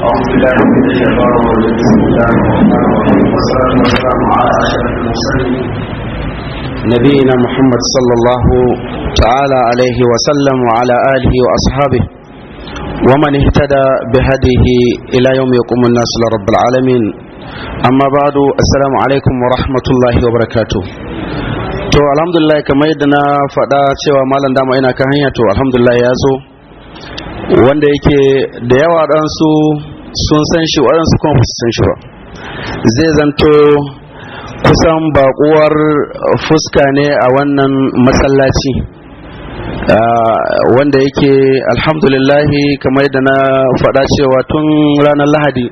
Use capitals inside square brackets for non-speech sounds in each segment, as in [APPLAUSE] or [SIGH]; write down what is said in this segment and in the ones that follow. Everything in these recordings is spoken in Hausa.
أعوذ بالله من الشيطان الرجيم بسم الله الرحمن الرحيم والصلاة والسلام على أشرف المرسلين نبينا محمد صلى الله تعالى عليه وسلم وعلى آله وأصحابه ومن اهتدى بهديه إلى يوم يقوم الناس لرب العالمين أما بعد السلام عليكم ورحمة الله وبركاته to alhamdulillah kamar yadda na faɗa cewa malam dama ina kan hanya to alhamdulillah ya zo wanda yake da yawa ɗansu sun san shi waɗansu kuma su san shi ba zai zanto kusan baƙuwar fuska ne a wannan masallaci wanda yake alhamdulillahi kamar da na faɗa cewa tun ranar lahadi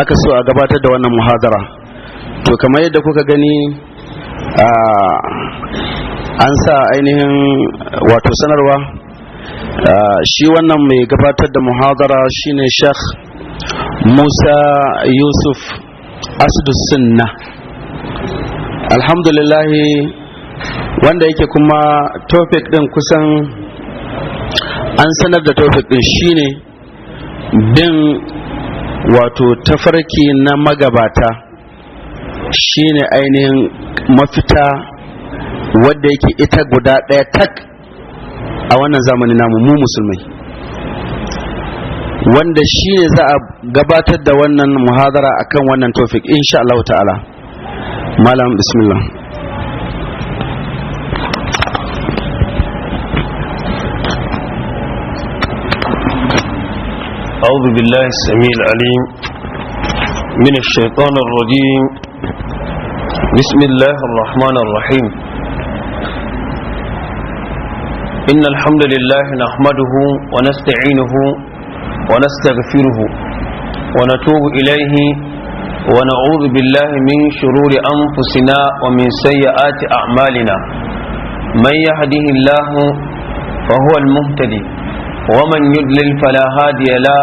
aka so a gabatar da wannan muhadara to kamar yadda kuka gani an sa ainihin wato sanarwa Ah, shi wannan mai gabatar da muhadara shine sheikh musa yusuf sunna alhamdulillahi wanda yake kuma topic din kusan an sanar da topic din shine bin wato tafarki na magabata shine ainihin mafita wadda yake ita guda ɗaya tak a wannan zamanin namu mu musulmai wanda shine za a gabatar da wannan muhadara akan wannan topic insha Allah ta'ala malam bismillah أعوذ بالله السميع العليم من الشيطان الرجيم بسم الله الرحمن الرحيم إن الحمد لله نحمده ونستعينه ونستغفره ونتوب إليه ونعوذ بالله من شرور أنفسنا ومن سيئات أعمالنا من يهده الله فهو المهتدي ومن يدلل فلا هادي له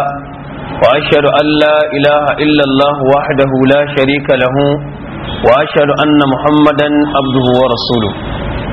وأشهد أن لا إله إلا الله وحده لا شريك له وأشهد أن محمدا عبده ورسوله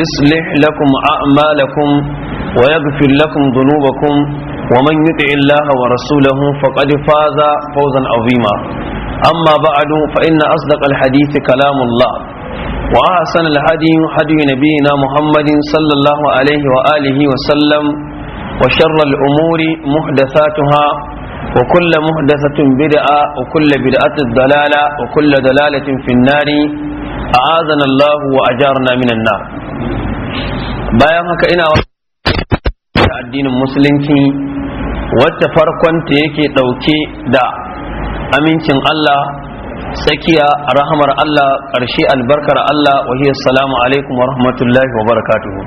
يصلح لكم أعمالكم ويغفر لكم ذنوبكم ومن يطع الله ورسوله فقد فاز فوزا عظيما أما بعد فإن أصدق الحديث كلام الله وأحسن الهدي هدي نبينا محمد صلى الله عليه وآله وسلم وشر الأمور محدثاتها وكل محدثة بدعة وكل بدعة ضلالة وكل دلالة في النار a'azana الله wa من النار bayan haka ina wata addinin musulunci wacce farkon ta yake ɗauke da amincin Allah tsakiya rahamar Allah ƙarshe albarkar Allah wa hiya salamu alaikum wa rahmatullahi wa barakatuhu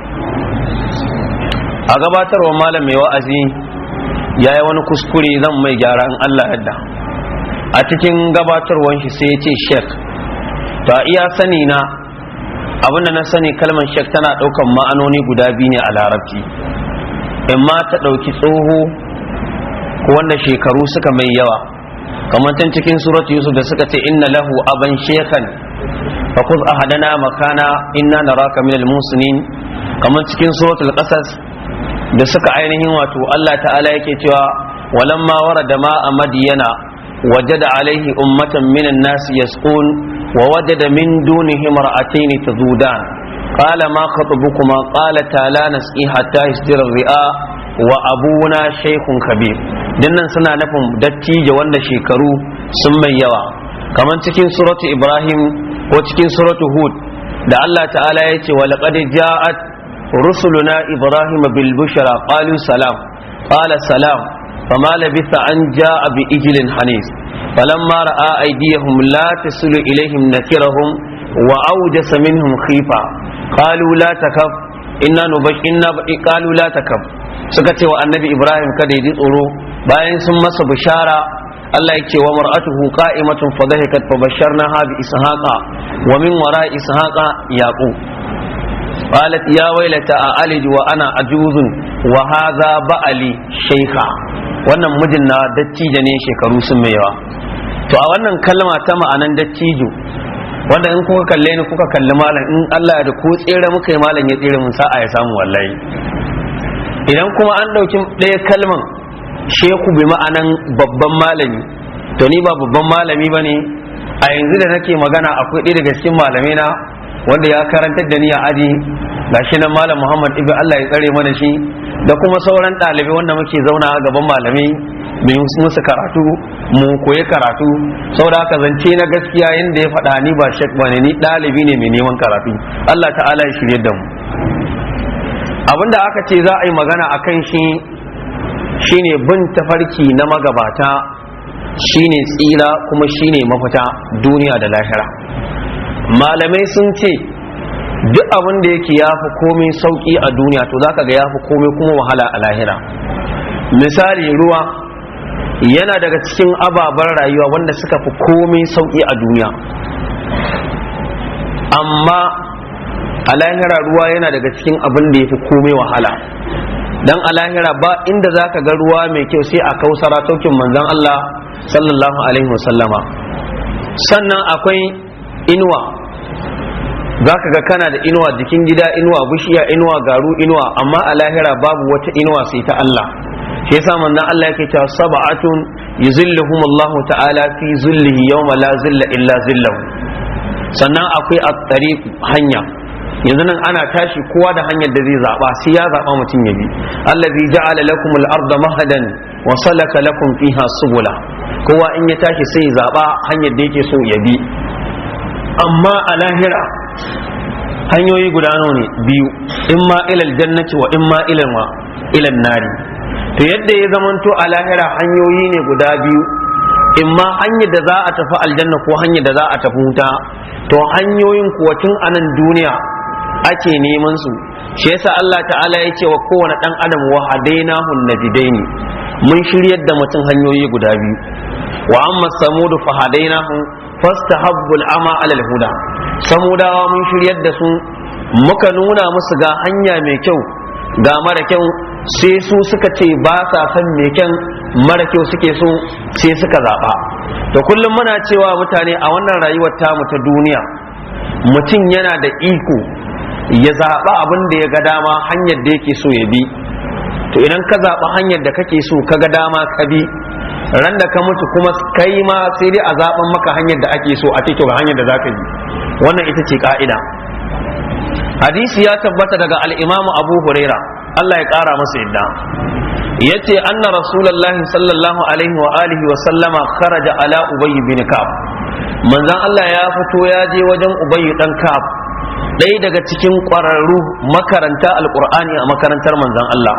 a gabatarwa malam mai wa'azi ya yi wani kuskure zan mai gyara in Allah yadda a cikin gabatarwan shi sai ya ce sheikh to a iya sani na abinda na sani kalmar shek tana ɗaukan ma'anoni guda biyu ne a larabci in ma ta ɗauki tsoho ko wanda shekaru suka mai yawa kamar can cikin surat yusuf da suka ce inna lahu aban shekan fa kuz ahadana makana inna naraka minal musnin kamar cikin suratul qasas da suka ainihin wato Allah ta'ala yake cewa walamma warada ma a madiyana وجد عليه أمة من الناس يسقون ووجد من دونه امرأتين تذودان قال ما خطبكما قالتا لا نسقي حتى يسدر wa وأبونا شيخ كبير dinnan suna nufin dattijo wanda shekaru sun mai yawa kamar cikin suratu ibrahim ko cikin suratu hud da allah ta'ala ya ce walaƙad ja'at rusuluna ibrahim bil bushra qalu salam qala salam فما لبث أن جاء بإجل حنيس فلما رأى أيديهم لا تصل إليهم نكرهم وأوجس منهم خيفة قالوا لا تكف إنا نبش إنا قالوا لا تكف سكت النبي إبراهيم كده يدي باين ثم بشارة Allah yake wa mar'atuhu qa'imatun fadhahikat fabasharnaha bi ishaqa wa min wara ishaqa yaqub قالت ya wailata a wa ana ajuzun wa شيخا ba'ali shaykha wannan mijin na dattijo ne shekaru sun mai to a wannan kalma ta ma'anan dattijo wanda in kuka kalle ni kuka kalli malam in Allah ya da ku tsere muka yi malam ya tsere mun sa'a ya samu wallahi idan kuma an ɗauki ɗaya kalman sheku bi ma'anan babban malami to ni ba babban malami ba ne a yanzu da nake magana akwai ɗaya daga cikin malamai na wanda ya karantar da ni a aji shi nan malam Muhammad Ibrahim Allah ya tsare mana shi da kuma sauran ɗalibai wanda muke zauna a gaban malamai mu musu karatu mu koyi karatu da haka zance na gaskiya yadda ya faɗa ni ba shek ne ni ɗalibi ne mai neman karatu Allah ta'ala ya shirye da mu abinda aka ce za a yi magana a kan shi shine bin tafarki na magabata shine tsira kuma shine mafita duniya da lahira malamai sun ce duk abin da yake ya fi komai sauƙi a duniya to zaka ga ya fi komai kuma wahala a lahira misali ruwa yana daga cikin ababar rayuwa wanda suka fi komai sauƙi a duniya amma a lahira ruwa yana daga cikin abin da ya fi komai wahala dan a lahira ba inda zaka ga ruwa mai kyau sai a kausara taukin manzan Allah sallallahu alaihi wasallama sannan akwai inuwa za ka ga kana da inuwa jikin gida inuwa bishiya inuwa garu inuwa amma a lahira babu wata inuwa sai ta Allah shi yasa manzon Allah yake cewa sab'atun yuzilluhum Allah ta'ala fi zullihi yawma la zilla illa zillahu sannan akwai at-tariq hanya yanzu nan ana tashi kowa da hanyar da zai zaba sai ya zaba mutum ya bi allazi ja'ala lakum al-ardha mahadan wa salaka lakum fiha subula kowa in ya tashi sai zaba hanyar da yake so ya bi amma a lahira hanyoyi guda nawa ne biyu in ma ilal jannati wa in ma ilal ma ilal nari to yadda ya zamanto a lahira hanyoyi ne guda biyu in ma hanyar da za a tafi aljanna ko hanyar da za a tafi wuta to hanyoyin kuwa tun a nan duniya ake neman su shi yasa Allah ta'ala ya ce wa kowane dan adam wa hadaina hun najidaini mun shiryar da mutum hanyoyi guda biyu wa amma samudu fa hadaina hun fastahabbul ama alal huda samudawa mun shiryar da su muka nuna musu ga hanya mai kyau ga mara kyau sai su suka ce ba sa san mai kyan mara kyau suke so sai suka zaɓa to kullum muna cewa mutane a wannan rayuwar mu ta duniya mutum yana da iko ya zaɓa abin da ya ga dama hanyar da yake so ya bi to idan ka zaɓa hanyar da kake so ka ga dama ka bi ran da ka mutu kuma kai ma sai dai a zaben maka hanyar da ake so a ce ga hanyar da zaka yi wannan ita ce ka'ida hadisi ya tabbata daga al-Imam Abu Huraira Allah ya kara masa yadda yace anna rasulullahi sallallahu alaihi wa alihi wa sallama kharaja ala ubay bin ka'ab manzon Allah ya fito ya je wajen ubay dan ka'ab ɗaya daga cikin ƙwararru makaranta alƙur'ani a makarantar manzon Allah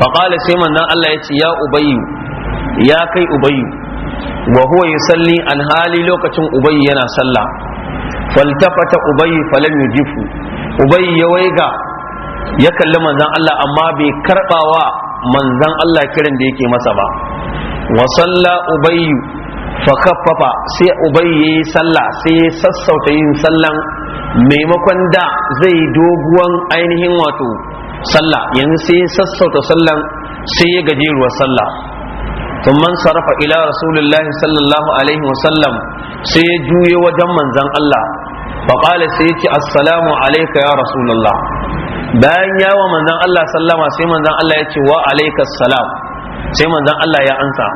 faƙala sai manzon Allah yace ya ubayyu ya kai ubayyu wa huwa yusalli an hali lokacin ubayyu yana sallah faltafata ubayyu falam yujifu ubayyu ya waiga ya kalli manzan Allah amma bai karbawa manzan Allah kiran da yake masa ba wa salla ubayyu fa sai ubayyu yayi sallah sai ya sassauta yin sallan maimakon da zai doguwan ainihin wato sallah yanzu sai ya sassauta sallan sai ya gajeruwar sallah ثم انصرف إلى رسول الله صلى الله عليه وسلم سيجوي وجمن زن الله فقال سيتي السلام عليك يا رسول الله bayan yawa manzon Allah sallama sai manzon Allah ya ce wa alaikas salam sai manzon Allah ya ansa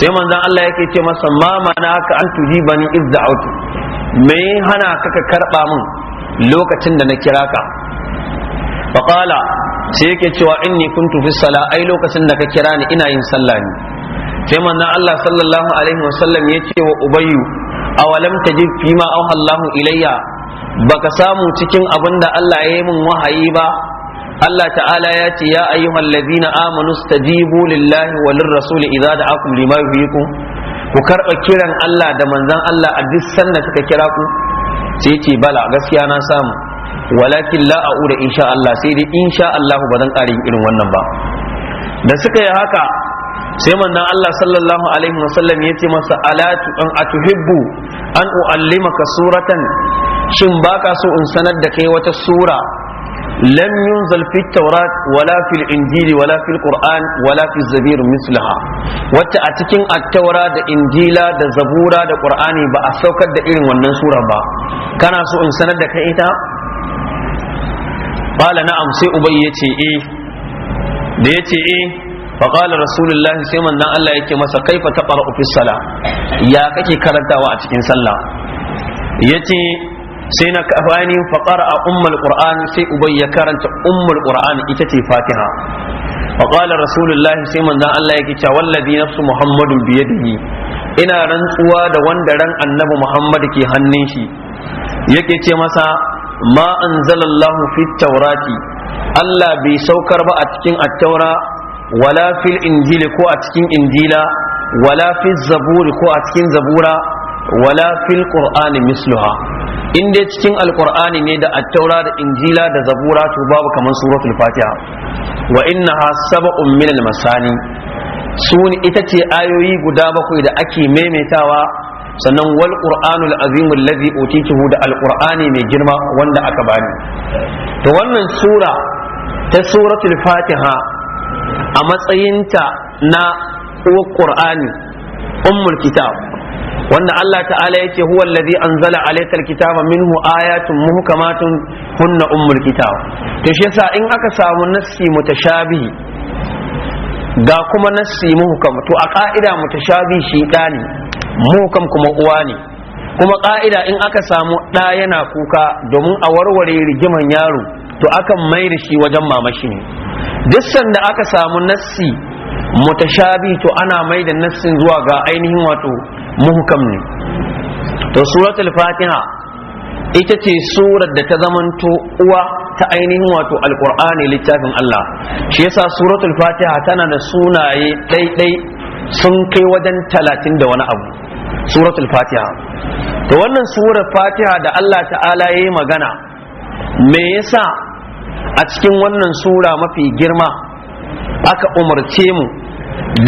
sai manzon Allah yake ce masa ma mana ka an tujibani iz da'utu me hana ka ka karba min lokacin da na kira ka faqala sai yake cewa in kuntu fi sala ai lokacin da ka kira ni ina yin sallah ne sai manzon Allah sallallahu alaihi wasallam ya ce wa ubayyu awalam tajid fima auha Allah ilayya baka samu cikin abin da Allah ya yi min wahayi ba Allah ta'ala ya ce ya ayyuhal ladina amanu stajibu lillahi walir Iza idza da'akum lima yuhyikum ku karba kiran Allah da manzon Allah a duk sanda kira ku sai ce bala gaskiya na samu walakin la a'uda insha Allah sai dai insha Allah ba zan ƙara irin wannan ba da suka yi haka sai manzon Allah sallallahu alaihi wasallam ya ce masa alatu an atuhibbu an uallimaka suratan shin baka so in sanar da kai wata sura lam yunzal fi tawrat wala fil injili wala fil qur'an wala fi zabir mislaha wacce a cikin attaura da injila da zabura da qur'ani ba a saukar da irin wannan sura ba kana so in sanar da kai ita qala na'am sai ubay yace eh da yace eh فقال رسول الله سي من دان الله يكي مسا كيف تقرا في الصلاه a cikin sallah yace sai na kafani faqara ummul qur'an sai ubay ya karanta ummul qur'an ita ce fatiha فقال رسول الله سي من دان الله يكي والذي نفس محمد بيده ina rantsuwa da wanda ran annabi Muhammadu ke hannun shi yake ce masa ma anzalallahu fit taurati allah bai saukar ba a cikin attaura wala injili ko a cikin injila wala zaburi ko a cikin zabura wala fil qur'ani misluha in dai cikin alqur'ani ne da attaura da injila da zabura to babu kamar suratul fatiha wa innaha sab'un min al masani sun ita ce ayoyi guda bakwai da ake maimaitawa sannan wal qur'anul azim allazi utituhu da alqur'ani mai girma wanda aka bani to wannan sura ta suratul fatiha a matsayinta na uwar qur'ani ummul kitab wanda Allah ta'ala yake huwa allazi anzala alaykal kitaba minhu ayatun muhkamatun hunna ummul kitab to shi yasa in aka samu nassi mutashabihi ga kuma nassi muhkam to a ka'ida mutashabihi shi ne muhkam kuma uwa ne kuma ka'ida in aka samu ɗa yana kuka domin a warware rigiman yaro to akan mai da shi wajen mamashi ne duk sanda aka samu nassi mutashabi to ana mai da nassin zuwa ga ainihin wato muhkam ne to suratul fatiha ita ce surar da ta zamanto uwa ta ainihin wato alkur'ani littafin Allah shi yasa suratul fatiha tana da sunaye ɗaiɗai sun kai wajen talatin da wani abu suratul fatiha to wannan surar fatiha da Allah ta'ala ya yi magana me yasa a cikin wannan sura mafi girma aka umarce mu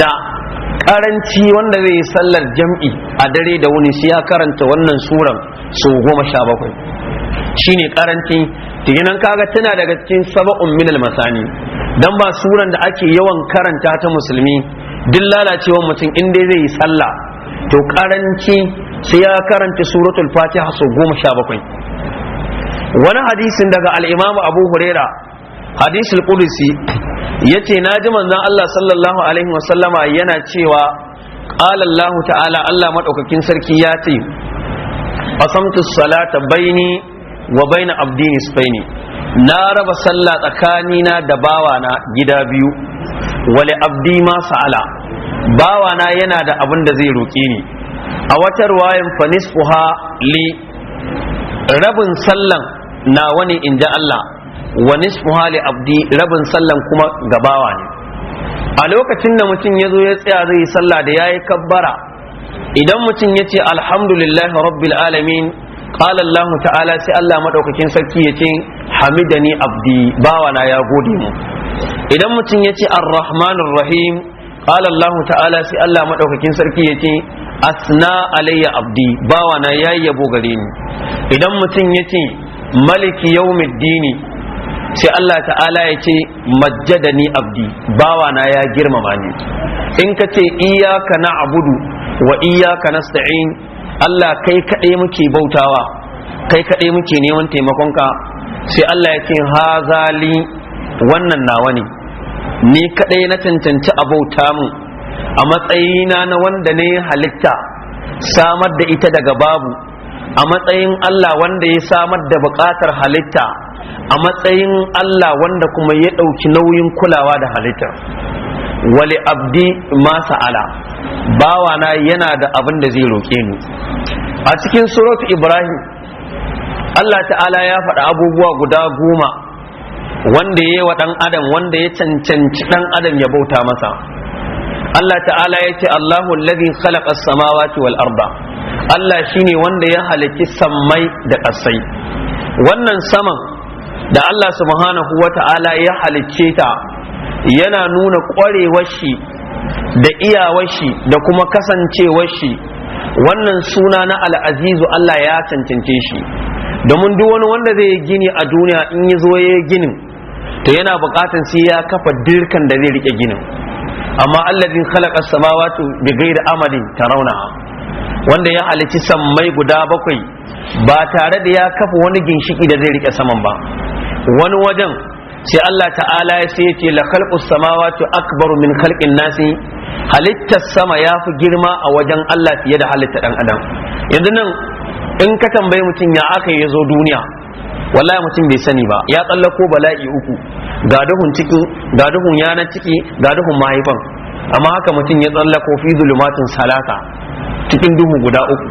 da karanci wanda zai yi sallar jam'i a dare da wuni sai ya karanta wannan suran sau goma sha bakwai shine karanci tiginan kaga tana daga cikin saba'un minal masani dan ba suran da ake yawan karanta ta musulmi duk lalacewar mutum in dai zai yi sallah to karanci sai ya karanta suratul fatiha sau goma sha bakwai wani hadisin daga al'imamu abu huraira hadisul qudusi ya ce na ji manzan allah sallallahu alaihi wasallama yana cewa ƙala ta'ala allah maɗaukakin sarki ya ce qasamtu salata baini wa baina abdi nisfaini na raba sallah tsakanina da bawana gida biyu wale abdi ma Bawa na yana da abin da zai roƙe ni a wata wayan fa nisfuha li rabin sallan nawa ne in ji Allah wa nisfuha abdi rabin sallan kuma gabawa ne a lokacin da mutum ya zo ya tsaya zai yi sallah da yayi kabbara idan mutum ya ce alhamdulillah rabbil alamin qala Allah ta'ala sai Allah madaukakin sarki ya ce hamidani abdi bawa na ya gode mu idan mutum ya ce arrahmanir rahim qala Allah ta'ala sai Allah madaukakin sarki ya ce asna alayya abdi bawa na yayi yabo gare ni idan mutum ya ce maliki dini sai Allah ta'ala ya ce majjadani abdi bawana ya girmama ni in ka ce iyyaka na'budu wa iyyaka nasta'in Allah kai kaɗai muke bautawa kai kaɗai muke neman taimakonka sai Allah ya ce hazali wannan nawa ne ni kaɗai na cancanci a bauta mu a matsayina na wanda ne halitta samar da ita daga babu a matsayin Allah wanda ya samar da buƙatar halitta a matsayin Allah wanda kuma ya ɗauki nauyin kulawa da halitta wali abdi masa ala bawana yana da abin da zai roƙe ni a cikin suratu ibrahim Allah ta'ala ya faɗa abubuwa guda goma wanda ya yi wa ɗan adam wanda ya cancanci ɗan adam ya bauta masa Allah ta'ala ya ce Allahu alladhi khalaqa as-samawati wal arda Allah shine wanda ya halaki sammai da ƙasai wannan saman da Allah subhanahu wa ta'ala ya halicce ta yana nuna ƙwarewar shi da iyawar shi da kuma kasancewar shi wannan suna na al'azizu Allah ya cancance shi domin duk wani wanda zai gini a duniya in ya zo ya ginin to yana buƙatar sai ya kafa dirkan da zai riƙe ginin amma allazi khalaqa samawati bi ghairi amalin tarawna wanda ya halici sammai guda bakwai ba tare da ya kafa wani ginshiki da zai rike saman ba wani wajen sai Allah ta'ala ya sai yake la khalqu samawati akbaru min khalqin nasi halittar sama ya fi girma a wajen Allah fiye da halitta dan adam yanzu nan in ka tambayi mutum ya aka ya zo duniya wallahi mutum bai sani ba ya tsallako bala'i uku ga duhun ciki ga duhun yanar ciki ga duhun mahaifan amma haka mutum ya tsallako fi zulumatin salata cikin duhu guda uku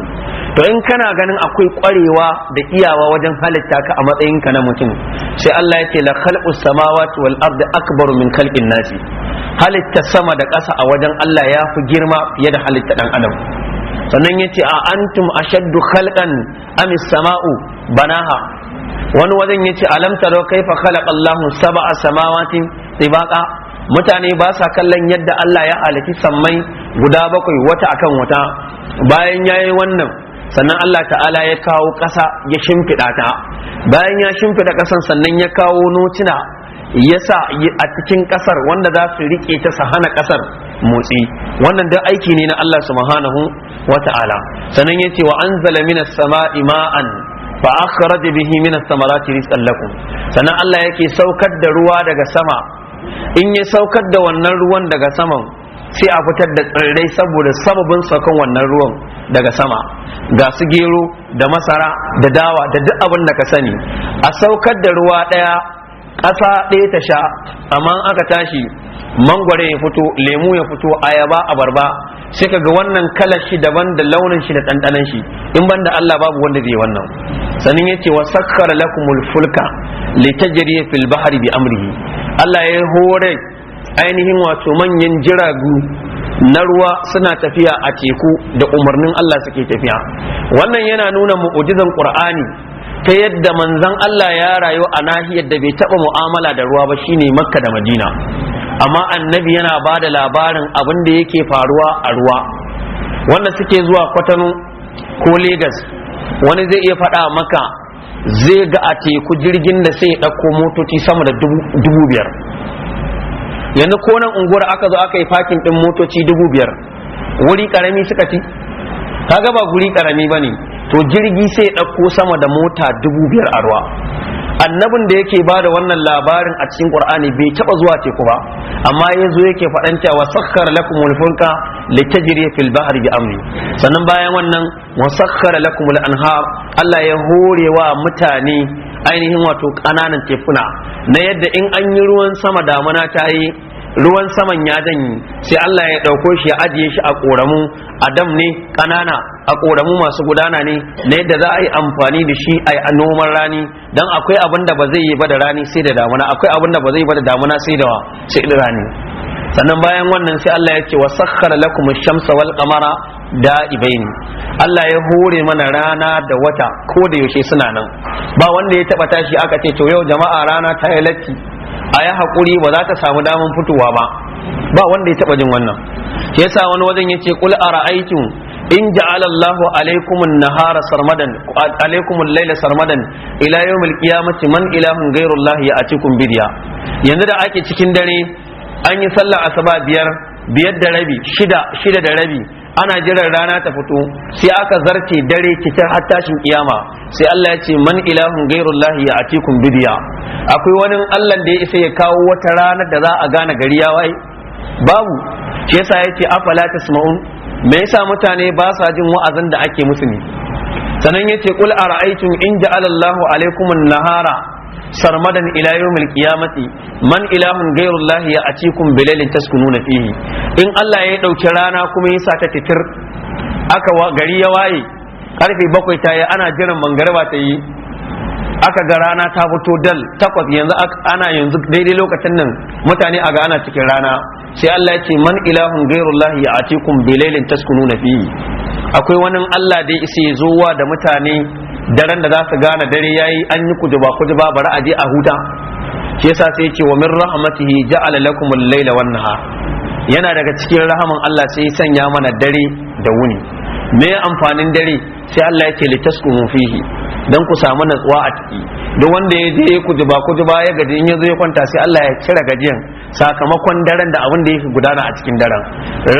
to in kana ganin akwai kwarewa da iyawa wajen halitta ka a matsayinka na mutum sai Allah ya ce la khalqus samawati wal ardi akbaru min khalqin nasi halitta sama da ƙasa a wajen Allah ya fi girma fiye da halitta dan adam sannan yace a antum ashaddu khalqan amis sama'u banaha wani wajen yace alam taro kaifa khalaqa Allahu sab'a samawati tibaqa mutane ba sa kallon yadda Allah ya halitti sammai guda bakwai wata akan wata bayan yayi wannan sannan Allah ta'ala ya kawo ƙasa ya shimfiɗa ta bayan ya shimfiɗa ƙasan sannan ya kawo nocina ya sa a cikin ƙasar wanda za su riƙe ta su hana ƙasar motsi wannan duk aiki ne na Allah subhanahu wa ta'ala sannan ya ce wa anzala zalamina sama'i ma'an fa akhraj bihi min as-samarati rizqan lakum sannan Allah yake saukar da ruwa daga sama in ya saukar da wannan ruwan daga saman sai a fitar da tsirrai saboda sababin saukan wannan ruwan daga sama ga su gero da masara da dawa da duk abin da ka sani a saukar da ruwa daya ƙasa ɗaya ta sha amma aka tashi mangware ya fito lemu ya fito ayaba abarba sai ka ga wannan kalar shi daban da launin shi da ɗanɗanon shi in ban da Allah babu wanda zai wannan sannan ya ce wa sakkara lakumul fulka litajriya fil bahri bi amrihi Allah ya hore ainihin wato manyan jiragu na ruwa suna tafiya a teku da umarnin Allah suke tafiya wannan yana nuna mu'ujizan Qur'ani ta yadda manzan Allah ya rayu a nahiyar da bai taɓa mu'amala da ruwa ba shine makka da madina amma annabi yana ba da labarin abin da yake faruwa a ruwa wanda suke zuwa kwatano ko Legas wani zai iya faɗa maka zai ga a teku jirgin da sai ya ɗauko motoci sama da dubu biyar yanzu ko nan unguwar aka zo aka yi fakin ɗin motoci dubu biyar wuri ƙarami suka ci kaga ba guri karami ba ne to jirgi sai ɗauko sama da mota dubu biyar a ruwa annabin da yake ba da wannan labarin a cikin qur'ani bai taɓa zuwa teku ba amma ya zo yake faɗan cewa sakkar lakum al-fulka litajri fil bahri bi amri sannan bayan wannan wa lakumul lakum anhar Allah ya horewa mutane ainihin wato ƙananan tekuna na yadda in an yi ruwan sama damana ta yi ruwan saman ya janye sai Allah ya ɗauko shi ya ajiye shi a ƙoramu adam ne ƙanana a ƙoramu masu gudana ne na yadda za a yi amfani da shi a noman rani don akwai abin da ba zai yi ba da rani sai da damuna akwai abin da ba zai yi ba da damuna sai da sai da rani sannan bayan wannan sai Allah ya ce wa sakhkhara lakum ash-shamsa wal qamara da'ibaini Allah ya hore mana rana da wata ko da yaushe suna nan ba wanda ya taba tashi aka ce to yau jama'a rana ta yi latti a yi haƙuri ba za ta samu daman fitowa ba ba wanda ya taba jin wannan shi yasa wani wajen ya ce kul ara'aytum in ja'ala Allahu an-nahara sarmadan alaykum al-layla sarmadan ila yawm al-qiyamati man ilahun ghayru Allah ya'tikum bidiya yanzu da ake cikin dare an yi sallah Asaba biyar biyar da rabi shida shida da rabi ana jiran rana ta fito sai aka zarce dare cikin hattashin kiyama sai Allah ya ce man ilahun gairullah ya a atikum bidiya akwai wani Allah da ya isa ya kawo wata rana da za a gane gari ya waye babu shi yasa yace afala tasma'un me yasa mutane ba sa jin wa'azin da ake musu ne sanan yace qul ara'aytum in ja'ala Allahu alaykum an-nahara sarmadan ila yawmil qiyamati man ilahun ghayrullah ya atikum bilailin taskununa fihi in Allah ya dauki rana kuma ya ta titir aka gari ya waye karfe bakwai ta yi ana jiran mangarba ta yi aka ga rana ta fito dal takwas yanzu ana yanzu daidai lokacin nan mutane a ana cikin rana sai Allah ya ce man ilahun ghayrullah ya atikum bilailin taskununa fihi akwai wani Allah da ya isa ya zo da mutane daren da za su gane dare yayi an yi kujuba kujuba bari a je a huta Ke sa sai ce wa min rahmatihi ja'ala lakum al-laila wan nahar yana daga cikin rahaman Allah sai ya sanya mana dare da wuni me amfanin dare sai Allah yake ce litaskumu fihi dan ku samu natsuwa a ciki duk wanda ya je ku ba ku ba ya gaji in yazo ya kwanta sai Allah ya cire gajiyan sakamakon daren da abin da yake gudana a cikin daren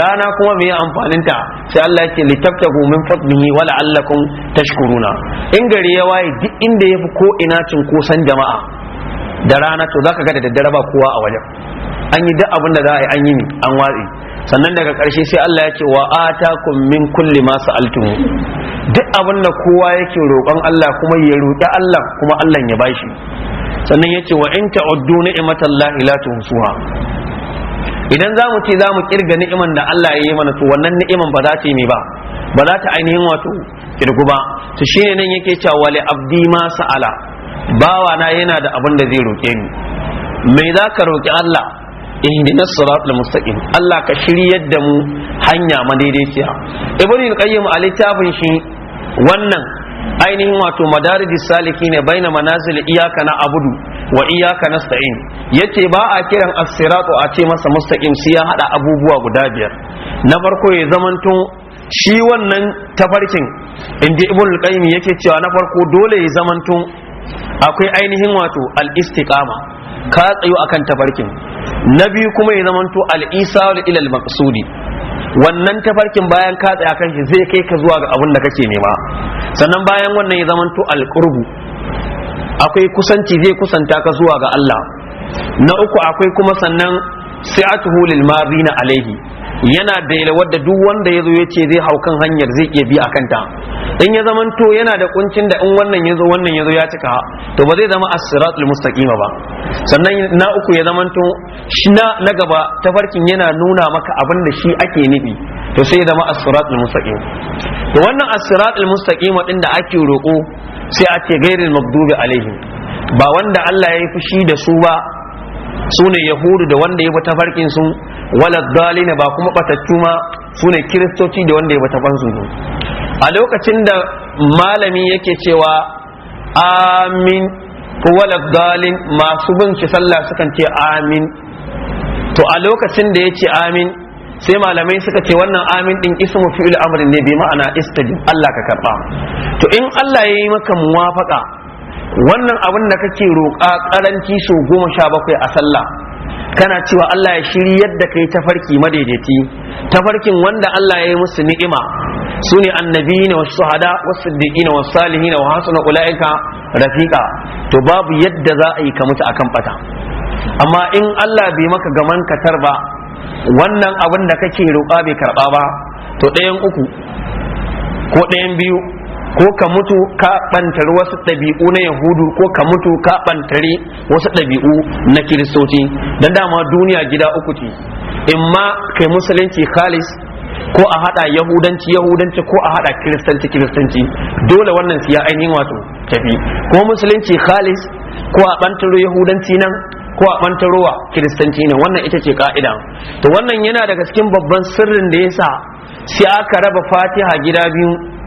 rana kuma me amfanin ta sai Allah yake ce litaftahu min fadlihi wa la'allakum tashkuruna in gari ya waye duk inda yafi ko ina cinkoson jama'a da rana to zaka ga da daddare ba kowa a wajen an yi duk abin da za a yi an yi ne an watsi sannan daga ƙarshe sai Allah ya ce wa atakum min kulli ma sa'altumu duk abin da kowa yake roƙon Allah kuma ya roƙi Allah kuma Allah ya bashi sannan ya ce wa in ta'uddu ni'matallahi la tuhsuha idan za mu ce za mu kirga ni'iman da Allah ya yi mana to wannan ni'iman ba za ta yi mai ba ba za ta ainihin wato kirgu ba to shine nan yake cewa wali abdi ma sa'ala bawa na yana da abin da zai roƙe ni me za ka roƙi Allah ihdina siratal mustaqim Allah ka shiryar da mu hanya madaidaiciya ibnu al-qayyim a littafin shi wannan ainihin wato madarijis saliki ne baina manazil iyaka na abudu wa iyaka nasta'in yace ba a kiran as-siratu a ce masa mustaqim sai ya hada abubuwa guda biyar na farko ya zamanto shi wannan tafarkin inda ibnu al-qayyim yake cewa na farko dole ya zamanto akwai ainihin wato al-istiqama ka tsayo akan tafarkin na biyu kuma ya zamanto al-isaru ila al-maqsudi wannan tafarkin bayan ka tsaya kan shi zai kai ka zuwa ga abin da kake nema sannan bayan wannan ya zamanto al-qurbu akwai kusanci zai kusanta ka zuwa ga Allah na uku akwai kuma sannan si'atuhu lil madina alaihi yana da yalwar da duk wanda yazo zo ya ce zai hau kan hanyar zai iya bi a kanta Dan ya zama to yana da kuncin da in wannan ya zo wannan ya ya cika to ba zai zama as-siratul mustaqima ba sannan na uku ya zama to shi na na gaba tafarkin yana nuna maka abin da shi ake nufi to sai ya zama as-siratul mustaqim to wannan as-siratul mustaqim din da ake roko sai a ce ghairil maghdubi alaihim ba wanda Allah ya yi fushi da su ba su yahudu da wanda ya bi tafarkin su wala dalina ba kuma batattu ma sune kiristoci da wanda ya bata zuwa a lokacin da malami yake cewa amin ko wala masu bin shi sallah sukan ce amin to a lokacin da yace amin sai malamai suka ce wannan amin din ismu fi'il amrin ne bi ma'ana istajib Allah ka karba to in Allah ya yi maka muwafaka wannan abin da kake roƙa karanci so goma sha bakwai a sallah kana cewa Allah ya shiri yadda kai tafarki madaidaiti tafarkin wanda Allah ya yi musu ni'ima su ne ne wasu suhada wasu siddiqina wasu ne wasu hasuna ulaika rafiƙa to babu yadda za a yi ka mutu kan bata amma in Allah bai maka gaman katar ba wannan abin da kake roƙa bai karɓa ba to ɗayan uku ko ɗayan biyu ko ka mutu ka bantar wasu ɗabi'u na yahudu ko ka mutu ka ɓantare wasu ɗabi'u na kiristoci don dama duniya gida uku ce in ma kai musulunci khalis ko a haɗa yahudanci yahudanci ko a haɗa kiristanci kiristanci dole wannan siya ainihin wato tafi ko musulunci khalis ko a ɓantaro yahudanci nan ko a ɓantarowa kiristanci nan wannan ita ce ka'ida to wannan yana daga cikin babban sirrin da yasa sai aka raba fatiha gida biyu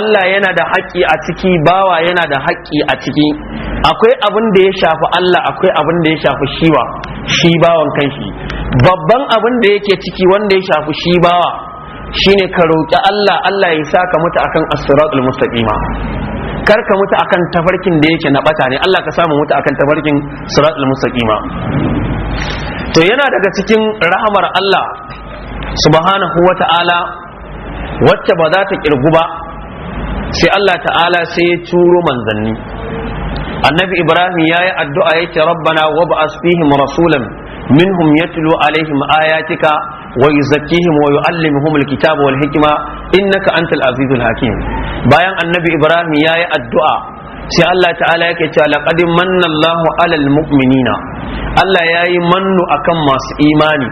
Allah yana da haƙƙi a ciki bawa yana da haƙƙi a ciki akwai abin da ya shafi Allah akwai abin da ya shafi shiwa shi bawan kanshi babban abin da yake ciki wanda ya shafi shi bawa shine ka roƙi Allah Allah ya saka mutu akan as-siratul mustaqima kar ka mutu akan tafarkin da yake na bata ne Allah ka samu mutu akan tafarkin siratul mustaqima to yana daga cikin rahmar Allah subhanahu wata'ala wacce ba za ta kirgu ba sai Allah ta'ala sai ya turo manzanni annabi ibrahim ya yi addu'a yake rabbana wa ba'as fihim rasulan minhum yatlu alaihim ayatika wa yuzakkihim wa yuallimuhum alkitaba wal hikma innaka antal azizul hakim bayan annabi ibrahim ya yi addu'a sai Allah ta'ala yake cewa laqad manna Allahu alal mu'minina Allah ya yi mannu akan masu imani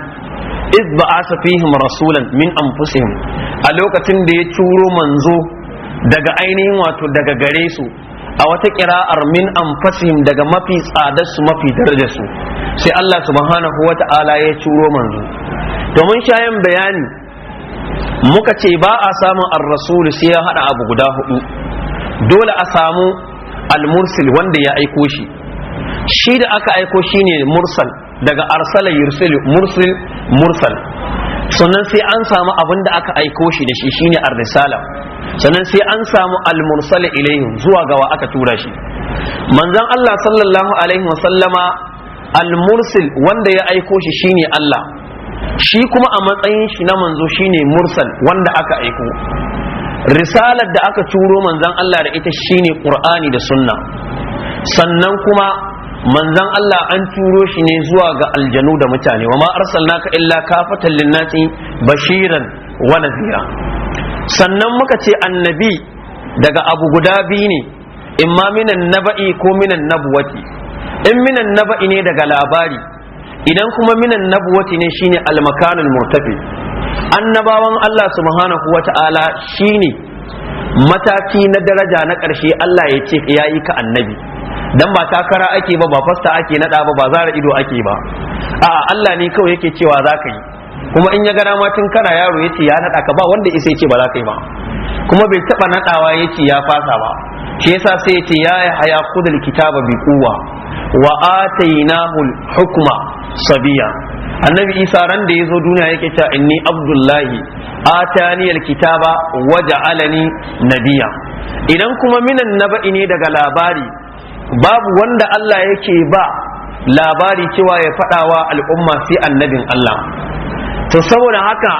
iz ba'asa fihim rasulan min anfusihim a lokacin da ya turo manzo daga ainihin wato daga gare su a wata kira'ar min anfasihim daga mafi tsadarsu su mafi darajar su sai Allah subhanahu ta'ala ya ciro manzo to mun sha bayani muka ce ba a samun ar-rasul sai ya hada abu guda hudu dole a samu al-mursil wanda ya aiko shi shi da aka aiko shine mursal daga arsala yursil mursil mursal sannan sai an samu abin da aka aiko shi da shi shine ar-risala sannan sai an samu al-mursala ilayhim zuwa gawa aka tura shi manzon Allah sallallahu alaihi wa sallama al-mursil wanda ya aiko shi shine Allah shi kuma a matsayin shi na manzo shine mursal wanda aka aiko risalar da aka turo manzon Allah da ita shine Qur'ani da Sunna sannan kuma manzan Allah an turo shi ne zuwa ga aljanu da mutane wa ma arsalnaka illa kafatan linnati bashiran wa nadhira sannan muka ce annabi daga abu guda biyu ne imma minan naba'i ko minan nabuwati in minan naba'i ne daga labari idan kuma minan nabuwati ne shine al-makanul murtafi annabawan Allah subhanahu wata'ala shine mataki na daraja na ƙarshe Allah ya ce ya yi ka annabi dan ba takara ake ba ba fasta ake naɗa ba ba zara ido ake ba a Allah ne kawai yake cewa za ka yi kuma in ya gana tun kana yaro ya ce ya naɗa ka ba wanda isa ya ce ba za ka yi ba kuma bai taɓa naɗawa ya ce ya fasa ba shi yasa sai ya ce ya yi haya kudul kitaba bi kuwa wa atainahul hukma sabiya annabi isa ran da ya zo duniya yake cewa inni abdullahi atani alkitaba wa ja'alani nabiya idan kuma minan naba'i ne daga labari babu wanda Allah yake ba labari cewa ya fadawa al'umma sai annabin Allah to saboda haka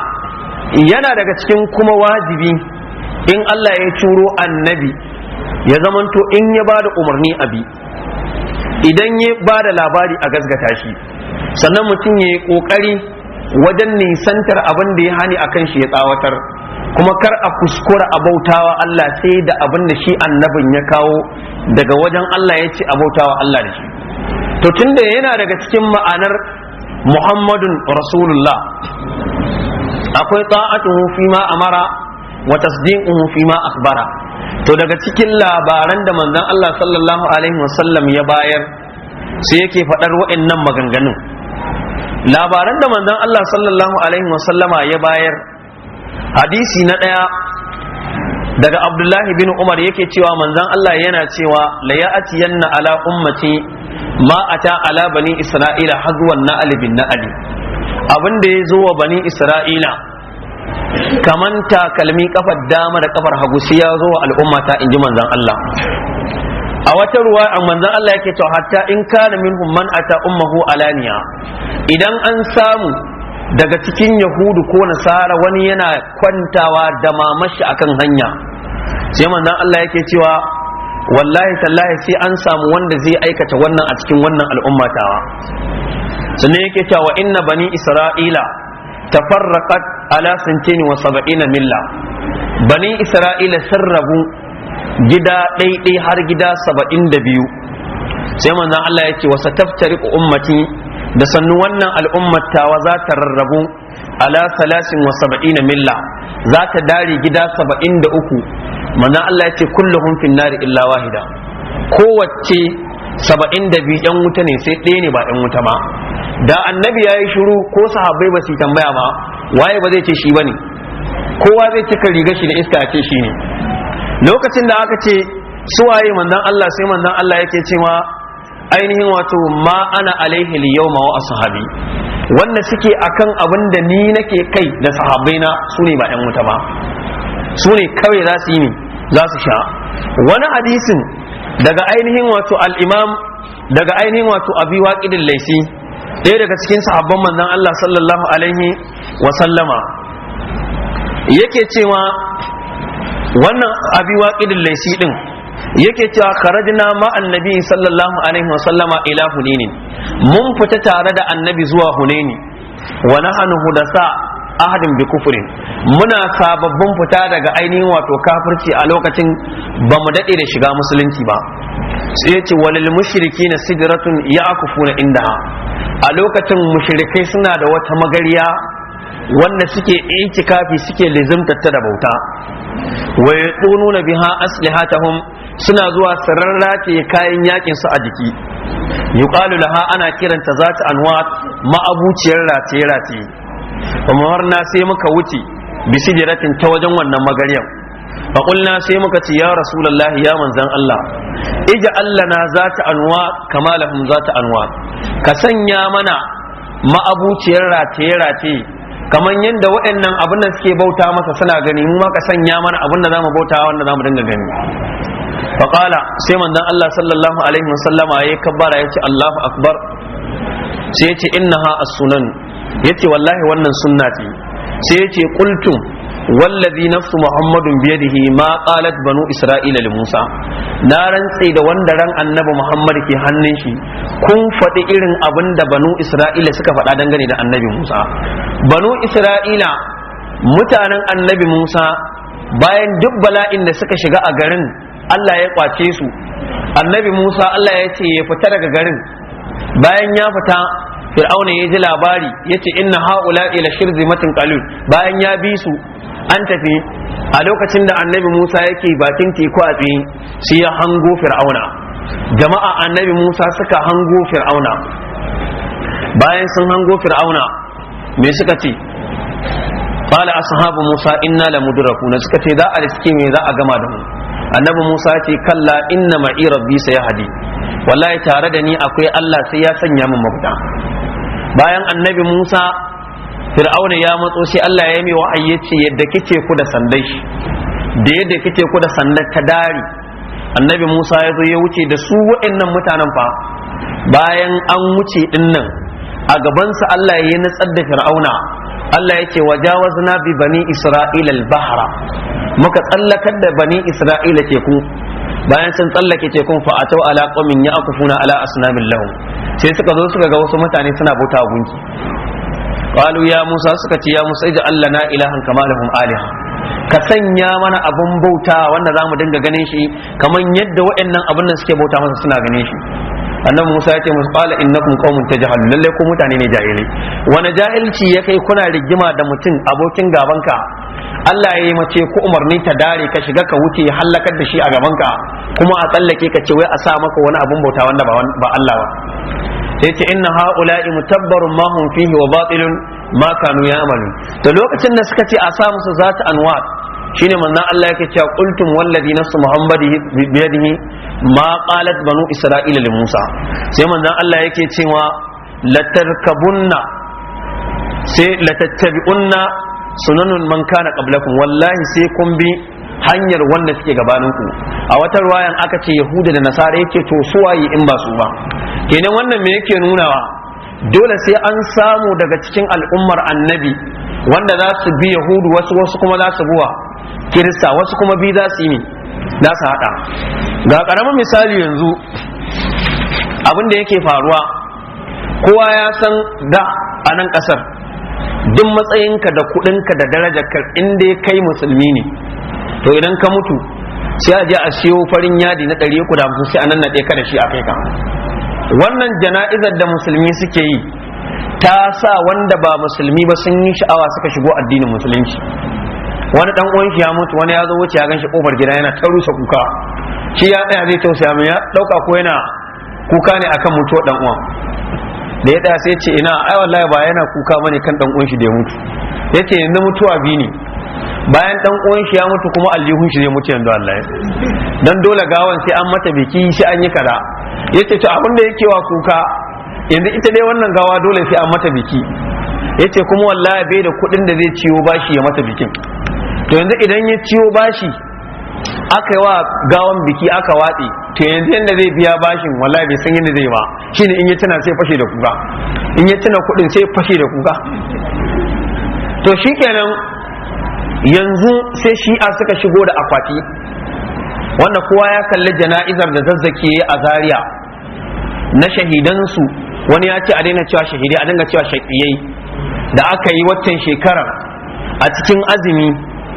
yana daga cikin kuma wajibi in Allah ya turo annabi ya zamanto in ya bada umarni abi idan ya bada labari a gasgata shi sannan mutum ya yi ƙoƙari wajen nisantar abin da ya hani akan shi ya tsawatar kuma kar a kuskura a bautawa Allah sai da abin da shi annabin ya kawo daga wajen Allah ya ce a bautawa Allah da shi to tunda yana daga cikin ma'anar muhammadun rasulullah akwai ta'atuhu fi ma amara wa tasdiquhu fi ma akhbara to daga cikin labaran da manzon Allah sallallahu alaihi wasallam ya bayar sai yake faɗar wa'annan maganganun labaran da manzon Allah sallallahu alaihi wasallama ya bayar hadisi na ɗaya daga abdullahi bin umar yake cewa manzon Allah yana cewa la ya'tiyanna ala ummati ma ata ala bani isra'ila hazwan ali bin na'al abin da ya zo wa bani isra'ila kaman takalmi kafar dama da kafar hagu sai ya zo wa al'ummata inji manzon Allah a wata ruwa a manzan Allah yake cewa hatta in kana minhum man ata ummuhu alaniya idan an samu daga cikin yahudu ko nasara wani yana kwantawa da mamashi akan hanya sai manzan Allah yake cewa wallahi tallahi sai an samu wanda zai aikata wannan a cikin wannan al'umma tawa sannan yake cewa wa inna bani isra'ila tafarraqat ala 72 milla bani isra'ila sun rabu gida ɗaiɗai har gida saba'in da biyu sai manzan Allah ya ce wasa taftari ummati da sannu wannan al'ummatawa za ta rarrabu ala salasin wa saba'in milla za ta dare gida saba'in da uku manzan Allah ya ce hunfin nari illa wahida kowace saba'in da biyu yan wuta ne sai ɗaya ne ba yan wuta ba da annabi ya yi shuru ko sahabbai ba su tambaya ba waye ba zai ce shi ba ne kowa zai cika riga shi da iska ya ce shi ne lokacin da aka ce su waye manzon Allah sai manzon Allah yake cewa ainihin wato ma ana alaihi yawma wa ashabi wanda suke akan abin da ni nake kai da sahabbaina su ne ba yan wuta ba su ne kawai za su yi ne za su sha wani hadisin daga ainihin wato al-imam daga ainihin wato abi waqidil laisi ɗaya daga cikin sahabban manzon Allah sallallahu alaihi wa sallama yake cewa wannan abi waqidul laysi din yake cewa kharajna ma annabi sallallahu alaihi wasallama ila hunainin mun fita tare da annabi zuwa hunaini wa nahnu hudasa ahadin bi kufrin muna sababbin fita daga ainihin wato kafirci a lokacin ba mu dade da shiga musulunci ba sai yace walil mushrikina sidratun ya'kufuna indaha a lokacin mushrikai suna da wata magariya wanda suke itikafi suke ta da bauta wa yaqununa biha aslihatahum suna zuwa sararrace kayan yakin su a jiki yuqalu laha ana kiranta zata anwat ma'abuciyar race race kuma na sai muka wuce bisidiratin ta wajen wannan magaryam فقلنا sai muka ci ya يا ya زن Allah. Ija Allah na انواع anwa لهم ذات انواع anwa. Ka sanya mana ma'abuciyar race race kamar yadda waɗannan abin da suke bauta masa suna gani mu ma ka sanya mana abin da mu bauta wanda mu dinga gani Faƙala sai manzon Allah sallallahu alaihi wasallama yayi kabbara ce Allahu akbar sai ya ce innaha as-sunan yace wallahi wannan sunna ce sai ce qultum wallazi nafsu muhammadun biyadihi ma qalat banu isra'ila li musa na rantse da wanda ran annabi muhammad ke hannun shi kun faɗi irin abinda da banu isra'ila suka faɗa dangane da annabi musa banu isra'ila mutanen annabi musa bayan duk bala'in da suka shiga a garin allah ya kwace su annabi musa allah ya ce ya fita daga garin bayan ya fita fir'auna ya ji labari ya ce inna ha'ula ila shirzimatin qalil bayan ya bi su an tafi a lokacin da annabi musa yake bakin teku a tsaye sai ya hango fir'auna jama'a annabi musa suka hango fir'auna bayan sun hango fir'auna me suka ce qala ashabu musa inna lamudrakuna suka ce za a riske me za a gama da mu annabi Musa ce kalla inna ma'i rabbi hadi, wallahi tare da ni akwai Allah sai ya sanya min mafita bayan annabi Musa fir'auna ya matso shi Allah ya yi wa'ayi ya ce yadda kice ku da sandai shi da yadda kice ku da sandai ta dari annabi Musa ya zo ya wuce da su wa'annan mutanen fa bayan an wuce dinnan a gabansa Allah ya yi da fir'auna Allah ya ce wajawazna bi bani isra'ila al-bahra muka tsallakar da bani isra'ila teku bayan sun tsallake tekun fa atau ala qaumin ya'kufuna ala asnamin lahum sai suka zo suka ga wasu mutane suna bauta gunki qalu ya musa suka ce ya musa ija na ilahan kama lahum aliha ka sanya mana abun bauta wanda zamu dinga ganin shi kamar yadda waɗannan abun nan suke bauta masa suna ganin shi annabi Musa ya ce musu qala innakum qaumun tajhalun lalle ku mutane ne jahili wani jahilci ya kai kuna rigima da mutum abokin gaban ka? Allah ya yi mace ku umarni ta dare ka shiga ka wuce ya hallakar da shi a gaban ka. kuma a tsallake ka ce wai a sa maka wani abun bauta wanda ba Allah ba sai ce inna haula'i mutabbarun ma hum fihi wa batilun ma kanu ya'malu da lokacin da suka ce a sa musu zata anwa. shine manzon Allah yake cewa qultum wallazi nafsu muhammadi biyadihi ma qalat banu isra'ila li musa sai manzon Allah yake cewa latarkabunna sai latattabi'unna sunanun man kana qablakum wallahi sai kun bi hanyar wanda suke gabanin ku a wata ruwayan aka ce yahuda da nasara yake to suwaye in ba su ba kenan wannan me yake nunawa dole sai an samu daga cikin al'ummar annabi wanda za su bi yahudu wasu wasu kuma za su buwa kirista wasu kuma bi za su yi za su haɗa ga karamin misali yanzu abin da yake faruwa kowa ya san da a nan ƙasar duk matsayinka da kuɗinka da darajarka inda ya kai musulmi ne to idan ka mutu sai a je a siyo farin yadi na ɗari uku da hamsin sai a nan naɗe ka da shi a kai ka wannan jana'izar da musulmi suke yi ta sa wanda ba musulmi ba sun yi sha'awa suka shigo addinin musulunci wani dan uwan shi ya mutu wani ya zo wuce ya ganshi kofar gida yana ta rusa kuka shi ya tsaya zai tausaya mai ya dauka ko yana kuka ne akan mutuwar dan uwan da ya tsaya sai ce ina ai wallahi ba yana kuka bane kan dan uwan shi da ya mutu yace yanzu mutuwa bi ne bayan dan uwan shi ya mutu kuma aljihun shi zai mutu yanzu Allah dan dole gawan sai an mata biki sai an yi kara yace to abin da yake wa kuka yanzu ita dai wannan gawa dole sai an mata biki yace kuma wallahi bai da kuɗin da zai ciwo bashi ya mata bikin to yanzu idan ya ciwo bashi aka yi wa gawan biki aka watsi to yanzu yadda zai biya bashin wallahi bai san yadda zai ba shine in ya tuna sai fashe da kuka in ya tuna kudin sai fashe da kuka to shikenan yanzu sai shi'a suka shigo da akwati wanda kowa ya kalli jana'izar da zazzake a zaria na shahidansu wani ya ce a daina cewa shahidai a dinga cewa shaƙiyai da aka yi watan shekarar a cikin azumi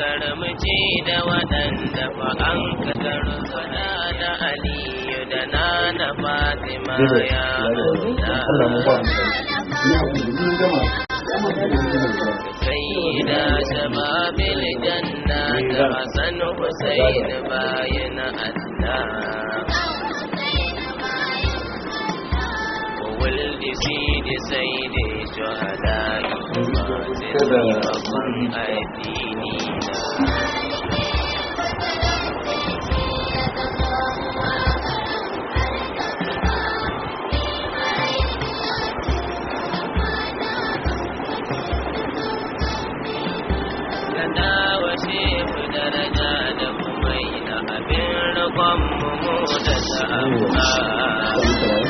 karmace da waɗanda ba an na suna da aliyu da na fatima ya Sayyida shababil janna ta eh, Hassan Hussein na Allah. والجسيد سيد شهداء معتزيبكم أيدينا Thank you.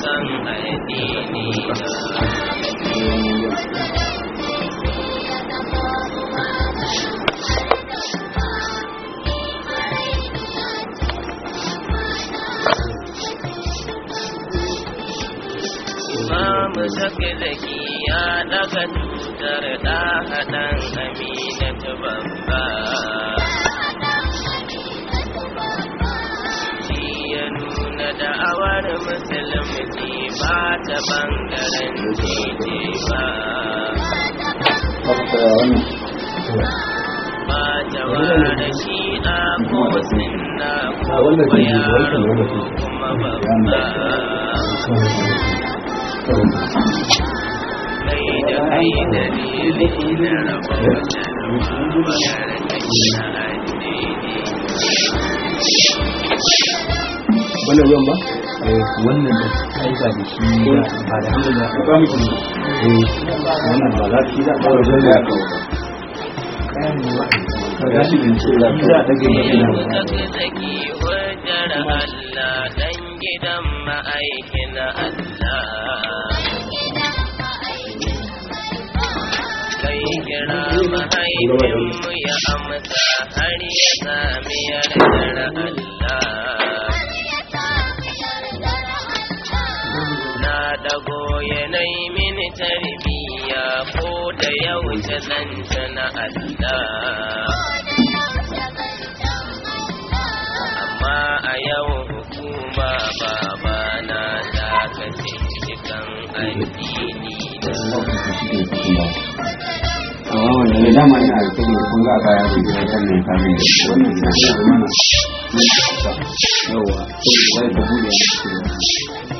san addini mu Zakilaki ya daga tutar da haɗan amina ta babba. Shi ya nuna da musulun ba ta bangaren titi ba ba ta ware shi na ko na ko yaro kuma babba kai da kai dalili na da rabuwa na rashin addini wannan ruwan ba wannan da kaida da shi ba da hannun da ba mu shi eh wannan ba za ki da ba wajen da ka ka ga shi bin ce da za ba. ta ga magana Allah dan gidan ma'aikin Allah kai kira mahaifinmu ya amsa har ya sami yardar Allah yanayi mini tarbiya ko da yaushe zanta na Allah amma a yau hukuma babana ta kace cikin addini da amma wanda da kuma ku ne ka ne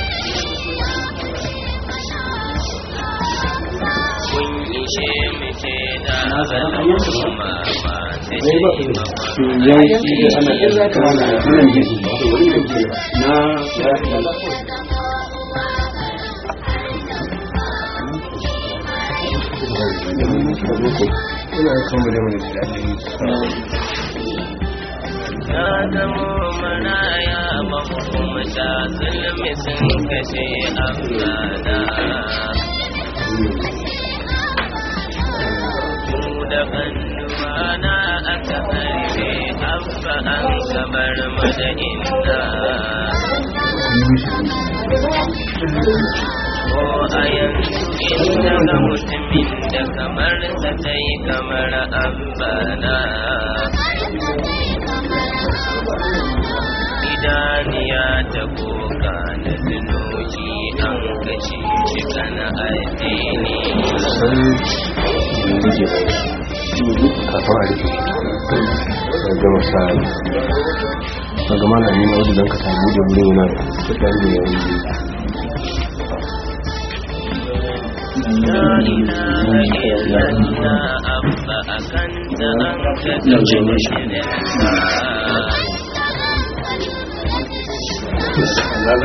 Ya zamo maraya ba kuma sha zulmi sun kashe صدقا وانا اكمل في حب ان كبر مدن ko a yanzu in daga mutumin da kamar sa ta yi kamar abana idaniya ta ko ka ce kika na addini sai rige kafin a rike da gama sa'ari a gama na nuna wajen don ka samu da wurin yana da ɗan da yawon yi Thank you. yarda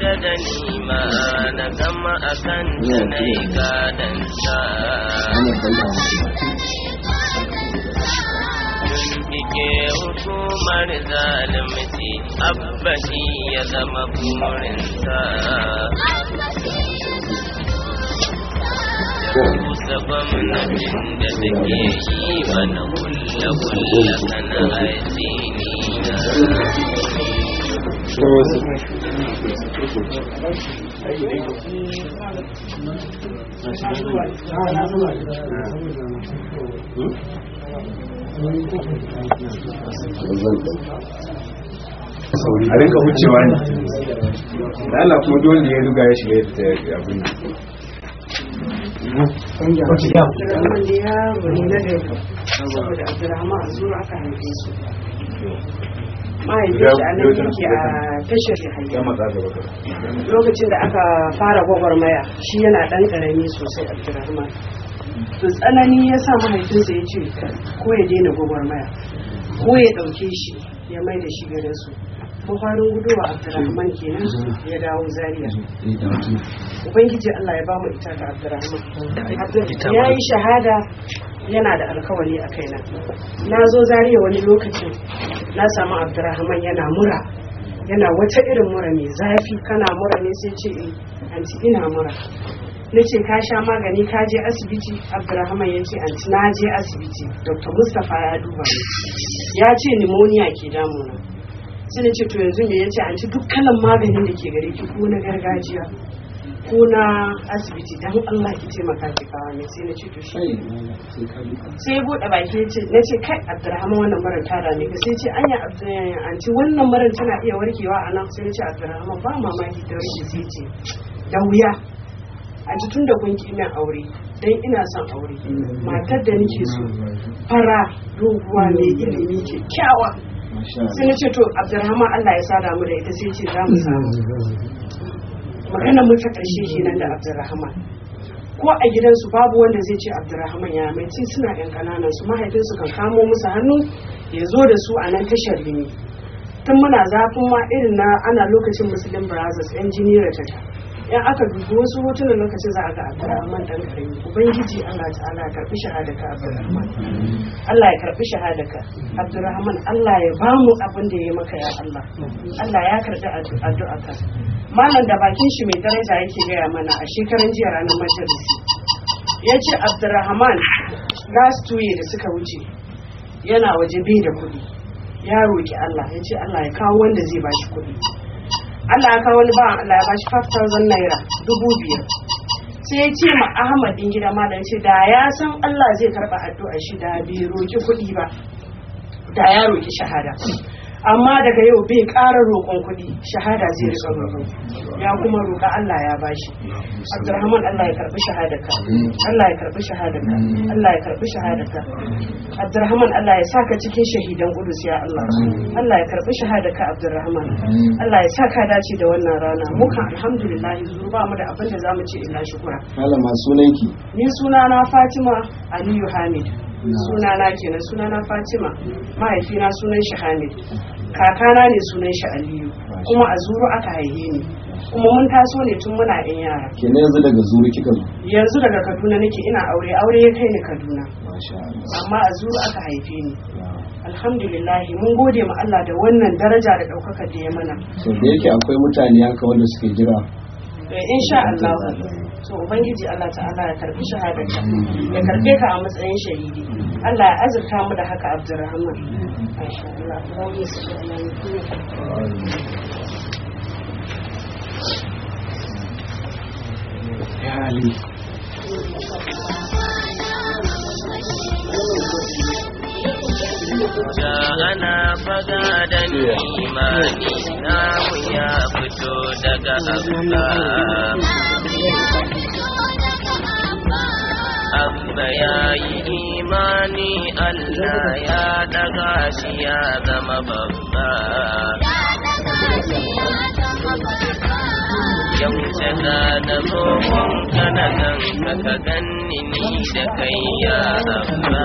da ni ma na zama akan tunai gadanta Yulbike hukumar zalimci abbashi ya zama burinsa kusa gwamnatin da take yi mana kulle-kulle sana addini na a rinka wucewa ne da ala kuma dole ya ruga ya shiga yadda ya abin da ya saboda abdurrahman a aka haife su mahaifinshi a tashar lokacin da aka fara gwagwarmaya shi yana ɗan ƙarami sosai abdurrahman to tsanani ya sa mahaifinsa ya ce ko ya daina gwagwarmaya ko ya ɗauke shi ya mai da shi gare su mafarin guduwa abdurrahman kenan ya dawo Zariya. ubangiji allah ya ba mu ita da abdurrahman ya yi shahada yana da alkawari a kaina na zo zariya wani lokacin na samu abdurrahman yana mura yana wata irin mura mai zafi kana mura ne sai ce eh, anti ina mura na ce ka sha magani ka je asibiti abdurrahman ya ce anti na je asibiti dr mustapha ya duba ya ce pneumonia ke damuna sai na ce to yanzu me ya ce anti duk kalan maganin da ke gari ki ko na gargajiya ko na asibiti dan Allah ki taimaka ki kawo ne sai na ce to shi sai bude baki ce na ce kai Abdulrahman wannan marar ta da ne ka sai ce anya eh, anti wannan marar tana iya warkewa a nan sai na ce Abdulrahman ba mamaki da warke sai ce da wuya anti tun da kun ki min aure dan ina son aure matar da nake so fara doguwa mai ilimi kyakkyawa sai na ce to Abdulrahman Allah ya sada mu da ita sai ce za mu samu magana mun ta ƙarshe kenan da abdulrahman ko a gidansu babu wanda zai ce abdulrahman ya mai suna yan kananan su mahaifinsu kan kamo musu hannu ya zo da su a nan tashar rini tun muna zafin ma irin na ana lokacin muslim brothers injiniyar jinira ta in aka dubi wasu hotunan nan kace za a ga Abdurrahman dan karami ubangiji Allah ta'ala ya karbi shahadaka Abdurrahman Allah ya karbi shahadaka Abdurrahman Allah ya bamu abin da ya maka ya Allah Allah ya karbi addu'arka malam da bakin shi mai daraja yake gaya mana a shekaran jiya ranar majalisi ya ce Abdurrahman last two da suka wuce yana waje bai da kuɗi ya roki Allah ya ce Allah ya kawo wanda zai shi kuɗi Allah ya kawo wani ba Allah ya ba shi 5000 naira dubu biyar sai ya ce ma Ahmad din gida malam ce da ya san Allah zai karba addu'a shi da bai roki kuɗi ba da ya roki shahada amma daga yau bai ƙara roƙon kuɗi shahada zai rika roƙon ya kuma roƙa Allah ya bashi Abdulrahman Allah ya karɓi shahadarka Allah ya karɓi shahadarka Allah ya karɓi shahadarka Abdulrahman Allah ya saka cikin shahidan Qudus ya Allah Allah ya karɓi shahadarka Abdulrahman Allah ya saka dace da wannan rana muka alhamdulillah yanzu ba mu da abin da zamu ce illa shukura malama sunanki ni sunana Fatima Aliyu Hamid sunana kenan sunana fatima mahaifina sunan shi hamid kakana ne sunan shi aliyu kuma a zuru aka haihe ni kuma mun taso ne tun muna yan yara kenan yanzu daga zuru kika zo yanzu daga kaduna nake ina aure aure ya kai ni kaduna amma a zuru aka haife ni lillahi mun gode ma Allah da wannan daraja da daukaka da ya mana. To da yake akwai mutane haka wanda suke jira. Eh, insha Allah. to ubangiji Allah ta'ala ya karbi shahadarka ya karfe ka a matsayin shahidi Allah ya azurta mu da haka Abdurrahman masha ya Ali ja ana faga da imani namu ya fito daga abba abba ya yi imani allah ya daga shi ya zama babba yauce za na zo kana nan ganni ni da kai ya abba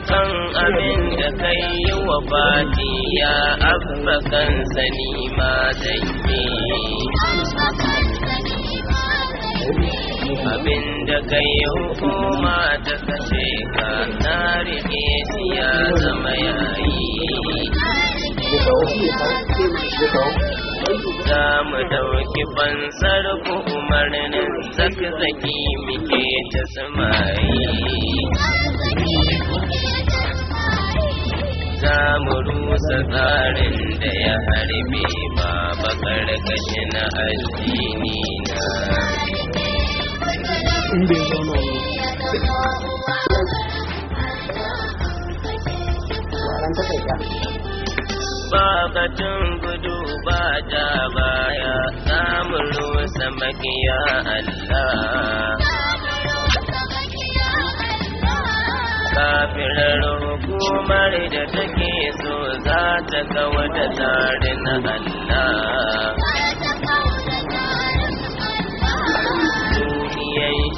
akan abin da kai yi wa fati ya abba kan sani ma zai abin da kai hukuma ta kashe ka na rike ya zama yayi za mu dauki fansar ku umarnin zakzaki muke ta samayi za mu rusa tsarin da ya harbe ma bakar kashi na addini na Bakatun gudu ba ta baya, samun ruwan samakiya Allah. Kafirar hukumar da take so za ta kawo da tarin Allah.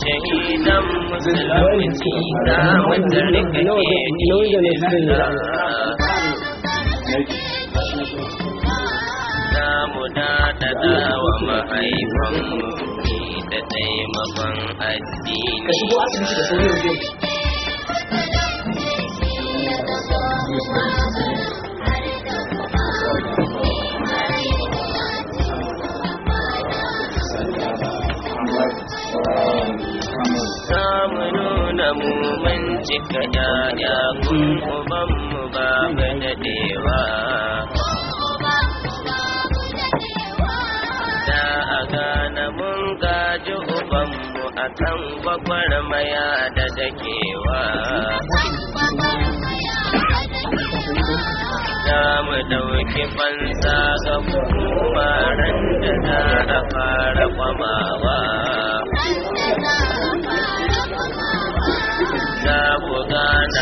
shahidan musulunci na wanda rikake ne za mu daɗaɗa wa mahaifanmu da taimakon addini Um, Zamu nuna mu mun cika yaya kun uban mu ba mu dadewa da a gane mun gaji uban mu akan maya da dakewa za mu dauki fansa ga hukumaran da za a fara kwamawa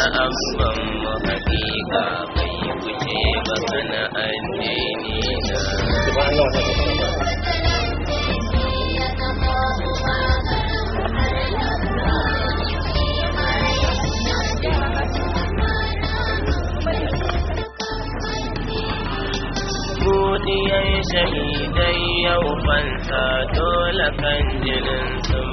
abban mu hakika bai wuce ba sana addini na buɗiyar shahidai yau fansa dole kan jininsu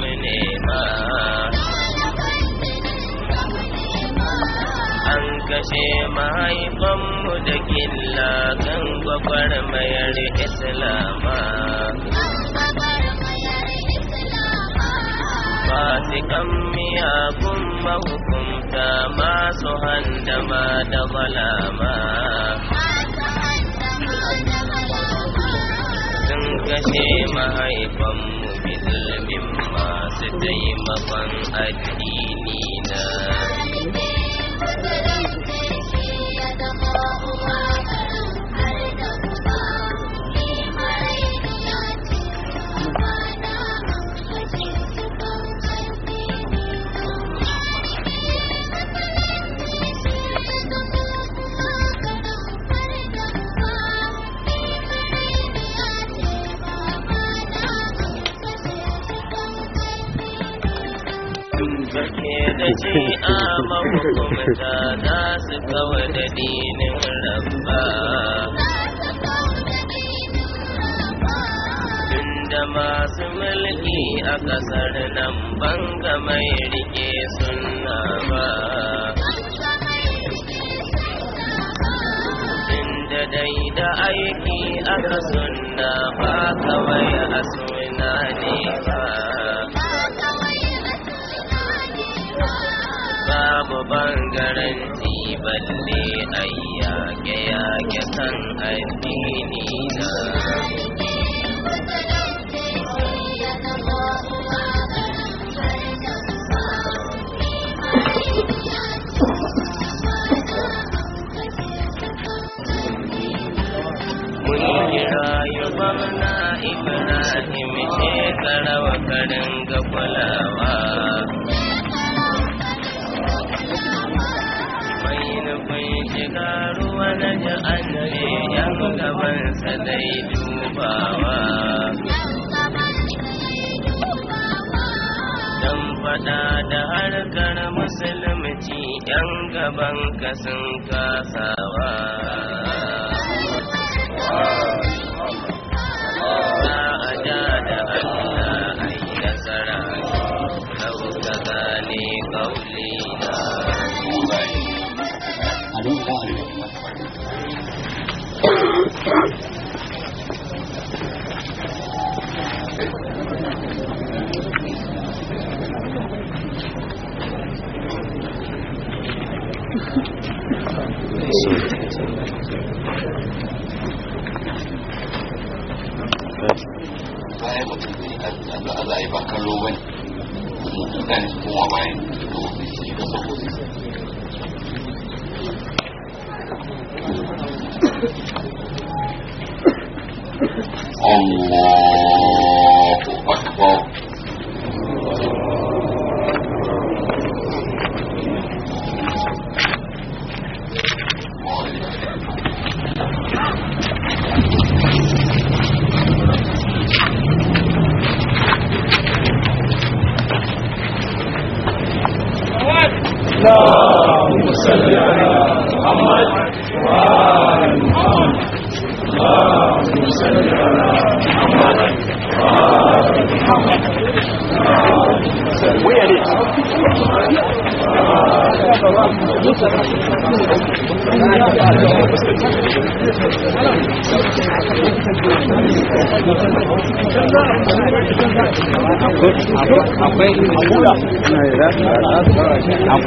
kashe mahaifanmu da killa kan gwagwarmayar islama fasikan miyagun mahukunta masu handama da balama sun kashe mahaifanmu bizilmin masu taimakon addini na da shi a mahukumta za su kawar da dinin Raba, da masu mulki a ƙasar nan banga mai rike suna ba inda dai da aiki aka suna ba kawai a suna ne ba bangaren balle ai yake yake kan addini na Ibrahim shekara wa karin ga kulawa taro na ji annabi yan gabansa dai dubawa dan fada da harkar musulunci yan gaban kasan kasawa baya mutum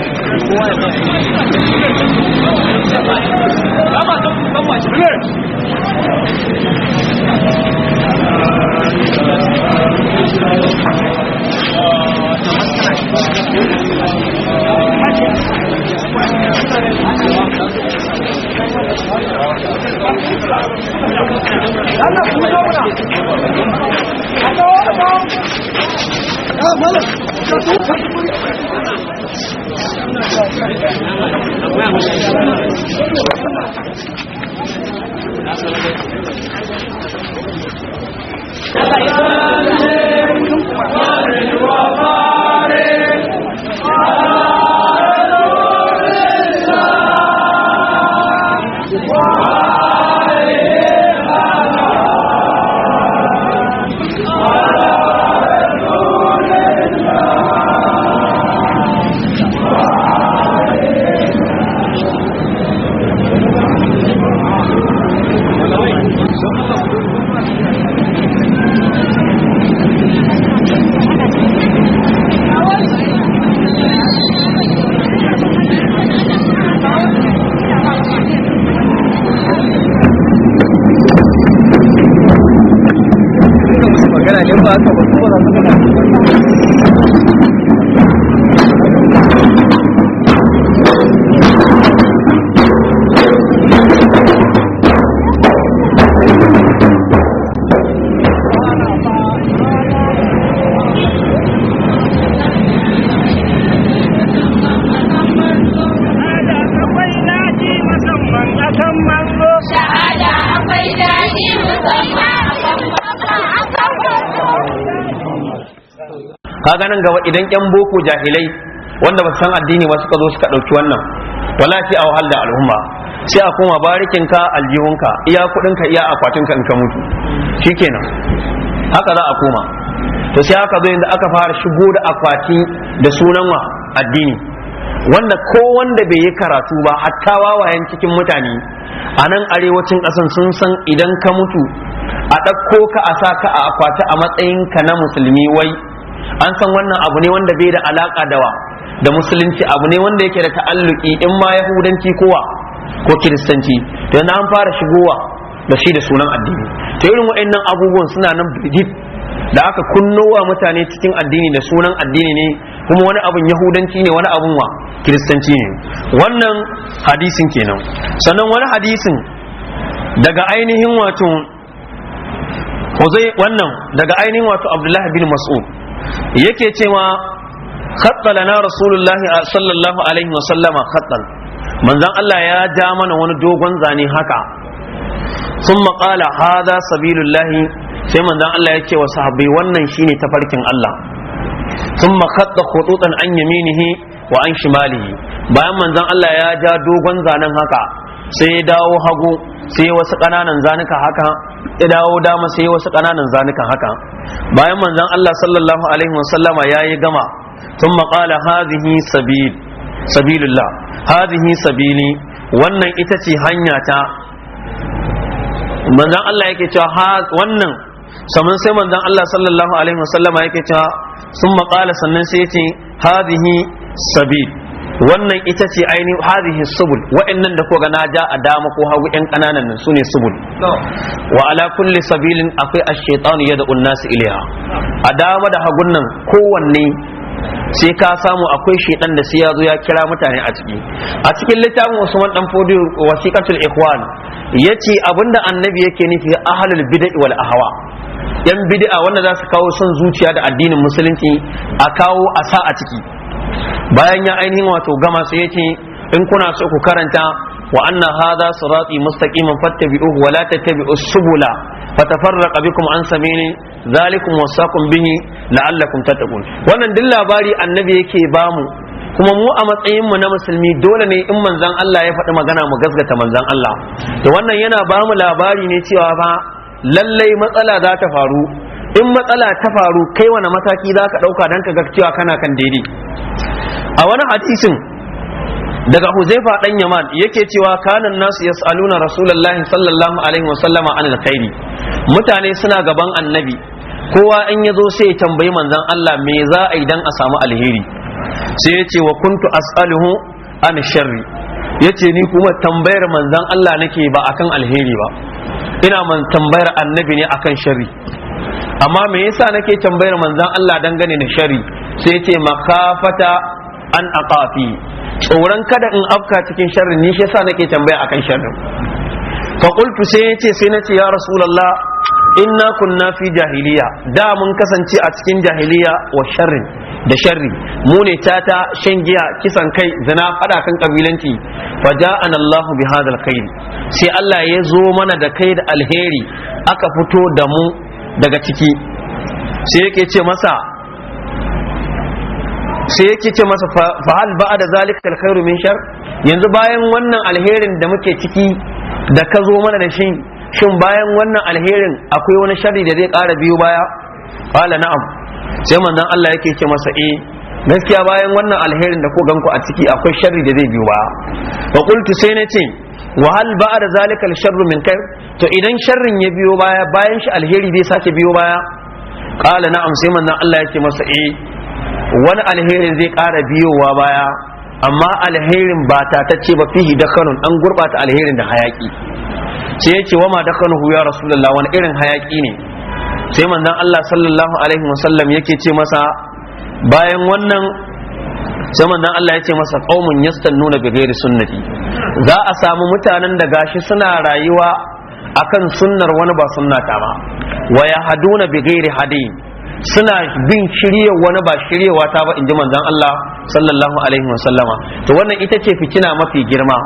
kowa ya ba idan yan boko jahilai wanda ba san addini ba suka zo suka ɗauki wannan wala sai a wahal da al'umma sai a koma barikin ka aljihunka iya kuɗin ka iya akwatin ka in ka mutu shikenan haka za a koma to sai aka zo yanda aka fara shigo da akwati da sunan wa addini wanda ko wanda bai yi karatu ba hatta wawayen cikin mutane a nan arewacin ƙasan sun san idan ka mutu a ɗauko ka a sa ka a akwati a matsayin ka na musulmi wai an san wannan abu ne wanda bai da alaka dawa da musulunci abu ne wanda yake da ta'alluki in ma yahudanci kowa ko kiristanci to yanzu an fara shigowa da shi da sunan addini ta irin waɗannan abubuwan suna nan bidid da aka kunnowa mutane cikin addini da sunan addini ne kuma wani abun yahudanci ne wani abun wa kiristanci ne wannan hadisin kenan sannan wani hadisin daga ainihin wato wannan daga ainihin wato abdullahi bin mas'ud yake cewa khatta na rasulullahi sallallahu alaihi wa sallama khattan manzon Allah ya ja mana wani dogon zane haka ثم قال هذا sabilullahi sai manzon Allah ya ce wa sahabbai wannan shine tafarkin Allah thumma khatta khututan an yaminihi wa an shimalihi bayan manzon Allah ya ja dogon zanen haka sai ya dawo hagu sai wasu ƙananan zanuka haka ya dawo dama sai wasu kananan zanukan haka bayan manzon Allah sallallahu alaihi wasallama yi gama sun maƙala hazihi سبيل سبيل الله sabili. wannan ita ce hanya ta manzon Allah yake cewa wannan saman sai manzon Allah sallallahu alaihi wasallama yake cewa sun maƙala sannan sai ce hazihi sabil wannan ita ce ainihin hadhihi subul wa'annan da koga na ja a dama ko hagu yan kananan nan sune subul wa ala kulli sabilin akwai ash shaytan yad'u an-nas ilayha a dama da hagun nan kowanne sai ka samu akwai shaidan da sai ya zo ya kira mutane a ciki a cikin littafin Usman dan Fodi wasiqatul ikhwan yace abinda annabi yake nufi ahlul bid'ah wal ahwa yan bid'a wanda za su kawo son zuciya da addinin musulunci a kawo a sa a ciki bayan ya ainihin wato gama sai ce in kuna so ku karanta wa anna hadha sirati mustaqiman fattabi'uhu wa la tattabi'u subula fatafarraqa bikum an sabili zalikum wasaqum bihi la'allakum tattaqun wannan duk labari annabi yake bamu kuma mu a matsayin mu na musulmi dole ne in manzon Allah ya faɗi magana mu gasgata manzon Allah to wannan yana bamu labari ne cewa fa lallai matsala za ta faru in matsala ta faru kai wani mataki za ka ɗauka don ka ga kana kan daidai a wani hadisin daga huzaifa dan yaman yake cewa kanan nasu yas'aluna rasulullahi sallallahu alaihi wa sallama anil mutane suna gaban annabi kowa in ya zo sai ya tambayi manzan Allah me za a yi dan a samu alheri sai ya ce wa kuntu as'aluhu an sharri ya ce ni kuma tambayar manzan Allah nake ba akan alheri ba ina man tambayar annabi ne akan sharri amma me yasa nake tambayar manzon Allah dangane da shari sai ce makafata an aqafi tsoron kada in afka cikin sharrin ni shi yasa nake tambaya akan sharrin fa qultu sai yace sai nace ya rasulullah inna kunna fi jahiliya da mun kasance a cikin jahiliya wa sharrin da sharri mu ne tata shan giya kisan kai zina fada kan kabilanci fa ja'ana Allah bi hadal khair sai Allah ya zo mana da kai da alheri aka fito da mu daga ciki sai yake ce masa sai yake ce masa hal ba'a da zalika alkhairu min shar yanzu bayan wannan alherin da muke ciki da ka zo mana da shi shin bayan wannan alherin akwai wani sharri da zai ƙara biyo baya qala na'am sai manzon Allah yake ce masa eh gaskiya bayan wannan alherin da ko ganku a ciki akwai sharri da zai biyo baya fa qultu sai na ce wa hal ba'a da zalika alsharru min kai to idan sharrin ya biyo baya bayan shi alheri bai sake biyo baya qala na'am sai manzon Allah yake masa eh wani alheri zai ƙara biyowa baya amma alherin ba ta tace ba fihi dakanun an gurbata alherin da hayaki sai yace wama hu ya rasulullah wani irin hayaki ne sai manzon Allah sallallahu alaihi wasallam yake ce masa bayan wannan sai manzon Allah ya ce masa qaumun yastannuna bi ghairi sunnati za a samu mutanen da gashi suna rayuwa akan sunnar wani ba sunnata ba wa haduna bi ghairi Hadin suna bin shirye wani ba shiryewa ta ba inji manzon Allah sallallahu alaihi sallama to wannan ita ce fitina mafi girma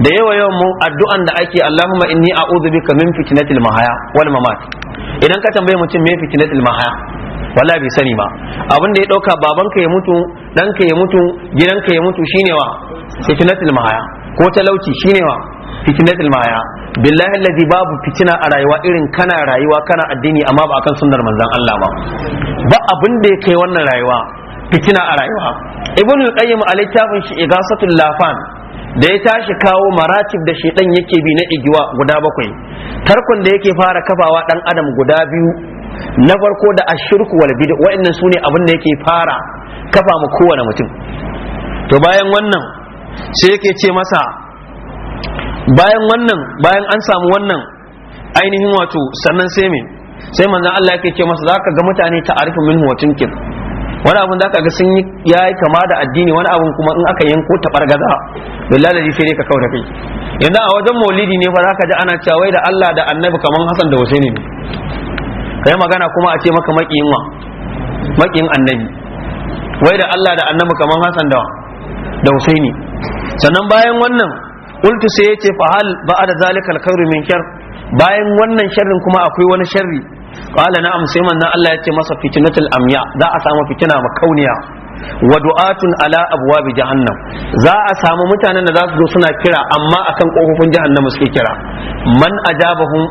da yawa yawan mu addu'an da ake Allahumma inni a'udhu bika min fitnatil mahaya wal mamat idan ka tambaye mutum me fitinat mahaya wala bai sani ba abin da ya dauka babanka ya mutu ɗanka ya mutu gidanka ya mutu shine wa fitinat ko talauci shine wa fitinat mahaya billahi allazi babu fitina a rayuwa irin kana rayuwa kana addini amma ba akan sunnar manzon Allah ba ba abin da ya kai wannan rayuwa fitina a rayuwa ibnu qayyim a littafin shi igasatul lafan da ya tashi kawo maratib da shedan yake bi na igiwa guda bakwai tarkon da yake fara kafawa dan adam guda biyu na farko da ashirku wal bid'a wa'annan sune abin da yake fara kafa mu kowane mutum to bayan wannan sai yake ce masa bayan wannan bayan an samu wannan ainihin wato sannan sai me sai manzon Allah yake ce masa zaka ga mutane arifu minhu wa tunkir wani abun da ga sun ya yi kama da addini wani abun kuma in aka yanko ta bargaza billahi da sai ka kauda kai yanzu a wajen maulidi ne fa zaka ji ana cewa wai da Allah da Annabi kaman Hassan da Husaini ne kai magana kuma a ce maka makiyin wa makiyin Annabi wai da Allah da Annabi kaman Hassan da da Husaini sannan bayan wannan ultu sai yace fa hal ba'ada zalikal khairu min kyar bayan wannan sharrin kuma akwai wani sharri qala na'am sai na Allah ya ce masa fitnatul amya za a samu fitina makauniya wa du'atun ala abwabi jahannam za a samu mutanen da za su zo suna kira amma akan kofofin jahannam suke kira man ajabahum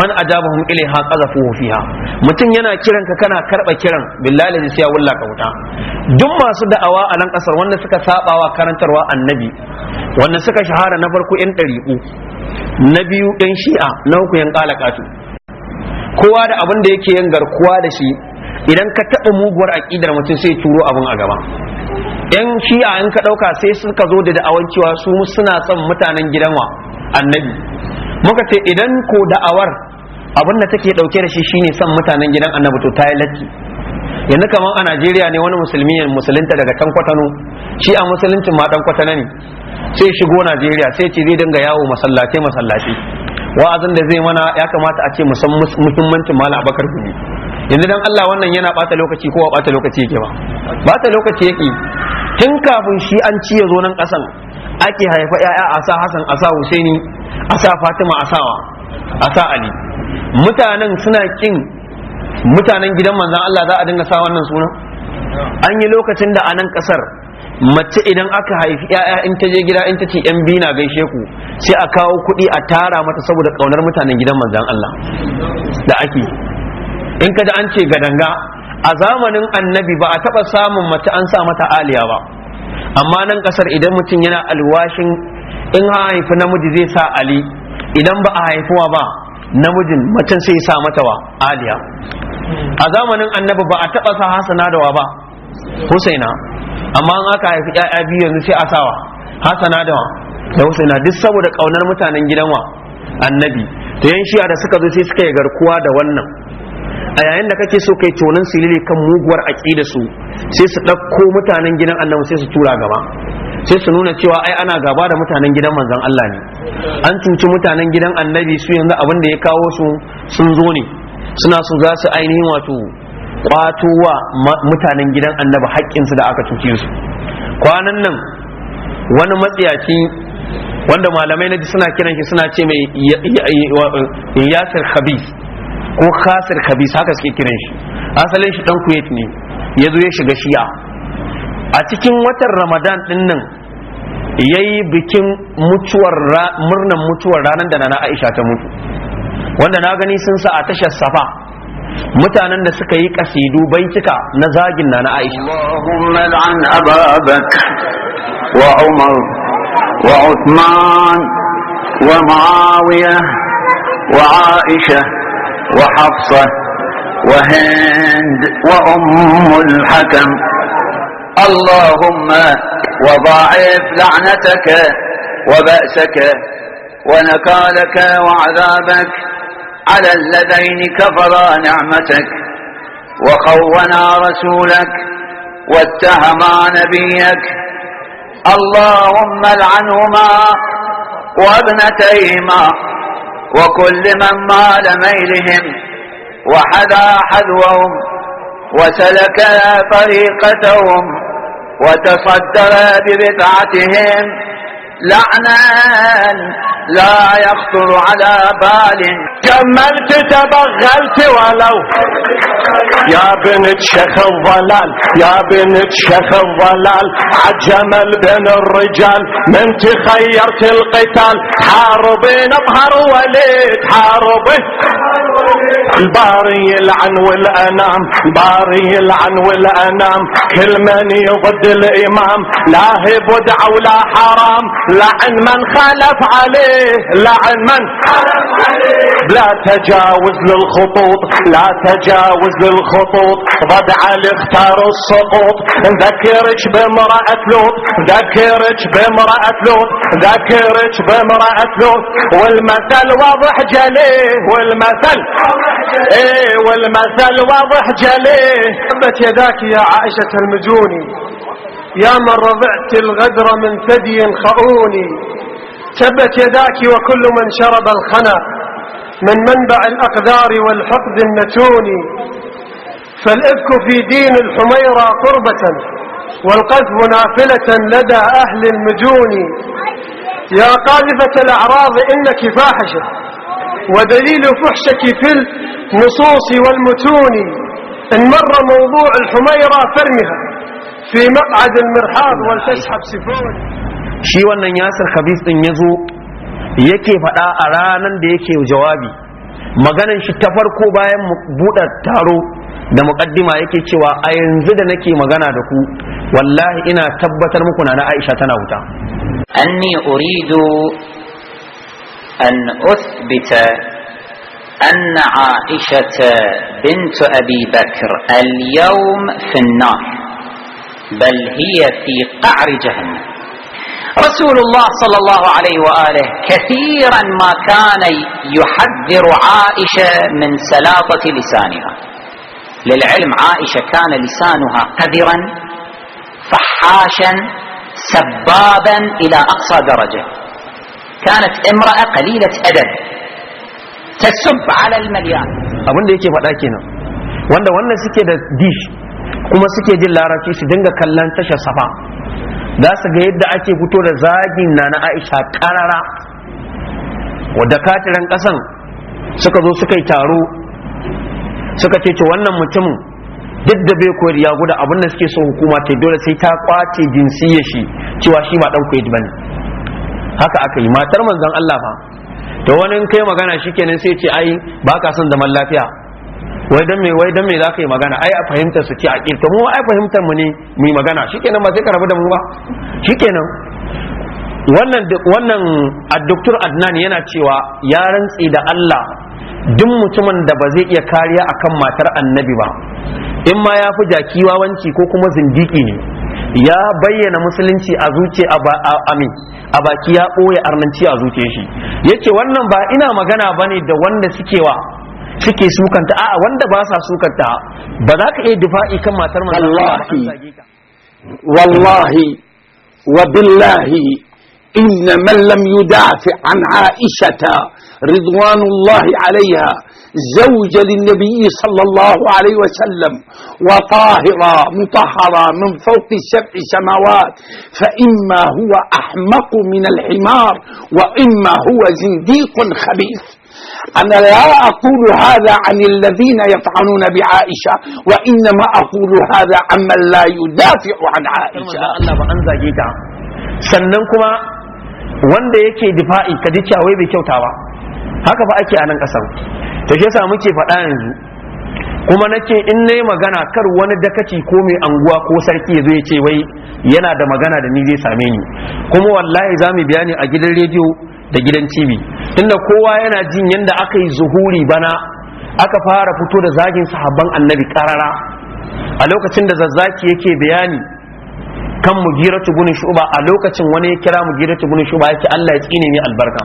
man ajabahum ilaiha qazafuhu fiha mutum yana kiran ka kana karba kiran billahi sai ya wulla ka wuta duk masu da'awa a nan kasar wanda suka sabawa karantarwa annabi wanda suka shahara na farko yan ɗari'u na biyu ɗan shi'a na uku yan ƙala kowa da abin da yake yin garkuwa da shi idan ka taɓa muguwar aƙidar mutum sai turo abin a gaba yan shi'a in ka ɗauka sai suka zo da da'awar cewa su suna son mutanen gidan wa annabi muka ce idan ko da'awar abin da take ɗauke da shi shine son mutanen gidan annabi to ta yi latti yanzu kamar a najeriya ne wani musulmi ne musulunta daga can kwatano shi a musuluncin ma ɗan kwatano ne sai shigo najeriya sai ce zai dinga yawo masallatai masallatai wa'azin da zai mana ya kamata a ce musamman muhimmancin malam abakar gumi yanzu dan Allah wannan yana bata lokaci ko bata lokaci yake ba bata lokaci yake tun kafin shi an ci ya zo nan kasan ake haifa yaya a sa Hassan a sa Husaini a sa Fatima a sawa a sa Ali mutanen suna kin mutanen gidan manzan Allah za a dinga sa wannan suna an yi lokacin da a nan kasar mace idan aka haifi ya'ya in ta je gida in ta ce yan biyu na gaishe ku sai a kawo kuɗi a tara mata saboda kaunar mutanen gidan manzan Allah da ake in ka da an ce gadanga a zamanin annabi ba a taɓa samun mace an sa mata aliya ba amma nan ƙasar idan mutum yana alwashin in ha haifi namiji zai sa ali idan ba a haifuwa ba namijin macen sai sa mata wa aliya a zamanin annabi ba a taɓa sa hasana da wa ba husaina amma an aka haifi ƴaƴa biyu yanzu sai a sawa hasana da da husaina duk saboda kaunar mutanen gidan wa annabi to yan shi'a da suka zo sai suka yi garkuwa da wannan a yayin da kake so kai tonan silili kan muguwar aqida su sai su ɗauko mutanen gidan annabi sai su tura gaba sai su nuna cewa ai ana gaba da mutanen gidan manzon Allah ne an cuci mutanen gidan annabi su yanzu abin da ya kawo su sun zo ne suna so za su ainihin wato kwato wa mutanen gidan annabi haƙƙinsu da aka cuce su kwanan nan wani matsiyaci wanda malamai na ji suna kiran shi suna ce mai eh, yasir khabis ko khasir khabis haka suke kiran shi asalin shi dan kuwait ne ya zo ya shiga shi'a a cikin watan ramadan din nan ya yi bikin murnan mutuwar ranar da na aisha ta mutu wanda na gani sun sa a tashar safa mutanen da suka yi kasidu baituka na zagin na na Aisha Allahumma al'an ababak wa Umar wa Uthman wa Muawiya wa Aisha wa Hafsa wa Hind wa Umm al-Hakam Allahumma وضاعف لعنتك وبأسك ونكالك وعذابك على اللذين كفرا نعمتك وخونا رسولك واتهما نبيك اللهم العنهما وابنتيهما وكل من مال ميلهم وحذا حذوهم وسلك طريقتهم وتصدر ببدعتهم لعنا لا يخطر على بال جملت تبغلت ولو يا بنت شيخ الضلال يا بنت شيخ الضلال عجمل بين الرجال من تخيرت القتال حاربي نظهر وليد حاربي الباري يلعن والانام باري يلعن والانام كل من يضد الامام لا هب ودعه ولا حرام لعن من خالف عليه لعن من خالف عليه لا تجاوز للخطوط لا تجاوز للخطوط ضد علي اختار السقوط ذكرك بامرأة لوط ذكرك بامرأة لوط ذكرك بامرأة لوط والمثل واضح جليه والمثل ايه والمثل واضح جليه ثبت يداك يا عائشة المجوني يا من رضعت الغدر من ثدي خؤوني تبت يداك وكل من شرب الخنا من منبع الأقدار والحقد النتوني فالإفك في دين الحميرة قربة والقذف نافلة لدى أهل المجون يا قاذفة الأعراض إنك فاحشة ودليل فحشك في النصوص والمتون إن مر موضوع الحميرة فرمها في مقعد المرحاض wal سفون شي wannan ياسر خبيث din yazo yake fada a ranan da yake jawabi maganan shi ta farko bayan buɗe taro da muƙaddima yake cewa a yanzu da nake magana da ku wallahi ina tabbatar muku na Aisha tana wuta anni uridu an uthbita أن عائشة بنت أبي بكر اليوم في النار بل هي في قعر جهنم رسول الله صلى الله عليه وآله كثيرا ما كان يحذر عائشة من سلاطة لسانها للعلم عائشة كان لسانها قذرا فحاشا سبابا إلى أقصى درجة كانت امرأة قليلة أدب تسب على المليان abin da yake faɗa kenan wanda wannan kuma suke jin larabci su dinga kallon tashar safa za su ga yadda ake fito da zagin na na aisha karara wadda katiran kasan suka zo suka yi taro suka ce wannan mutumin duk da bai koyar ya guda abin da suke so hukuma ta dole sai ta kwace jinsi ya shi cewa shi ba dan koyar bane haka aka yi matar manzon Allah fa. to wani kai magana shikenan sai ce ai ba ka son zaman lafiya wai dan me wai dan me zaka yi magana ai a fahimtar su ce a kirka mu ai fahimtar mu ne mu yi magana shikenan ba sai ka rabu da mu ba shikenan wannan wannan addoktor Adnan yana cewa ya rantsi da Allah duk mutumin da ba zai iya kariya akan matar annabi ba in ma ya fi jaki wawanci ko kuma zindiki ne ya bayyana musulunci a zuce a baki ya ɓoye arnanci a zuce shi yace wannan ba ina magana bane da wanda suke wa suke sukanta a wanda ba sa sukanta ba za ka iya difa'i kan matar manzo wallahi wallahi wa billahi إن من لم يدافع عن عائشة رضوان الله عليها زوجة للنبي صلى الله عليه وسلم وطاهرة مطهرة من فوق سبع سماوات فإما هو أحمق من الحمار وإما هو زنديق خبيث أنا لا أقول هذا عن الذين يطعنون بعائشة وإنما أقول هذا عن لا يدافع عن عائشة sannan kuma wanda yake difa'i ka ji cewa bai kyauta ba haka fa ake a nan kasar ta muke faɗa yanzu kuma nake in nayi magana kar wani dakaci ko mai anguwa ko sarki ya zo ya ce wai yana da magana da ni zai same ni kuma wallahi za mu bayani a gidan rediyo da gidan tv tunda kowa yana jin yadda aka yi zuhuri bana aka fara fito da zagin sahabban annabi karara a lokacin da zazzaki yake bayani kan mugiratu gunin shuba a lokacin wani ya kira mugiratu gunin shuba yake Allah ya tsine mai albarka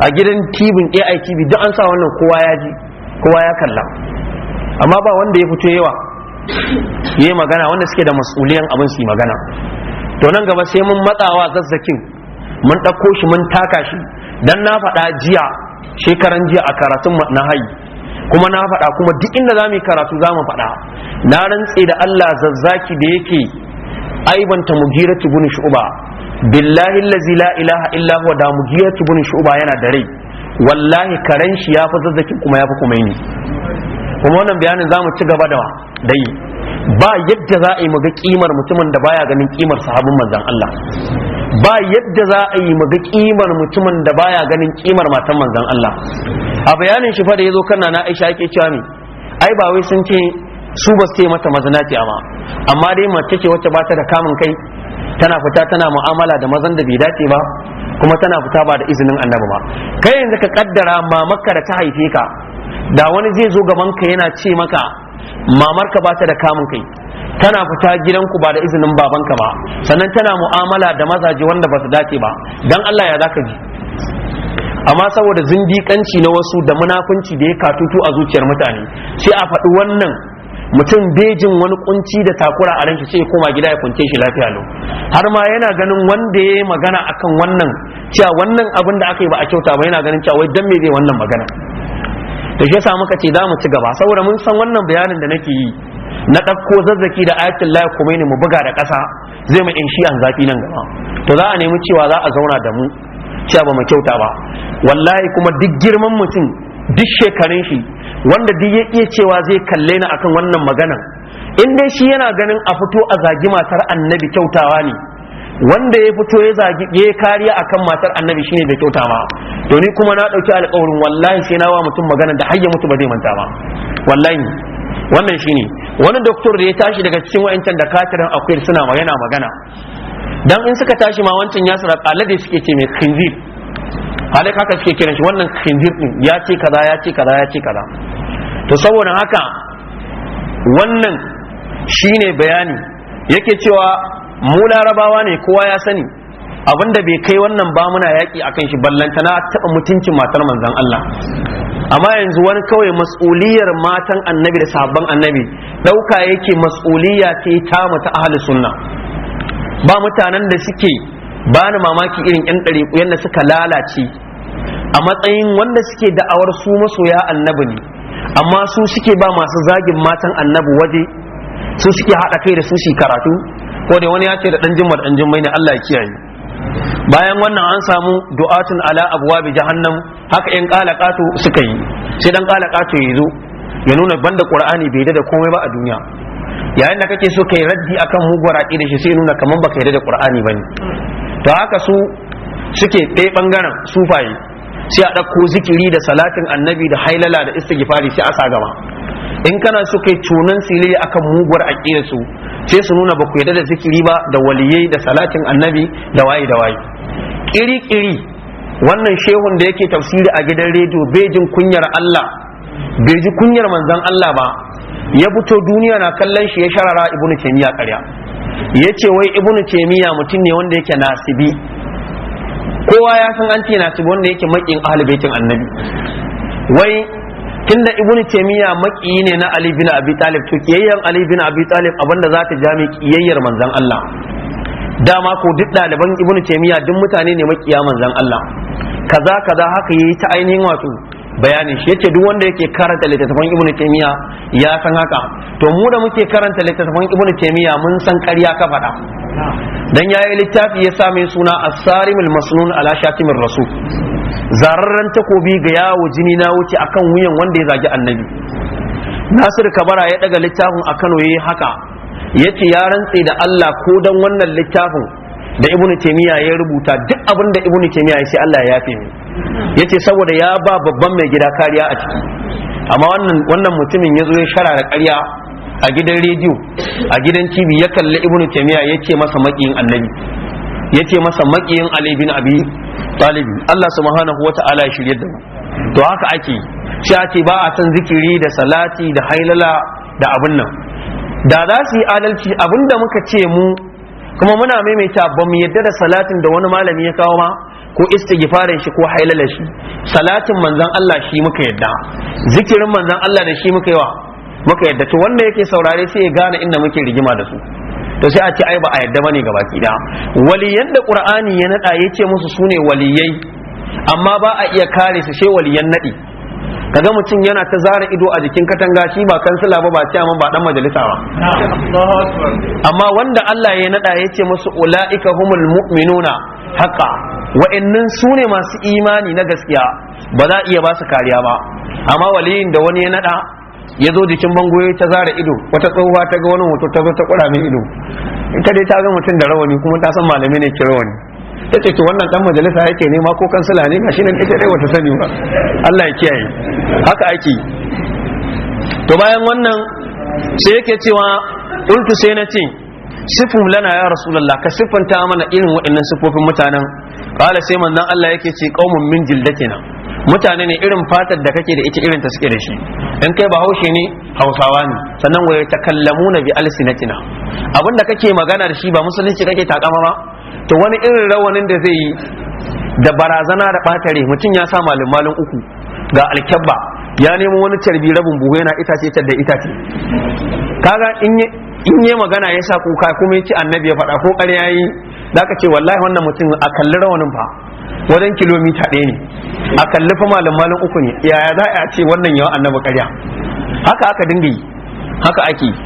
a gidan tibin AITV duk an sa wannan kowa ya ji kowa ya kalla amma ba wanda ya fito yawa yayi magana wanda suke da mas'uliyan abin su magana to nan gaba sai mun matsawa zazzakin mun ɗauko shi mun taka shi dan na faɗa jiya shekaran jiya a karatun na hayi kuma na faɗa kuma duk inda za mu yi karatu za mu faɗa na rantse da Allah zazzaki da yake aibanta mugiratu bin shu'ba billahi allazi la ilaha illa huwa da mugiratu bin shu'ba yana da rai wallahi karen shi ya fi zazzaki kuma ya fi kuma ne kuma wannan bayanin za mu ci gaba da dai. ba yadda za a yi muga kimar mutumin da baya ganin kimar sahabin manzan Allah ba yadda za a yi muga kimar mutumin da baya ganin kimar matan manzan Allah a bayanin shi fa da yazo kanna na Aisha yake cewa ni ai ba wai sun ce su ba su mata mazanaci amma amma dai mace ce wacce ba ta da kamun kai tana fita tana mu'amala da mazan da bai dace ba kuma tana fita ba da izinin annabi ba kai yanzu ka kaddara mamaka da ta haife ka da wani zai zo gaban ka yana ce maka mamarka ba ta da kamun kai tana fita ku ba da izinin babanka ba sannan tana mu'amala da mazaje wanda ba su dace ba dan Allah ya zaka ji amma saboda zindiƙanci na wasu da munafunci da ya katutu a zuciyar mutane sai a faɗi wannan mutum bejin wani kunci da takura a ranki sai ya koma gida ya kunce shi lafiya lo har ma yana ganin wanda ya magana akan wannan cewa wannan abin da aka yi ba a kyauta ba yana ganin cewa wai dan me zai wannan magana da shi yasa muka ce za mu ci gaba saboda mun san wannan bayanin da nake yi na ɗauko zazzaki da ayatul lahi kuma ne mu buga da ƙasa zai mu shi an zafi nan gaba to za a nemi cewa za a zauna da mu cewa ba mu kyauta ba wallahi kuma duk girman mutum duk shekarun shi wanda duk ya iya cewa zai kalle ni akan wannan maganan in dai shi yana ganin a fito a zagi matar annabi kyautawa ne wanda ya fito ya zagi ya kariya akan matar annabi shine bai kyauta ma to ni kuma na dauki alƙawarin wallahi sai na wa mutum magana da har ya mutu ba zai manta ba wallahi wannan shine wani doktor da ya tashi daga cikin wa'ancan da katirin akwai suna magana magana dan in suka tashi ma wancan ya sara alade suke ce mai khinzir alade haka suke kiran shi wannan khinzir din ya ce kaza ya ce kaza ya ce kaza to saboda haka wannan shine bayani yake cewa mu larabawa ne kowa ya sani abinda bai kai wannan ba muna yaƙi akan shi ballanta na taɓa mutuncin matar manzon Allah amma yanzu wani kawai mas'uliyar matan annabi da sabon annabi ɗauka yake mas'uliya ce ta mata ahli sunna ba mutanen da suke ba ni mamaki irin yan ɗariƙu yadda suka lalace a matsayin wanda suke da'awar su masoya annabi ne amma su suke ba masu zagin matan annabi waje su suke haɗa kai da su su karatu ko dai wani ya ce da dan jimma dan jimmai ne Allah ya kiyaye bayan wannan an samu du'atun ala abwabi jahannam haka in kala katu suka yi sai dan kala katu ya zo ya nuna banda qur'ani bai da komai ba a duniya yayin da kake so kai raddi akan mugwara da shi sai nuna kaman baka yarda da qur'ani bane to haka su suke ɗaya bangaren sufaye sai a ɗauko zikiri da salatin annabi da hailala da istighfari sai a sa gaba in kana so kai cunan silili akan muguwar aqida su sai su nuna ba ku yadda da zikiri ba da waliyai da salatin annabi da waye da waye kiri kiri wannan shehun da yake tafsiri a gidan rediyo bejin kunyar Allah bai ji kunyar manzon Allah ba ya fito duniya na kallon shi ya sharara ibnu taymiya ƙarya yace wai ibnu taymiya mutum ne wanda yake nasibi kowa ya san an ce nasibi wanda yake makin ahlul baitin annabi wai tunda ibnu taymiya makiyi ne na ali bin abi talib to kiyayyan ali bin abi talib abanda za ta jami kiyayyar manzan Allah dama ko duk ɗaliban ibnu taymiya duk mutane ne makiya manzon Allah kaza kaza haka yayi ta ainihin wato bayanin shi yace duk wanda yake karanta littattafan ibnu taymiya ya san haka to mu da muke karanta littattafan ibnu taymiya mun san ƙarya ka faɗa dan yayi littafi ya same suna as-sarimul masnun ala shatimir rasul zararren takobi ga yawo jini na wuce akan wuyan wanda ya zagi annabi nasir kabara ya daga littafin a kano yayi haka yace ya rantse da Allah ko dan wannan littafin da ibnu taymiya ya rubuta duk abin da ibnu taymiya ya ce Allah ya yafe mu yace saboda ya ba babban mai gida kariya a ciki amma wannan mutumin ya zo ya shara da karya a gidan rediyo a gidan tv ya kalli ibnu taymiya ya ce masa maƙiyin annabi ya ce masa maƙiyin alibin abi talibi allah subhanahu wa ta'ala ya shirye da mu to haka ake sai a ba a san zikiri da salati da hailala da abin nan da za su yi adalci abin da muka ce mu kuma muna maimaita ba mu yadda da salatin da wani malami ya kawo ma ko istighfarin shi ko hailala shi salatin manzon Allah shi muka yadda zikirin manzon Allah da shi muka wa muka yadda to wanda yake saurare sai ya gane inda muke rigima da su to sai a ce ai ba a yadda bane gaba kida waliyan da qur'ani ya nada yace musu sune waliyai amma ba a iya kare su sai waliyan nadi kaga mutum yana ta zara ido a jikin katanga shi ba kansila ba ba ciyaman ba dan majalisa ba amma wanda Allah ya nada yace musu ulaika humul mu'minuna haka wa'annan su ne masu imani na gaskiya ba za iya ba su kariya ba amma waliyin da wani ya naɗa ya zo jikin bango ta zara ido wata tsohuwa ta ga wani hoto ta zo ta kura mai ido ita dai ta ga mutum da rawani kuma ta san malami ne ke rawani ta ce wannan dan majalisa yake ma ko kansila ne ga nan ita dai wata sani ba Allah ya kiyaye haka ake to bayan wannan sai yake cewa ultu sai na ce sifu lana ya rasulullah ka siffanta mana irin waɗannan sifofin mutanen qala sai manzon Allah yake ce qaumun min jildatina mutane ne irin fatar da kake da ita irin ta suke da shi dan kai bahaushe ne hausawa ne sannan waye takallamuna bi alsinatina abinda kake magana da shi ba musulunci kake takama ba to wani irin rawanin da zai yi da barazana da batare mutum ya sa malum malum uku ga alkyabba ya nemo wani carbi rabin buhu yana itace da itace kaga in yi magana ya sa kuka kuma ya ci annabi ya faɗa ko ƙarya yi da aka ce wallahi wannan mutum a kalli rawanin fa wajen kilomita ɗaya ne a kalli fa malam malam uku ne yaya za a ce wannan yawa annabi ƙarya haka aka dinga yi haka ake yi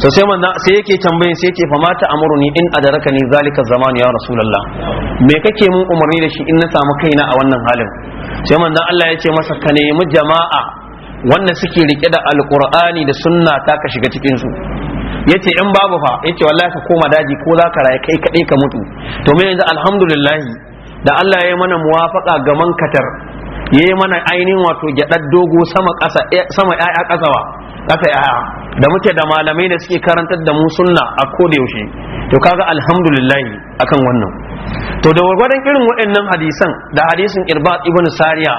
to sai manzo sai yake tambaye sai yake famata amuruni in adarakani zalika zaman ya rasulullah me kake mun umarni da shi in na samu kaina a wannan halin sai manzo Allah ya ce masa ka nemi jama'a wanda suke rike da alqur'ani da sunna ta ka shiga cikin su yace in babu fa yace wallahi ka koma daji ko za ka raye kai kadai ka mutu to me yanzu alhamdulillah da Allah ya yi mana muwafaka ga mankatar ya mana ainihin wato gyaɗar dogo sama ƙasa eh, sama ƴaƴa ƙasawa aka yi aya da muke da malamai da suke karantar da mu sunna a koda yaushe to kaga alhamdulillah akan wannan to da gwargwadon irin waɗannan hadisan da hadisin irbat ibn sariya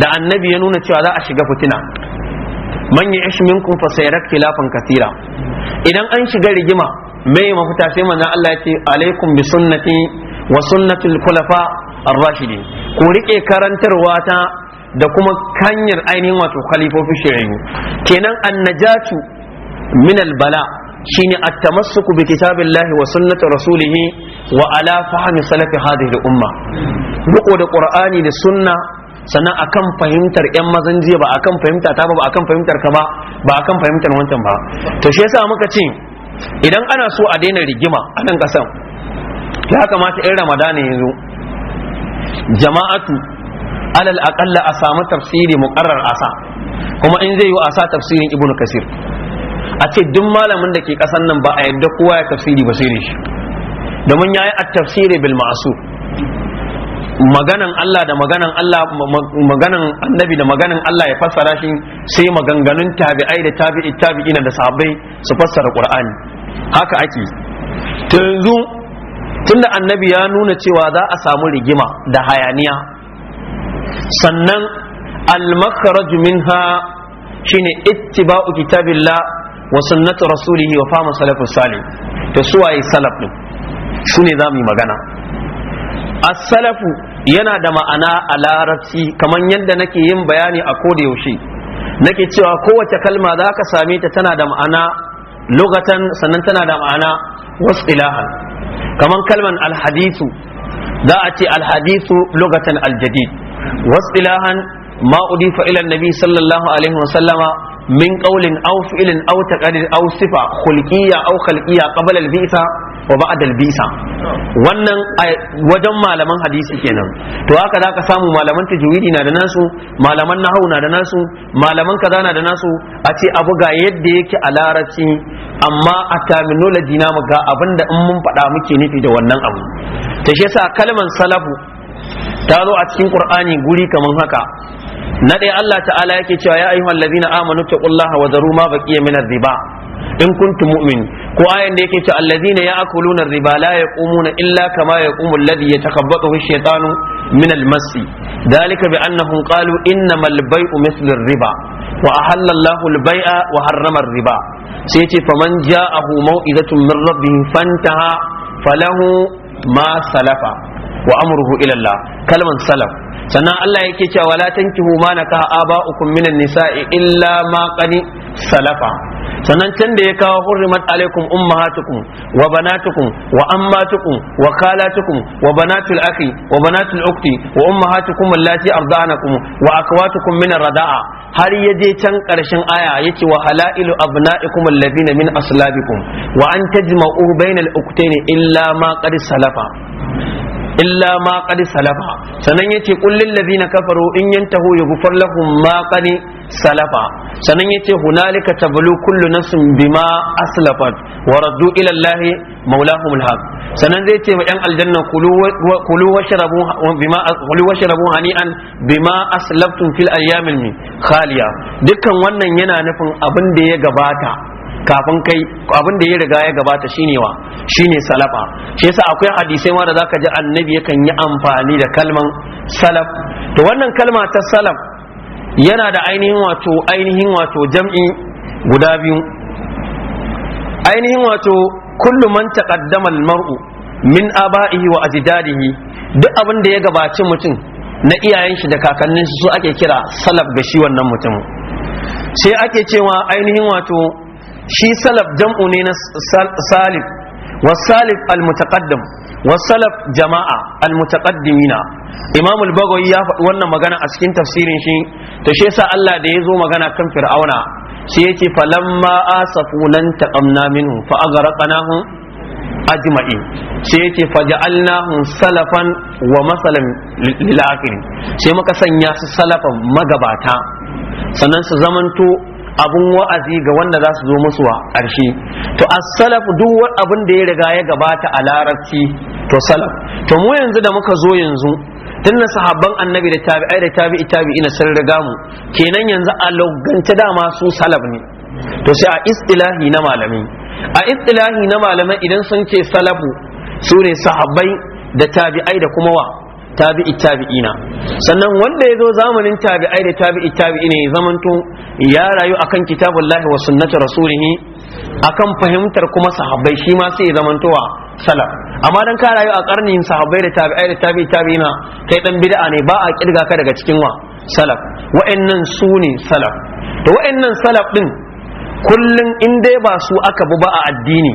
da annabi ya nuna cewa za a shiga fitina man ya ishi minkum fa sayarat khilafan katira idan an shiga rigima mai mafita sai manzon Allah ya ce alaikum bi sunnati wa sunnatul khulafa ar-rashidin ku rike karantarwa ta da kuma kanyar ainihin wato khalifofi shirayu kenan annajatu min albala shine at-tamassuku bi kitabillahi wa sunnati rasulih wa ala fahmi salafi hadhihi al-umma riko da qur'ani da sunna sannan akan fahimtar yan mazan jiya ba akan fahimta ta ba akan fahimtar ka ba ba akan fahimtar wancan ba to shi yasa muka ce idan ana so a daina rigima a nan kasan ya kamata yan ramadana yanzu jama'atu alal aqalla a samu tafsiri muqarrar asa kuma in zai yi asa tafsirin ibnu kasir a ce duk malamin da ke kasan nan ba a yadda kowa ya tafsiri ba sai shi domin yayi at-tafsiri bil ma'su maganan Allah da maganan Allah maganan annabi da maganan Allah ya fassara shi sai maganganun tabi'ai da tabi'i tabi'ina da sahabbai su fassara Qur'ani haka ake yanzu tunda annabi ya nuna cewa za a samu rigima da hayaniya sannan al-makhraj minha shine ittiba'u kitabillah wa sunnati rasulih wa fama salafus salih to suwaye salaf din su ne za mu yi magana as yana da ma'ana a larabci kamar yadda nake yin bayani a koda yaushe nake cewa kowace kalma za ka same ta tana da ma'ana lugatan sannan tana da ma'ana wasu ilahan kamar kalman alhadisu za a ce alhadisu lokacin aljadid واصطلاحا ما أضيف إلى النبي صلى الله عليه وسلم من قول أو فعل أو تقرير أو صفة خلقية أو خلقية قبل البيثة وبعد البيثة wannan wajen malaman hadisi kenan to haka za ka samu malaman tajwidi na da nasu malaman nahau na da nasu malaman kaza na da nasu a ce abu ga yadda yake a larabci amma a terminology na ga abinda in mun faɗa muke nufi da wannan abu ta shi yasa kalmar salafu ta zo a cikin qur'ani guri kaman haka na ɗaya Allah ta'ala yake cewa ya ayyuhal ladina amanu taqullaha wa zaru ma baqiya min riba in kuntum mu'min ko ayan da yake cewa alladhina ya'kuluna riba la yaqumuna illa kama yaqumu alladhi yatakabbathu ash-shaytanu min al-mass dhalika bi annahum qalu innamal bay'u mithlu riba wa ahalla Allahu al-bay'a wa harrama riba sai yace faman ja'ahu maw'idatun min rabbih fantaha falahu ma salafa wa amruhu ila Allah kalman salaf sannan Allah yake cewa la tankihu ma naka aba'ukum minan nisa'i illa ma qani salafa sannan can da ya kawo hurrimat alaikum ummahatukum wa banatukum wa ammatukum wa khalatukum wa banatul akhi wa banatul ukhti wa ummahatukum allati arda'anakum wa akwatukum min ar-rada'a har je can karshen aya yace wa halailu abna'ikum alladhina min aslabikum wa an tajma'u bainal ne illa ma qad salafa illa ma salafa sanan yace qul lil ladina kafaru in yan yughfar lahum ma qad salafa sanan yace hunalika tablu kullu nafsin bima aslafat wa raddu ila allah maulahum alhaq sanan zai ce ma yan aljanna kulu washrabu bima kulu washrabu hani'an bima aslaftum fil ayyamil khaliya dukkan wannan yana nufin abin da ya gabata kafin kai abin da ya riga ya gabata shine wa shine salafa shi yasa akwai hadisai ma da zaka ji annabi yakan yi amfani da kalman salaf to wannan kalma ta salaf yana da ainihin wato ainihin wato jam'i guda biyu ainihin wato kullu man taqaddama al-mar'u min aba'ihi wa ajdadihi duk abin da ya gabaci mutum na iyayen shi da kakannin su ake kira salaf ga shi wannan mutum sai ake cewa ainihin wato shi salaf jam'u ne na salif والسالف المتقدم والسلف جماعة المتقدمين إمام البغوي وانا مغانا أسكين تفسير شيء تشيسا الله ديزو مغانا كم فرعونا سيتي فلما آسفونا انتقمنا منهم فأغرقناهم أجمعين سيتي فجعلناهم سلفا ومثلا للآخرين سيما كسن ياس سلفا مغباتا سننس زمنتو abun wa'azi ga wanda za su zo musu a ƙarshe to as-salaf duk wani abin da ya riga ya gabata a larabci to salaf to mu yanzu da muka zo yanzu tun da sahabban annabi da tabi'ai da tabi'i na sun riga mu kenan yanzu a logance dama su salaf ne to sai a istilahi na malami a istilahi na malamai idan sun ce salafu su ne sahabbai da tabi'ai da kuma wa tabi'i tabi'ina sannan wanda ya zo zamanin tabi'ai da tabi'i tabi'ina ya zamanto ya rayu akan kitabullahi wa sunnati rasulih akan fahimtar kuma sahabbai shi ma sai ya zamantowa salaf amma dan ka rayu a karnin sahabbai da tabi'ai da tabi'i tabi'ina kai dan bid'a ne ba a kirga ka daga cikin wa salaf wa'annan su ne salaf to wa'annan salaf din kullun in dai ba su aka bi ba a addini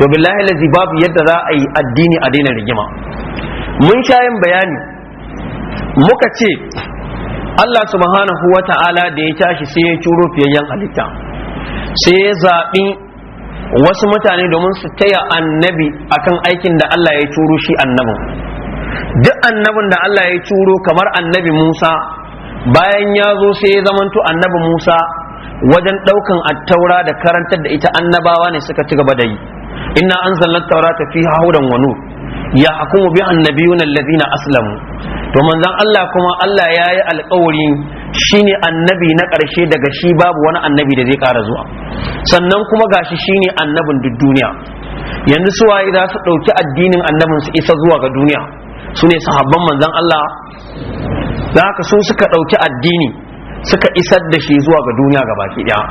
to billahi lazi babu yadda za a yi addini a daina rigima mun sha yin bayani muka ce Allah subhanahu wa ta'ala da ya tashi sai ya curo fiyayyen halitta sai ya zaɓi wasu mutane domin su taya annabi akan aikin da Allah ya curo shi annabin duk annabin da Allah ya curo kamar annabi Musa bayan ya zo sai ya zamanto annabi Musa wajen ɗaukan attaura da karantar da ita annabawa ne suka ci gaba da yi inna zallar taurata fiha hudan wa nur ya hakumu bi annabiyun allazina aslamu to manzon Allah kuma Allah ya yi alƙawari shine annabi na ƙarshe daga shi babu wani annabi da zai ƙara zuwa sannan kuma gashi shine annabin duk duniya yanzu su waye za su ɗauki addinin annabin su isa zuwa ga duniya su ne sahabban manzon Allah da haka su suka ɗauki addini suka isar da shi zuwa ga duniya ga baki ɗaya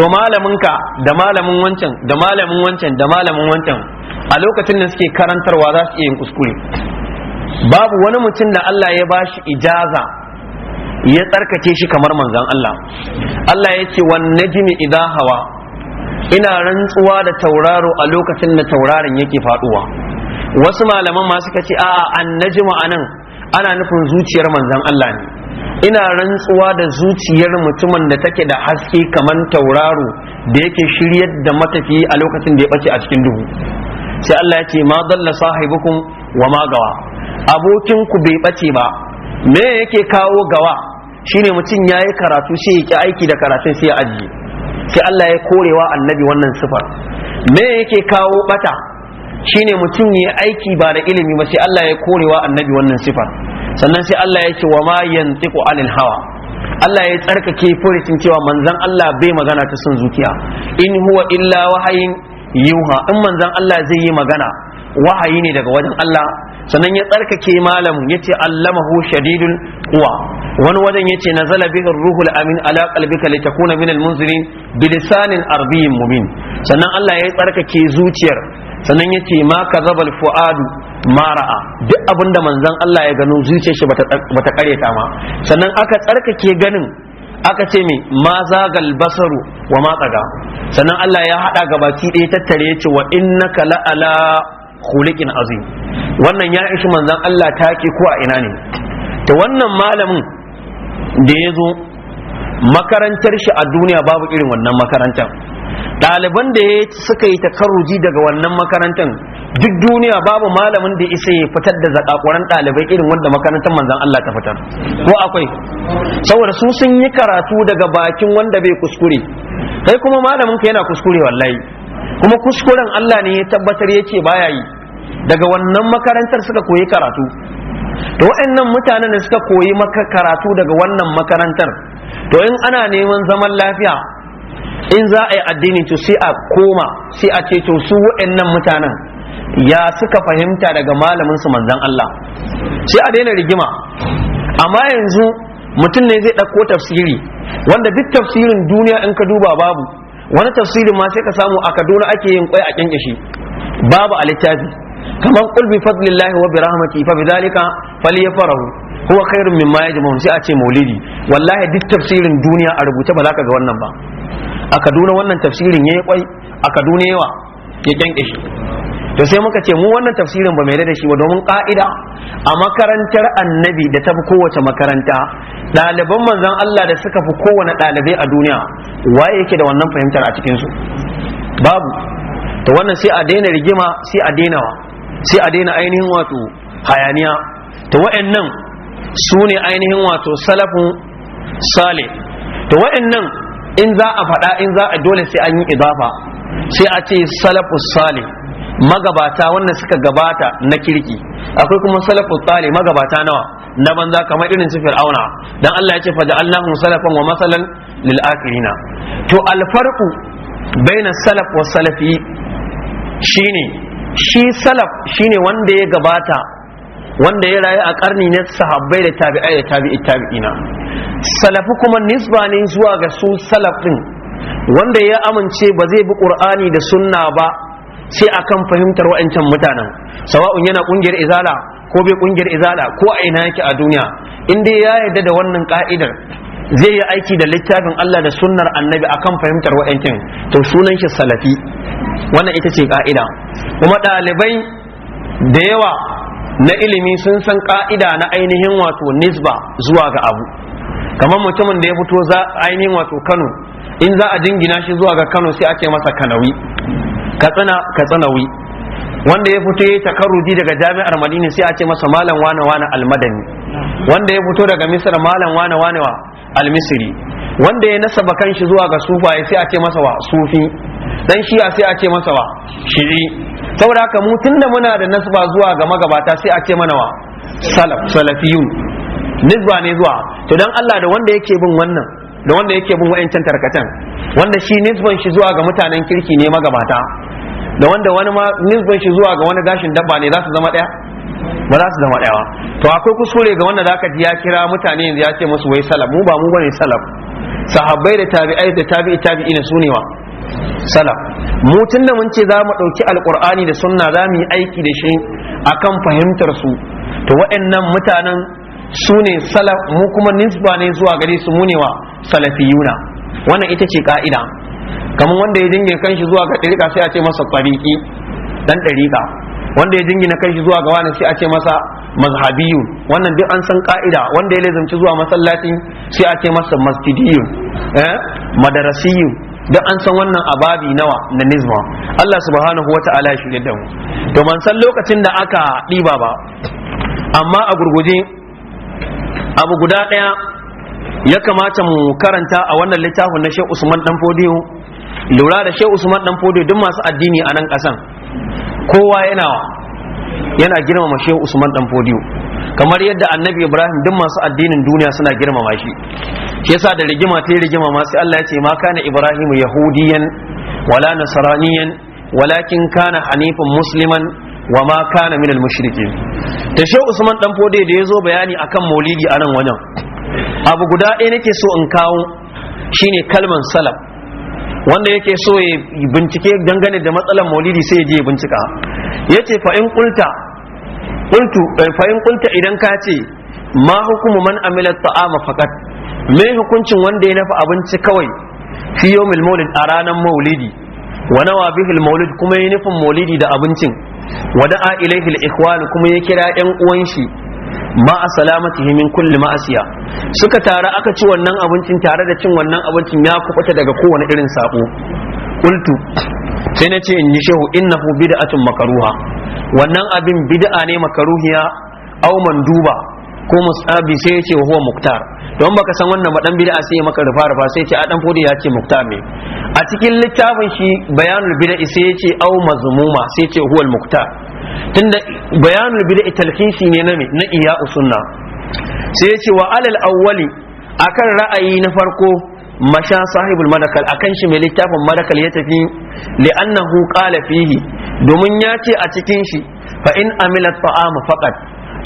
to malaminka da malamin wancan da malamin wancan da malamin wancan a lokacin da suke karantarwa za su iya yin kuskure babu wani mutum da Allah ya bashi ijaza ya tsarkake shi kamar manzan Allah Allah ya ce wan jimi idan hawa ina rantsuwa da tauraro a lokacin da tauraron yake faduwa wasu malaman ma suka ce a'a an anan ana nufin zuciyar manzan Allah ne ina rantsuwa da zuciyar mutumin da take da haske kamar tauraro da yake shiryar da matafi a lokacin da ya bace a cikin duhu sai Allah ya ce ma dalla sahibukum wa ma gawa abokin ku bai bace ba me yake kawo gawa shine mutum yayi karatu sai ya ki aiki da karatun sai ya aji sai Allah ya korewa annabi wannan sifar me yake kawo bata shine mutum ya aiki ba da ilimi ba sai Allah ya korewa annabi wannan sifar sannan sai Allah ya ce wa ma yantiqu anil hawa Allah ya tsarkake furitin cewa manzon Allah bai magana ta son zuciya in huwa illa wahayin yuha in manzon Allah zai yi magana wahayi ne daga wajen Allah sannan ya tsarkake malamin yace allamahu shadidul quwa wani wajen yace nazala bihi ruhul amin ala qalbika litakuna minal munzirin bilisanin arbiyyin mumin. sannan Allah ya tsarkake zuciyar sannan yace ma kazabal fuadu mara'a. ra'a duk abinda manzon Allah ya gano zuciyar shi bata karyata ma sannan aka tsarkake ganin aka ce me ma zagal basaru wa ma sannan Allah ya hada gabaki ɗaya tattare ya ce wa innaka kala ala khuliqin azim wannan ya ishi manzon Allah take ko a ina ne to wannan malamin da ya zo makarantar shi a duniya babu irin wannan makarantar ɗaliban da suka yi takarruji daga wannan makarantar duk duniya babu malamin da isa ya fitar da zakakuran ɗalibai irin wanda makarantar manzan Allah ta fitar ko akwai saboda su sun yi karatu daga bakin wanda bai kuskure kai kuma malamin ka yana kuskure wallahi kuma kuskuren Allah ne ya tabbatar yake baya yi daga wannan makarantar suka koyi karatu to waɗannan mutanen da suka koyi maka karatu daga wannan makarantar to in ana neman zaman lafiya in za a yi addini to sai a koma sai a ce to su waɗannan mutanen ya suka fahimta daga malamin su manzon Allah sai a daina rigima amma yanzu mutum ne zai ɗauko tafsiri wanda duk tafsirin duniya in ka duba babu wani tafsirin ma sai ka samu a Kaduna ake yin kwai a kyankyashe babu a littafi kamar qul bi fadlillahi wa bi rahmati fa zalika falyafrahu huwa khairun mimma yajma'un sai a ce maulidi wallahi duk tafsirin duniya a rubuta ba za ka ga wannan ba a kaduna wannan tafsirin ya yi kwai a kaduna yawa ya shi. to sai muka ce mu wannan tafsirin ba mai da shi ba domin ka'ida a makarantar annabi da ta fi kowace makaranta ɗaliban manzan Allah da suka fi kowane ɗalibai a duniya waye yake da wannan fahimtar a cikinsu babu to wannan sai a daina rigima sai a daina sai a daina ainihin wato hayaniya to wa'annan su ne ainihin wato salafun sale to wa'annan in za a faɗa in za a dole sai an yi idafa sai a ce salafus salih magabata wanda suka gabata na kirki akwai kuma salafus salih magabata nawa na banza kamar irin su fir'auna dan Allah ya ce fa ja'alnahum salafan wa masalan lil akhirina to al farqu baina salaf wa salafi shine shi salaf shine wanda ya gabata wanda ya rayu a karni na sahabbai da tabi'ai da tabi'i tabi'ina salafu kuma nisba ne zuwa ga su salafin wanda ya amince ba zai bi qur'ani da sunna ba sai akan fahimtar wa'ancan mutanen sawa'un yana kungiyar izala ko bai kungiyar izala ko a ina yake a duniya in dai ya yarda da wannan ka'idar zai yi aiki da littafin Allah da sunnar annabi akan fahimtar wa'ancan to sunan shi salafi wannan ita ce ka'ida kuma ɗalibai da yawa na ilimi sun san ka'ida na ainihin wato nisba zuwa ga abu kamar mutumin da ya fito za ainihin wato kano in za a jingina shi zuwa ga kano sai ake masa kanawi katsina katsinawi wanda ya fito ya takarruji daga jami'ar madini sai a ce masa malam wane wane almadani wanda ya fito daga Misir, malam wane wane wa almisri wanda ya nasaba shi zuwa ga sufaye sai a ce masa wa sufi dan shi'a sai a ce masa wa shiri. saboda haka mu tunda muna da nasba zuwa ga magabata sai a ce mana wa salaf salafiyun nisba ne zuwa to dan Allah da wanda yake bin wannan da wanda yake bin wayancan tarkatan wanda shi nisban shi zuwa ga mutanen kirki ne magabata da wanda wani ma nisban shi zuwa ga wani gashin dabba ne za su zama daya ba za su zama daya ba to akwai kuskure ga wanda zaka ji ya kira mutane yanzu ya ce musu wai salaf mu ba mu bane salaf sahabbai da tabi'ai da tabi'i tabi'ina su ne wa sala mu tunda mun ce za mu ɗauki alkur'ani da sunna za mu yi aiki da shi akan fahimtar su to waɗannan mutanen su ne sala mu kuma nisba ne zuwa gare su mu ne wa salafiyuna wannan ita ce ka'ida kamar wanda ya jingina kanshi zuwa ga ɗariƙa sai a ce masa ƙwariki dan ɗariƙa wanda ya jingina kanshi zuwa ga wani sai a ce masa mazhabiyu wannan duk an san ka'ida wanda ya lazimci zuwa masallaci sai a ce masa masjidiyu eh madarasiyu don an san wannan ababi nawa na nizma Allah subhanahu wata'ala ya da mu to man san lokacin da aka ɗiba ba amma a gurguje abu guda ɗaya ya kamata mu karanta a wannan littafin na Sheikh Usman dan Fodiyo lura da Sheikh Usman dan Fodiyo duk masu addini a nan ƙasan kowa yana yana girmama Sheikh Usman dan Fodiyo kamar yadda annabi ibrahim duk masu addinin duniya suna girmama shi shi yasa da rigima ta rigima ma sai Allah ya ce ma kana ibrahim yahudiyan wala nasraniyan walakin kana hanifan musliman wa ma kana min al-mushrikin usman dan fode da yazo bayani akan maulidi a nan wajen abu guda ɗaya nake so in kawo shine kalman salaf wanda yake so ya bincike dangane da matsalar maulidi sai ya je ya bincika yace fa in qulta qultu fa in qulta idan ka ce ma hukumu man amila ta'ama faqat me hukuncin wanda ya nafa abinci kawai fi yawmil maulid a ranar maulidi wa nawa bihil maulid kuma ya nufin maulidi da abincin wa da'a ilaihi al kuma ya kira yan uwan shi ma a salamatihi min kulli ma'asiya suka tare aka ci wannan abincin tare da cin wannan abincin ya kubuta daga kowane irin sako qultu sai na ce in yi shehu innahu bid'atun makaruha wannan abin bid'a ne makaruhiya aw manduba ko musabi sai ya ce wa huwa muktar don baka san wannan madan bid'a sai ya maka rufa rufa sai ya ce a dan fodi ya ce muktar ne a cikin littafin shi bayanul bid'a sai ya ce aw mazmuma sai ya ce huwa muktar tunda bayanul bid'a talhisi ne na na iya sunna sai ya ce wa alal awwali akan ra'ayi na farko masha sahibul madakal akan shi mai littafin madakal ya tafi li'annahu qala fihi domin ya ce a cikin shi fa in amilat fa'a faqat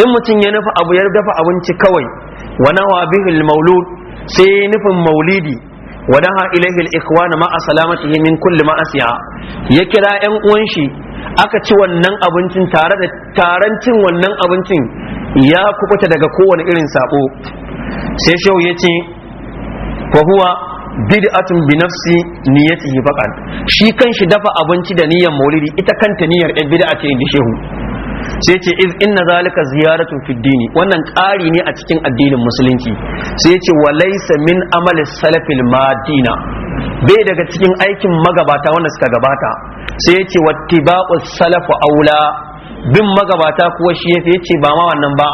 in mutum ya nufa abu ya dafa abinci kawai wa nawa maulud sai nufin maulidi wa daha ilaihi al-ikhwan ma'a salamatihi min kulli ma'asiya ya kira yan uwan shi aka ci wannan abincin tare da taron cin wannan abincin ya kubuta daga kowane irin sako. sai shau ya ce fa huwa bid'atun bi nafsi niyyatihi faqat shi kanshi dafa abinci da niyyar maulidi ita kanta niyyar ɗan bid'a ce da shehu sai ce iz inna zalika ziyaratun fid dini wannan ƙari ne a cikin addinin musulunci sai ce wa laysa min amali salafil madina bai daga cikin aikin magabata wanda suka gabata sai ce wattiba'us salafu aula bin magabata kuwa shi yace ba ma wannan ba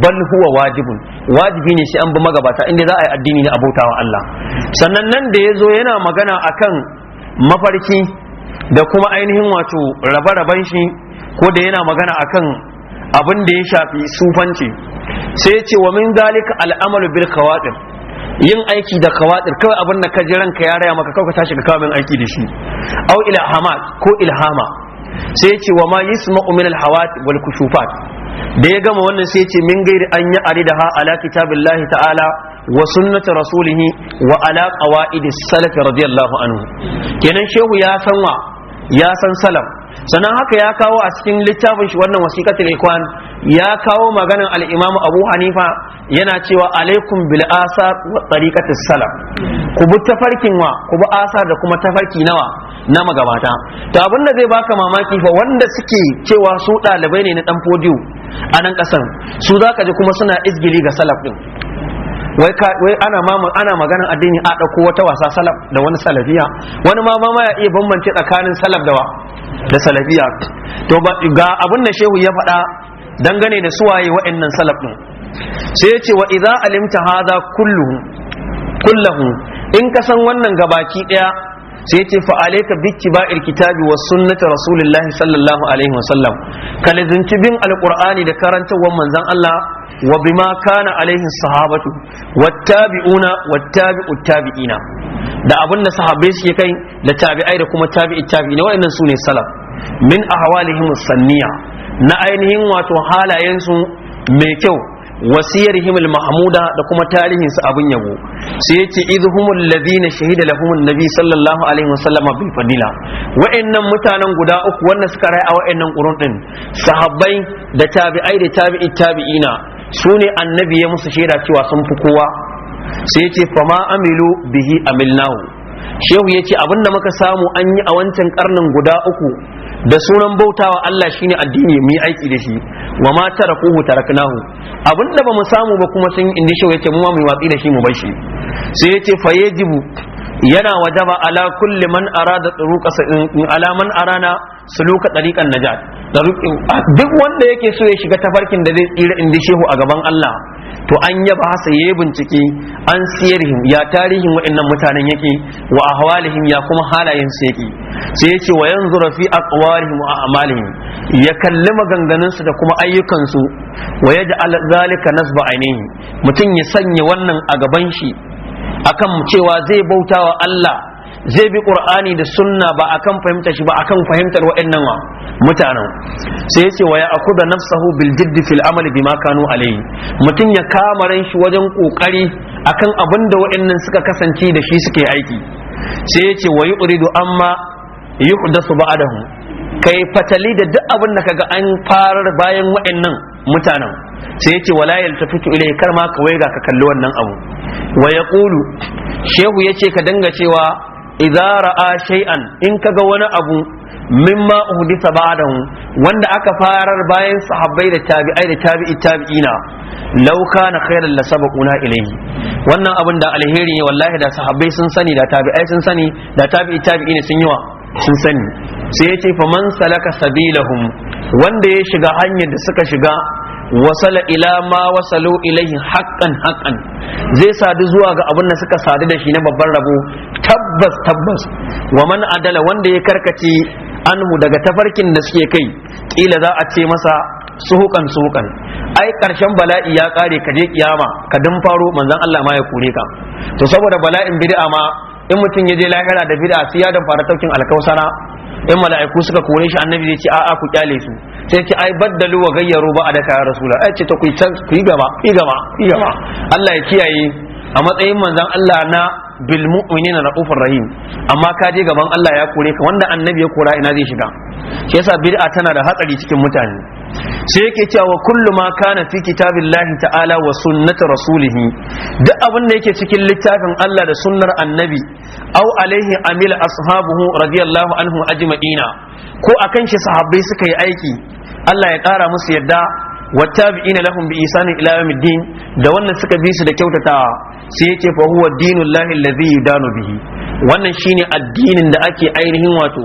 bal huwa wajibun wajibi ne sai an bi magabata inda za a yi addini na abotawa Allah sannan nan da ya zo yana magana akan mafarki da kuma ainihin wato rabe-raben shi ko da yana magana akan abin da ya shafi sufanci sai ya ce wa min zalika al'amalu bil khawatir yin aiki da khawatir kawai abin da kaji ranka ya raya maka kawai ka tashi ka kawo aiki da shi au ilhamat ko ilhama sai ya ce wa ma yisma'u min al-hawat wal kushufat da ya gama wannan sai ce min gairi an yi ari da ha ala kitabillahi ta'ala wa sunnati rasulihi wa ala qawaidi salaf radiyallahu anhu kenan shehu ya san ya san salam sannan haka ya kawo a cikin littafin shi wannan wasiqatul ikwan ya kawo maganin al'imamu abu hanifa yana cewa alaikum bil asar wa tariqatis salam ku bi tafarkin wa ku bi asar da kuma tafarki nawa na magabata to abin da zai baka mamaki fa wanda suke cewa su ɗalibai ne na ɗan podiyo a nan ƙasar su za ka ji kuma suna izgili ga salaf ɗin? wai ana ana maganar addini a ɗauko wata wasa salaf da wani salafiya wani ma ma iya bambance tsakanin salaf da wa da salafiya to ga abin da shehu ya faɗa dangane da suwaye wa'annan salaf din sai ya ce wa idza alimta hadha kulluhu kullahu in ka san wannan gabaki daya sai ya ce fa alayka bi ittiba'il kitabi was sunnati rasulillahi sallallahu alaihi wasallam kalizinci bin alqur'ani da karantawar manzon Allah wa bima kana alaihi sahabatu wattabi'una wattabi'ut tabi'ina da abin da sahabbai suke kai da tabi'ai da kuma tabi'i tabi'ina waɗannan su ne salaf min ahwalihim sanniya na ainihin wato halayensu mai kyau wasiyarhim al-mahmuda da kuma tarihin su abin yabo sai yace idhumul ladina shahida lahumun nabi sallallahu alaihi wasallam bil fadila mutanen guda uku wanda suka rai a wa'annan qurun din sahabbai da tabi'ai da tabi'i tabi'ina su ne annabi ya musu shaida cewa sun fi kowa sai ce fama amilu bihi amilnahu shehu ya ce abinda muka samu an yi a wancan karnin guda uku da sunan bautawa Allah shine addini mu yi aiki da shi wa ma tarakuhu taraknahu abinda ba mu samu ba kuma sun inda shehu ce mu ma mu watsi da shi mu bar shi sai yace fa yajibu yana wajaba ala kulli man arada turuqa ala man arana suluka tariqan najat duk wanda yake so ya shiga tafarkin da zai tsira inda shehu a gaban Allah to an yaba sa yayi bincike an siyarhim ya tarihin wa'annan mutanen yake wa ahwalihim ya kuma halayen su yake sai yace wa yanzura fi aqwalihim wa a'malihim ya kalli maganganun su da kuma ayyukan su wa zalika nasba ainihi mutum ya sanya wannan a gaban shi akan cewa zai bauta wa Allah zai bi qur'ani da sunna ba akan fahimtar shi ba akan fahimtar wa'annan mutanen sai yace wa ya'khudha nafsahu bil jidd fil amali bima kanu alayhi mutun ya kama ran shi wajen kokari akan abinda da wa'annan suka kasance da shi suke aiki sai yace wa yuridu amma yuhdathu ba'dahu kai fatali da duk abin da kaga an farar bayan waɗannan mutanen sai yace wala yaltafitu ilai kar ma ka waiga ka kalli wannan abu wa yaqulu shehu yace ka danga cewa idza ra'a shay'an in kaga wani abu mimma uhdisa ba'dahu wanda aka farar bayan sahabbai da tabi'ai da tabi'i tabi'ina law kana khairan la sabaquna ilayhi wannan abin da alheri ne wallahi da sahabbai sun sani da tabi'ai sun sani da tabi'i tabi'ina sun yi sun sani sai ya ce faman salaka sabilahum wanda ya shiga hanyar da suka shiga wasala ila ma wasalu ilaihi haqqan haqqan zai sadu zuwa ga abin da suka sadu da shi na babban rabo tabbas tabbas wa man adala wanda ya karkace anhu daga tafarkin da suke kai kila za a ce masa suhukan suhukan ai karshen bala'i ya kare ka je kiyama ka dan faro manzon Allah ma ya kore ka to saboda bala'in bid'a ma in mutum ya je lahira da bid'a sai ya dan fara taukin alkausara in mala'iku suka kore shi annabi zai ce a ku kyale su sai ce ai baddalu wa gayyaru ba adaka ya rasula ai ce ta ku yi gaba yi gaba yi gaba Allah ya kiyaye a matsayin manzon Allah na bil mu'minina raufur rahim amma ka je gaban Allah ya kore ka wanda annabi ya kora ina zai shiga shi yasa bid'a tana da hatsari cikin mutane sai yake cewa wa kullu ma kana fi kitabillahi ta'ala wa sunnata rasulihi duk abin da yake cikin littafin Allah da sunnar annabi au alaihi amil ashabuhu radiyallahu anhu ajma'ina ko akan shi sahabbai suka yi aiki Allah ya kara musu yadda والتابعين لهم بإحسان isanin يوم الدين da wannan suka bi su da kyautatawa sai yace fa huwa dinul lahi allazi yudanu bihi wannan shine addinin da ake ainihin wato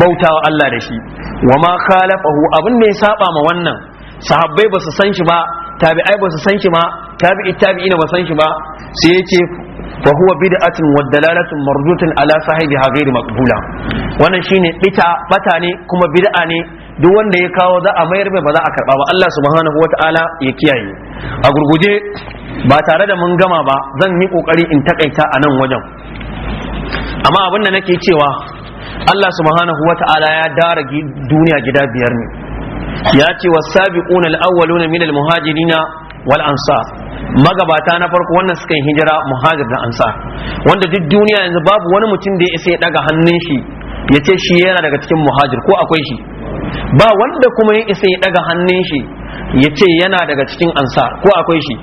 bautawa Allah da shi wa ma khalafahu abin da ya saba ma wannan sahabbai ba su san shi ba tabi'ai ba su san shi ba tabi'i tabi'ina ba san shi ba sai yake fa huwa bid'atun wa dalalatun mardutun ala sahibiha ghairu maqbula wannan shine bita bata ne kuma bid'a ne duk wanda ya kawo za a mayar mai ba za a karba ba Allah subhanahu wataala ya kiyaye a gurguje ba tare da mun gama ba zan yi kokari in takaita a nan wajen amma abin da nake cewa Allah subhanahu wata'ala ya dara duniya gida biyar ne ya ce wasabiquna al-awwaluna min al-muhajirina wal ansar magabata na farko wannan suka yi hijira muhajir da ansar wanda duk duniya yanzu babu wani mutum da ya isa ya daga hannun shi ya ce shi yana daga cikin muhajir ko akwai shi ba wanda kuma ya isa ya daga hannun shi ya ce yana daga cikin ansar ko akwai shi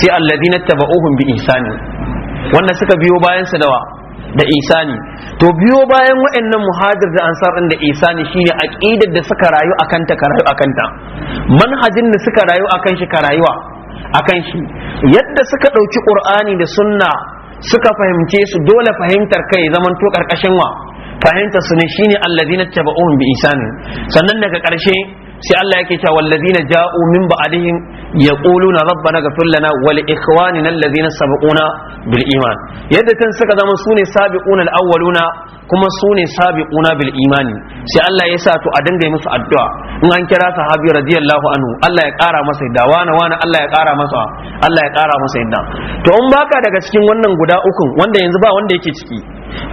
sai alladina taba'uhum bi ihsani wanda suka biyo bayan su dawa da isani to biyo bayan wa'annan muhajir da ansar din da isani shine aqidar da suka rayu akan ta karayu akan ta manhajin da suka rayu akan shi karayuwa akan shi yadda suka dauki qur'ani da sunna suka fahimce su dole fahimtar kai zaman to karkashin wa fahimta su ne shine allazina tabauhum bi isanin sannan daga karshe sai Allah yake cewa wallazina ja'u min ba'dihim yaquluna rabbana ghfir lana wa li ikhwanina allazina sabaquna bil iman yadda kan suka zama sune sabiquna al awwaluna kuma sune sabiquna bil imani sai Allah ya sa to a dinga musu addu'a in an kira sahabi radiyallahu anhu Allah ya kara masa yadda wani wani Allah ya kara masa Allah ya kara masa yadda to in baka daga cikin wannan guda ukun wanda yanzu ba wanda yake ciki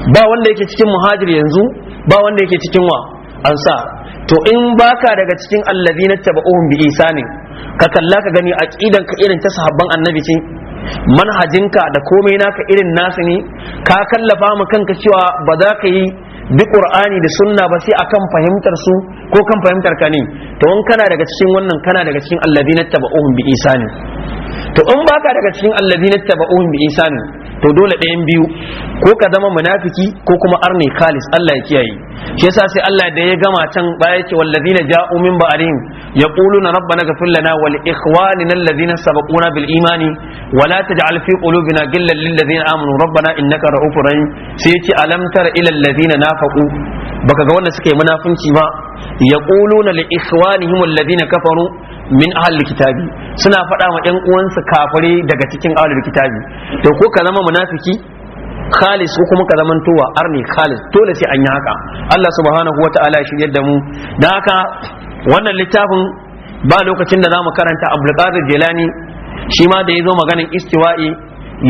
ba wanda yake cikin muhajir yanzu ba wanda yake cikin wa ansar to in baka daga cikin allazina taba'uhum bi isanin ka kalla ka gani aqidan ka irin ta sahabban annabi ce manhajinka da komai naka irin nasu ne ka kallafa mu kanka cewa ba za ka yi bi qur'ani da sunna ba sai akan fahimtar su ko kan fahimtar ka ne to in kana daga cikin wannan kana daga cikin allazina taba'uhum bi isanin to in baka daga cikin allazina taba'uhum bi isanin to dole ɗayan biyu ko ka zama munafiki ko kuma arni khalis Allah ya kiyaye shi yasa sai Allah da ya gama can baya yake wallazina ja'u min ba'dihim yaquluna rabbana ghfir lana wal ikhwanina alladhina sabaquna bil imani wa la taj'al fi qulubina ghillan lil ladzina amanu rabbana innaka ra'ufur rahim sai yace alam tara ila alladhina nafaqu baka ga wanda suka yi munafunci ba yaquluna li ikhwanihim alladhina kafaru min ahlil kitabi suna faɗa ma ɗan uwansu kafare daga cikin ahlil kitabi to ko ka zama munafiki khalis ko kuma ka zama towa arni khalis dole sai an yi haka Allah subhanahu wataala ya shiryar da mu dan haka wannan littafin ba lokacin da zamu karanta Abdul Qadir Jilani shi ma da yazo maganin istiwa'i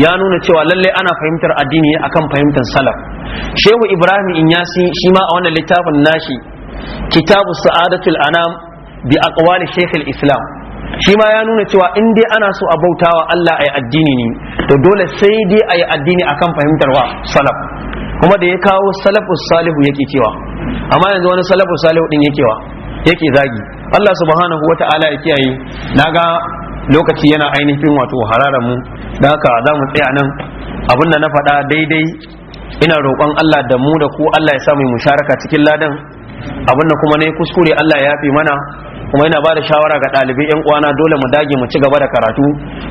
ya nuna cewa lalle ana fahimtar addini ne akan fahimtar salaf Shehu Ibrahim Inyasi shi ma a wannan littafin nashi kitabu sa'adatul anam bi aqwali shaykh islam shi ma ya nuna cewa in dai ana so a bautawa Allah ayi addini ne to dole sai dai ayi addini akan fahimtar wa salaf kuma da ya kawo salafus salihu yake cewa amma yanzu wani salafus salihu din yake wa yake zagi Allah subhanahu wata'ala ya kiyaye naga lokaci yana ainihin wato hararar mu da haka za mu tsaya nan abin da na faɗa daidai ina roƙon Allah da mu da ku Allah ya sa mu musharaka cikin ladan abin da kuma ne kuskure Allah ya yafe mana kuma yana bada shawara ga ɗalibai yan uwana dole mu dage mu ci gaba da karatu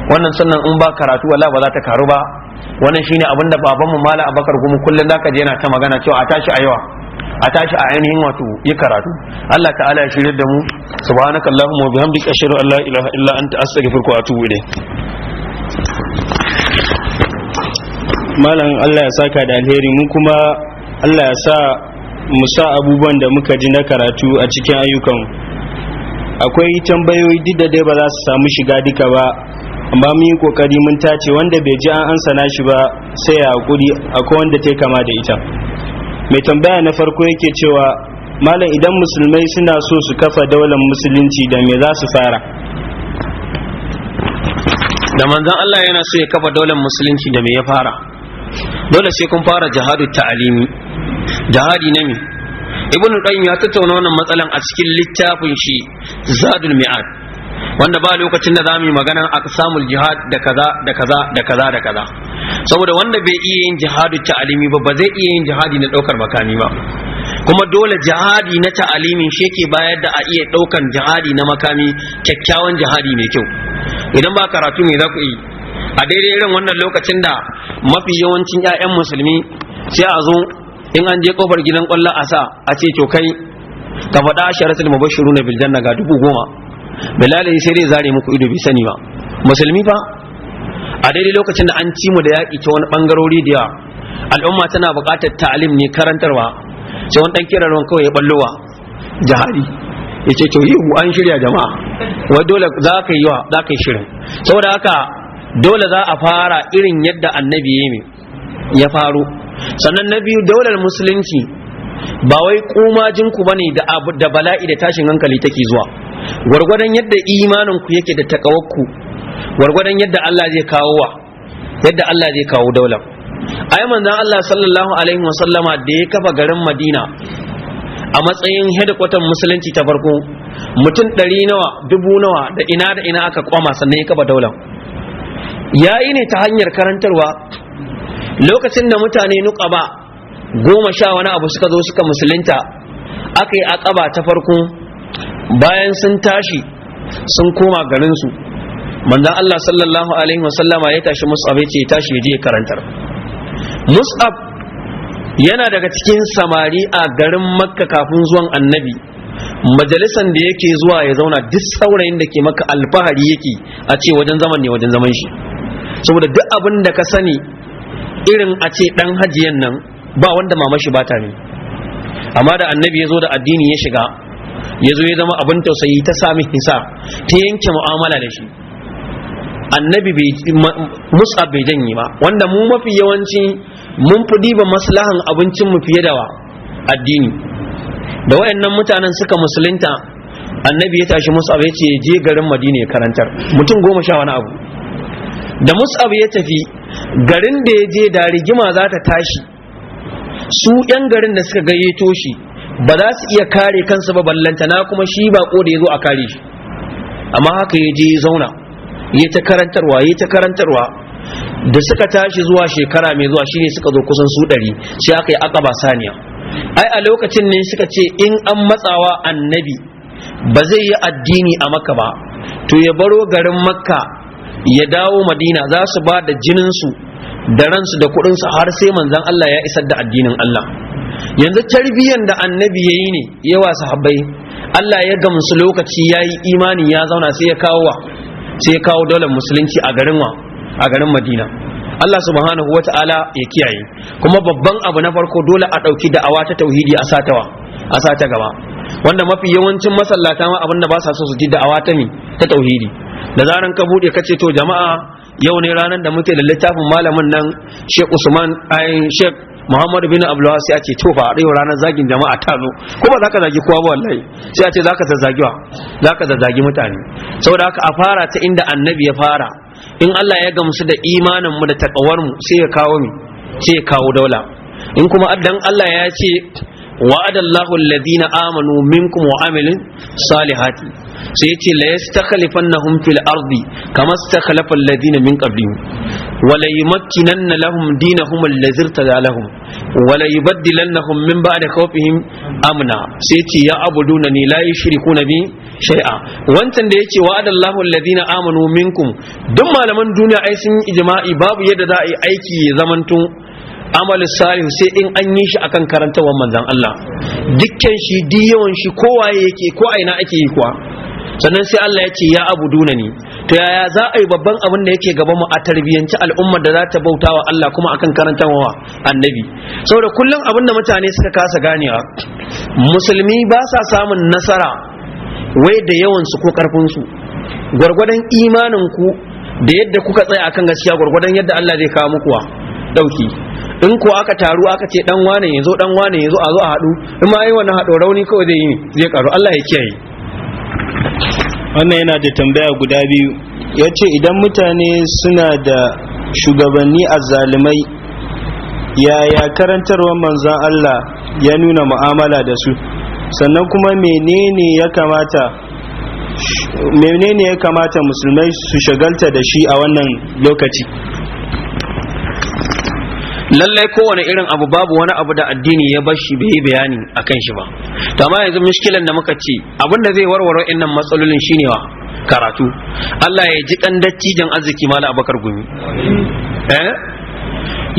wannan sannan in ba karatu wala ba za ta karu ba wannan shine abin da babanmu mala abakar gumu kullum zaka je yana ta magana cewa a tashi a yawa a tashi a ainihin wato yi karatu Allah ta'ala ya shirye da mu subhanaka allahumma wa bihamdika ashhadu an la ilaha illa anta astaghfiruka wa atubu ilayk malam Allah ya saka da alheri mu kuma Allah ya sa mu sa abubuwan da muka ji na karatu a cikin ayyukan akwai tambayoyi duk da dai ba za su samu shiga duka ba amma mun yi kokari mun tace wanda bai ji an ansa nashi ba sai ya hakuri akwai wanda ta kama da ita mai tambaya na farko yake cewa malam idan musulmai suna so su kafa daular musulunci da me za su fara da manzon Allah yana so ya kafa daular musulunci da me ya fara dole sai kun fara jihadu ta'alimi jihadi na me ibn qayyim ya tattauna wannan matsalan a cikin littafin shi zadul mi'ad wanda ba lokacin da zamu yi magana aqsamul jihad da kaza da kaza da kaza da kaza saboda wanda bai iya yin jihadu ta'alimi ba ba zai iya yin jihadi na daukar makami ba kuma dole jihadi na ta'alimi shi ke bayar da a iya daukan jihadi na makami kyakkyawan jihadi mai kyau idan ba karatu ne za ku yi a daidai irin wannan lokacin da mafi yawancin 'ya'yan musulmi sai a zo in an je kofar gidan kwallon a sa a ce to kai ka faɗa asharatul mubashshirun na janna ga dubu goma bilal sai dai zare muku ido bi sani ba musulmi ba, a daidai lokacin da an ci mu da yaƙi ta wani ɓangarori da yawa al'umma tana buƙatar ta'alim ne karantarwa sai wani ɗan kirarwan kawai ya ɓallowa jihari ya ce to yi an shirya jama'a wai dole za ka yi wa? za ka yi shirin saboda haka dole za a fara irin yadda annabi ya ya faru sannan na biyu daular musulunci ba wai kuma ku bane da abu da bala'i da tashin hankali take zuwa gwargwadon yadda imanin ku yake da takawakku gwargwadon yadda Allah zai kawo wa yadda Allah zai kawo daula ai manzon Allah sallallahu alaihi wa da ya kafa garin Madina a matsayin headquarters musulunci ta farko mutum ɗari nawa dubu nawa da ina da ina aka kwama sannan ya kafa daula ya yi ne ta hanyar karantarwa lokacin da mutane nukaba goma sha wani abu suka zo suka musulunta aka yi aqaba ta farko bayan sun tashi sun koma garinsu manzon Allah sallallahu alaihi wasallama ya tashi Mus'ab ya ce tashi je karantar Mus'ab yana daga cikin samari a garin Makka kafin zuwan Annabi majalisan da yake zuwa ya zauna duk saurayin da ke maka alfahari yake a ce wajen zaman ne wajen zaman shi saboda duk abin da ka sani irin a ce ɗan hajiyan nan ba wanda mama shi bata ne amma da annabi ya zo da addini ya shiga ya zo ya zama abin tausayi ta sami hisa ta yanke mu'amala da shi annabi musa bai janye ba wanda mu mafi yawanci mun fi diba maslahan abincin mu fiye da addini da wayannan mutanen suka musulunta annabi ya tashi musa ya ce je garin madina ya karantar mutum goma sha wani abu da mus'ab ya tafi garin da ya je da rigima za ta tashi su 'yan garin da suka gayyato shi ba za su iya kare kansu ba ballantana kuma shi ba ko da ya zo a kare shi amma haka ya je zauna ya ta karantarwa ya ta karantarwa da suka tashi zuwa shekara mai zuwa shine suka zo kusan su ɗari sai aka yi akaba saniya ai a lokacin ne suka ce in an matsawa annabi ba zai yi addini a makka ba to ya baro garin makka ya dawo madina za su ba da jininsu da ransu da kuɗinsu har sai manzan Allah ya isar da addinin Allah yanzu tarbiyyar da annabi ya yi ne yawa sahabbai Allah ya gamsu lokaci ya yi imani ya zauna sai ya kawo wa sai ya kawo daular musulunci a garin wa a garin madina Allah subhanahu wata'ala ya kiyaye kuma babban abu na farko dole a ɗauki da'awa ta tauhidi a satawa a sata gaba wanda mafi yawancin masallata ma abinda ba sa so su ji da'awa ta ne ta tauhidi da zaran ka bude kace to jama'a yau ne ranar da muke da littafin malamin nan Sheikh Usman ai Sheikh Muhammadu bin Abdullah sai a ce to fa yau ranar zagin jama'a ta zo kuma zaka zagi kowa ba wallahi sai a ce zaka zazzagi wa zaka zazzagi mutane saboda haka a fara ta inda annabi ya fara in Allah ya gamsu da imanin mu da takawar mu sai ya kawo mu sai ya kawo daula in kuma addan Allah ya ce وعد الله الذين آمنوا منكم وعملوا صالحات سيأتي ليستخلفنهم في الأرض كما استخلف الذين من قبلهم وليمكنن لهم دينهم الذي ارتدى لهم وليبدلنهم من بعد خوفهم أمنا سيأتي يا عبدونني لا يشركون بي شيئا وانتن ليأتي وعد الله الذين آمنوا منكم دم على من دون عيسين إجماعي باب يددائي أيكي زمنتم amal salih sai in an yi shi akan karantawar manzan Allah dukkan shi diyawan shi kowaye yake ko aina ake yi kuwa sannan sai Allah ya ce ya abu duna ni to yaya za a yi babban abin da yake gaban mu a tarbiyyanci al'ummar da za ta bauta wa Allah kuma akan karantarwa annabi saboda kullum abin da mutane suka kasa ganewa musulmi ba sa samun nasara wai da yawan su ko karfin su gwargwadon imanin ku da yadda kuka tsaya akan gaskiya gwargwadon yadda Allah zai kawo muku dauki in ko aka taru aka ce dan wane zo dan wane yazo a zo a hadu in ma yi wannan hado rauni kawai zai yi zai karu Allah ya kiyaye wannan yana da tambaya guda biyu yace idan mutane suna da shugabanni azzalumai yaya karantarwar manzan Allah ya nuna mu'amala da su sannan kuma menene ya kamata menene ya kamata musulmai su shagalta da shi a wannan lokaci lallai kowane irin abu babu wani abu da addini ya bar shi bai bayani a kan shi ba to amma yanzu mushkilan da muka ci abinda zai warware innan matsalolin shine wa karatu Allah ya ji kan dattijan arziki mala abakar gumi eh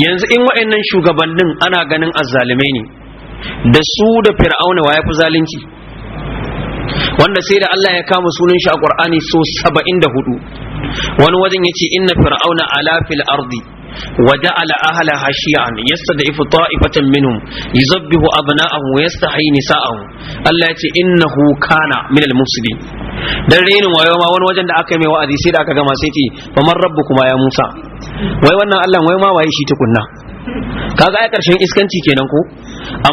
yanzu in wa'annan shugabannin ana ganin azzalume ne da su da fir'auna wa ya fi zalunci wanda sai da Allah ya kama sunan shi a Qur'ani so 74 wani wajen yace inna fir'auna ala fil ardi وجعل أهلها شيعا يستضعف طائفة منهم يذبح أبناءهم ويستحيي نساءهم الله يتي إنه كان من المفسدين dan renin wayo ma wani wajen da aka mai wa'azi sai da aka gama sai ce faman kuma ya Musa wai wannan Allah wai shi tukunna kaga ai karshen iskanci kenan ko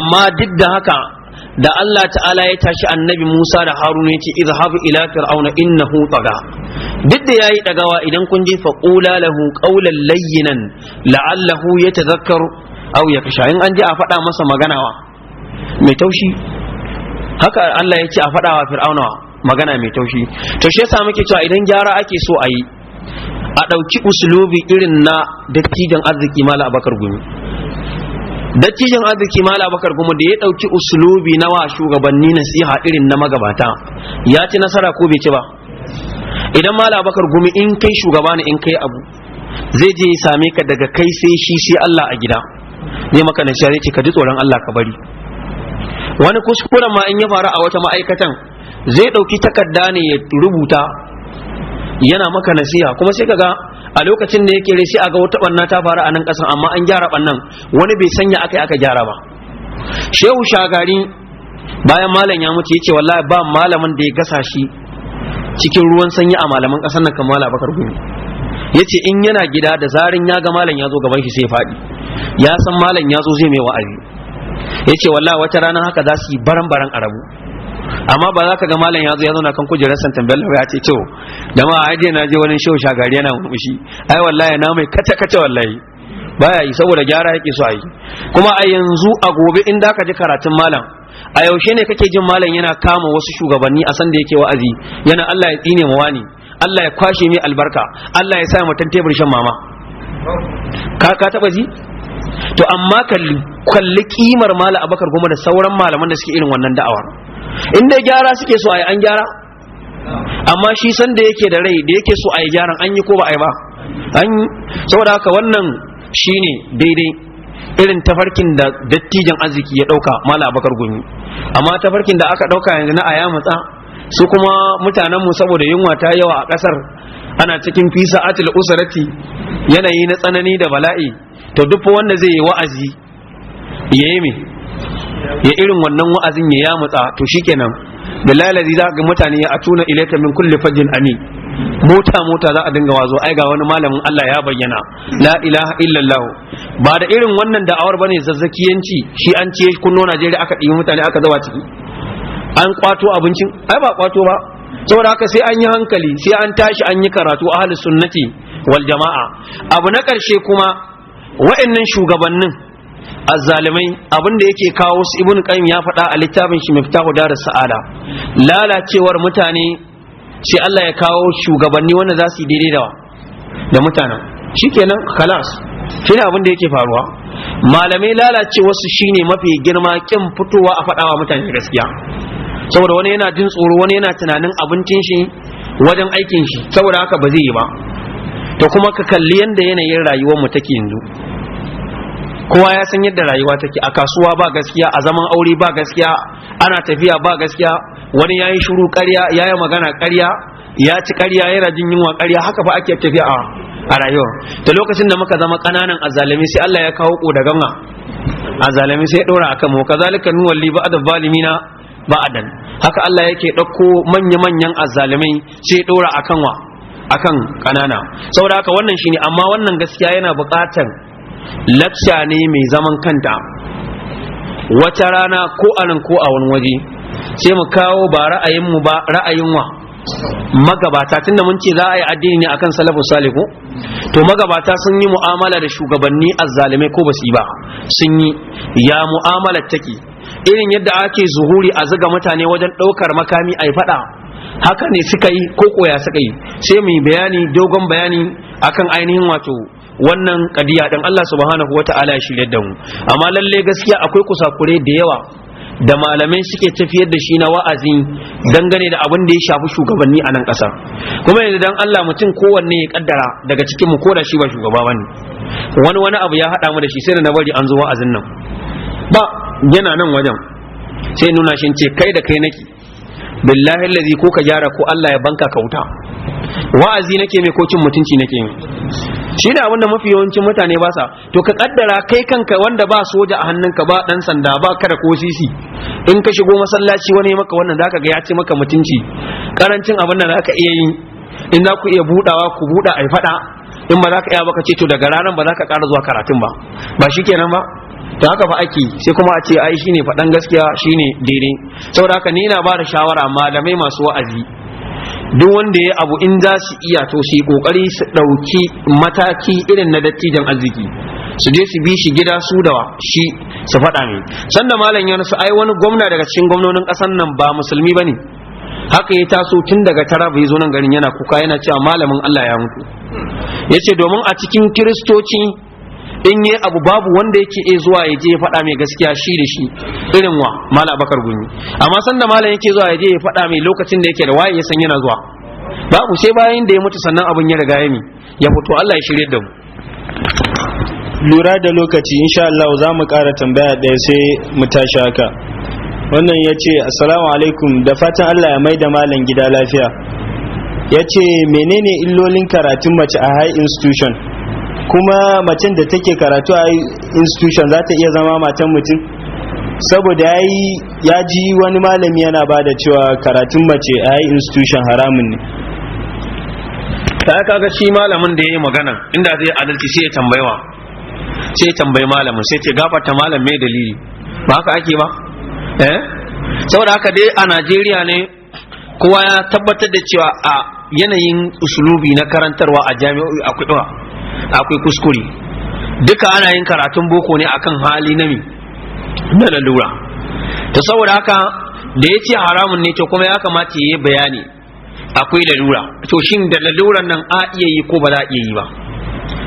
amma duk da haka da Allah ta'ala ya tashi annabi Musa da Haruna ce izhabu ila fir'auna innahu tagha duk da yayi dagawa idan kun ji fa qula lahu qawlan layyinan la'allahu yatadhakkaru aw yakhsha in an je a faɗa masa maganawa mai taushi haka Allah ya ce a faɗa wa fir'auna magana mai taushi to shi yasa muke cewa idan gyara ake so a yi a ɗauki usulubi irin na dattijan arziki mala abakar gumi dattijan arziki mala bakar kuma da ya dauki usulubi na wa shugabanni nasiha irin na magabata ya ci nasara ko bai ci ba idan mala bakar gumi in kai shugaba ne in kai abu zai je ya same ka daga kai sai shi sai Allah a gida zai maka na share ce ka ji tsoron Allah ka bari wani kuskuren ma in ya faru a wata ma'aikatan zai dauki takarda ne ya rubuta yana maka nasiha kuma sai kaga a lokacin da yake sai a ga wata banna ta faru a nan kasan amma an gyara bannan wani bai sanya aka aka gyara ba shehu shagari bayan malam ya mutu yace wallahi ba malamin da ya gasa shi cikin ruwan sanyi a malaman kasan nan kamar bakar gumi yace in yana gida da zarin ya ga malam ya zo gaban shi sai faɗi ya san malam ya zo zai mai wa'azi yace wallahi wata rana haka za su yi baran baran rabu? amma ba za ka ga malam ya zo ya zauna kan kujerar san tambayar ya ce to jama'a aje na je wani shehu shagari yana murmushi ai wallahi na mai kace kace wallahi baya yi saboda gyara yake so a yi kuma a yanzu a gobe in da ka ji karatun malam a yaushe ne kake jin malam yana kama wasu shugabanni a san da yake wa'azi yana Allah ya tsine mu wani Allah ya kwashe mi albarka Allah ya sa mu tebur shan mama ka ka taba ji to amma kalli kalli kimar malam abakar Goma da sauran malaman da suke irin wannan da'awar in dai gyara suke so ai an gyara amma shi san da yake da rai da yake so ai gyaran an yi ko ba ai ba an saboda haka wannan shine daidai irin tafarkin da dattijan arziki ya dauka mala abakar gumi amma tafarkin da aka dauka yanzu na aya matsa su kuma mutanen mu saboda yunwa ta yawa a kasar ana cikin fisa atil usarati yanayi na tsanani da bala'i to duk wanda zai yi wa'azi yayi me ya irin wannan wa'azin ya ya mutsa to shi shikenan bilalazi za ga mutane ya atuna ilayka min kulli fajin amin mota mota za a dinga wazo ai ga wani malamin Allah ya bayyana la ilaha illallah ba da irin wannan da'awar bane zazzakiyanci shi an ce kunno Najeriya aka ɗiyi mutane aka zawa ciki an kwato abincin ai ba kwato ba saboda haka sai an yi hankali sai an tashi an yi karatu ahlus sunnati wal jama'a abu na karshe kuma wa'annan shugabannin azzalimai abin da yake kawo su ibn qayyim ya faɗa a littafin shi miftahu dar sa'ada lalacewar mutane sai Allah ya kawo shugabanni wanda za su yi daidai da da mutanen shikenan khalas shi ne abin da yake faruwa malamai lalacewar su shine mafi girma kin fitowa a faɗawa mutane gaskiya saboda wani yana jin tsoro wani yana tunanin abincin shi wajen aikin shi saboda haka ba zai yi ba to kuma ka kalli yanda yanayin rayuwar mu take yanzu kowa ya san yadda rayuwa take a kasuwa ba gaskiya a zaman aure ba gaskiya ana tafiya ba gaskiya wani yayi shiru ƙarya yayi magana ƙarya ya ci ƙarya yana jin yunwa ƙarya haka ba ake tafiya a rayuwa da lokacin da muka zama ƙananan azalimi sai Allah ya kawo da ganga azalimi sai ya ɗora a mu kazalika nuwalli ba'da zalimina ba'adan haka Allah yake ɗauko manya-manyan azalimai sai ɗora akan wa akan ƙanana saboda haka wannan shine amma wannan gaskiya yana buƙatar lacca ne mai zaman kanta wata rana ko anan ko a wani waje sai mu kawo ba ra'ayinmu ba ra'ayin wa magabata tunda mun ce za a yi addini ne akan salafu salihu to magabata sun yi mu'amala da shugabanni azzalimai ko basu yi ba sun yi ya mu'amalar take irin yadda ake zuhuri a zuga mutane wajen ɗaukar makami a yi faɗa haka ne suka yi ko koya suka yi sai mu yi bayani dogon bayani akan ainihin wato wannan kadiya din Allah subhanahu wata'ala ya shirye da mu amma lalle gaskiya akwai kusakure da yawa da malamai suke tafiyar da shi na wa'azi dangane da abin da ya shafi shugabanni a nan ƙasa kuma yanzu dan Allah mutum kowanne ya kaddara daga cikin mu ko da shi ba shugaba bane wani wani abu ya haɗa mu da shi sai da na bari an zo wa'azin nan ba yana nan wajen sai nuna shi ce kai da kai nake billahi allazi ko ka gyara ko Allah ya banka kauta wa'azi nake mai ko cin mutunci nake mai shi da abinda mafi yawancin mutane ba sa to ka kaddara kai kanka wanda ba soja a hannunka ba dan sanda ba kada ko sisi in ka shigo masallaci wani maka wannan zaka ga ya ce maka mutunci karancin abin da zaka iya yi in za ku iya budawa ku buda ai fada in ba za ka iya baka ce to daga ranar ba za ka ƙara zuwa karatun ba ba shi kenan ba to haka fa ake sai kuma a ce ai shine faɗan gaskiya shine daidai saboda haka ni na ba da shawara malamai masu wa'azi duk wanda ya abu in za su iya to su yi kokari su ɗauki mataki irin na dattijan arziki su je su bi shi gida su da shi su faɗa mai sannan malam ya nasu ai wani gwamna daga cikin gwamnonin ƙasar nan ba musulmi ba ne haka ya taso tun daga tara bai zo nan garin yana kuka yana cewa malamin Allah ya mutu yace domin a cikin kiristoci in yi abu babu wanda yake e zuwa ya je ya faɗa mai gaskiya shi da shi irin wa mala bakar gumi amma sanda malam yake zuwa ya je ya faɗa mai lokacin da yake da waye ya san yana zuwa babu sai bayan da ya mutu sannan abin ya riga ya mi ya fito Allah ya shirye da mu lura da lokaci insha Allah za mu ƙara tambaya ɗaya sai mu tashi haka wannan ya ce assalamu alaikum da fatan Allah ya mai da malam gida lafiya ya ce menene illolin karatun mace a high institution kuma macen da take karatu a institution za ta iya zama matan mutum saboda ya yi ya ji wani malami yana ba da cewa karatun mace a yi institution haramun ne ta kaga shi malamin da ya yi magana inda zai adalci sai ya wa sai ya tambayi malamin sai ce gafarta malam mai dalili ba haka ake ba eh saboda haka dai a najeriya ne kowa ya tabbatar da cewa a yanayin usulubi na karantarwa a jami'o'i akwai akwai kuskure duka ana yin karatun boko ne akan hali na na lalura ta saboda haka da ya ce haramun ne to kuma ya kamata ya yi bayani akwai lalura to shin da laluran nan a iya yi ko ba za a iya yi ba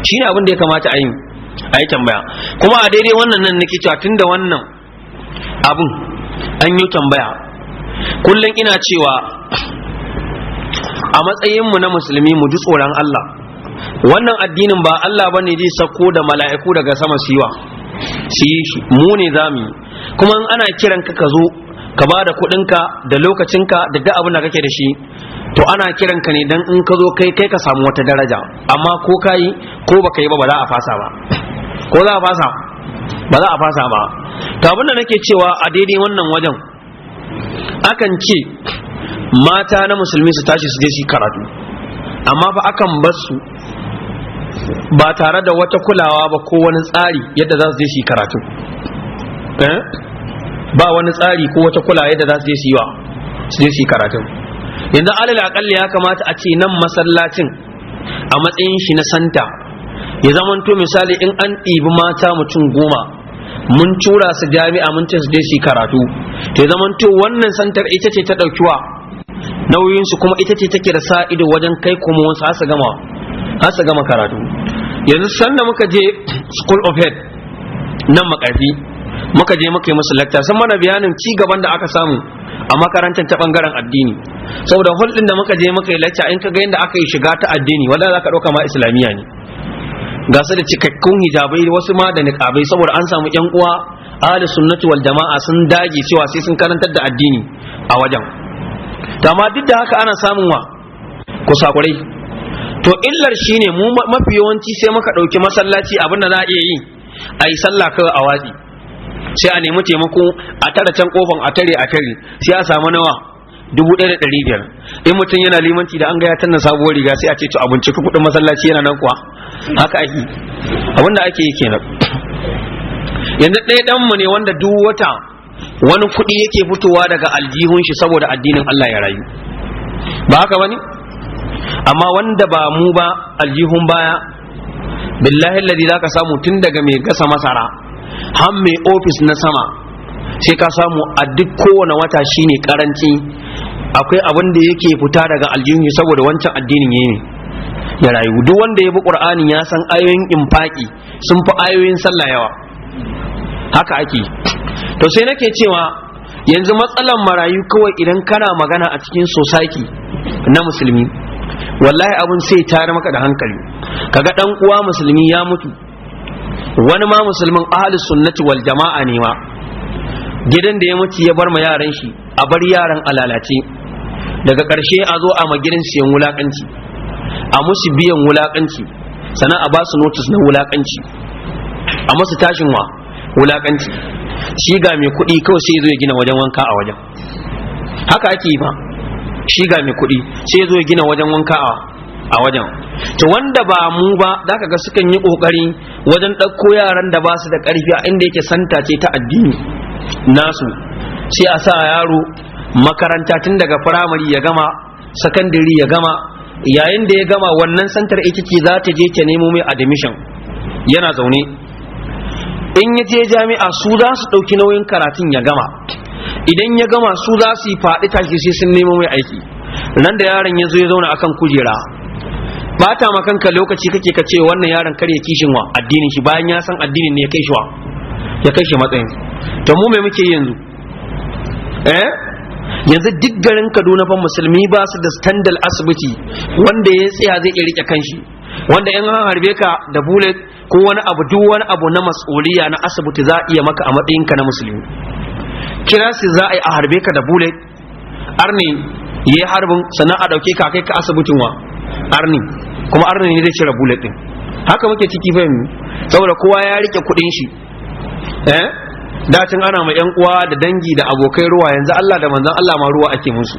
shi ne abin ya kamata a yi a yi tambaya kuma a daidai wannan nan nake cewa tun da wannan abin an yi tambaya kullum ina cewa a matsayinmu na musulmi mu ji tsoron Allah wannan addinin ba Allah bane zai sako da mala'iku daga sama siwa shi mu ne zamu kuma ana kiran ka ka zo ka ba da kuɗinka da lokacinka da duk abin da kake da shi to ana ka ne dan in ka zo kai kai ka samu wata daraja amma ko ka ko baka yi ba ba za a fasa ba ko za a fasa ba za a fasa ba to abin da nake cewa a daidai wannan wajen akan ce mata na musulmi su tashi su je su karatu amma fa akan bar su ba tare da wata kulawa ba ko wani tsari yadda za su je shi karatu eh? ba wani tsari ko wata kulawa yadda za su je shi wa su je shi karatu yanzu alal akalli ya kamata a ce nan masallacin a matsayin shi na santa ya zamanto misali in an ɗibi mata mutum goma mun tura su jami'a mun ce su je shi karatu to zama to wannan santar ita ce ta ɗaukiwa nauyin su kuma ita ce take da sa wajen kai kuma wasu su gama har su gama karatu yanzu sanda muka je school of head nan makarfi muka je muka yi musu lecture sun mana bayanin ci gaban da aka samu a makarantar ta bangaren addini saboda hulɗin da muka je muka yi lecture in ka ga yadda aka yi shiga ta addini wanda za ka ɗauka ma islamiyya ne ga su da cikakkun hijabai wasu ma da niqabai saboda an samu yan uwa ahli sunnati wal jama'a sun dage cewa sai sun karantar da addini a wajen Ta amma duk da haka ana samun wa kusakurai to illar shine mu mafi yawanci sai muka ɗauki masallaci abinda za a iya yi a yi sallah kawai a watsi sai a nemi taimako a tare can kofan a tare a tare sai a samu nawa dubu ɗaya da ɗari biyar in mutum yana limanci da an ga ya sabuwar riga sai a ce to abinci kuɗin masallaci yana nan kuwa haka ake abinda ake yi kenan yanzu ɗaya mu ne wanda duk wata wani kuɗi yake fitowa daga aljihun shi saboda addinin Allah ya rayu ba haka bane amma wanda ba mu ba aljihun baya billahi alladhi zaka samu tun daga mai gasa masara har mai ofis na sama sai ka samu a duk kowane wata shine karanci akwai abin da yake fita daga aljihun saboda wancan addinin yayi ya rayu duk wanda ya bi qur'ani ya san ayoyin infaki sun fi ayoyin sallah yawa haka ake to sai nake cewa yanzu matsalan marayu kawai idan kana magana a cikin society na musulmi wallahi abun sai tare maka da hankali kaga dan uwa musulmi ya mutu wani ma musulmin ahli sunnati wal jama'a ne ma gidan da ya mutu ya bar ma yaran shi a bar yaran alalace daga karshe a zo a magirin siyan wulakanci a musu biyan wulakanci sannan a ba su notice na wulakanci a musu tashin wa wulakanci shi ga mai kuɗi kawai sai zo ya gina wajen wanka a wajen haka ake yi ba shi ga mai kuɗi sai ya zo ya gina wajen wanka a wajen to wanda ba mu ba za ka ga sukan yi ƙoƙari wajen ɗauko yaran da ba su da ƙarfi a inda yake santa ce ta addini nasu sai a sa yaro makaranta tun daga firamare ya gama sakandare ya gama yayin da ya gama wannan santar ita ce za ta je ta nemo mai admission yana zaune in ya je jami'a su za su ɗauki nauyin karatun ya gama idan ya gama su za su yi faɗi tashi sai sun nemo mai aiki nan da yaron ya zo ya zauna akan kujera bata ma kanka lokaci kake ka ce wannan yaron kare kishin wa addinin shi bayan ya san addinin ne ya kai shi wa ya kai shi matsayin to mu me muke yanzu eh yanzu duk garin Kaduna fa musulmi ba su da standal asibiti wanda ya tsaya zai iya rike kanshi wanda in an harbe ka da bullet ko wani abu duk wani abu na mas'uliya na asibiti za a iya maka a matsayinka na musulmi kira su za a yi a harbe ka da bullet arni ya yi harbin sannan a ɗauke ka kai ka asibitin wa arni kuma arni ne zai cire bullet ɗin haka muke ciki fahimmi saboda kowa ya rike kuɗin shi eh dacin ana ma yan uwa da dangi da abokai ruwa yanzu Allah da manzon Allah ma ruwa ake musu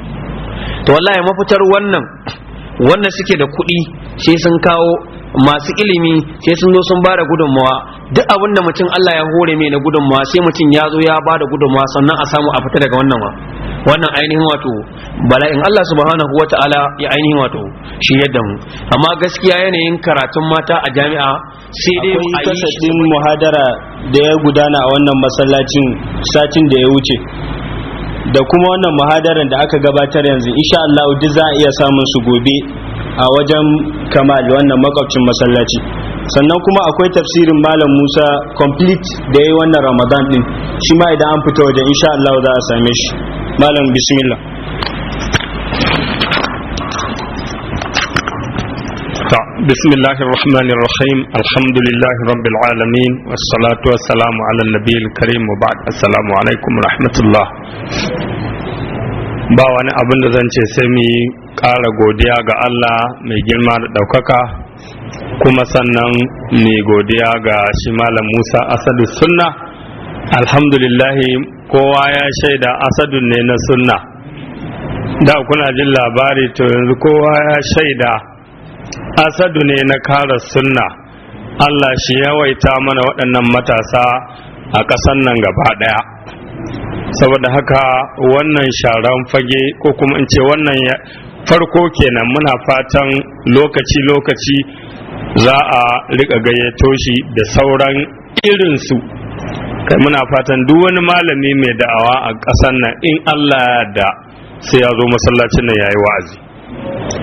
to wallahi mafitar wannan wannan suke da kuɗi sai sun kawo masu ilimi sai sun zo sun ba da gudunmawa duk abin da mutum Allah ya hore mai na gudunmawa sai mutum ya zo ya bada da gudunmawa sannan a samu a fita daga wannan wa wannan ainihin wato bala'in Allah subhanahu wa ta'ala ya ainihin wato shi yadda mu amma gaskiya yanayin karatun mata a jami'a sai dai akwai kasadin muhadara da ya gudana a wannan masallacin satin da ya wuce da kuma wannan muhadarar da aka gabatar yanzu insha Allah duk za a iya samun su gobe a wajen kamal wannan makwabcin masallaci sannan kuma akwai tafsirin malam Musa complete da yayi wannan Ramadan din shi ma idan an fita wajen insha Allah za a same shi malam bismillah بسم الله الرحمن الرحيم الحمد لله رب العالمين والصلاة والسلام على النبي الكريم وبعد السلام عليكم ورحمة الله ba wani abin da zan ce sai mu ƙara godiya ga Allah mai girma da ɗaukaka kuma sannan mai godiya ga shi malam Musa Asadu Sunna alhamdulillah kowa ya shaida Asadu ne na Sunna da kuna jin labari to yanzu kowa ya shaida asadu ne na kara sunna Allah shi yawaita mana waɗannan matasa a ƙasan nan gaba ɗaya saboda haka wannan sharan fage ko kuma in ce wannan farko kenan muna fatan lokaci-lokaci za a riƙa gayyato shi da sauran irinsu kai muna fatan duk wani malami mai da'awa a ƙasan nan in Allah ya da sai ya zo masallacin nan ya yi wa'azi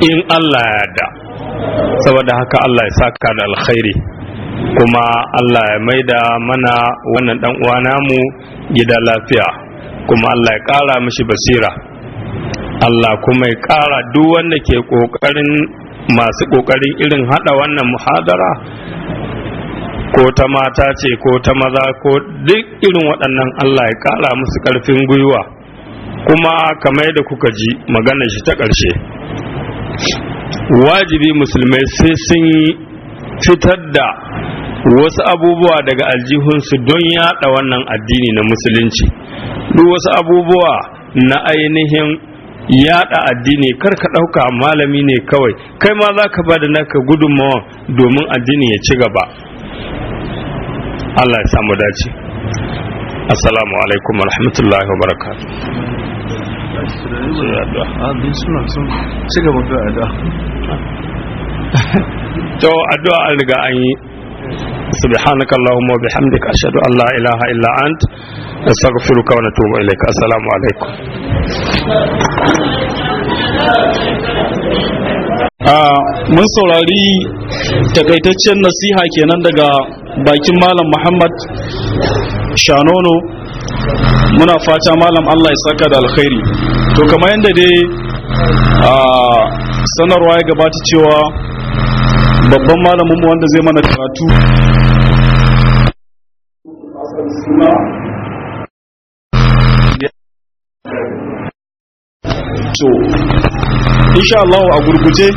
in Allah ya da saboda haka Allah ya saka da alkhairi kuma Allah ya da mana wannan dan uwa namu gida lafiya kuma Allah ya ƙara mishi basira Allah kuma ya kara duk wanda ke ƙoƙarin masu ƙoƙarin irin hada wannan muhadara ko ta mata ce ko ta maza ko duk irin waɗannan Allah ya kara musu ƙarfin gwiwa kuma kamar da kuka ji magana shi ta ƙarshe wajibi musulmai sai sun fitar da wasu abubuwa daga aljihunsu don yada wannan addini na musulunci duk wasu abubuwa na ainihin yada addini kar ka ɗauka malami ne kawai kai ma za ka ba da naka gudunmawa domin addini ya ci gaba allah ya samu dace assalamu alaikum wa barakatuh su addu'a abin suna sun ci gaba da addu'a to addu'a an riga an yi subhanaka allahumma bihamdika ashhadu an la ilaha illa ant astaghfiruka wa natubu ilaik assalamu alaikum mun saurari takaitaccen nasiha kenan daga bakin malam muhammad shanono muna fata malam allah ya saka da alkhairi to kamar yadda dai a sanarwa ya gabata cewa babban malamin mu wanda zai mana karatu to insha Allah a gurguje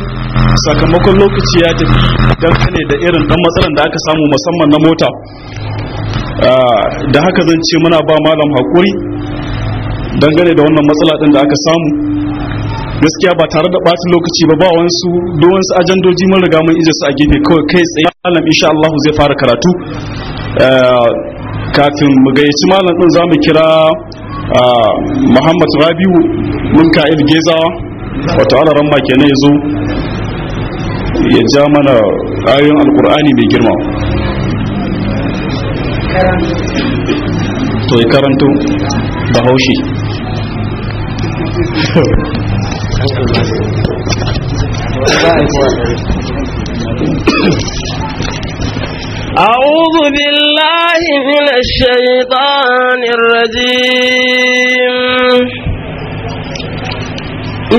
sakamakon lokaci ya tafi dangane da irin dan matsalan da aka samu musamman na mota da haka zan ce muna ba malam hakuri dangane da wannan matsala din da aka samu gaskiya ba tare da ɓacin lokaci ba ba wansu don ajandoji mun riga mun su a gefe kawai kai tsaye malam insha Allah zai fara karatu eh, kafin mu gayyaci malam din zamu kira ah, Muhammad Rabiu mun ka'id Gezawa wato alaran ma kenan yazo ya ja mana ayoyin alkur'ani mai girma to ya karanto bahaushe أعوذ بالله من الشيطان الرجيم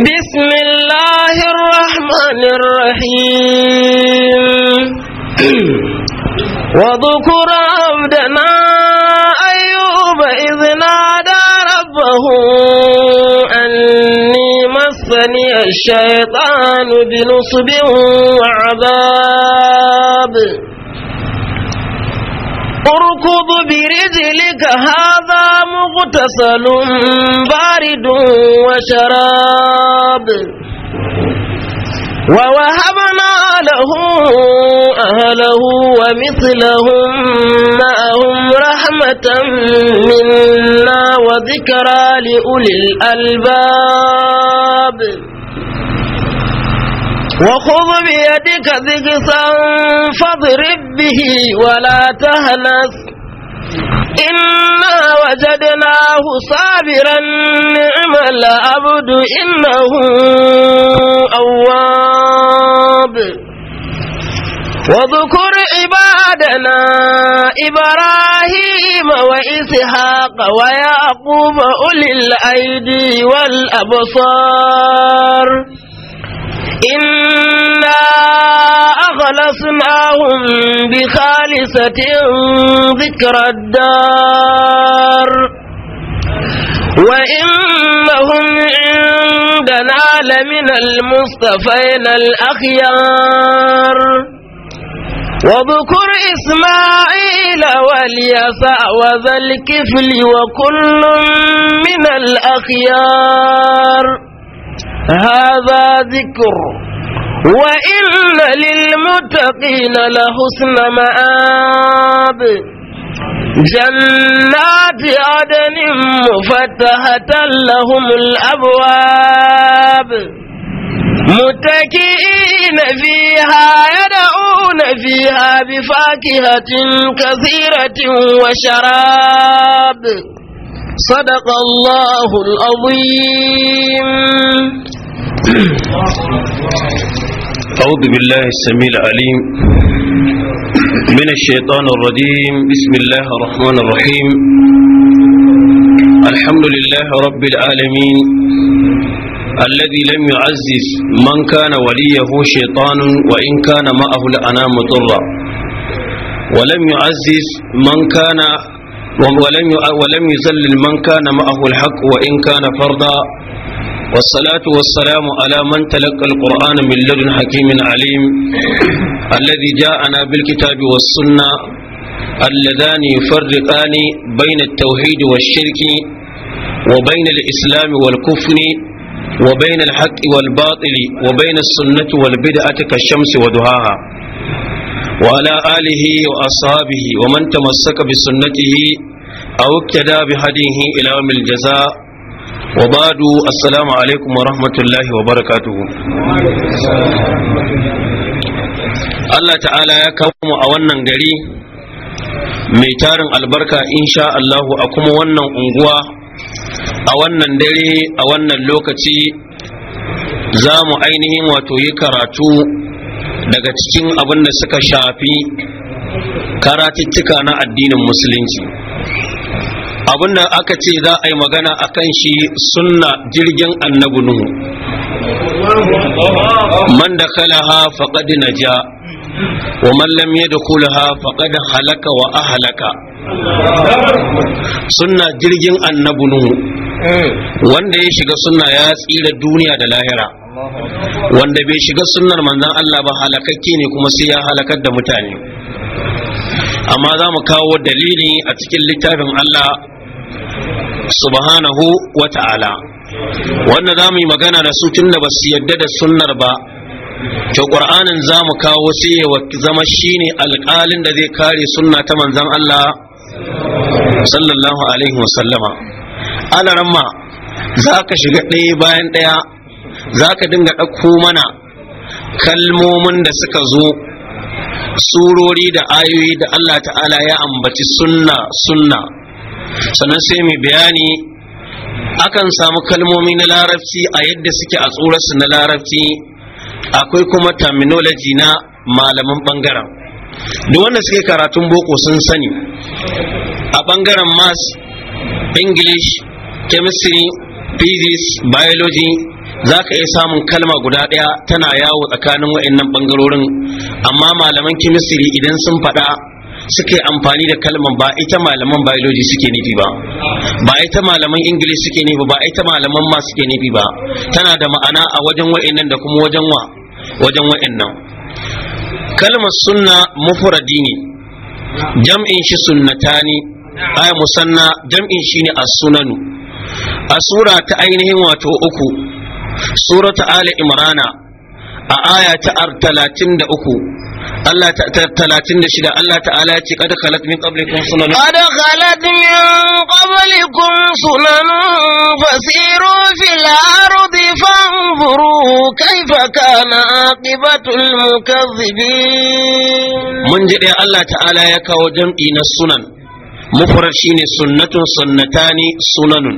بسم الله الرحمن الرحيم وذكر عبدنا مسني الشيطان بنصب وعذاب اركض برجلك هذا مغتسل بارد وشراب ووهبنا له أهله ومثلهم معهم رحمة منا وذكرى لأولي الألباب وخذ بيدك ذكسا فاضرب به ولا تهنس إنا وجدناه صابرا نعم العبد إنه أواب وذكر عبادنا إبراهيم وإسحاق ويعقوب أولي الأيدي والأبصار إنا أخلصناهم بخالصة ذكر الدار وإنهم عندنا لمن المصطفين الأخيار واذكر إسماعيل واليسع وذا الكفل وكل من الأخيار هذا ذكر وإن للمتقين لحسن مآب جنات عدن مفتحة لهم الأبواب متكئين فيها يدعون فيها بفاكهة كثيرة وشراب صدق الله العظيم أعوذ بالله السميع العليم من الشيطان الرجيم بسم الله الرحمن الرحيم الحمد لله رب العالمين الذي لم يعزز من كان وليه شيطان وإن كان معه الأنام مضرا ولم يعزز من كان ولم ولم يذلل من كان معه الحق وإن كان فردا والصلاة والسلام على من تلقى القرآن من لدن حكيم عليم الذي جاءنا بالكتاب والسنة اللذان يفرقان بين التوحيد والشرك وبين الإسلام والكفر وبين الحق والباطل وبين السنة والبدعة كالشمس ودهاها وعلى آله وأصحابه ومن تمسك بسنته أو اكتدى بهديه إلى يوم الجزاء وبعد السلام عليكم ورحمة الله وبركاته Allah ta'ala ya kawo mu a wannan gari mai tarin albarka insha Allahu a kuma wannan unguwa a wannan dare a wannan lokaci za mu ainihin wato yi karatu daga cikin abin da suka shafi karatuttuka na addinin musulunci. abin nan aka ce za a yi magana a kan shi sunna jirgin annabi nuhu man da kalaha na ja wa man lam yadkhulha faqad halaka wa ahlaka sunna jirgin annabi wanda ya shiga sunna ya tsira duniya da lahira wanda bai shiga sunnar manzan Allah ba halakakke ne kuma sai ya halakar da mutane amma za mu kawo dalili a cikin littafin Allah subhanahu wa ta'ala wanda za mu yi magana da su tun da ba su yadda da sunnar ba to ƙur'anin za mu kawo sai ya zama shi ne alƙalin da zai kare sunna ta manzan Allah sallallahu alaihi wasallama za ka shiga ɗaya bayan ɗaya za ka dinga ɗauko mana kalmomin da suka zo surori da ayoyi da Allah ta'ala ya ambaci sunna sunna sannan sai mai bayani akan samu kalmomi na larabci a yadda suke a tsurarsu na larabci akwai kuma terminology na malaman bangaren duk wanda suke karatun boko sun sani a bangaren mass english chemistry physics biology za ka iya samun kalma guda ɗaya tana yawo tsakanin wa'annan bangarorin amma malaman chemistry idan sun faɗa suke amfani da kalmar ba ita malaman biology suke nufi ba ba ita malaman english suke nufi ba ita malaman ma suke nufi ba tana da ma'ana a wajen wa'annan da kuma wajen wa wajen wa'annan kalmar sunna mufradi ne jam'in shi sunnatani ay musanna jam'in shi ne as-sunanu a sura ta ainihin wato uku surata ali imrana a aya ta 33 Allah talatin da shida Allah ta'ala ya ce kada khalat min qablikum sunan kada khalat min qablikum sunan fasiru fil ardi fanzuru kaifa kana aqibatul mukazzibin mun ji dai Allah ta'ala ya kawo jam'i na sunan mufrad shine sunnatun sunnatani sunanun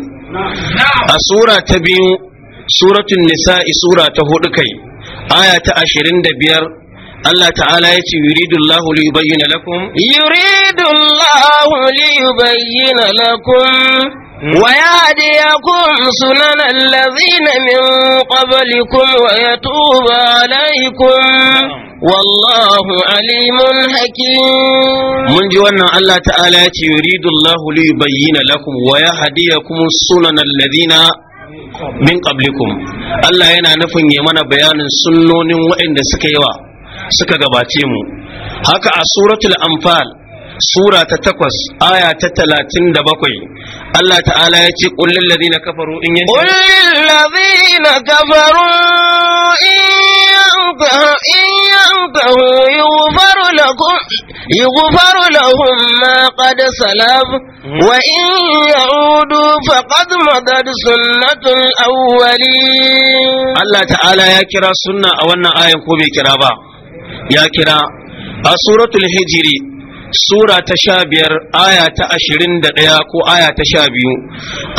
a sura ta biyu suratul nisa'i sura ta hudu kai aya ta ashirin da biyar Allah ta'ala ya ce yuridullahu li yubayyana lakum yuridullahu li yubayyana lakum ويهديكم سنن الذين من قبلكم ويتوب عليكم والله عليم حكيم من جوانا الله تعالى يريد الله ليبين لكم ويهديكم سنن الذين min qablikum Allah yana nufin ya mana bayanin sunnonin waɗanda suka yi wa suka gabace mu haka a suratul anfal sura ta takwas aya ta talatin da bakwai Allah ta'ala ya ce ƙullin ladina kafaru in yanzu ƙullin ladina kafaru in yantahu yughfaru lakum yughfaru lahum ma qad salaf wa in ya'udu faqad madad sunnatul awwalin Allah ta'ala ya kira sunna a wannan ayan ko bai kira ba ya kira a suratul hijiri sura ta sha biyar aya ta ashirin da ɗaya ko aya ta sha biyu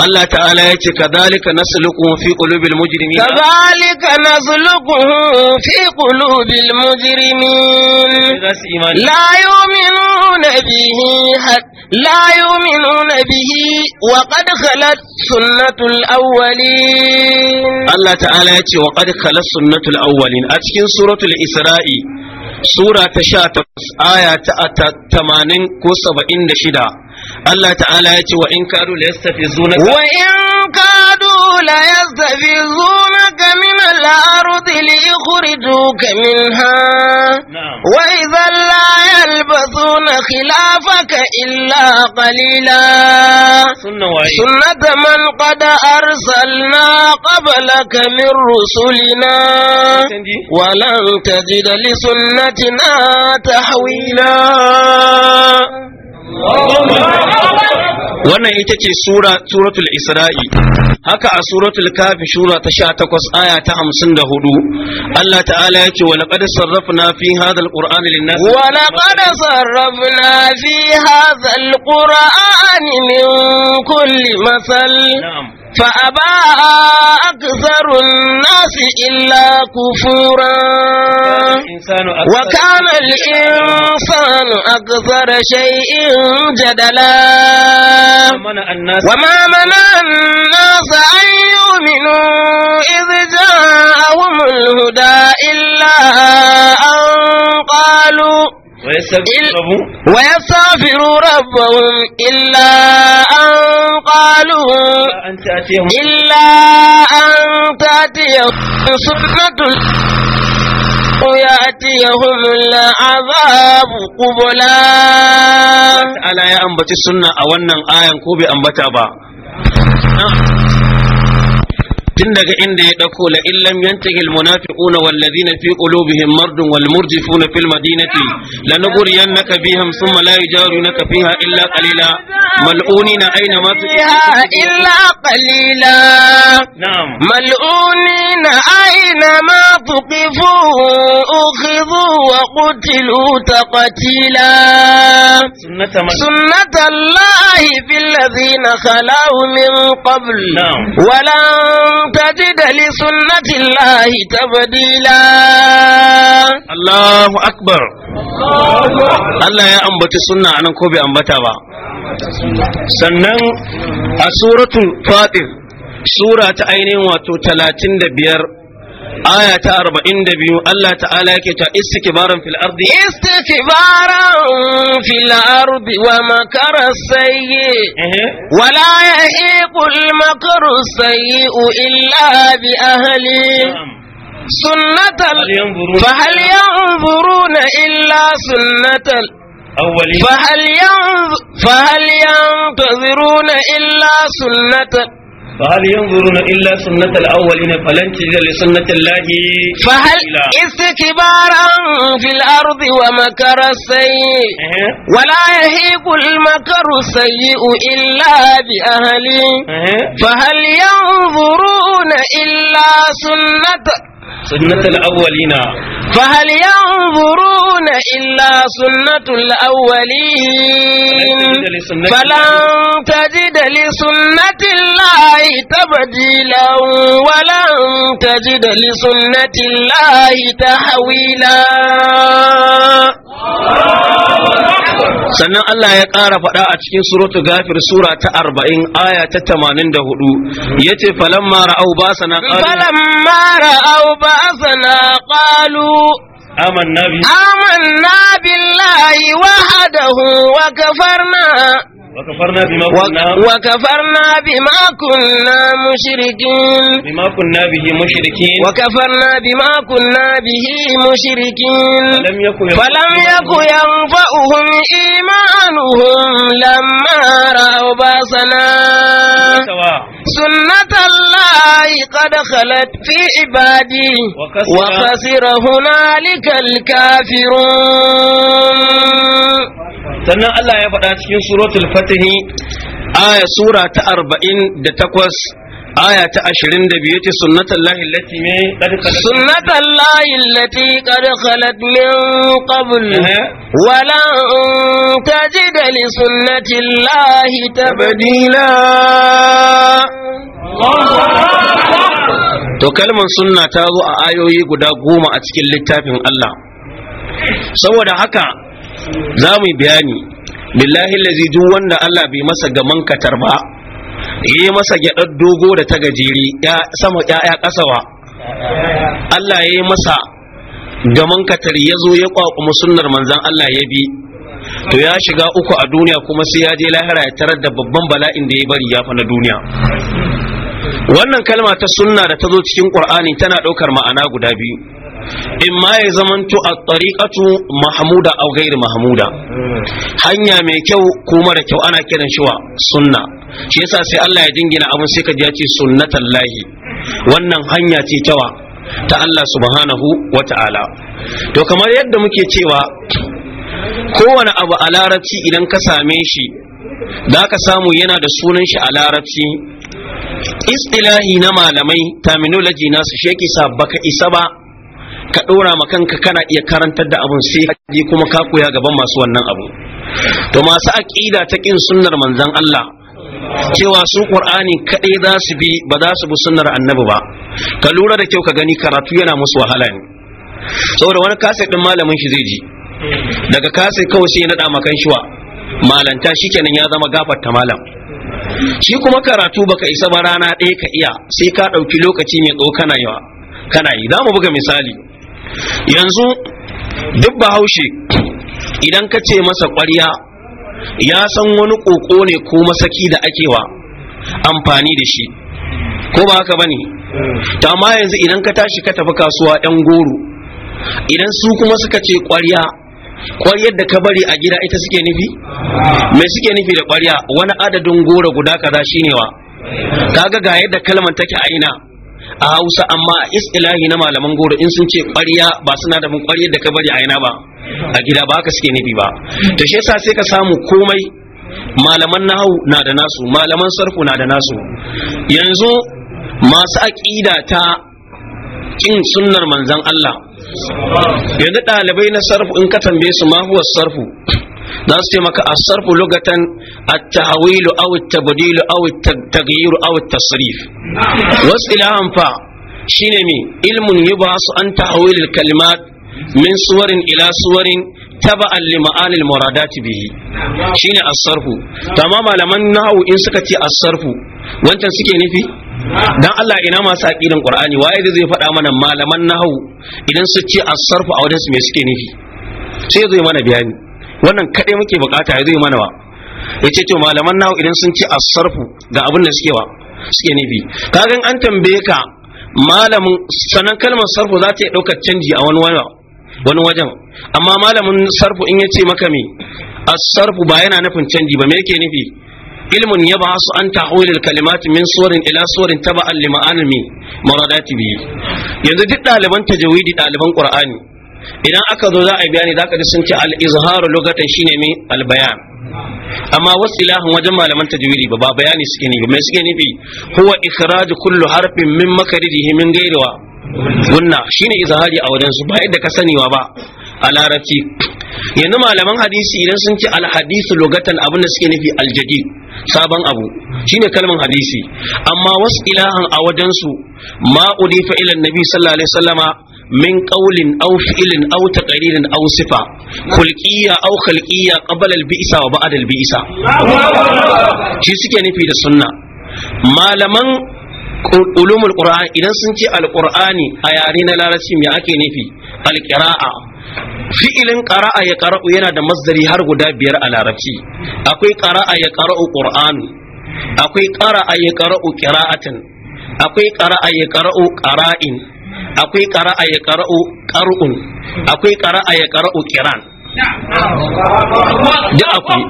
Allah ta'ala ya ce kadhalika nasluquhu fi qulubil mujrimin kadhalika nasluquhu fi qulubil mujrimin la yu'minuna bihi bihi, لا يؤمنون به وقد خلت سنة الأولين الله تعالى يقول وقد خلت سنة a cikin suratul الإسرائيل sura ta sha takwas aya ta tamanin ko saba'in da shida Allah ta'ala ya ce wa in kadu la yastafizuna wa in لا يستفزونك من الأرض ليخرجوك منها نعم. وإذا لا يلبثون خلافك إلا قليلا سنة من قد أرسلنا قبلك من رسلنا ولن تجد لسنتنا تحويلا wannan ita ce sura suratul isra'i haka a suratul kafi shura ta sha takwas aya ta hamsin da hudu Allah ta'ala ya ce wa laqad sarrafna fi hadha alqur'an linnas wa laqad sarrafna fi hadha alqur'an min kulli masal فأبى أكثر الناس إلا كفورا وكان الإنسان أكثر شيء جدلا وما منع الناس أن يؤمنوا إذ جاءهم الهدى إلا أن قالوا ويستغفروا ربهم إلا أن قالوا إلا أن تأتيهم سنة ويأتيهم العذاب قبلا ألا يا أنبت السنة أو أن آية كوبي أنبتها با تن إن اند يدكو لا ان لم ينتهي المنافقون والذين في قلوبهم مرض والمرجفون في المدينه لنغرينك بهم ثم لا يجارونك فيها الا قليلا ملعونين اينما تكون الا قليلا نعم ملعونين اينما تقفوا اخذوا وقتلوا تقتيلا سنة الله في الذين خلوا من قبل نعم ولن تجد لسنة الله تبديلا الله أكبر الله يا أمبت السنة أنا كوبي أنبتها با سنن السورة الفاتح سورة عينين ainihin wato آية أربع إن دبيو الله تعالى كتا استكبارا في الأرض استكبارا في الأرض ومكر السيء إيه. ولا يحيق المكر السيء إلا بأهله نعم. سنة فهل ينظرون إلا سنة أولي. فهل ينظ... فهل ينتظرون إلا سنة فهل ينظرون إلا سنة الأولين فلن تجد لسنة الله فهل استكبارا في الأرض ومكر السيء إيه. ولا يهيق المكر السيء إلا بأهله إيه. فهل ينظرون إلا سنة سنة الأولين فهل ينظرون إلا سنة الأولين فلن تجد لسنة الله تبديلا ولن تجد لسنة الله تحويلا sannan Allah ya ƙara faɗa a cikin suratul gafir sura ta arba'in aya ta tamanin da hudu ya ce falamma ra'au ba sana ƙalu falamma ra'au ba sana ƙalu nabi billahi wahadahu wa kafarna وكفرنا بما كنا وكفرنا بما كنا مشركين بما كنا به مشركين وكفرنا بما كنا به مشركين فلم يكن ينفعهم إيمانهم لما رأوا بأسنا سنة الله قد خلت في عبادي وخسر هنالك الكافرون sannan Allah ya faɗa cikin suratul fatihi aya sura ta arba'in da takwas aya ta ashirin da biyu ta sunnatan lahi lati me sunnatan lahi lati qad khalat min qabl wala tajid li sunnati lahi tabdila to kalmar sunna ta zo a ayoyi guda goma a cikin littafin Allah saboda haka za mu bayani billahi lazi duk wanda Allah bai masa gaman katar ba yi masa gyadar dogo da ta gajere ya sama ƴaƴa ƙasawa. Allah ya yi masa gaman katar ya zo ya kwakuma sunnar manzan Allah ya bi to ya shiga uku a duniya kuma sai ya je lahira ya tarar da babban bala'in da ya bari ya fa duniya wannan kalma ta sunna da ta zo cikin Ƙur'ani tana ɗaukar ma'ana guda biyu in ma ya zamanto a tariqatu mahmuda aw gairi mahmuda hanya mai kyau ko mara kyau ana kiran shi wa sunna shi yasa sai Allah ya dingina abun sai ka ji ya ce wannan hanya ce ta ta Allah subhanahu wa ta'ala to kamar yadda muke cewa kowane abu a larabci idan ka same shi da ka samu yana da sunan shi a larabci istilahi na malamai terminology nasu shi yake sa baka isa ba ka dora ma kanka kana iya karantar da abun sai haji kuma ka koya gaban masu wannan abu to masu aƙida ta kin sunnar manzon Allah cewa su qur'ani kaɗai za su bi ba za su bi sunnar annabi ba ka lura da kyau ka gani karatu yana musu wahala ne saboda wani kasai din malamin shi zai ji daga kasai kawai sai ya nada makan shiwa malanta shikenan ya zama gafarta malam shi kuma karatu baka isa ba rana ɗaya ka iya sai ka ɗauki lokaci mai tsawo kana yawa kana yi za mu buga misali yanzu duk bahaushe idan ka ce masa ƙwarya ya san wani ƙoƙo ne ko masaki da ake wa amfani da shi ko ba haka bane to amma yanzu idan ka tashi ka tafi kasuwa ɗan goro idan su kuma suka ce ƙwarya ƙwaryar da ka bari a gida ita suke nufi me suke nufi da ƙwarya wani adadin goro guda kaza shine wa kaga ga yadda kalmar take aina a Hausa amma a istilahi na malaman goro in sun ce ƙwarya ba suna da mun ƙwaryar da ka bari a yana ba a gida ba haka suke nufi ba to shi yasa sai ka samu komai malaman nahu na da nasu malaman sarku na da nasu yanzu masu aƙida ta kin sunnar manzon Allah yanzu ɗalibai na sarfu in ka tambaye su ma huwa sarfu za su ce maka asarfu lugatan at-tahwilu aw at-tabdilu aw at-taghyiru aw at-tasrif wasu ilahan fa shine me ilmun yubasu an tahwilil kalimat min suwarin ila suwarin taba'an li ma'anil muradati bihi shine as-sarfu tamam malaman nahwu in suka ce a sarfu wancan suke nufi dan Allah ina masu aqidan Qur'ani waye zai faɗa mana malaman nahwu idan su ce as-sarfu a wajen su me suke nufi sai zai mana bayani wannan kadai muke bukata ya zai mana ba yace to malaman nawa idan sun ci asarfu ga abin da suke wa suke nufi kagan an tambaye ka malamin sanan kalmar sarfu za ta iya daukar canji a wani wani wajen amma malamin sarfu in ya ce maka me asarfu ba yana nufin canji ba me yake nufi ilmun ya ba su an tahulil kalimat min surin ila surin taba'an lima'anmi maradati bi yanzu duk ɗaliban tajawidi ɗaliban qur'ani idan aka zo za a yi bayani za ka ji sun ce al-izharu lugatan shine mai al-bayan amma wasu ilahin wajen malaman tajwidi ba ba bayani suke nufi mai suke nufi huwa ikhraju kullu harfin min makaridihi min gairiwa gunna shine izhari a wajen su ba yadda ka saniwa ba a larabci yanzu malaman hadisi idan sun ce al-hadisu lugatan abin da suke nufi al-jadid sabon abu shine kalman hadisi amma wasu ilahin a wajen su ma udifa ila nabi sallallahu alaihi wasallama min قول أو fi'lin أو تقرير أو sifa خلقية أو خلقية قبل البئسة وبعد wa ba'da al-bi'sa shi suke nufi da sunna malaman ulumul qur'an idan sun ci Alƙur'ani a yare na larabci me ake nufi alqira'a fi'ilin ƙara'a ya ƙara'u yana da mazari har guda biyar a larabci akwai ƙara'a ya ƙara'u akwai ya akwai ya ƙara'u ƙara'in. akwai qara'a ya qara'u qar'un akwai qara'a ya qara'u qiran da akwai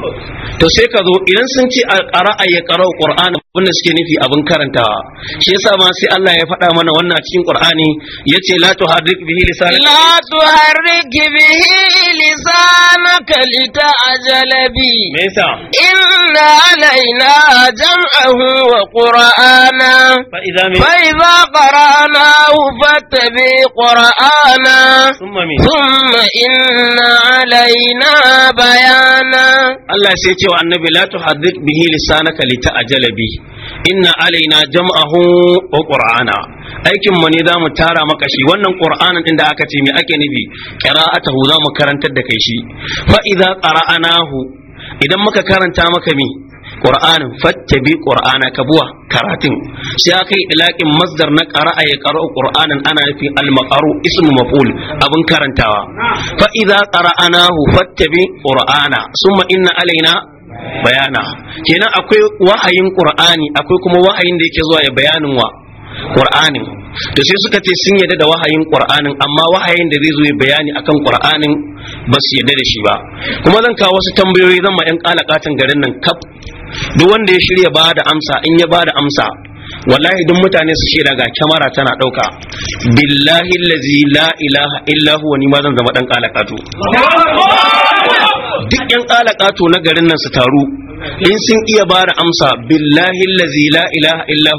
to sai ka zo idan sun ce a qara'a ya qara'u qur'ana abinda suke nufi abin karantawa shi yasa ma sai Allah ya faɗa mana wannan a cikin Qur'ani yace la tuharrik bihi lisanaka la tuharrik bihi lisanaka lita'jala me yasa inna alaina jam'ahu wa qur'ana fa idza fa idza qara'nahu fattabi qur'ana thumma inna alaina bayana Allah sai ya ce wa annabi la tuharrik bihi lisanaka a jalabi. inna alaina jam'ahu wa qur'ana aikin mu ne zamu tara maka shi wannan qur'anin din da aka ce me ake nufi qira'atahu zamu karantar da kai shi fa idza qara'anahu idan muka karanta maka me Qur'an fattabi qur'ana kabuwa karatin sai aka yi masdar na qara'a ya qara'u qur'anan ana nufi al-maqaru ismu maf'ul abin karantawa fa idza qara'anahu fattabi qur'ana summa inna alaina bayana kenan akwai wahayin qur'ani akwai kuma wahayin da yake zuwa ya bayanin wa qur'anin to sai suka ce sun yarda da wahayin qur'anin amma wahayin da zai zo ya bayani akan qur'anin ba su yadda da shi ba kuma zan kawo wasu tambayoyi zan ma yan kalakatan garin nan kaf duk wanda ya shirya ba da amsa in ya ba da amsa wallahi duk mutane su shira ga kyamara tana dauka billahi allazi la ilaha illa huwa ni ma zan zama dan kalakatu duk yan kalakato na garin nan su taru in sun iya ba da amsa billahi lazi la ilaha illa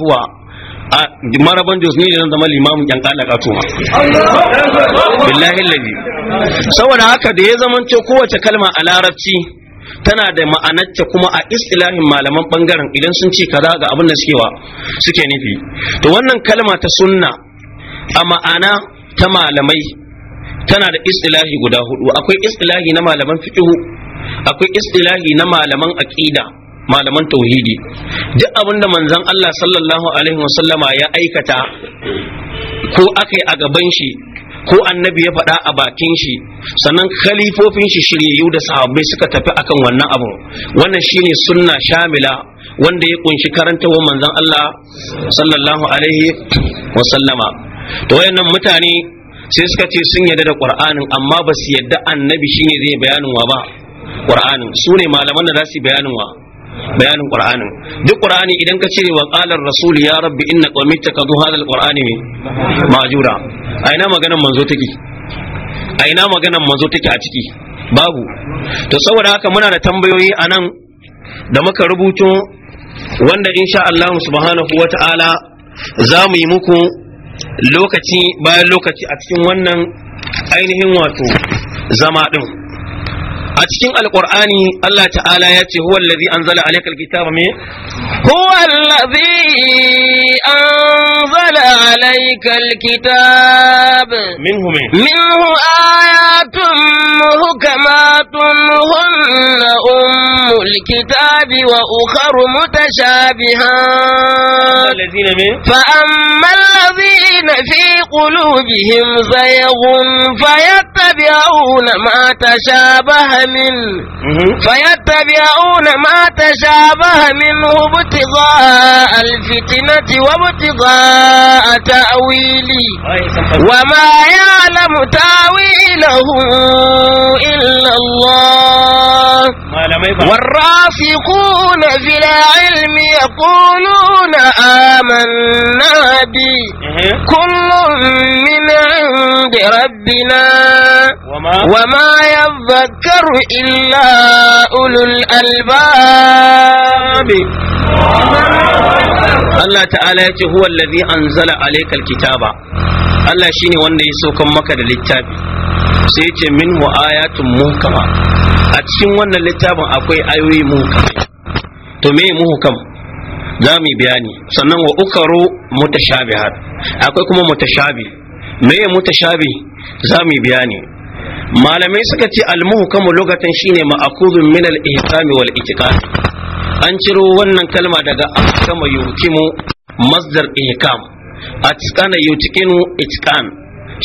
a maraban jos ne zan zama limamin yan kalakato ma billahi lazi saboda haka da ya ce kowace kalma a larabci tana da ma'anarta kuma a istilahin malaman bangaren idan sun ce kaza ga abin da suke wa suke nufi to wannan kalma ta sunna a ma'ana ta malamai tana da istilahi guda hudu akwai istilahi na malaman fiqhu akwai istilahi na malaman aqida malaman tauhidi duk abinda manzon Allah sallallahu alaihi wasallama ya aikata ko akai a gaban shi ko annabi ya faɗa a bakin shi sannan khalifofin shi shiryayyu da sahabbai suka tafi akan wannan abu wannan shine sunna shamila wanda ya kunshi karantawa manzon Allah sallallahu alaihi wa to wayannan mutane sai suka ce sun yarda da Qur'anin amma ba su yarda annabi shine zai bayanin wa ba qur'anin su ne malaman da za su bayanin wa bayanin qur'anin duk qur'ani idan ka ce wa qalar rasul ya rabbi inna qamita kadu hada alqur'ani majura aina maganar manzo take a ina maganar manzo take a ciki babu to saboda haka muna da tambayoyi anan da muka rubuto wanda insha Allah subhanahu wata'ala za mu yi muku lokaci bayan lokaci a cikin wannan ainihin wato zama ɗin a cikin alkur'ani Allah ta'ala ya ce huwa allazi anzala alaykal kitaba me huwa allazi anzala عليك الكتاب منه من منه آيات مهكمات هن أم الكتاب وأخر متشابهات فأما الذين في قلوبهم زيغ فيتبعون ما تشابه منه فيتبعون ما تشابه منه ابتغاء الفتنة وابتغاء تأويلي وما يعلم تأويله إلا الله والرافقون في العلم يقولون آمنا بي إيه. كل من عند ربنا وما يذكر إلا أولو الألباب الله تعالى هو الذي أنزل anzala alaykal kitaba Allah shine wanda ya saukan maka da littafi sai ya ce minhu ayatun muhkama a cikin wannan littafin akwai ayoyi muhkama to me muhkam za mu bayani sannan wa ukaru mutashabihat akwai kuma mutashabi me mutashabi za mu bayani malamai suka ce almuhkamu lugatan shine ma'khudun min al-ihsami wal itiqad an ciro wannan kalma daga ahkama yuhkimu masdar ihkam atqana yutqinu itqan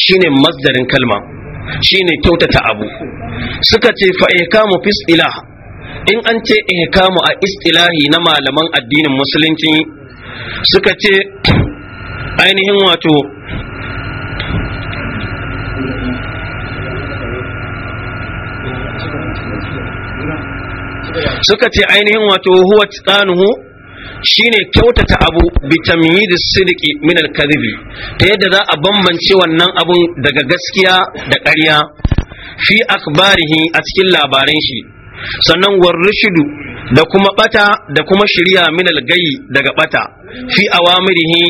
shine masdarin kalma shine kyautata abu suka ce fa ihkamu fis ilah in an ce ihkamu a istilahi na malaman addinin musulunci suka ce ainihin wato suka ce ainihin wato huwa tsanuhu shine kyautata abu bi da sidiki min al ta yadda za a bambance wannan abun daga gaskiya da ƙarya fi akbarihi a cikin labaran shi sannan war rashidu da kuma bata da kuma shirya min al daga bata fi awamirihi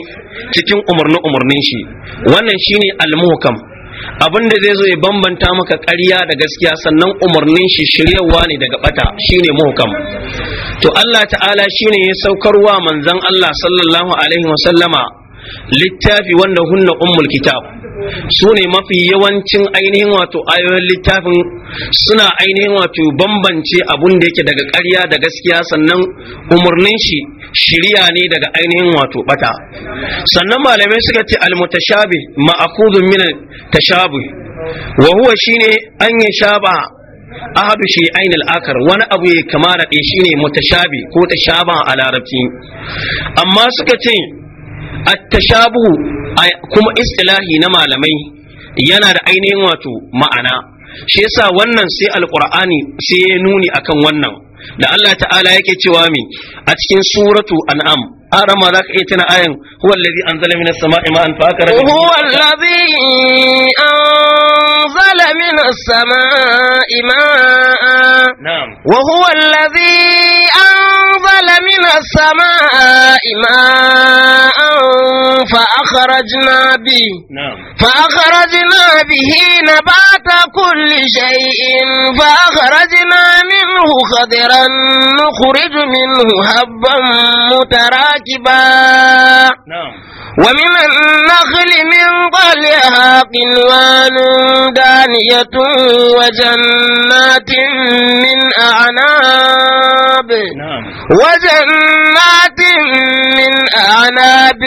cikin umarni umarnin shi wannan shine al-muhkam abin da zai zo ya bambanta maka ƙarya da gaskiya sannan umarnin shi shiryarwa ne daga bata shine muhkam to Allah ta'ala shine ya saukar wa manzon Allah sallallahu alaihi wasallama littafi wanda hunna ummul kitab su ne mafi yawancin ainihin wato ayoyin littafin suna ainihin wato bambance abun da yake daga ƙarya da gaskiya sannan umarnin shi shirya ne daga ainihin wato bata sannan malamai suka ce almutashabi ma'akudun min tashabi wa huwa shine an ya shaba ahadu shi ainul akar wani abu ya kama da ɗaya shine mutashabi ko tashaba a larabci amma suka ce at-tashabu kuma istilahi na malamai yana da ainihin wato ma'ana shi yasa wannan sai alqur'ani sai ya nuni akan wannan da Allah ta'ala yake cewa mi a cikin suratu an'am arama zaka iya tana ayan huwa allazi anzala minas sama'i ma'an fa akara huwa allazi anzala minas sama'i ma'an na'am wa أنزل من السماء ماء فأخرجنا به نعم. فأخرجنا به نبات كل شيء فأخرجنا منه خضرا نخرج منه هبا متراكبا نعم. ومن النخل من ظلها قلوان دانية وجنات من أعناب نعم. وجنات من أعناب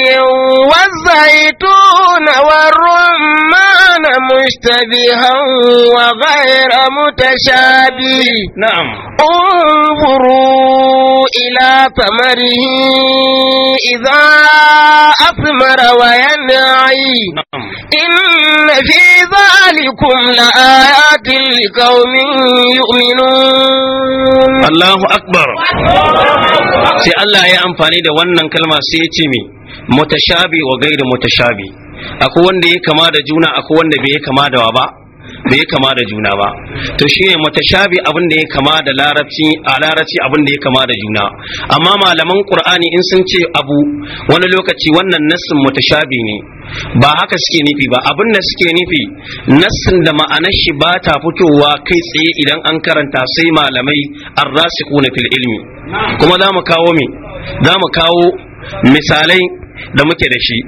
والزيتون والرمان مشتبها وغير متشابه نعم انظروا إلى ثمره إذا أثمر والقمر وينعي إن في ذلكم لآيات لقوم يؤمنون الله أكبر sai Allah ya yi amfani da wannan kalma sai ya ce me mutashabi wa gairu mutashabi akwai wanda ya kama da juna akwai wanda bai kama da wa ba bai kama da juna ba to shi ne mutashabi abin da ya kama da larabci a larabci abin da ya kama da juna amma malaman qur'ani in sun ce abu wani lokaci wannan nassin mutashabi ne ba haka suke nufi ba abin da suke nufi nassin da ma'anar shi ba ta fitowa kai tsaye idan an karanta sai malamai arrasikuna fil ilmi kuma za mu kawo mi za mu kawo misalai da muke da shi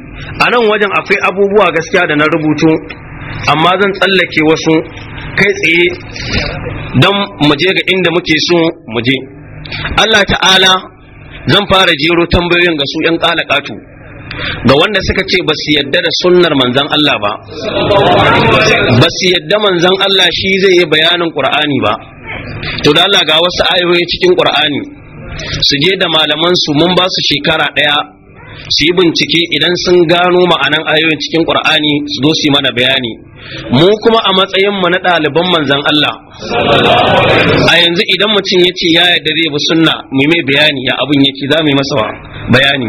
a nan wajen akwai abubuwa gaskiya da na rubutu amma zan tsallake wasu kai tsaye don muje ga inda muke so mu je Allah ta'ala zan fara jero tambayoyin ga su 'yan kalakatu ga wanda suka ce ba su yadda da sunnar manzan Allah ba ba su yadda manzan Allah shi zai yi bayanin ƙur'ani ba to da Allah ga wasu ayoyi cikin ƙur'ani su je da malaman su mun ba su shekara ɗaya su yi bincike idan sun gano ma'anan ayoyin cikin ƙur'ani su zo su yi mana bayani mu kuma a matsayin mu na ɗaliban manzan Allah a yanzu idan mutum ya ce ya yarda zai bi sunna mu mai bayani ya abun yake za mu yi masa bayani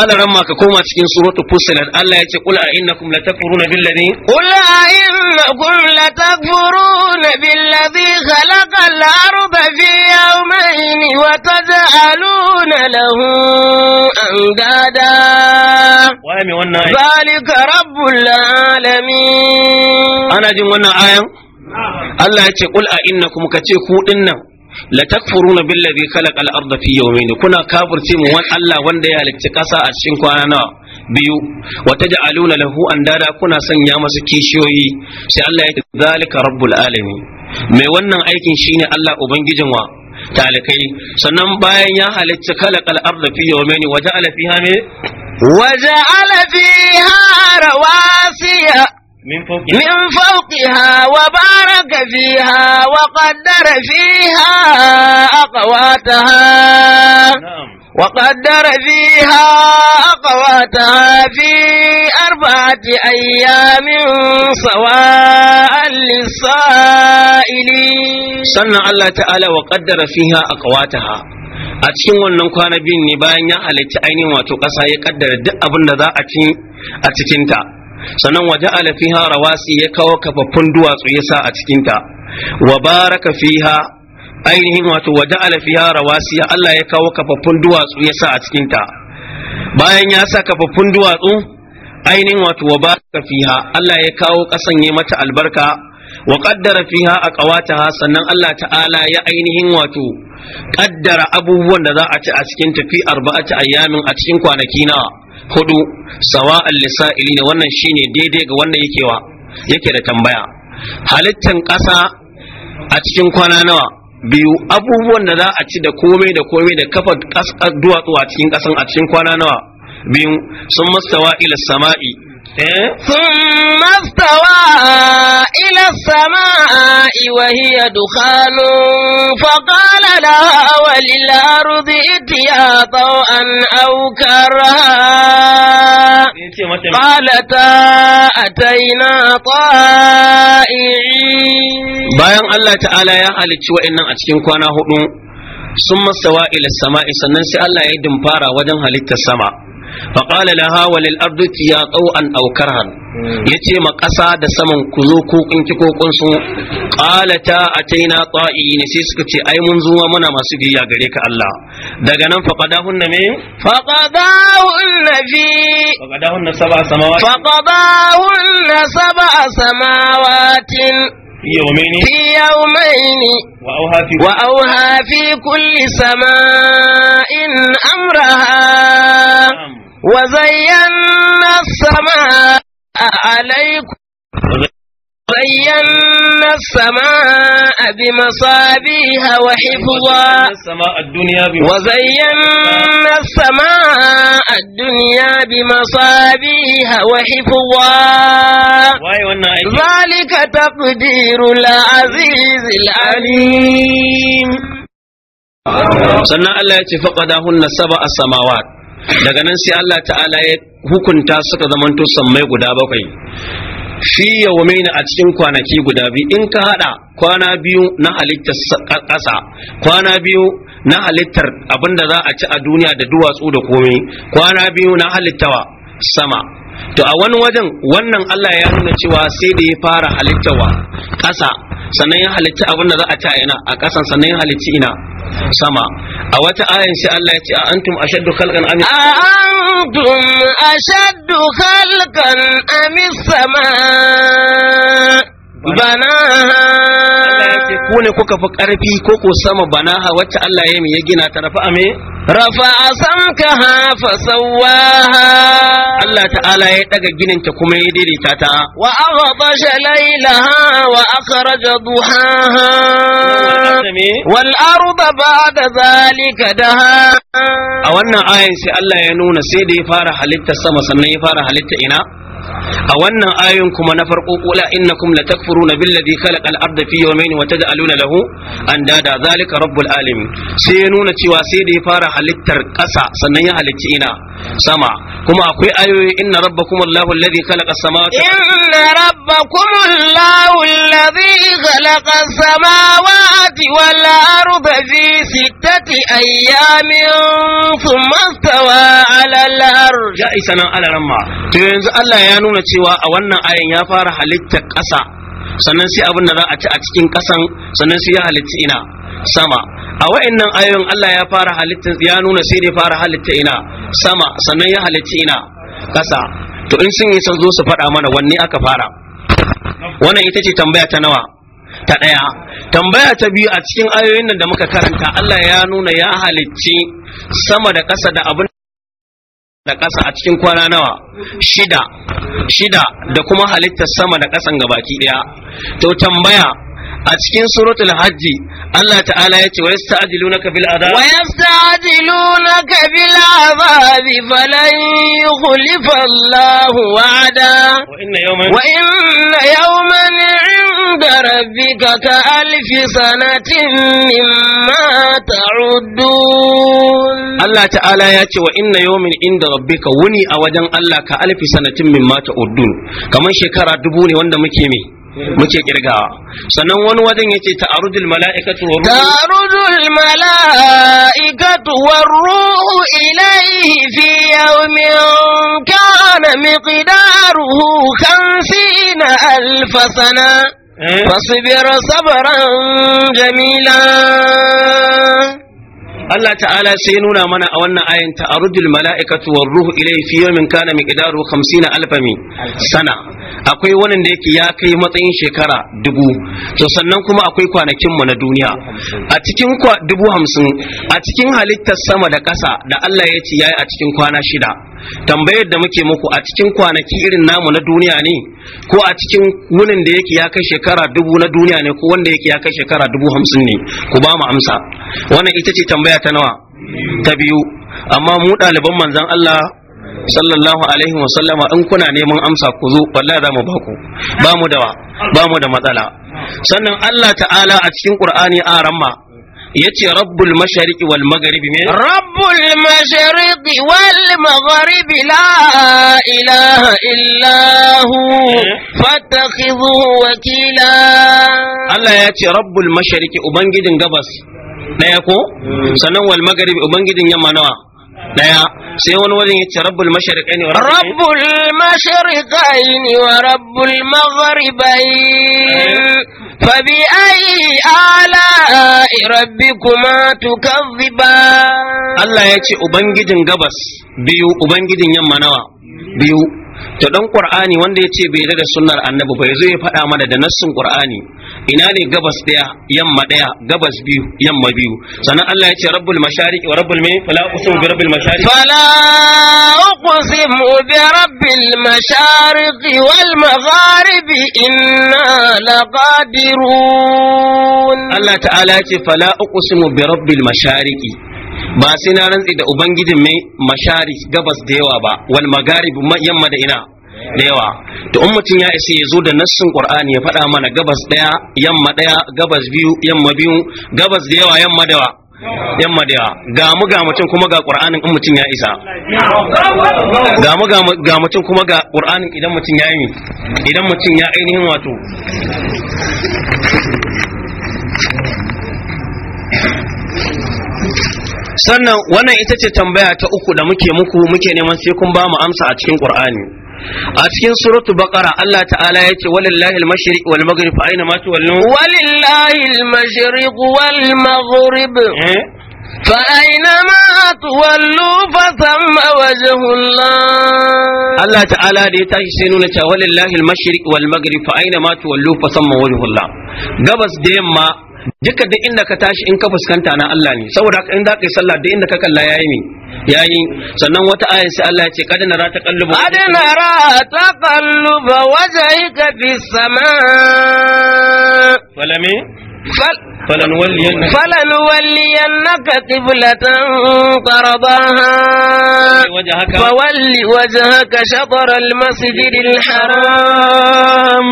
alaran ma ka koma cikin suratul fusilat Allah ya ce qul a innakum latakfuruna billadhi qul a قل لتكفرون بالذي خلق الأرض في يومين وتجعلون له أندادا ذلك رب العالمين أنا جمعنا آية Allah ya ce, Ƙul a inna kuma ka ce ku ɗin nan, la takfuruna billazi khalaqa al-ardh fi yawmayn kuna kafirce mu wan Allah wanda ya halicci kasa a cikin kwana nawa biyu wa taj'aluna lahu andada kuna sanya masa kishiyoyi sai Allah ya ce zalika rabbul alamin mai wannan aikin shine Allah ubangijin wa talikai sannan bayan ya halicci khalaqa al-ardh fi yawmayn wa ja'ala fiha me وجعل فيها رواسي من فوقها, من فوقها وبارك فيها وقدر فيها أقواتها نعم وقدر فيها أقواتها في أربعة أيام سواء للسائلين سنة الله تعالى وقدر فيها أقواتها a cikin wannan بين biyun على bayan ya halitta ainihin wato ƙasa sannan waje fiha rawasi ya kawo kafaffun duwatsu ya sa a cikinta wa baraka fiha ainihin wato waje fiha rawasi Allah ya kawo kafaffun duwatsu ya sa a cikinta bayan ya sa kafaffun duwatsu ainihin wato wa baraka fiha Allah ya kawo kasan ya mata albarka wa qaddara fiha aqwataha sannan Allah ta'ala ya ainihin wato qaddara abubuwan da za a ci a cikin tafi arba'ati ayyamin a cikin kwanaki nawa hudu sawa'an lisa'ilina wannan shine daidai ga wannan yake wa yake da tambaya halittan ƙasa a cikin kwana nawa biyu abubuwan da za a ci da komai da komai da kafa duwatsu a cikin ƙasan a cikin kwana nawa biyu sun mastawa ila sama'i ثم استوى إلى السماء وهي دخان فقال لها وللأرض ائتيا طوعا أو كرها قالتا أتينا طائعين bayan Allah ta'ala ya halicci wa'annan a cikin kwana hudu sun masawa ila sama'i sannan sai Allah ya dumfara wajen halittar sama fa qala laha walil ardi ya taw'an aw karhan yace ma ƙasa da saman ku zo ko kun ƙalata a kun so qalata ataina ta'in sai suka ce ai mun zuwa muna masu biya gare ka Allah daga nan fa qadahunna me fa qadahunna fi fa qadahunna sab'a samawati fa qadahunna sab'a samawatin يومين في يومين وأوهى في, وأوهى في كل سماء أمرها نعم. وزينا السماء عليكم وزينا السماء بمصابيها وحفظا وزينا السماء الدنيا بمصابيها وحفظا ذلك تقدير العزيز العليم سنة الله فقدهن سبع السماوات daga nan sai Allah ta'ala ya hukunta suka zamanto sammai guda bakwai fi yawmaina a cikin kwanaki guda biyu in ka hada kwana biyu na halittar ƙasa kwana biyu na halittar abinda za a ci a duniya da duwatsu da komai kwana biyu na halittawa sama to a wani wajen wannan Allah ya nuna cewa sai da ya fara halittawa ƙasa sannan ya halitta abin da za a ta ina a kasan sannan ya halitta ina sama a wata ayin sai Allah ya ce a antum ashaddu khalqan am a antum ashaddu khalqan am sama bana ku ne kuka fi ƙarfi ko ko sama banaha wacce Allah ya ya gina ta rafa ame rafa asamkaha fa sawaha Allah ta'ala ya daga ginin ta kuma ya daidaita ta wa aghtasha laylaha wa akhraja duhaha wal arda ba'da zalika daha a wannan ayan sai Allah ya nuna sai da ya fara halitta sama sannan ya fara halitta ina a wannan ayoyin kuma na farko kula innakum latakfuruna billadhi khalaqal arda fi yawmayn wa tad'aluna lahu andada zalika rabbul alamin sai ya nuna cewa sai da ya fara halittar ƙasa sannan ya halicci ina sama kuma akwai ayoyi inna rabbakum allahu alladhi khalaqa samawati inna rabbakum allahu alladhi khalaqa samawati wal arda fi sittati ayamin thumma istawa ala al-arsh ya isa nan alaramma to yanzu Allah ya ya nuna cewa a wannan ayin ya fara halitta ƙasa sannan sai abin da za a ci a cikin ƙasan sannan sai ya halitta ina sama a wa'annan ayoyin Allah ya fara halitta ya nuna sai dai fara halitta ina sama sannan ya halitta ina ƙasa to in sun yi san zo su faɗa mana wanne aka fara wannan ita ce tambaya ta nawa ta ɗaya tambaya ta biyu a cikin ayoyin nan da muka karanta Allah ya nuna ya halicci sama da ƙasa da abin da ƙasa a cikin kwana nawa shida da kuma halittar sama da ƙasan gabaki ɗaya to tambaya a cikin suratul hajji Allah ta'ala ya ce wa yasta'jilunaka bil adab wa yasta'jilunaka bil adab falan yukhlifa Allah wa'ada wa inna yawman 'inda rabbika ka alf sanatin mimma ta'udun Allah ta'ala ya ce wa inna yawmin 'inda rabbika wuni a wajen Allah ka alf sanatin mimma ta'udun kamar shekara dubu ne wanda muke mai muke kirgawa sannan wani wajen yace ta'arudul mala'ikatu war ruhu ta'arudul mala'ikatu war ruhu ilayhi fi yawmin kana miqdaruhu 50 alf sana eh? fasbir sabran jamila Allah ta'ala sai nuna mana a wannan ayin ta'arudul mala'ikatu war ruhu ilayhi fi yawmin kana miqdaruhu 50 alf sana akwai wani da yake ya kai matsayin shekara dubu to sannan kuma akwai kwanakin mu na duniya a cikin kwa dubu hamsin a cikin halittar sama da ƙasa da Allah ya ce yayi a cikin kwana shida tambayar da muke muku a cikin kwanaki irin namu na duniya ne ko a cikin wunin da yake ya kai shekara dubu na duniya ne ko wanda yake ya kai shekara dubu hamsin ne ku ba mu amsa wannan ita ce tambaya ta nawa ta biyu amma mu ɗaliban manzon Allah sallallahu alaihi wa sallama in kuna neman amsa ku zo wallahi za mu ba ba mu da ba mu da matsala sannan Allah ta'ala a cikin Qur'ani a ramma yace rabbul mashariqi wal maghribi me rabbul mashariqi wal maghribi la ilaha illa hu eh? fattakhidhu wakila Allah yace rabbul mashariqi ubangijin gabas daya ko hmm. sannan wal maghribi ubangijin yamma nawa daya sai wani wajen yace rabbul mashriqaini wa rabbul ne wa rabbul maghribain fa bi ayi ala rabbikuma tukazziban Allah yace ubangijin gabas biyu ubangijin yamma nawa biyu da dan qur'ani wanda ya ce bai yarda da sunnar annabi bai zo ya faɗa mana da nassin qur'ani ina ne gabas daya yamma daya gabas biyu yamma biyu sannan Allah yace ce rabbul mashariq wa rabbul min fala uqsimu bi rabbil mashariq fala uqsimu bi rabbil mashariq wal magharib inna laqadirun Allah ta'ala yace ce fala uqsimu bi rabbil mashariq ba sai na rantsi da ubangijin mai mashari gabas da yawa ba wal magarib yamma da ina da yawa to in mutum ya isa ya zo da nassin qur'ani ya faɗa mana gabas daya yamma daya gabas biyu yamma biyu gabas da yawa yamma da yawa yamma da yawa ga mu ga mutum kuma ga qur'anin in mutum ya isa ga mu ga mutum kuma ga qur'anin idan mutum ya yi idan mutum ya ainihin wato sannan wannan ita ce tambaya ta uku da muke muku muke neman sai kun ba mu amsa a cikin qur'ani a cikin suratu baqara Allah ta'ala yace walillahi al-mashriq wal maghrib aina ma tuwallu walillahi al-mashriq wal maghrib فأينما تولوا فثم وجه الله الله تعالى دي تاشي سينونا ولله المشرق والمغرب fa تولوا فثم وجه Gabas da yamma. duka da inda ka tashi in ka fuskanta na Allah ne saboda in za kai sallah da inda ka kalla yayi ne yayi sannan wata ayin sai Allah ya ce kad nara taqalluba kad nara taqalluba wajhika bis samaa wala me فلنولينك فلنولينك قبلة ترضاها فول وجهك شطر المسجد الحرام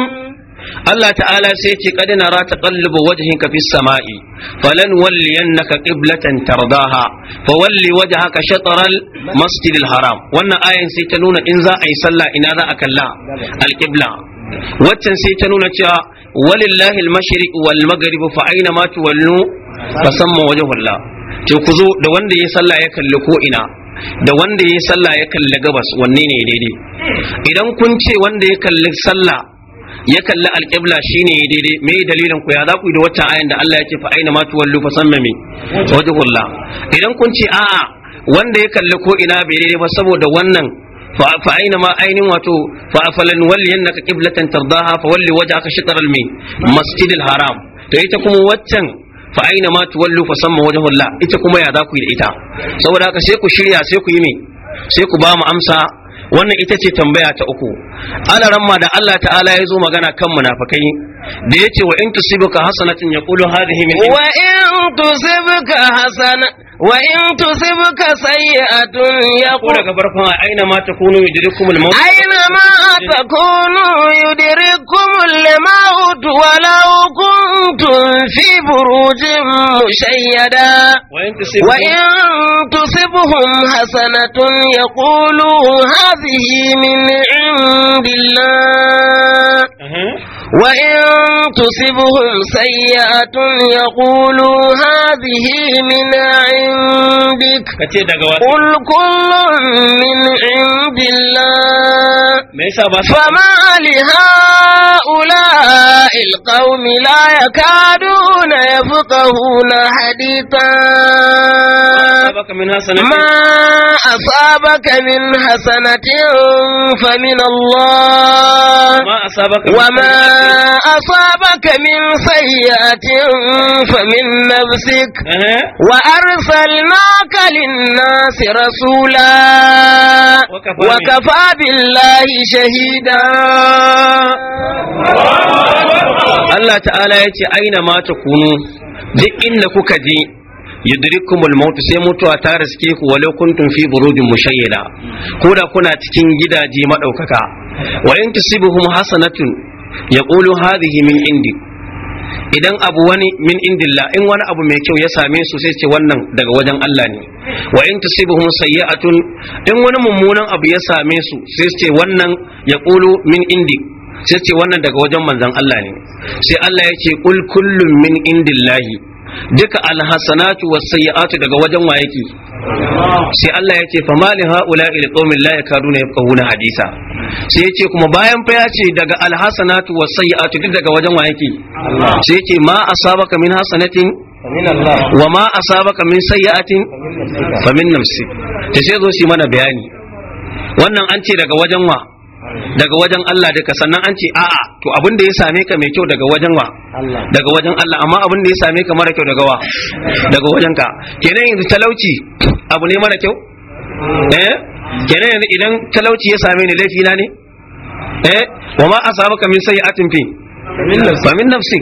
Allah ta'ala sai ce qad nara taqallubu wajhinka fis sama'i falan walliyannaka qiblatan tardaha fawalli wajhaka shatral masjidil haram wannan ayan sai ta nuna in za a yi sallah ina za a kalla alqibla waccan sai ta nuna cewa walillahi al-mashriq wal maghrib fa aina ma tuwallu fasamma wajhullah to ku zo da wanda ya sallah ya kalli ko ina da wanda ya sallah ya kalli gabas wanne ne daidai idan kun ce wanda ya kalli sallah ya kalli alƙibla ne ya daidai me dalilin ku ya za ku yi da waccan ayan da Allah ya ce fa aina ma tuwallu fa sammami wajhullah idan kun ce a'a wanda ya kalli ko ina bai daidai ba saboda wannan fa aina ma ainin wato fa afalan walliyannaka qiblatan tardaha fa walli wajhaka shatr al masjidil haram to ita kuma waccan fa aina ma tuwallu fa samma wajhullah ita kuma ya za ku yi da ita saboda haka sai ku shirya sai ku yi me sai ku ba mu amsa wannan ita ce tambaya ta uku ana ramma da Allah ta'ala ya zo magana kan munafikai da yace wa in tusibuka hasanatin yaqulu hadhihi min wa in tusibuka hasanatin wa in tusibka sayyi'atun yaqul ka barkon aina ma takunu al maut aina ma takunu yudrikumul maut law kuntum fi burujin mushayyada wa in tusibhum hasanatun yaqulu hadhihi min indillah وإن تصبهم سيئة يقولوا هذه من عندك قل كل من عند الله فما لهؤلاء القوم لا يكادون يفقهون حديثا ما أصابك من حسنة فمن الله وما أصابك من سيئة فمن نفسك وأرسلناك للناس رسولا وكفى بالله شهيدا Allah ta'ala ya ce aina mata kunu duk inda kuka je yudrikumul maut sai mutuwa ta riske ku walau kuntum fi burudin mushayyida ko da kuna cikin gidaje madaukaka wa in tusibuhum hasanatun ya ƙulu hadhihi min indi idan abu wani min indillah in wani abu mai kyau ya same su sai ce wannan daga wajen Allah ne wa in tusibuhum sayyi'atun in wani mummunan abu ya same su sai ce wannan ya ƙulu min indi sai ce wannan daga wajen manzon Allah ne sai Allah ya ce kul kullum min indillahi duka alhasanatu was sayyi'atu daga wajen wa yake sai Allah ya ce fa mali haula ila qaumin la yakaduna yafqahuna hadisa sai ya ce kuma bayan fa ya ce daga alhasanatu was sayyi'atu duk daga wajen wa yake sai ya ce ma asabaka min hasanatin wa ma asabaka min sayyi'atin famin min nafsi sai zo shi mana bayani wannan an ce daga wajen wa daga wajen Allah duka sannan an ce a'a to abin da ya same ka mai kyau daga wajen wa daga wajen Allah amma abin da ya same ka mara kyau daga wa daga wajen ka kenan yanzu talauci abu ne mara kyau eh kenan yanzu idan talauci ya same ni laifi na ne eh wa ma asabaka min sayi'atin fi fa min nafsi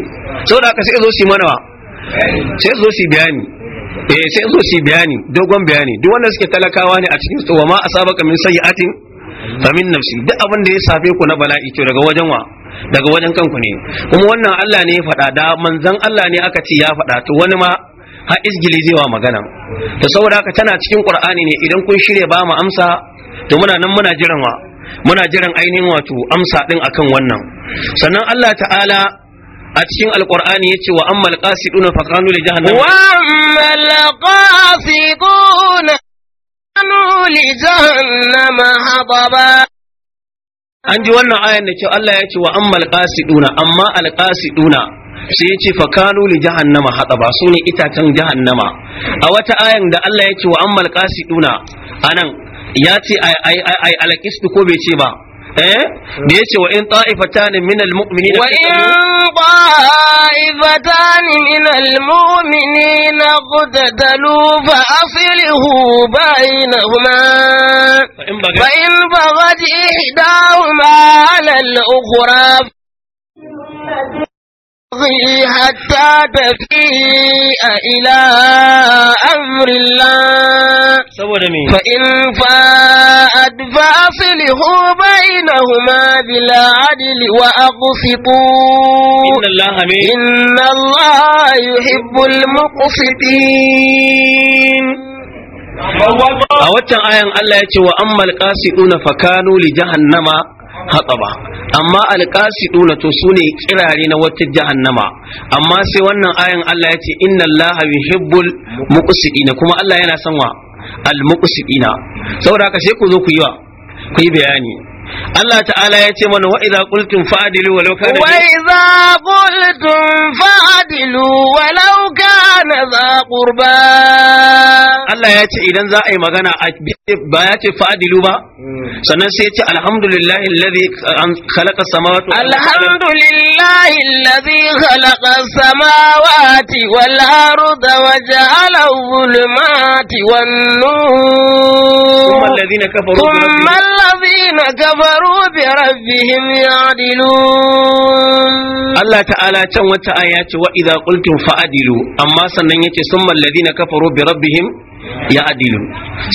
da ka sai zo shi mana wa sai zo shi bayani eh sai zo shi bayani dogon bayani duk wanda suke talakawa ne a cikin su wa ma asabaka min sayi'atin famin nafsi duk abin da ya safe ku na bala'i to daga wajen wa daga wajen kanku ne kuma wannan Allah ne ya faɗa da manzon Allah ne aka ce ya faɗa to wani ma ha isgili zai wa magana to saboda haka tana cikin qur'ani ne idan kun shirya ba mu amsa to muna nan muna jiran wa muna jiran ainihin wato amsa din akan wannan sannan Allah ta'ala a cikin alqur'ani yace wa ammal qasiduna faqanu li jahannam wa ammal qasiduna قالوا لجهنم an ji wannan ayan da kyau Allah ya ce wa ammal ɗuna, amma al ɗuna sai ya ce fa kanu li ba su sune itacen jahannama a wata ayan da Allah ya ce wa ammal qasiduna anan ya ce a yi ai ko bai ce ba ايه وان طائفتان من المؤمنين وان طائفتان من المؤمنين اقتتلوا فاصله بينهما فان بغت احداهما على الاخرى تقضي حتى تفيء إلى أمر الله فإن فاءت فأصله بينهما بالعدل وأقسطوا إن الله, إن الله يحب المقسطين a waccan ayan Allah ya ce wa ammal qasiduna fakanu li jahannama ba, amma alqasiduna to sune kirare na wata jahannama amma sai wannan ayan Allah ya ce inna Allah yuhibbul muqsidina kuma Allah yana son wa al muqsidina saboda haka sai ku zo ku yi wa ku yi bayani Allah ta'ala ya ce mana wa'iza qultum fa'adilu walau kana wa'iza qultum fa'dilu walau kana za qurba Allah ya ce idan za a yi magana ba ya ce fa'adilu ba hmm. sannan sai ya ce alhamdulillahi alladhi khalaqa samawati alhamdulillahi alladhi khalaqa samawati wal arda wa ja'ala adh-dhulumati wan nur kafaru thumma alladhina الذين كفروا بربهم يعدلون الله تعالى كان وتا آيات وإذا قلتم فأدلوا أما سنن يتي ثم الذين كفروا بربهم يعدلون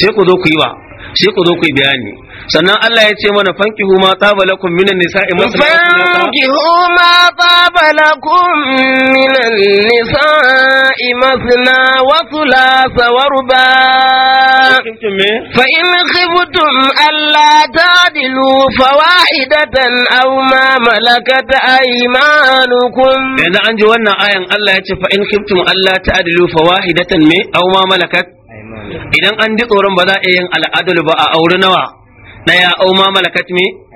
سيكو ذوك يوا sai ku zo ku bayani sannan Allah ya ce mana fankihu ma taba lakum minan nisa'i fankihu ma taba lakum minan nisa'i masna wa thulatha wa ruba fa in khiftum alla tadilu fawahidatan aw ma malakat aymanukum yanzu an ji wannan ayan Allah ya ce fa in khiftum alla tadilu fawahidatan me aw ma malakat idan an ji tsoron ba za a yin al'adul ba a auri nawa na au ma malakat me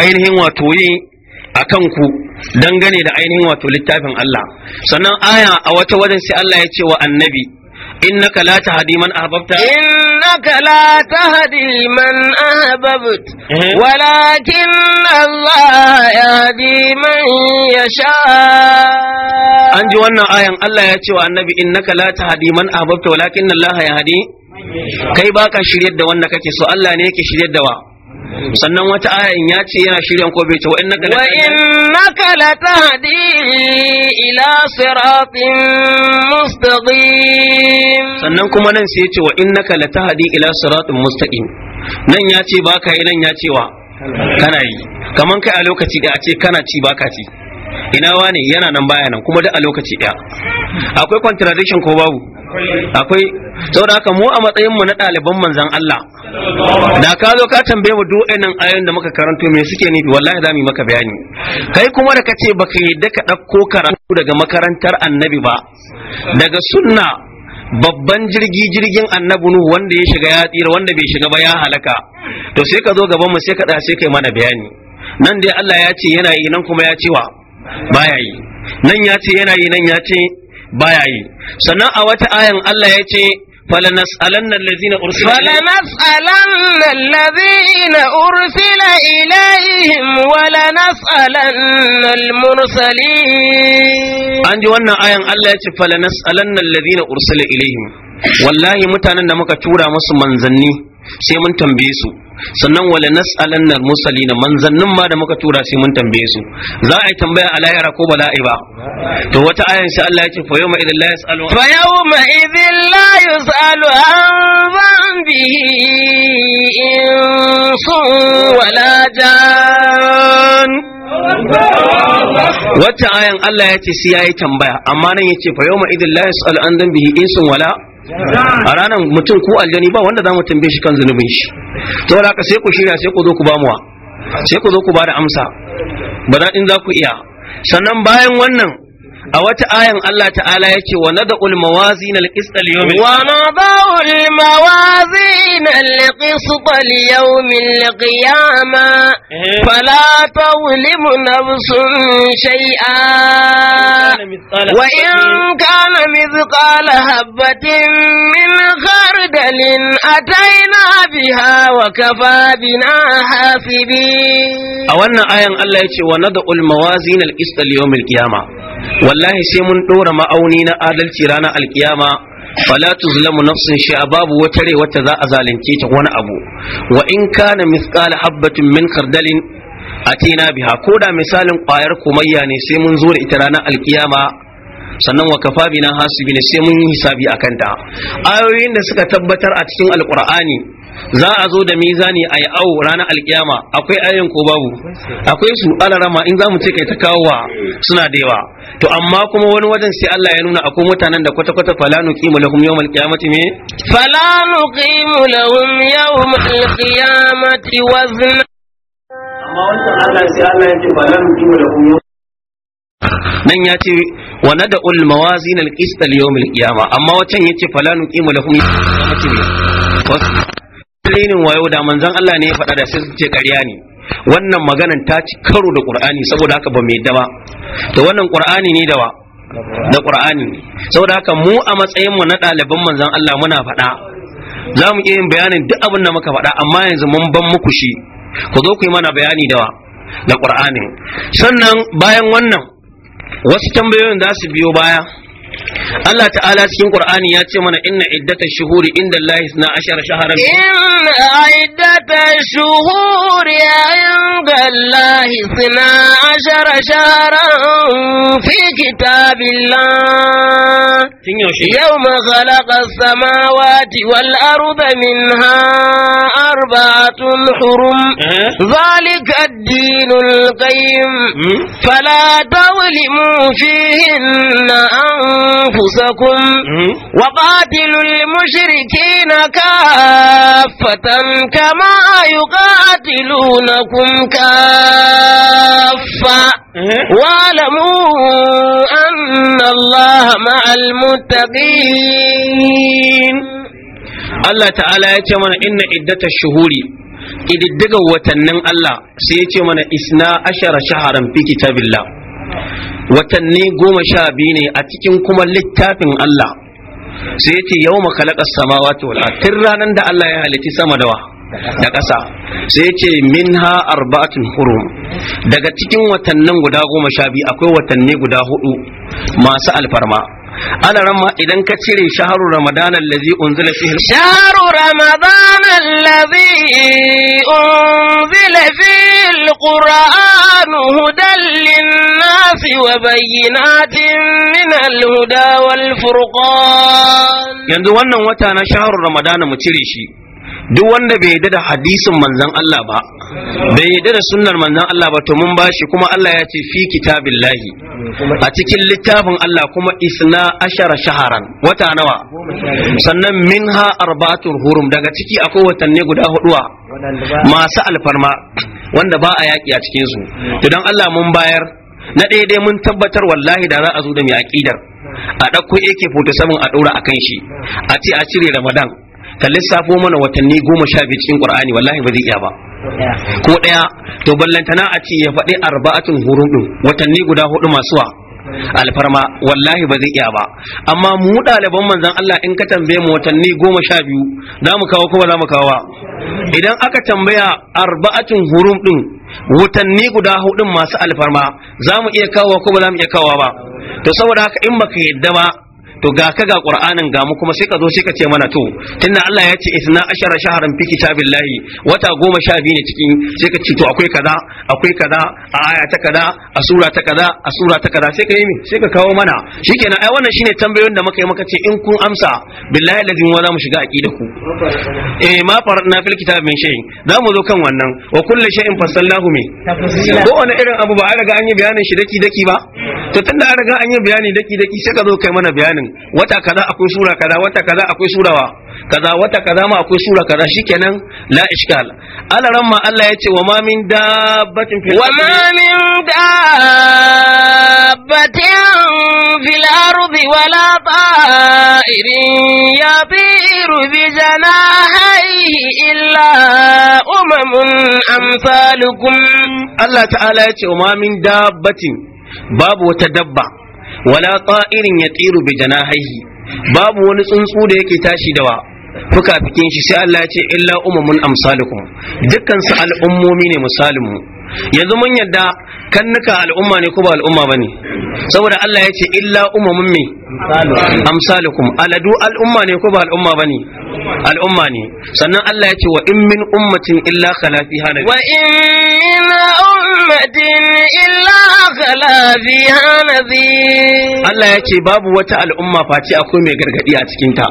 ainihin wato yi a kanku dangane da ainihin wato littafin Allah sannan aya a wata wajen sai Allah ya ce wa annabi innaka la tahdi man ahbabta innaka la tahdi man ahbabt eh. walakin Allah yahdi man yasha an ji wannan ayan Allah ya ce wa annabi innaka la tahdi man ahbabta walakin Allah yahdi kai baka shiryar da wanda kake so Allah ne yake shiryar da wa sannan wata ayan ya ce yana shirin ko bai ce wa innaka wa ta latahdi ila siratin mustaqim sannan kuma nan sai ya ce wa ta latahdi ila siratin mustaqim nan ya ce baka yi nan ya ce wa kana yi kaman kai a lokaci da a ce kana ci baka ci ina wane yana nan baya nan kuma duk a lokaci ɗaya akwai contradiction ko babu akwai saboda haka mu a matsayin mu na ɗaliban manzon Allah da ka zo ka tambaye mu duk ɗanin ayoyin da muka karanto me suke ni wallahi za yi maka bayani kai kuma da kace baka yi ka ɗauko karatu daga makarantar annabi ba daga sunna babban jirgi jirgin annabi nuhu wanda ya shiga ya tsira wanda bai shiga ba ya halaka to sai ka zo gaban mu sai ka sai kai mana bayani nan dai Allah ya ce yana yi nan kuma ya ce wa baya yi nan ya ce yana yi nan ya ce baya yi sannan a wata ayan Allah ya ce فلنسألن الذين أرسل فلنسألن الذين أرسل إليهم ولنسألن المرسلين عندي وانا آية الله فلنسألن الذين أرسل إليهم والله متانا نمك تورا مس منزني sai mun tambaye su sannan wala nas'alanna al-mursalina manzannin ma da muka tura sai mun tambaye su za a yi tambaya a lahira ko ba a yi ba to wata ayan sai Allah ya ce fa yawma idhil la yas'alu fa yawma idhil la yus'alu an bihi insun wala jan wata ayan Allah ya ce sai yayi tambaya amma nan yace fa yawma idhil la yas'alu an bihi insun wala a ranar mutum ko aljani ba wanda za mu tambaye shi kan zunubin shi da haka sai ku shirya sai ku zo ku ba mu sai ku zo ku ba da amsa ba daɗin za ku iya sannan bayan wannan أوت آية الله تعالى يكي ونضع الموازين القسط اليوم ونضع الموازين القسط اليوم القيامة فلا تظلم نفس شيئا وإن كان مثقال هبة من خردل أتينا بها وكفى بنا حاسبين أولنا آية الله يكي ونضع الموازين القسط اليوم القيامة wallahi sai mun ɗora ma'auni na adalci ranar alkiyama fala tuzlamu nafsin shay'a babu wata rai wata za a zalunce ta wani abu wa in kana mithqala habatin min a atina biha ko da misalin ƙwayar kumayya ne sai mun zo da ita ranar alkiyama sannan wa kafa bina hasibi ne sai mun yi hisabi akan ta ayoyin da suka tabbatar a cikin alkur'ani za a zo da mizani a yi awo ranar alkiyama akwai ayin ko babu akwai su alarama in za mu ce kai ta kawowa suna da yawa to amma kuma wani wajen sai Allah ya nuna akwai mutanen da kwata kwata fala nuqimu lahum yawm alqiyamati me fala nuqimu lahum yawm alqiyamati wazna amma wannan Allah sai Allah ya ce fala nuqimu lahum nan ya ce wa nada ul mawazin al qist al yawm al qiyama amma wacan yace fala nuqimu lahum yawmal qiyamati renin wayo da manzon Allah ne ya faɗa da sai ce ƙarya ne wannan maganan ta ci karo da Qur'ani saboda haka ba mai dawa to wannan Qur'ani ne dawa da Qur'ani saboda haka mu a matsayin mu na ɗaliban manzon Allah muna faɗa za mu iya yin bayanin duk abin da muka faɗa amma yanzu mun ban muku shi ku zo ku yi mana bayani dawa da Qur'ani sannan bayan wannan wasu tambayoyin za su biyo baya الله تعالى في القرآن ياتي من إن عدة الشهور عند الله اثنا عشر شهرا إن عدة الشهور عند الله اثنا عشر شهرا في كتاب الله يوم خلق السماوات والأرض منها أربعة حرم ذلك الدين القيم فلا تظلموا فيهن أنفسهم أنفسكم وقاتلوا المشركين كافة كما يقاتلونكم كافة واعلموا أن الله مع المتقين الله تعالى يتمنى إن إدة الشهور إذ watannin Allah الله سيتمنى ce mana شهرا في كتاب الله watanni goma sha biyu ne a cikin kuma littafin Allah sai ya ce yau kalakar samawa ta wala tun ranar da Allah ya halitti sama dawa da ƙasa sai ya ce min ha arba'atun hurum daga cikin watannin guda goma sha biyu akwai watanni guda hudu masu alfarma ana ramma idan ka cire shaharu ramadan allazi unzila fihi shaharu ramadan allazi unzila fi القرآن هدى للناس وبينات من الهدى والفرقان يندو وانا وتانا شهر رمضان متريشي duk wanda bai yarda da hadisin manzon Allah ba bai yarda da sunnar manzon Allah ba to mun shi kuma Allah ya ce fi kitabillahi a cikin littafin Allah kuma isna ashara shaharan wata nawa sannan minha arba'atul hurum daga ciki akwai watanni guda huduwa masu alfarma wanda ba a yaki a cikin su to dan Allah mun bayar na daidai mun tabbatar wallahi da za a zo da mai aqidar a ɗauko foto samun a ɗora a kan shi a ce a cire Ramadan ka lissafo mana watanni goma sha biyu cikin qur'ani wallahi ba zai iya ba ko daya to ballantana a ce ya faɗi arba'atun hurum watanni guda hudu masuwa alfarma wallahi ba zai iya ba amma mu ɗaliban manzon Allah in ka tambaye mu watanni goma sha biyu za mu kawo kuma za mu kawo idan aka tambaya arba'atun hurum din watanni guda hudun masu alfarma za mu iya kawo ko ba za mu iya kawo ba to saboda haka in baka yadda ba to ga ka ga qur'anin ga mu kuma sai ka zo sai ka ce mana to tunda Allah ya ce isna ashara shaharan fi kitabillahi wata goma sha biyu ne cikin sai ka ce to akwai kaza akwai kaza a aya ta kaza a sura ta kaza a sura ta kaza sai ka yi sai ka kawo mana shikenan ai wannan shine tambayoyin da muka yi maka ce in kun amsa billahi lazim wa za mu shiga aqida ku eh ma faradna fil kitab min shay za mu zo kan wannan wa kullu shay'in fasallahu me ko wani irin abu ba a riga an yi bayanin shi daki daki ba to tunda an riga an yi bayani daki daki sai ka zo kai mana bayanin wata kaza akwai sura kaza wata kaza akwai sura wa kaza wata kaza ma akwai sura kaza shikenan la iskal ala ramma Allah yace wa ma min dabbatin fil wa ma min dabbatin fil ardi wa la ta'irin yatiru bi janahihi illa umamun amsalukum Allah ta'ala yace wa ma min dabbatin babu wata dabba wala ta'irin yatiru bi janahihi babu wani tsuntsu da yake tashi da wa fikin shi sai Allah ya ce illa umamun amsalikum dukkan su al'ummomi ne misalinmu yanzu mun yadda kannuka al'umma ne ko ba al'umma bane saboda Allah ya ce illa umamun me amsalikum aladu al'umma ne ko ba al'umma bane al'umma ne sannan Allah ya ce wa in min ummatin illa khala fiha wa in ummatin illa khala fiha nadhir Allah ya ce babu wata al'umma face akwai mai gargadi a cikin ta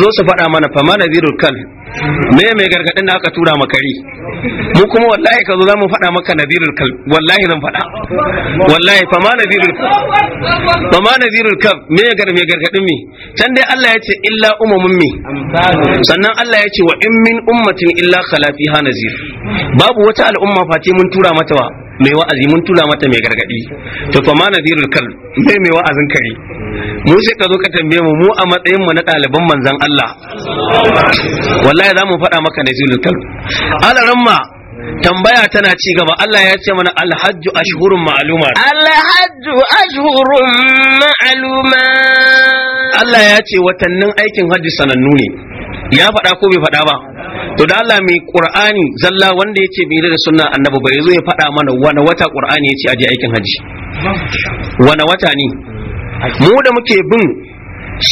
zo su faɗa mana fa ma nadhirul me mai gargadin da aka tura makari mu kuma wallahi ka zo za mu faɗa maka nadirul kal wallahi zan faɗa wallahi fa ma nadirul fa ma nadirul kal me gar me gargadin mi can dai Allah ya ce illa umamun mi sannan Allah ya ce wa in min ummatin illa khala fiha nazir babu wata al'umma fati mun tura mata wa mai wa'azi mun tura mata mai gargadi to fa ma nadirul kal mai mai wa'azin kare mu sai ka zo ka tambaye mu mu a matsayin mu na ɗaliban manzon Allah wallahi za mu faɗa maka nadirul kal alaramma tambaya tana ci gaba Allah ya ce mana alhajju ashhurun ma'lumat alhajju ashhurun ma'luma Allah ya ce watannin aikin hajji sanannu ne ya faɗa ko bai faɗa ba to da Allah mai qur'ani zalla wanda yace bi da sunna annabi bai zo ya fada mana wani wata qur'ani yace aje aikin haji wani wata ne mu da muke bin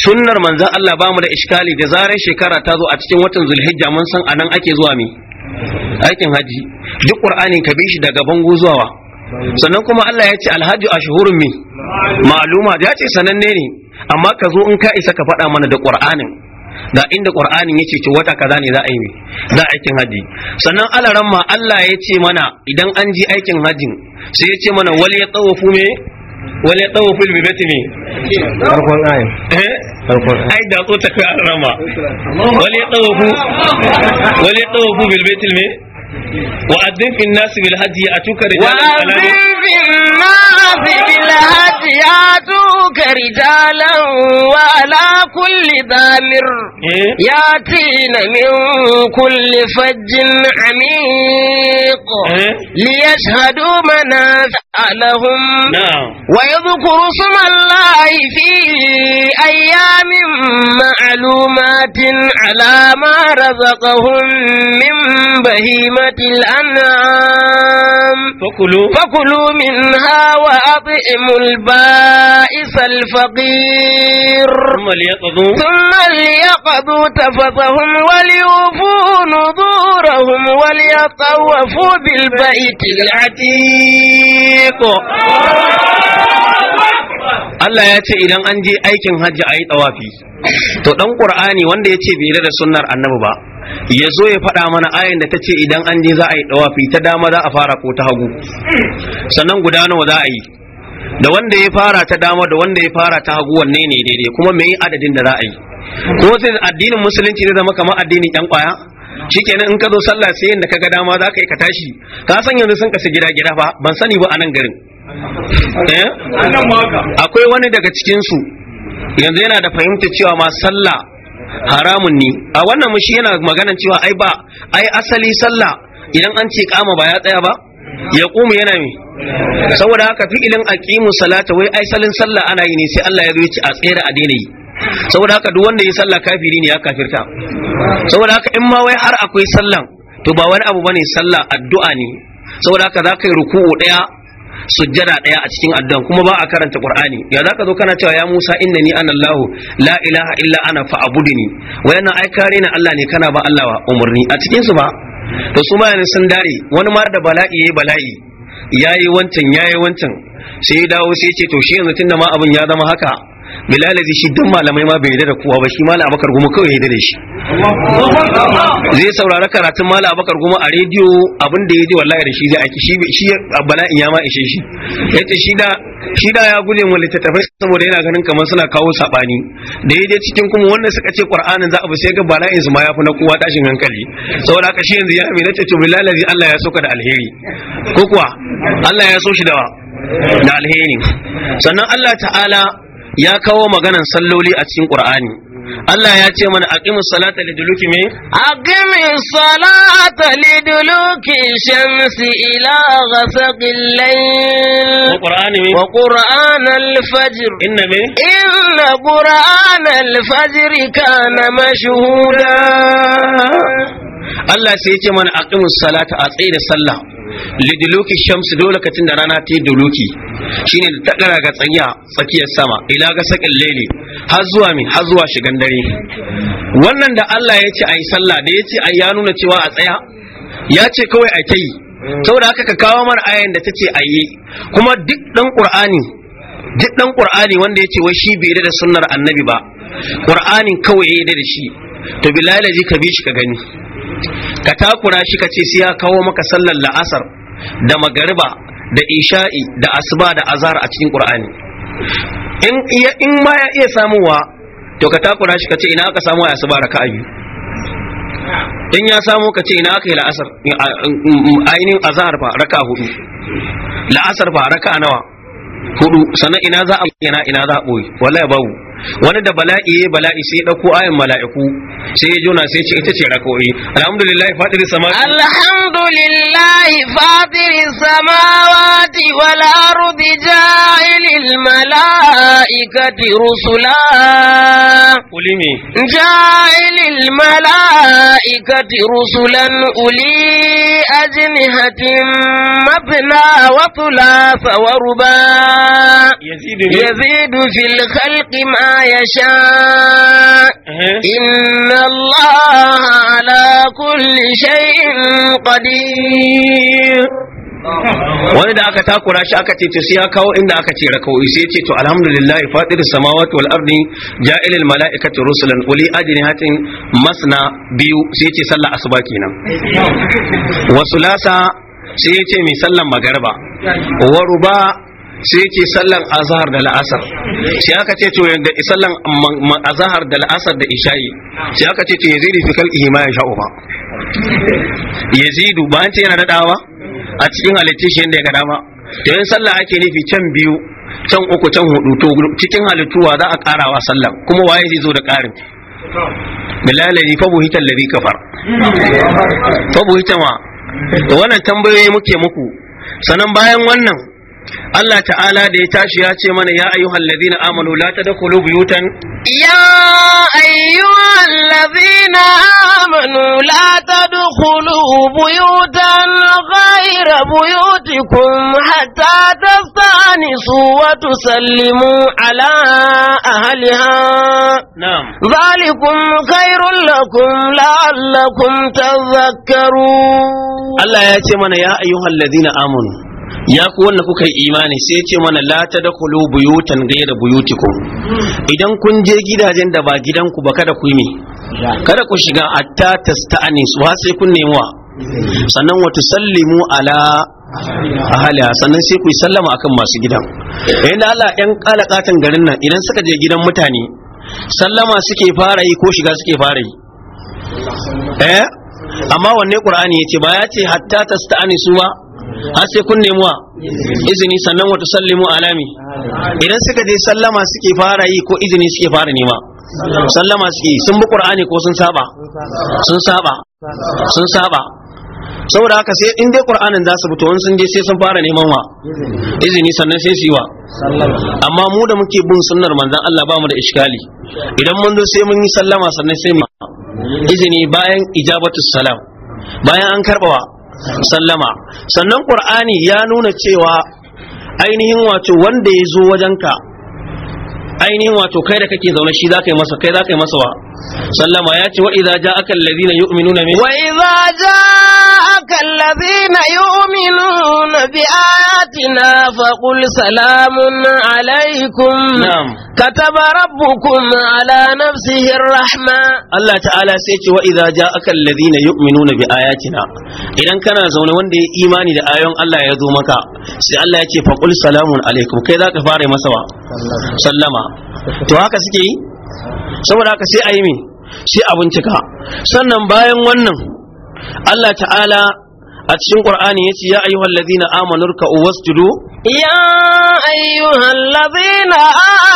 sunnar manzon Allah bamu da iskali da zarar shekara ta zo a cikin watan zulhijja mun san anan ake zuwa me aikin haji duk qur'anin ka bi shi daga bango zuwa sannan kuma Allah ya ce alhaji a mi ma'luma ya ce sananne ne amma ka zo in ka isa ka faɗa mana da qur'anin ga inda qur'anin yace ki wata kaza ne za a yi me za aikin haji sannan alaran ma Allah ya ce mana idan an ji aikin hajin sai ya ce mana wal yatawafu me wal yatawafu bi baiti ne farkon ayin eh ai da tsota ka alaran ma wal yatawafu wal yatawafu bil baiti ne وأذن في الناس بالهدي أتوك رجالا وأذن في الناس بالهدي أتوك رجالا وعلى كل ضامر يأتين من كل فج عميق ليشهدوا منافع لهم ويذكروا اسم الله في أيام معلومات على ما رزقهم من بهيمة سورة الأنعام فكلوا فكلوا منها وأطعموا البائس الفقير ثم ليقضوا ثم ليقضوا تفثهم وليوفوا نذورهم وليطوفوا بالبيت العتيق Allah ya ce idan an je aikin hajji a yi tsawafi to dan qur'ani wanda ya ce bai da sunnar annabi ba ya zo ya faɗa mana ayin da ta ce idan an je za a yi tsawafi ta dama za a fara ko ta hagu sannan guda nawa za a yi da wanda ya fara ta dama da wanda ya fara ta hagu wanne ne daidai kuma me yi adadin da za a yi kuma sai addinin musulunci zai zama kamar addinin yan kwaya shikenan in ka zo sallah sai yanda kaga dama za ka yi ka tashi ka san yanzu sun kasa gida gida ba ban sani ba a nan garin Eh? akwai wani daga cikinsu yanzu yana da fahimta cewa ma sallah haramun ne a wannan mushi yana maganan cewa ai ba ai asali sallah idan an ce kama ba ya tsaya ba ya kuma yana yi. saboda haka fi'ilin aqimu salata wai ai salin sallah ana yi ne sai Allah ya zo ya a tsere a daina yi saboda haka duk wanda ya sallah kafiri ne ya kafirta saboda haka in ma wai har akwai sallan to ba wani abu bane sallah addu'a ne saboda haka za yi ruku'u daya sujjada daya a cikin addu'an kuma ba a karanta qur'ani ya zaka zo kana cewa ya Musa innani ana Allah la ilaha illa ana fa fa'budni wayannan ai kare ni Allah ne kana ba Allah wa umurni a cikin su ba to su ma sun dare wani ma da bala'i yayi bala'i yayi wancan yayi wancan sai ya dawo sai ya ce to shi yanzu tunda ma abin ya zama haka bilal zai shi dan malamai ma bai yarda da kowa ba shi malam abakar goma kawai yarda da shi zai saurara karatun malam abakar goma a rediyo abin da ya ji wallahi da shi zai aiki shi in ya ma ishe shi yace shi da shi da ya guje mu littattafai saboda yana ganin kamar suna kawo sabani da ya je cikin kuma wannan suka ce qur'anin za a bi sai ga bala'in su ma yafi na kowa tashin hankali saboda haka shi yanzu ya amina ce to bilal zai Allah ya soka da alheri ko kuwa Allah ya so shi da da alheri sannan Allah ta'ala ya kawo maganan salloli a cikin Qur'ani Allah ya ce mana aqimu salata liduluki me aqimi salata liduluki shamsi ila ghasaqil layl wa qur'ani wa qur'an al-fajr inna me inna qur'an al-fajr kana mashhuda Allah sai yake mana aqimus salata a tsaye da sallah liduluki shams lokacin da rana ta yi duluki shine da takara ga tsanya tsakiyar sama ila ga sakin laili har zuwa min har zuwa shigan dare wannan da Allah ya ce ayi sallah da ya ce ayi ya nuna cewa a tsaya ya ce kawai a ta saboda haka ka kawo mana ayan da tace ce ayi kuma duk dan qur'ani duk dan qur'ani wanda ya ce wai shi bai da sunnar annabi ba qur'anin kawai ya da shi to bilalaji ka bi shi ka gani ka takura shi ka ce sai ya kawo maka sallar la'asar da magariba da isha'i da asuba da azhar a cikin qur'ani in in ma ya iya samuwa to ka takura shi ka ce ina aka samu ya asuba da biyu in ya samu ka ce ina aka yi la'asar ainihin azhar fa raka hudu la'asar fa raka nawa hudu sannan ina za a yana ina za a boye wallahi babu wani da bala'i ya bala'i sai ya dauko ayan mala'iku sai ya jona sai ce ita ce rako'i alhamdulillah fatir sama. alhamdulillah fatir samawati wal ardi ja'ilil mala'ikati rusula ulimi ja'ilil mala'ikati rusulan uli ajnihatin mabna wa thulatha wa ruba yazidu fil khalqi ma يشاء إن الله على كل شيء قدير wani da aka takura shi aka ce to sai ya kawo inda aka ce rakawai sai ce to alhamdulillah fadir samawati wal ardi ja'il malaikati rusulan uli ajnihatin masna biyu sai ce sallah asuba kenan wa sulasa sai ce mai sallan magarba wa ruba sai yake sallan azhar da la'asar sai aka ce to yanda sallan azhar da la'asar da isha'i sai aka ce to yazidu fi kal iman sha'u ba yazidu ba ce yana dadawa a cikin halittun shi yanda ya ga ba to yin sallah ake nufi can biyu can uku can hudu to cikin halittuwa za a karawa sallan kuma waye zai zo da karin billahi lalli fa buhita alladhi kafar fa buhita ma to wannan tambayoyi muke muku sanan bayan wannan Allah ta'ala da ya tashi ya ce mana ya ayyuhal ladina amanu la tadkhulu buyutan ya ayyuhal ladina amanu la tadkhulu buyutan ghayra buyutikum hatta tastanisu wa tusallimu ala ahliha na'am zalikum khairul lakum la'allakum tadhakkarun Allah ya ce mana ya ayyuhal ladina amanu ya ku wanda kuka yi imani sai ce mana la ta kulu buyutan gaira buyutiku idan kun je gidajen da ba gidanku ba kada ku yi mi kada ku shiga atta su ha sai kun nemi wa sannan wa tusallimu ala ahaliya sannan sai ku yi sallama akan masu gidan yayin da Allah ɗan katan garin nan idan suka je gidan mutane sallama suke fara yi ko shiga suke fara yi eh amma wanne qur'ani yace ba ya ce hatta su ba har sai kun nemuwa wa izini sannan wa tusallimu alami idan suka je sallama suke fara yi ko izini suke fara nema sallama suke sun bi qur'ani ko sun saba sun saba sun saba saboda haka sai in dai qur'anin za su fito sun je sai sun fara neman wa izini sannan sai su yi wa amma mu da muke bin sunnar manzon Allah ba mu da iskali idan mun zo sai mun yi sallama sannan sai mu izini bayan ijabatu salam bayan an karbawa sallama sannan qur'ani ya nuna cewa ainihin wato wanda ya zo wajenka ainihin wato kai da kake zaune shi za ka yi masa kai za ka yi masa wa sallama ya ce wa na ja'aka alladhina yu'minuna min wa idza ja'aka alladhina yu'minuna na ayatina faqul salamun alaykum na'am kataba rabbukum ala nafsihi rahma Allah ta'ala sai ce wa idza ja'aka alladhina yu'minuna bi ayatina idan kana zaune wanda ya imani da ayoyin Allah ya zo maka sai Allah ya ce faqul salamun alaikum kai zaka fara masa wa sallama to haka suke yi saboda haka sai a yi mi sai a bincika sannan bayan wannan Allah ta'ala a cikin Qur'ani yace ya ayyuhal ladina amanu ruk'u wasjudu ya ayyuhal ladina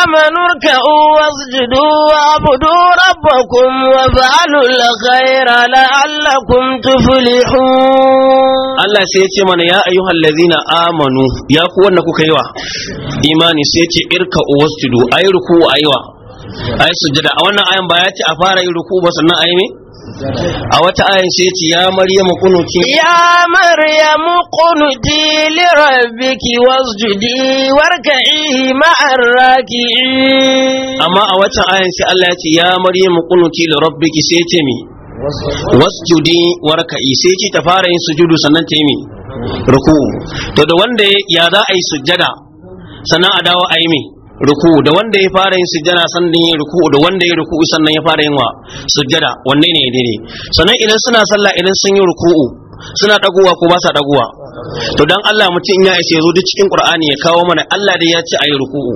amanu ruk'u wasjudu abudu rabbakum wa al-khayra la'allakum tuflihu Allah sai yace mana ya ayyuhal ladina amanu ya ku wanda kuka yi wa imani sai yace irka'u wasjudu ayi ruku'u ayi wa ayi sujjada a wannan ayan ba ya ce a fara yin ruku ba sannan ayi ne a wata ayan sai ce ya maryamu kunuti ya maryamu kunuti li rabbiki wasjudi warka'i ma'ar raki'in amma a wata ayan sai Allah ya ce ya maryamu kunuti li rabbiki sai ce mi wasjudi warka'i sai ce ta fara yin sujudu sannan ta yi mi ruku to da wanda ya za a yi sujjada sannan a dawo a yi ruku da wanda ya fara yin sujjada sannan ya ruku da wanda ya ruku sannan ya fara yin wa sujjada wanne ne daidai sannan idan suna sallah idan sun yi ruku'u suna dagowa ko ba sa dagowa to dan Allah mutum ya ishe zo duk cikin Qur'ani ya kawo mana Allah dai ya ce ayi ruku'u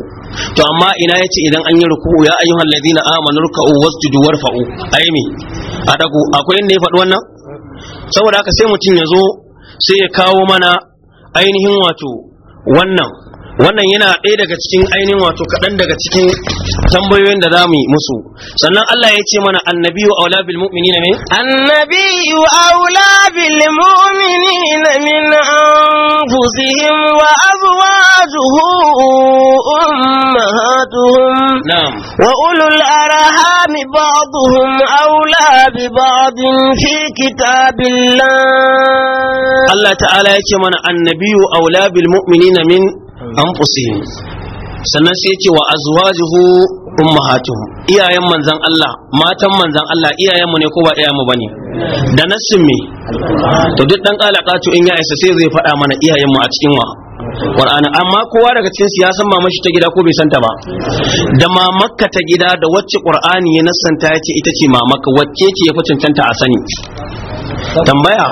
to amma ina ya ce idan an yi ruku'u ya ayyuhal ladina amanu ruk'u wasjudu warfa'u ayi me a dago akwai inda ya faɗi wannan saboda haka sai mutum ya zo sai ya kawo mana ainihin wato wannan wannan yana ɗaya daga cikin ainihin wato kaɗan daga cikin tambayoyin da za mu yi musu sannan Allah ya ce mana annabiyu aula bil ne min annabiyu aula bil ne min anfusihim wa azwajuhu ummahatuhum na'am wa ulul arham ba'dhum aula bi ba'din fi kitabillah Allah ta'ala ya ce mana annabiyu aula bil mu'minina min anfusihim sannan sai ce wa azwajuhu ummahatuhum iyayen manzan Allah matan manzan Allah iyayen mu ne ko ba iyayen mu bane da nassin me to duk dan kalakatu in ya isa sai zai faɗa mana iyayen mu a cikin wa Qur'ani amma kowa daga cikin su ya san mamashi ta gida ko bai santa ba da mamakka ta gida da wacce Qur'ani ya nassanta yace ita ce mamakka wacce ce ya fi cancanta a sani tambaya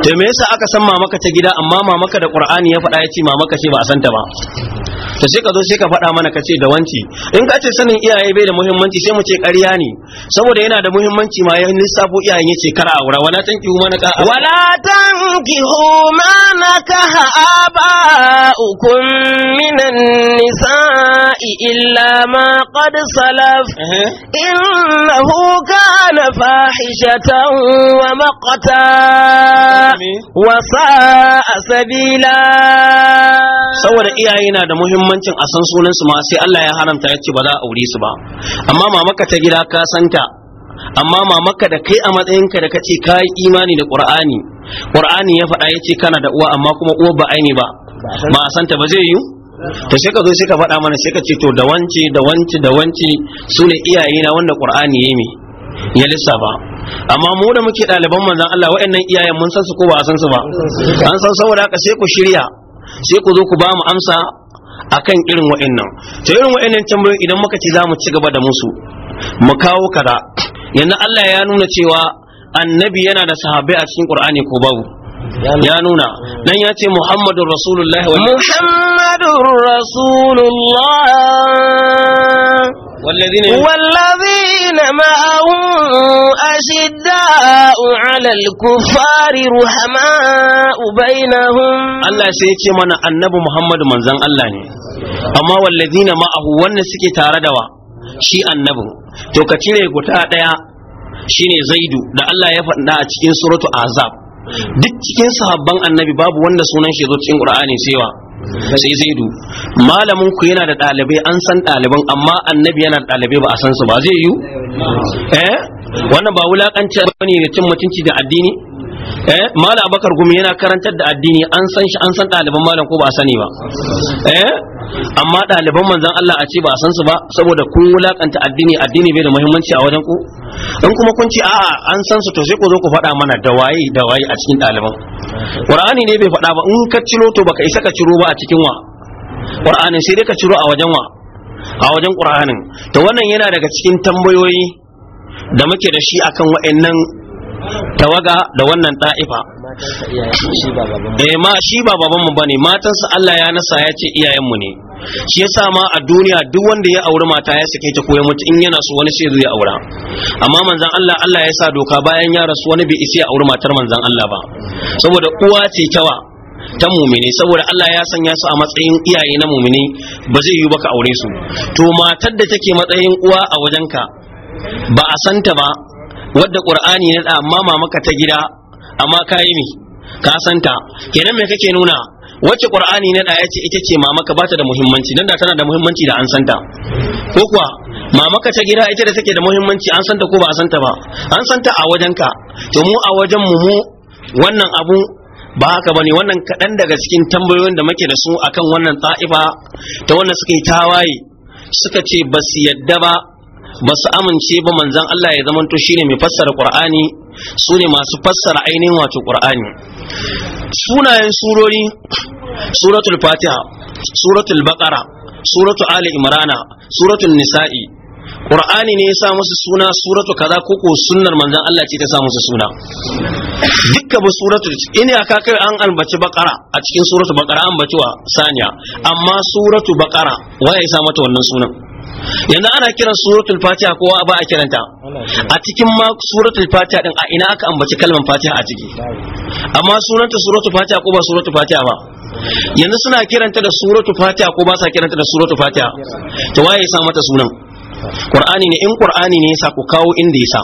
to me yasa aka san mamaka ta gida amma mamaka da qur'ani ya faɗa ya ce mamaka ce ba a santa ba to sai ka zo sai ka faɗa mana ka ce da wanci in ka ce sanin iyaye bai da muhimmanci sai mu ce ƙarya ne saboda yana da muhimmanci ma yayin lissafo iyayen ya ce kara aura wala tankihu ma naka wala tanki ma naka ukum minan nisa إلا ما قد سلف إنه كان فاحشة ومقتا وساء سبيلا saboda iyaye na da muhimmancin a san sunansu ma sai Allah ya haramta ya ce ba za a aure su ba amma mamaka ta gida ka santa amma mamaka da kai a matsayinka da kace ka yi imani da qur'ani qur'ani ya faɗa yace kana da uwa amma kuma uwa ba aini ba ba a santa ba zai yi ta sai ka zo sai ka faɗa mana sai ka ce to da wance da wance da wance su ne iyayena wanda qur'ani ya mi ya lissafa amma mu da muke ɗaliban manzan Allah wa'annan iyayen mun san su ko ba a san su ba an san saboda haka sai ku shirya sai ku zo ku ba mu amsa akan irin wa'annan to irin wa'annan tambayoyi idan muka ci za mu ci gaba da musu mu kawo kaza yanzu Allah ya nuna cewa annabi yana da sahabbai a cikin Qur'ani ko babu ya nuna dan yace muhammadur rasulullah wa muhammadur rasulullah walladhina walladhina ma ashidda'u 'ala al-kufari ruhamaa'u bainahum Allah sai yace mana annabi muhammadu manzan Allah ne amma walladhina na ahu wanda suke tare da wa shi annabi to kace ne guta daya shine zaidu da Allah ya fada a cikin suratul azab duk cikin sahabban annabi babu wanda sunan shi zo cikin qur'ani sewa sai zaidu malamin ku yana da ɗalibai an san ɗaliban amma annabi yana da ɗalibai ba a san su ba zai yi eh wannan ba wulakanci bane ne cin mutunci da addini eh malam abakar gumi yana karantar da addini an san shi an san ɗaliban malam ko ba a sani ba eh amma ɗaliban manzon Allah a ce ba san su ba saboda kun wulakanta addini addini bai da muhimmanci a wajen ku in kuma kun ce a'a an san su to sai ku zo ku faɗa mana da waye da waye a cikin ɗaliban qur'ani ne bai faɗa ba in ka ciro to baka isa ka ciro ba a cikin wa qur'ani sai dai ka ciro a wajen wa a wajen qur'anin to wannan yana daga cikin tambayoyi da muke da shi akan wa'annan tawaga da wannan da'ifa eh ma shi ba baban mu bane matansa Allah ya nasa ya ce iyayen mu ne shi yasa ma a duniya duk wanda ya auri mata ya sake ta koya mutu in yana so wani sai ya aura amma manzon Allah Allah ya sa doka bayan ya rasu wani bai isa ya auri matar manzon Allah ba saboda uwa ce tawa ta mumini saboda Allah ya sanya su a matsayin iyaye na mumini ba zai yi baka aure su to matar da take matsayin uwa a wajenka ba a santa ba wadda qur'ani ya da amma mamaka ta gida amma ka yi ka santa kenan me kake nuna wacce qur'ani na daya ce ita ce mamaka bata da muhimmanci dan da tana da muhimmanci da an santa ko kuwa mamaka ta gida ita da take da muhimmanci an santa ko ba a santa ba an santa a wajenka to mu a wajen mu mu wannan abu ba haka bane wannan kaɗan daga cikin tambayoyin da muke da su akan wannan ta'ifa ta wannan suka yi tawaye suka ce ba su yadda ba ba su amince ba manzon Allah ya zamanto shine mai fassara Qur'ani su ne masu fassara ainihin wato ƙur'ani sunayen surori suratul fatiha suratul baqara suratul ali imrana suratul nisa'i ƙur'ani ne ya sa musu suna suratu kaza ko ko sunnar manzon Allah ce ta sa musu suna dukkan ba suratu ini aka kai an ambaci bakara a cikin suratu bakara an ambaci wa saniya amma suratu bakara waye ya sa mata wannan sunan yanzu ana kiran suratul fatiha kowa ba a kiranta a cikin ma suratul fatiha din a ina aka ambaci kalmar fatiha a ciki amma sunanta suratul fatiha ko ba suratul fatiha ba yanzu suna kiranta da suratul fatiha ko ba sa kiranta da suratul fatiha to waye ya sa mata sunan qur'ani ne in qur'ani ne yasa ku kawo inda yasa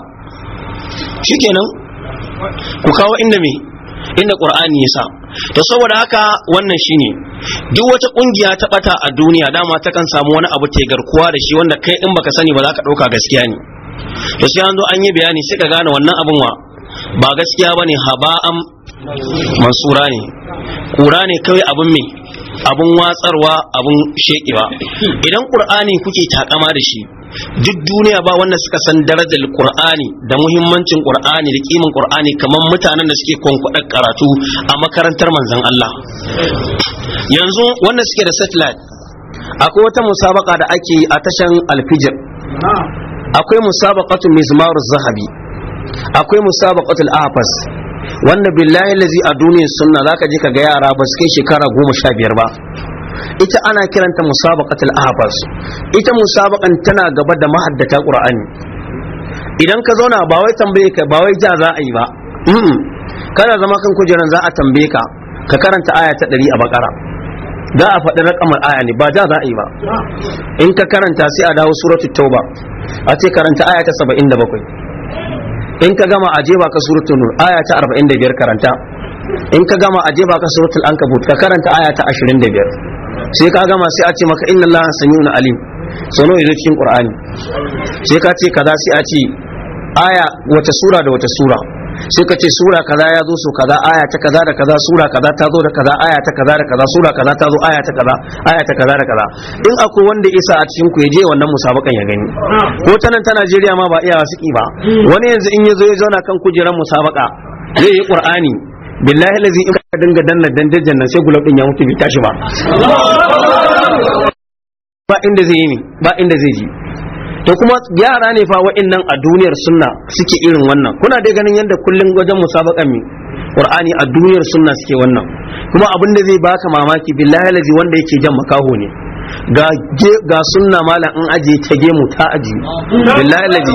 shikenan ku kawo inda me inda qur'ani yasa to saboda haka wannan shine duk wata kungiya ta bata a duniya dama ta kan samu wani abu tegar kuwa da shi wanda kai in baka sani ba za ka dauka gaskiya ne to sai an zo an yi bayani sai ka gane wannan abin wa ba gaskiya bane haba'an mansura ne kura ne kawai abin me abin watsarwa abin shekewa idan qur'ani kuke takama da shi duk duniya ba wannan suka san darajar qur'ani da muhimmancin qur'ani da kimin qur'ani kamar mutanen da suke kwankwada karatu a makarantar manzon Allah yanzu wannan suke da satellite akwai wata musabaka da ake a tashan alfijir akwai musabaqatu mizmar zahabi akwai musabaqatul ahfas wanda billahi lazi a duniyar sunna zaka je ka ga yara ba su kai shekara goma sha biyar ba ita ana kiranta musabaqatul ahfaz ita musabaqan tana gaba da mahaddata qur'ani idan ka zauna ba wai tambaye ka ba wai ja za a yi ba kana zama kan kujeran za a tambaye ka ka karanta aya ta 100 a bakara za a faɗi rakamar aya ne ba ja za a yi ba in ka karanta sai a dawo suratul tauba a ce karanta aya ta 77 in ka gama a je baka suratul nur aya ta 45 karanta in ka gama a je baka suratul ankabut ka karanta aya ta 25 sai ka gama sai a ce maka inna allaha samiun alim sanu yazo cikin qur'ani sai ka ce kaza sai a ce aya wata sura da wata sura sai ka ce sura kaza ya zo su kaza aya ta kaza da kaza sura kaza ta zo da kaza aya ta kaza da kaza sura kaza ta zo aya ta kaza aya ta kaza da kaza in akwai wanda isa a cikin ku ya je wannan musabakan ya gani ko ta nan ta Najeriya ma ba iya wasiki ba wani yanzu in ya zo ya zauna kan kujerar musabaka zai yi qur'ani billahi lazi in ka dinga danna dandajan nan sai gulab din ya mutu bai tashi ba ba inda zai yi ba inda zai ji to kuma yara ne fa wa'annan a duniyar sunna suke irin wannan kuna dai ganin yadda kullun wajen musabakan mi qur'ani a duniyar sunna suke wannan kuma abin da zai baka mamaki billahi lazi wanda yake jan makaho ne ga sunna malam in aje ta gemu ta aji billahi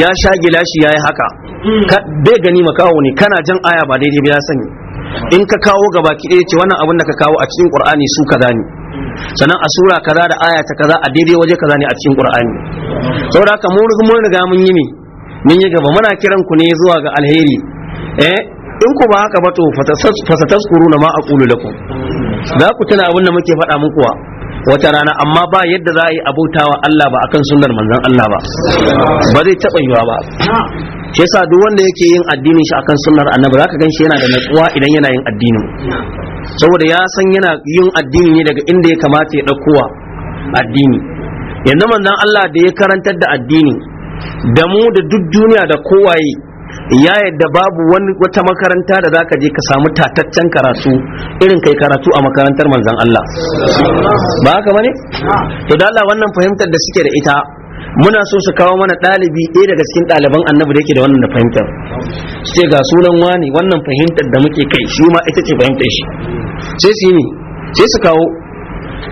ya sha gilashi yayi haka hmm. bai gani makawo ne kana jan aya ba daidai ba sani in ka kawo gaba ki ce wannan abin da ka kawo a cikin qur'ani su kaza ne sannan a sura kaza da aya ta kaza a daidai waje kaza ne a cikin qur'ani saboda haka mu mun riga mun yi ne mun yi gaba muna kiran ku ne zuwa ga alheri eh in ku ba haka ba to kuru na ma aqulu lakum za ku tuna abin da muke faɗa muku wa wata rana amma ba yadda za a yi abautawa Allah ba akan sunnar manzon Allah ba ba zai taɓa yiwa ba shi yasa duk wanda yake yin addinin shi akan sunnar annabi zaka gan shi yana da natsuwa idan yana yin addinin saboda ya san yana yin addini ne daga inda ya kamata ya ɗaukowa addini yanzu manzon Allah da ya karantar da addini da mu da duk duniya da kowaye ya yadda babu wani wata makaranta da zaka je ka samu tataccen karatu irin kai karatu a makarantar manzon Allah ba haka bane to da Allah wannan fahimtar da suke da ita muna so su kawo mana ɗalibi ɗaya daga cikin ɗaliban annabi da yake da wannan fahimtar su ce ga sunan wani wannan fahimtar da muke kai shi ma ita ce fahimtar shi sai su yi sai su kawo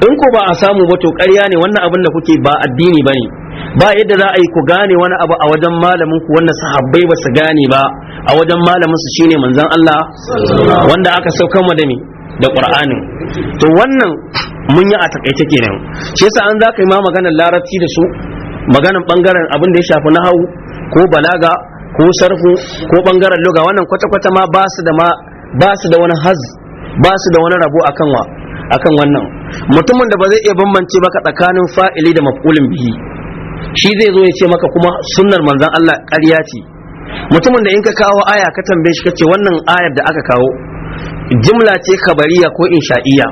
in ko ba a samu ba to ƙarya ne wannan abin da kuke ba addini ba ne ba yadda za a yi ku gane wani abu a wajen malamin ku wanda sahabbai ba su gane ba a wajen malamin su shine manzon Allah wanda aka saukar mu da me da Qur'ani to wannan mun yi a takaice kenan shi yasa an zaka ka yi ma maganar larabci da su maganar bangaren abin da ya shafi nahawu ko balaga ko sarfu ko bangaren luga wannan kwata-kwata ma ba su da ma ba su da wani haz ba su da wani rabo akan wa akan wannan mutumin da ba zai iya bambance maka tsakanin fa'ili da maf'ulin bihi shi zai zo ya ce maka kuma sunnar manzan Allah ƙarya ce mutumin da in ka kawo aya ka tambaye shi kace wannan ayar da aka kawo jimla ce kabariya ko insha'iya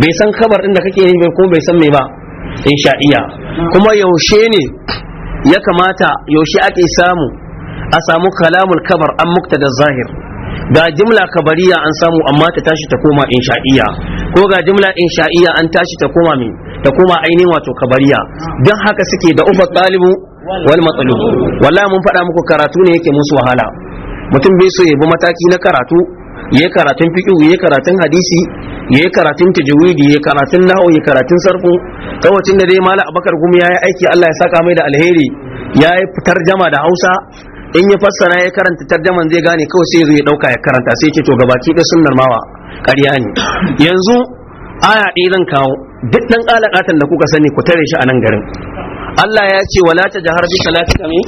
bai san kabar din da kake yi kuma bai san me ba insha'iya kuma yaushe ne ya kamata yaushe ake samu a samu kalamul kabar an muktada zahir ga jimla kabariya an samu amma ta tashi ta koma insha'iya ko ga jimla insha'iya an tashi ta koma min ta koma ainihin wato kabariya don haka suke da ufa talibu wal matsalubu wallahi mun faɗa muku karatu ne yake musu wahala mutum bai so ya bi mataki na karatu ya yi karatun fiƙi ya yi karatun hadisi ya yi karatun tajwidi ya yi karatun nahu ya yi karatun sarfu kawacin da dai mala abakar gumi ya yi aiki Allah ya saka mai da alheri yayi fitar jama da Hausa in ya fassara ya karanta tarjaman zai gane kawai sai zai ya dauka ya karanta sai ce to gabaki da sunnar mawa ƙarya ne yanzu aya ɗaya zan kawo duk dan ƙalaƙatan da kuka sani ku tare shi a nan garin Allah ya ce wala ta jahar bi salatika me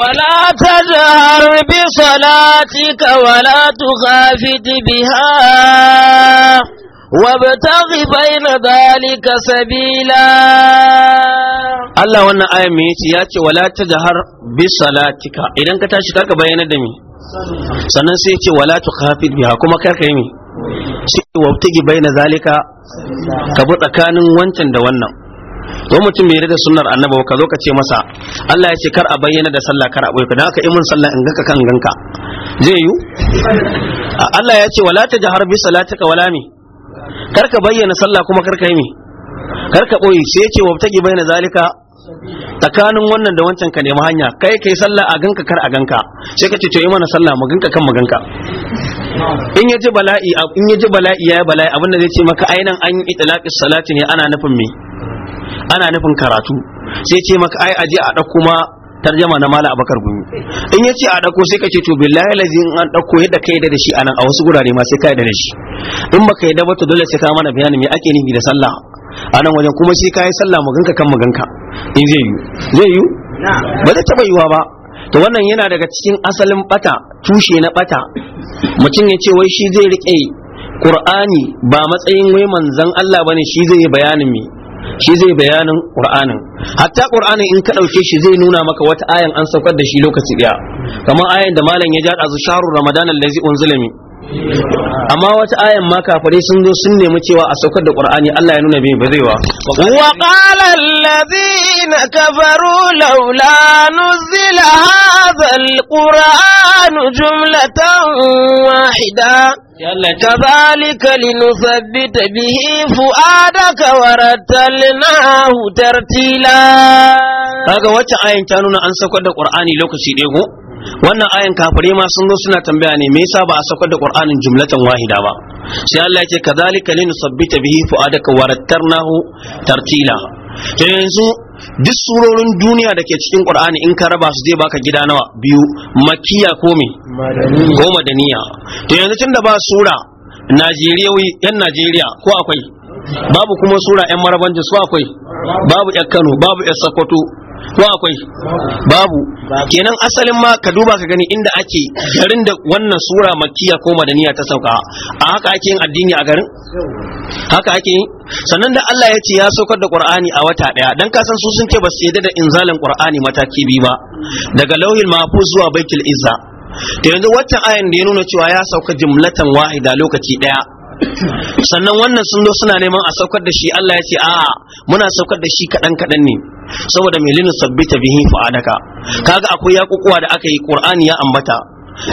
wala ta jahar bi salatika wala tu tukhafit biha وابتغ بين ذلك سبيلا الله wannan aya me yace yace wala tajhar bi salatika idan ka tashi ka bayyana da mi sannan sai yace wala tukhafid biha kuma ka yi mi sai wabtagi bayna zalika ka bi tsakanin wancan da wannan to mutum bai da sunnar annabi ka zo ka ce masa Allah ya ce kar a bayyana da sallah kar a boye dan haka in mun sallah in ganka kan ganka zai yi Allah ya ce wala tajhar bi salatika wala mi kar ka bayyana sallah kuma kar ka yi karka kar ka boye sai yace wabtaki bayyana zalika tsakanin wannan da wancan ka nemi hanya kai kai sallah a ganka kar a ganka sai ka ce to yi mana sallah mu ganka kan mu ganka in yaji bala'i in yaji bala'i ya bala'i da zai ce maka ainan an yi itlaqi salati ne ana nufin me ana nufin karatu sai ce maka ai aje a dauko ma tarjama na mala abakar gumi in ya ce a ɗauko sai ka ce to billahi lazi in an ɗauko yadda ka yadda da shi anan a wasu gurare ma sai ka yadda da shi in baka yadda ba to dole sai ka mana bayanin me ake nufi da sallah a nan wajen kuma sai ka yi sallah maganka kan maganka in zai yi zai yi ba zai taɓa yiwa ba to wannan yana daga cikin asalin bata tushe na bata mutum ya ce wai shi zai riƙe Qur'ani ba matsayin wai manzon Allah bane shi zai yi bayanin me shi zai bayanin qur'anin hatta qur'anin in ka dauke shi zai nuna maka wata ayan an saukar da shi lokaci daya kamar ayan da malam ya ja azu sharu ramadan allazi unzila mi amma wata ayan ma kafare sun zo sun nemi cewa a saukar da qur'ani Allah ya nuna bai ba zai wa wa qala allazina kafaru laula nuzila hadha alquran jumlatan wahida كذلك لنثبت به فؤادك ورتلناه ترتيلا kaga wacce ayan ta nuna an saukar da Qur'ani lokaci ɗaya ko wannan ayan kafare ma sun zo suna tambaya ne me yasa ba a saukar da Qur'anin jumlatan wahida ba sai Allah yake kadhalika linusabbita bihi fuadaka warattarnahu tartila yanzu duk surorin duniya da ke cikin qur'ani in ka raba su zai baka gida nawa biyu makiya ko me ko madaniya to yanzu da ba sura najeriyawi yan najeriya ko akwai babu kuma sura yan marabanci su akwai babu yan kano babu yan sokoto ko akwai babu kenan asalin ma ka duba ka gani inda ake garin da wannan sura makkiya ko madaniya ta sauka a haka ake yin addini a garin haka ake yin sannan da Allah ya ce ya saukar da Qur'ani a wata daya dan kasan su sun ce ba su yadda da inzalin Qur'ani mataki biyu ba daga lauhin mahfuz zuwa baitul izza to yanzu wata ayan da ya nuna cewa ya sauka jumlatan wahida lokaci daya sannan wannan sun zo suna neman a saukar da shi Allah ya ce a muna saukar da shi kaɗan kaɗan ne saboda mai linu sabbita bihi fa'adaka kaga akwai yakukuwa da aka yi qur'ani ya ambata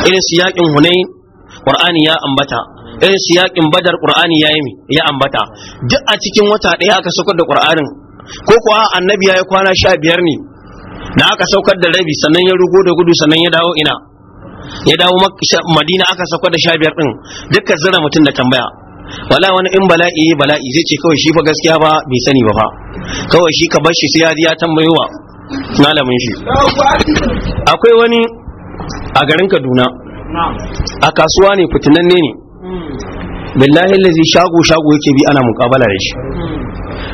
irin su yakin hunain qur'ani ya ambata irin su yakin badar qur'ani ya yi ya ambata duk a cikin wata ɗaya aka saukar da qur'anin ko kuwa annabi ya yi kwana sha biyar ne Na aka saukar da rabi sannan ya rugo da gudu sannan ya dawo ina ya dawo madina aka sauka da sha biyar din duka zira mutum da tambaya wala wani in bala'i bala'i zai ce kawai shi fa gaskiya ba bai sani ba fa kawai shi ka bar shi sai ya ji ya tambayo wa malamin shi akwai wani a garin kaduna a kasuwa ne fitinanne ne billahi lazi shago shago yake bi ana mukabala da shi hmm.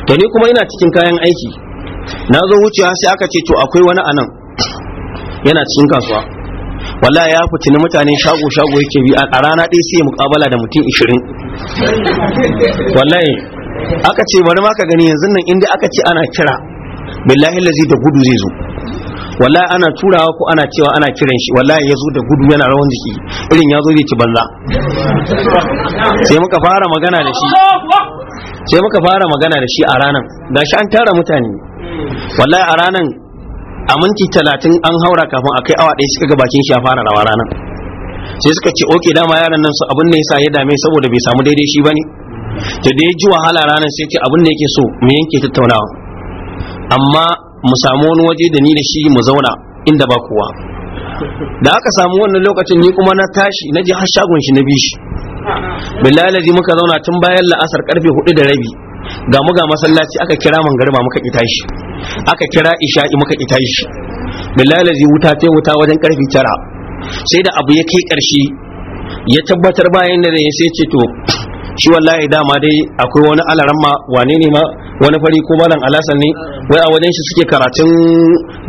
to ni kuma ina cikin kayan aiki na zo wucewa sai aka ce to akwai wani anan yana cikin kasuwa walla ya na mutane shago shago yake bi a rana ɗaya sai mukabala da mutum 20 wallahi aka ce bari ma ka gani yanzu nan inda aka ce ana kira billahi lazi da gudu zai zo wallahi ana turawa ko ana cewa ana kiran shi wallahi ya zo da gudu yana rawan jiki irin ya zo zai ci banza sai muka fara magana da shi sai muka fara magana da shi a ranan gashi an tara mutane wallahi a ranan a minti talatin an haura kafin a kai awa ɗaya suka ga bakin shi ya fara rawa ranar sai suka ce oke dama yaran nan su abin da sa ya dame saboda bai samu daidai shi bane da da ya ji wahala ranar sai ce abin da yake so mu yanke tattaunawa amma mu samu wani waje da ni da shi mu zauna inda ba kowa da aka samu wannan lokacin ni kuma na tashi na je har shagon shi na bi shi billahi muka zauna tun bayan la'asar karfe hudu da rabi ga muga masallaci aka kira mangariba muka ki tashi aka kira isha'i muka ki tashi billahi lazi wuta ta wuta wajen karfi tara sai da abu ya kai karshe ya tabbatar bayan da ya sai ce to shi wallahi dama dai akwai wani ma wane ne ma wani fari ko malam alasan ne wai a wajen shi suke karatun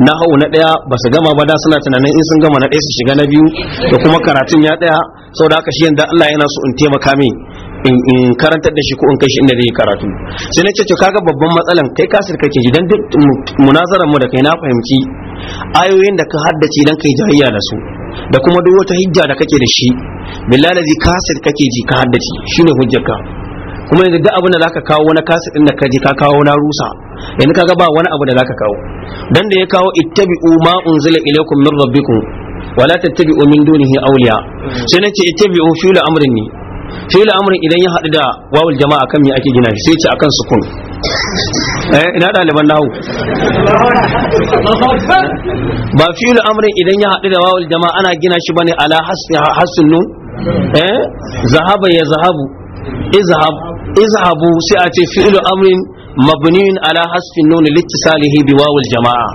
nahau na daya ba su gama ba da suna tunanin in sun gama na daya su shiga na biyu da kuma karatun ya daya sau da haka shi yanda Allah yana so in taimaka min in karantar da shi ko in kai shi inda zai karatu sai na ce to kaga babban matsalan kai kasir kake ji dan duk munazaran mu da kai na fahimci ayoyin da ka haddace dan kai jahiyya da su da kuma duk wata hijja da kake da shi billahi kasir kake ji ka haddace shine hujjarka kuma yanzu duk abin da zaka kawo wani kasir din da ka ji ka kawo na rusa yanzu kaga ba wani abu da zaka kawo dan da ya kawo ittabi'u ma unzila ilaykum min rabbikum wala tattabi'u min dunihi awliya mm. sai nace ittabi'u fi amrin ni. fi'il amrin idan ya haɗu da wawul jama'a kan me ake gina shi sai ce akan sukun eh ina ɗaliban nahu ba fi'il amrin idan ya haɗu da wawul jama'a ana gina shi bane ala hasin nun eh zahaba ya zahabu izhab izhabu sai a ce fi amrin مبني على حذف النون لاتصاله بواو الجماعة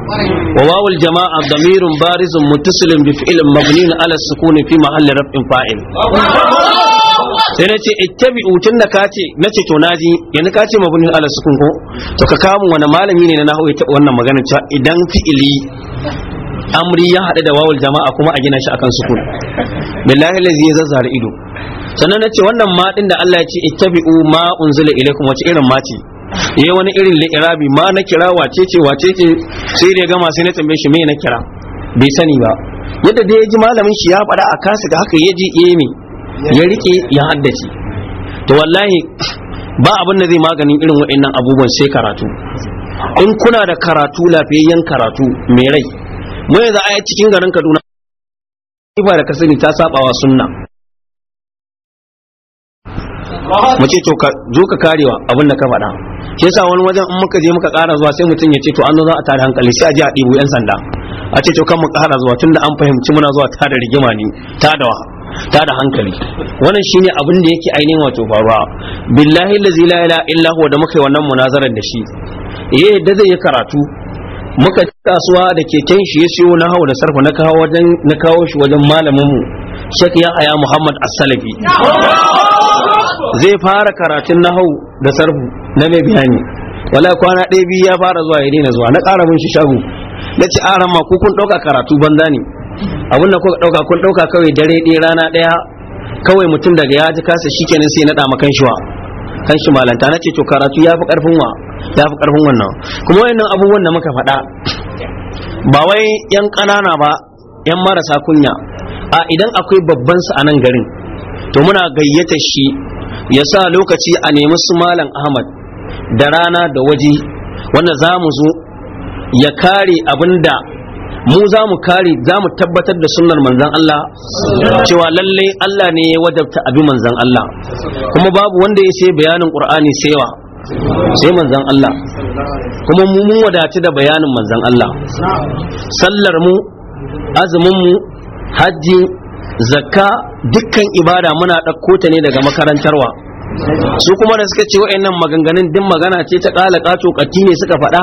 وواو الجماعة ضمير بارز متصل بفعل مبني على السكون في محل رفع فاعل sai na ce ittabi'u tun da kace na ce to naji yanzu kace mabunin ala sukun ko to ka kamun wani malami ne na nahawu ya taba wannan magana cewa idan fi'ili amri ya haɗu da wawul jama'a kuma a gina shi akan sukun billahi allazi ya zazzara ido sannan na ce wannan ma din da Allah ya ce ittabi'u ma unzila ilaikum wace irin ma ce yayi wani irin li'irabi ma na kira wace ce wace ce sai da gama sai na tambaye shi me na kira bai sani ba yadda da ya ji malamin shi ya faɗa a kasa ga haka ya ji eh ne ya rike ya haddace to wallahi ba abin da zai maganin irin wa'annan abubuwan sai karatu in kuna da karatu lafiyayyen karatu mai rai mu yanzu a cikin garin Kaduna ba da kasani ta sabawa sunna mu ce to zo ka karewa abin da ka faɗa shi yasa wani wajen in muka je muka ƙara zuwa sai mutum ya ce to an zo za a tare hankali sai a ji a ɗibo yan sanda a ce to kan mu ƙara zuwa tunda an fahimci muna zuwa da rigima ne ta da ta da hankali wannan shine abin da yake ainihin wato faruwa billahi allazi la ilaha illa huwa da muka yi wannan munazaran da shi eh da zai yi karatu muka ci kasuwa da keken shi ya siyo na da sarfa na kawo wajen na kawo shi wajen malamin mu ya aya Muhammad As-Salafi zai fara karatun na hau da sarfu na mai bayani wala kwana ɗaya biyu ya fara zuwa ya daina zuwa na ƙara mun shi shago na ci aran ma kun ɗauka karatu banza ne Abin da kuka dauka kun dauka kawai dare ɗaya rana ɗaya kawai mutum daga ya ji kasa shikenan sai na ma kan shiwa kan shi malanta na ce to karatu ya fi karfin wa ya fi karfin wannan kuma wayannan abubuwan da muka faɗa ba wai yan ƙanana ba yan marasa kunya a idan akwai babban su a nan garin to muna gayyata shi ya sa lokaci a nemi su malam ahmad da rana da waje wanda za mu zo ya kare abin da mu za mu kare za mu tabbatar da sunnar manzan Allah cewa lallai Allah ne ya wajabta abi manzan Allah kuma babu wanda ya sai bayanin Qur'ani saiwa sai manzan Allah kuma mu mun wadaci da bayanin manzan Allah sallar mu azumin mu hajji zakka dukkan ibada muna ɗauko ta ne daga makarantarwa su kuma da suka ce wa'annan maganganun din magana ce ta ƙala ƙato ƙati ne suka faɗa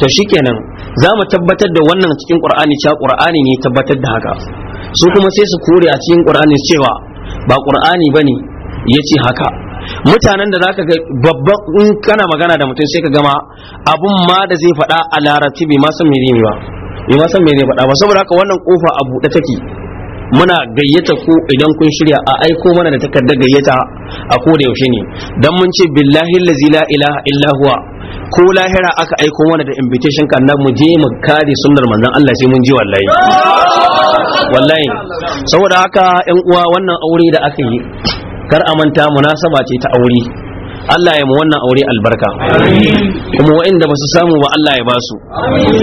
to shikenan za mu tabbatar da wannan cikin qur'ani cewa qur'ani ne tabbatar da haka su kuma sai su kore a cikin ƙur'ani cewa ba qur'ani ya yace haka mutanen da zaka ga babban in kana magana da mutum sai ka gama abun ma da zai faɗa a larabci bai ma san me ba bai ma san faɗa ba saboda haka wannan kofa a buɗe take muna gayyata ku idan kun shirya a aiko mana da takardar gayyata a koda yaushe ne dan mun ce billahi allazi la ilaha illa huwa ko lahira aka aiko mana da invitation kan nan mu je mu kare sunnar manzon Allah sai mun ji wallahi wallahi saboda haka yan uwa wannan aure da aka yi kar a manta munasaba ce ta aure Allah ya mu wannan aure albarka kuma wa'inda ba su samu ba Allah ya ba su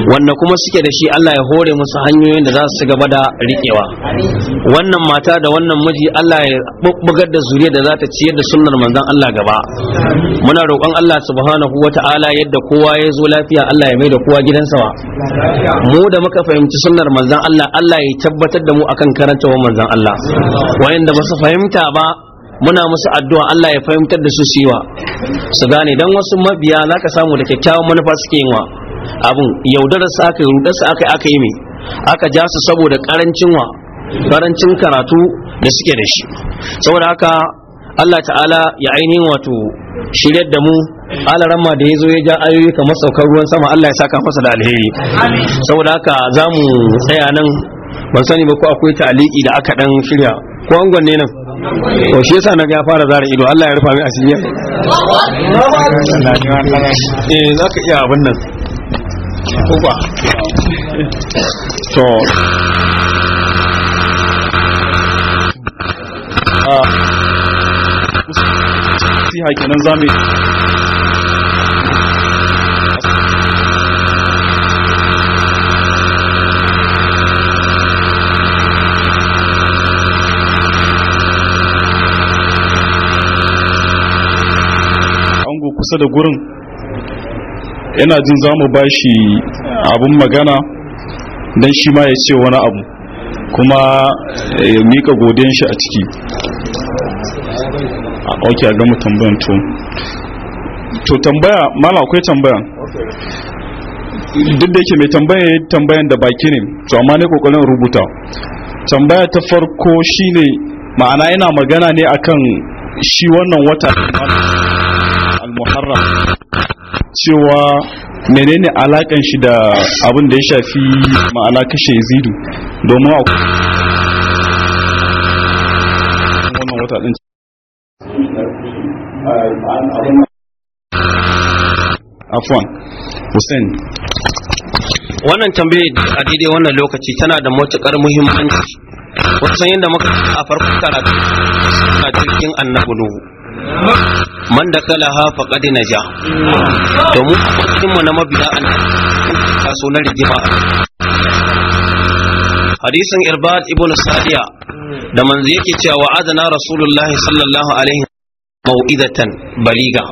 wanda kuma suke da shi Allah ya hore musu hanyoyin da za su gaba da riƙewa wannan mata da wannan miji Allah ya bubbugar da zuriya da za ta ciyar da sunnar manzon Allah gaba muna roƙon Allah subhanahu wata'ala yadda kowa ya zo lafiya Allah ya mai da kowa gidansa wa mu da muka fahimci sunnar manzon Allah Allah ya tabbatar da mu akan karantawar manzon Allah wayanda ba su fahimta ba muna musu addu'a Allah ya fahimtar da su siwa su gane dan wasu mabiya za ka samu da kyakkyawan manufa suke yin wa abun yaudarar su aka yi rudar su aka aka yi me aka ja su saboda karancin wa karancin karatu da suke da shi saboda haka Allah ta'ala ya ainihin wato shiryar da mu alarama da ya zo ya ja ayoyi kamar saukar ruwan sama Allah ya saka masa da alheri saboda haka za mu tsaya nan ban sani ba ko akwai taliki da aka dan shirya ko angon ne nan to shi yasa naga ya fara zara ido Allah ya rufa mai asiri eh zaka iya abin nan kuka to nasiha ah. kenan zamu kusa da gurin yana jin za mu bashi abun magana don shi ma ya ce wani abu kuma ya mika godiyan shi a ciki ɗauki a tambayan to to tambaya mala akwai tambaya duk da yake mai tambaya tambayan da baki ne to amma ne kokarin rubuta tambaya ta farko shine ma'ana yana magana ne akan shi wannan wata muharram cewa menene alakan shi da abin da ya shafi ma'ana kashe yazidu domin a wannan wata din afwan hussein wannan tambaye a daidai wannan lokaci tana da matukar muhimmanci wasan yadda muka a farko karatu a cikin annabi nuhu man da kalaha faqad naja to mu mu na mabiya an so na rigima hadisin irbad ibn sadiya da manzo yake cewa wa'adana rasulullahi sallallahu alaihi mau'izatan baliga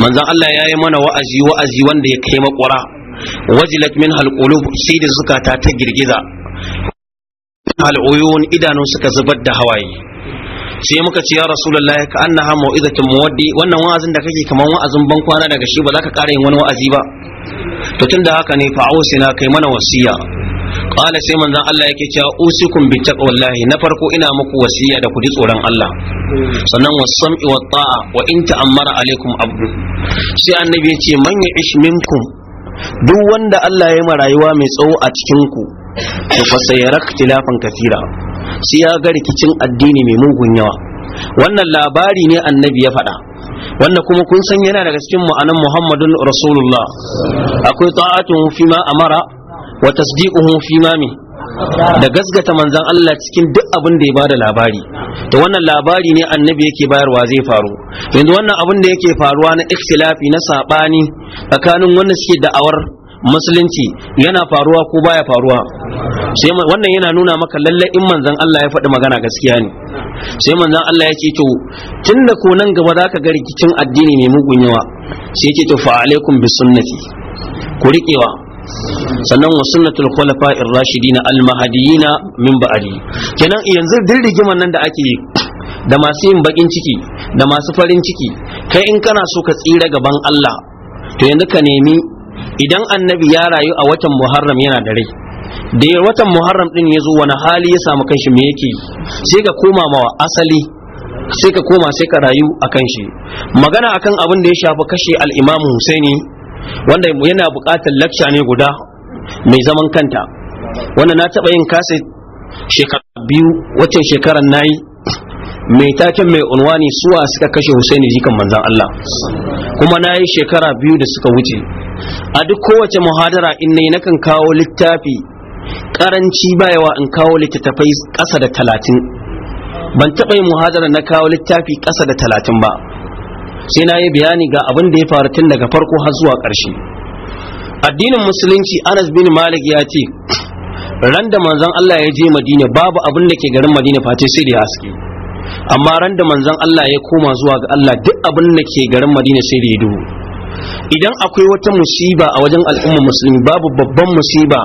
manzon Allah ya yi mana wa'azi wa'azi wanda ya kai makwara wajilat min halqulub sai da zukata ta girgiza al'uyun idanu suka zubar da hawaye sai muka ce ya rasulullah ka annaha mau'izatul muwaddi wannan wa'azin da kake kaman wa'azin ban kwana daga shi ba za ka ƙara yin wani wa'azi ba to tunda haka ne na kai mana wasiya qala sai manzon Allah yake cewa usikum bi taqwallahi na farko ina muku wasiya da ku ji tsoron Allah sannan wasam'i sami taa wa in ta'ammara alaikum abdu sai annabi ya ce man ya'ish minkum duk wanda Allah ya yi rayuwa mai tsawo a cikin ku to fa sayarak tilafan kathira sai ya ga rikicin addini mai mugun yawa wannan labari ne annabi ya faɗa wannan kuma kun san yana daga cikin ma'anan muhammadun rasulullah akwai ta'atun fi ma amara wa tasdiquhu fi ma mi da gasgata manzan Allah cikin duk abin da ya bada labari to wannan labari ne annabi yake bayarwa zai faru yanzu wannan abin da yake faruwa na ikhtilafi na sabani tsakanin wanda suke da'awar musulunci yana faruwa ko baya faruwa sai wannan yana nuna maka lallai in manzon Allah ya faɗi magana gaskiya ne sai manzon Allah ya ce to tunda ko nan gaba za ka ga rikicin addini mai mugun yawa sai ce to fa alaikum bi sunnati ku riƙewa sannan wa sunnatul ar rashidina al mahdiyina min ba'di kenan yanzu din rigiman nan da ake da masu yin bakin ciki da masu farin ciki kai in kana so ka tsira gaban Allah to yanzu ka nemi idan annabi ya rayu a watan muharram yana da rai da watan muharram din ya zo wani hali ya samu kanshi me yake sai ka koma mawa asali sai ka koma sai ka rayu a kanshi magana akan abin da ya shafi kashe al'imamu husaini wanda yana bukatar lakca ne guda mai zaman kanta wanda na taɓa yin kasa shekara biyu waccan shekarar nayi mai taken mai unwani suwa suka kashe husaini jikan manzan Allah kuma na yi shekara biyu da suka wuce a duk kowace muhadara in na nakan kawo littafi karanci bayawa in kawo littattafai ƙasa da talatin ban taɓa yin muhadara na kawo littafi kasa da talatin ba sai na yi bayani ga abin da ya faru tun daga farko har zuwa ƙarshe addinin musulunci anas bin malik ya ce ran da manzon Allah ya je madina babu abin da ke garin madina face sai da haske amma ran da manzon Allah ya koma zuwa ga Allah duk abin da ke garin Madina sai da ya duhu idan akwai wata musiba a wajen al'umma musulmi babu babban musiba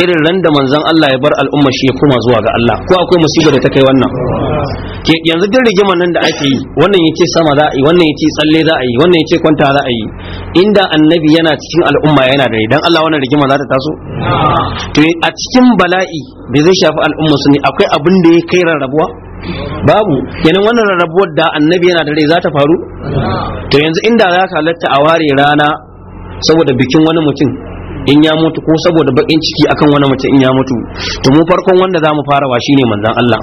irin ran da manzon Allah ya bar al'umma shi ya koma zuwa ga Allah ko akwai musiba da ta kai wannan yanzu duk rigimar nan da ake yi wannan yace sama za a yi wannan yace tsalle za a yi wannan yace kwanta za a yi inda annabi yana cikin al'umma yana da idan Allah wannan rigima za ta taso to a cikin bala'i da zai shafi al'umma su ne akwai abin da ya kai rarrabuwa babu kenan wannan rarrabuwar da annabi yana da rai za ta faru to yanzu inda za ka latta a ware rana saboda bikin wani mutum in ya mutu ko saboda bakin ciki akan wani mutum in ya mutu to mu farkon wanda za mu farawa shine manzon Allah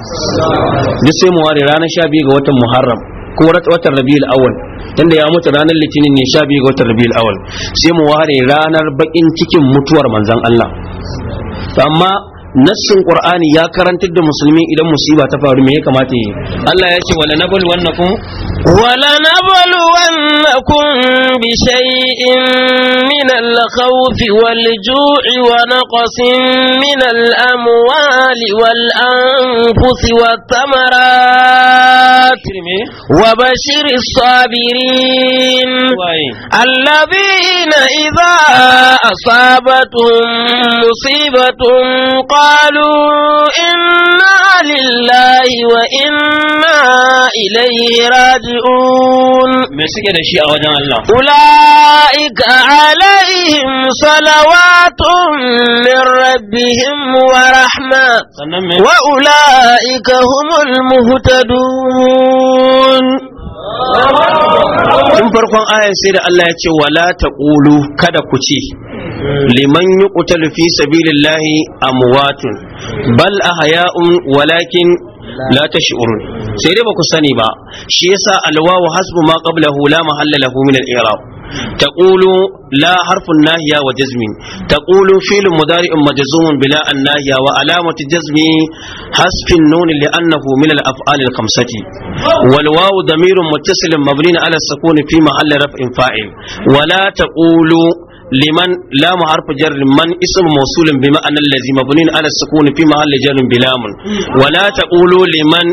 duk sai mu ware ranar 12 ga watan Muharram ko watan Rabiul Awwal tunda ya mutu ranar Litinin ne 12 ga watan Rabiul Awwal sai mu ware ranar bakin cikin mutuwar manzon Allah amma nassin qur'ani ya karantar da musulmi idan musiba ta faru me ya kamata yi Allah ya ce wala nabul wannakum wala nabul wannakum bi shay'in min al-khawf wal-ju'i wa naqsin min al-amwali wal-anfus wat-thamarat wa bashir as-sabirin alladhina idha asabatuhum musibatun qala قالوا إنا لله وإنا إليه راجعون مسكين الله أولئك عليهم صلوات من ربهم ورحمة وأولئك هم المهتدون tun farkon ayan sai da Allah ya ce wala taqulu kada ku ce liman yuqtalu fi sabilillahi amwatun bal ahya'un walakin la ta shi'urun sai dai ba ku sani ba shi yasa alwawu hasbu ma qablahu la mahalla lahu min al-i'rab la harfun nahiya wa jazmi taqulu filin mudari'un majzumun bila an-nahiya wa alamati jazmi hasfin nun li'annahu min al-af'al al-khamsati wal wawu damirun muttasilun mabniun ala as-sukun fi mahalli raf'in fa'il wa liman lamu harfu jarri man ism mawsulun bi ma'anar allazi mabnin ala sukuni fi mahall jarrin bi lamun wa la taqulu liman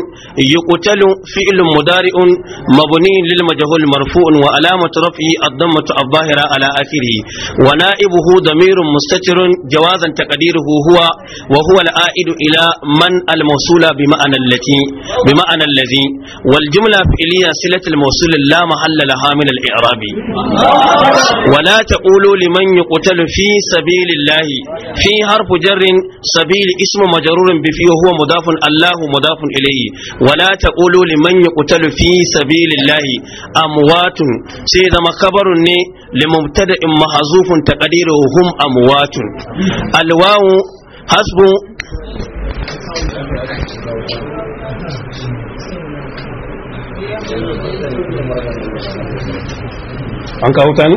yuqtalu fi'lun mudari'un mabni lil majhul marfu'un wa alamatu rafi ad-dammatu adh-dhahira ala akhirih wa na'ibuhu damirun mustatirun jawazan taqdiruhu huwa wa huwa al-a'idu ila man al-mawsula bi ma'anar allati bi ma'anar allazi wal jumla fi'liya silatul mawsul la mahalla laha min al wa la taqulu man yuqtalu fi sabilillah fi harfu jarrin sabil ismu majrurun bi fi huwa mudafun Allahu mudafun ilayhi wala liman fi sai zama kabarun ne limubtada'in mahzufun taqdiruhu hum amwatun alwawu hasbu an kawo ta ne?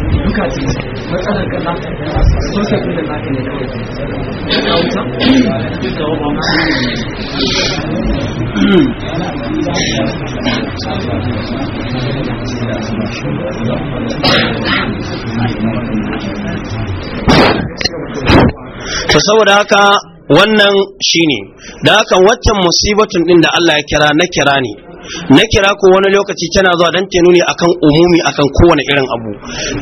duka ce matsalar da zaka ne kawai ka wuta duka wa mama saboda haka wannan shine da haka waccan musibatun din da Allah ya kira na kira ne na kira ko wani lokaci tana zuwa dan tenu ne akan umumi akan kowane irin abu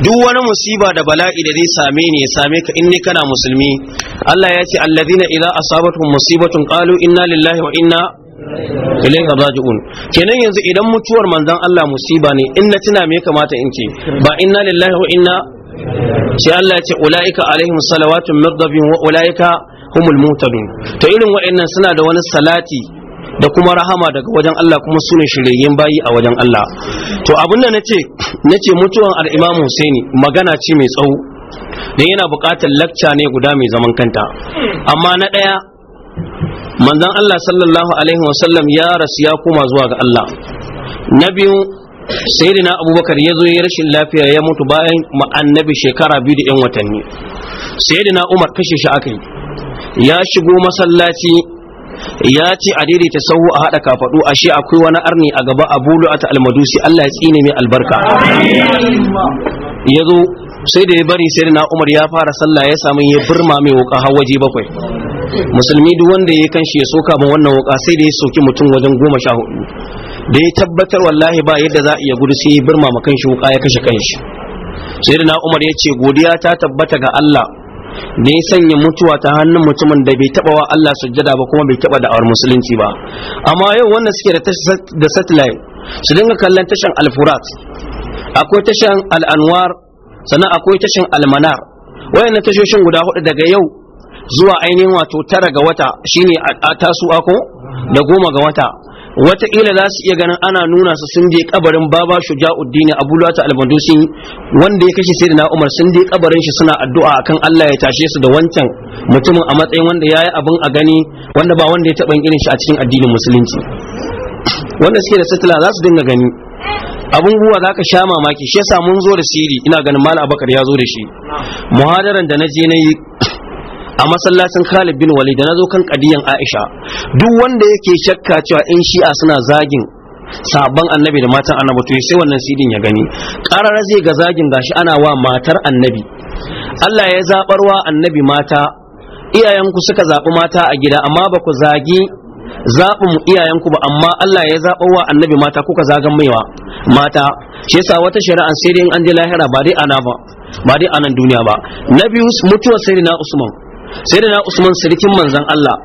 duk wani musiba da bala'i da zai same ni ya same ka in ne kana musulmi Allah ya ce alladhina idza asabatuhum musibatun qalu inna lillahi wa inna ilaihi raji'un kenan yanzu idan mutuwar manzon Allah musiba ne in na tuna me kamata in ce ba inna lillahi wa inna sai Allah ya ce ulaika alaihim salawatun min rabbihim wa ulaika humul mutadun to irin waɗannan suna da wani salati da kuma rahama daga wajen Allah kuma sune shiryayyen bayi a wajen Allah to abin da nace nace mutuwan al-Imam Husaini magana ce mai tsawo dan yana buƙatar lakca ne guda mai zaman kanta amma na ɗaya manzon Allah sallallahu alaihi wasallam ya rasu ya koma zuwa ga Allah na biyu sayyidina abubakar ya zo ya rashin lafiya ya mutu bayan annabi shekara biyu da yan watanni sayyidina umar kashe shi aka yi ya shigo masallaci ya ce a daidaita sahu a haɗa kafaɗu ashe akwai wani arni a gaba a abu lu'ata almadusi Allah ya tsine mai albarka ya sai da ya bari sai na umar ya fara sallah ya samu ya birma mai wuka har waje bakwai musulmi duk wanda ya kanshi ya soka min wannan wuka sai da ya soki mutum wajen goma sha hudu da ya tabbatar wallahi ba yadda za a iya gudu sai ya birma ma kanshi wuka ya kashe kanshi sai da na umar ya ce godiya ta tabbata ga Allah da ya sanya mutuwa ta hannun mutumin da bai taba wa Allah sujjada ba kuma bai taba da'awar musulunci ba amma yau wannan suke da satellite su dinga kallon tashin alfurat furat akwai tashin al-anwar sannan akwai tashin al-manar wayannan tashoshin guda hudu daga yau zuwa ainihin wato tara ga wata shine a tasu ako da goma ga wata wataƙila za su iya ganin ana nuna su sun je kabarin baba shuja'uddin abu lata albandusi wanda ya kashe sayyidina umar sun je kabarin shi suna addu'a akan Allah ya tashe su da wancan mutumin a matsayin wanda yayi abin a gani wanda ba wanda ya taɓa irin shi a cikin addinin musulunci wanda suke da sitila za su dinga gani abun guwa za ka sha mamaki shi yasa mun zo da siri ina ganin malam abakar ya zo da shi muhadaran da na je na yi a masallacin Khalid bin Walid da nazo kan kadiyan Aisha duk wanda yake shakka cewa in shi'a suna zagin sabon annabi da matan annabi to sai wannan sidin ya gani karar zai ga zagin gashi ana wa matar annabi Allah ya zabar wa annabi mata iyayenku suka zaɓi mata a gida amma ba ku zagi zaɓin iyayenku ba amma Allah ya zaɓa wa annabi mata kuka zagan maiwa mata shi yasa wata shari'a sai dai an je lahira ba dai ana ba ba dai anan duniya ba na biyu mutuwar sai na Usman sai da usman sarkin manzan Allah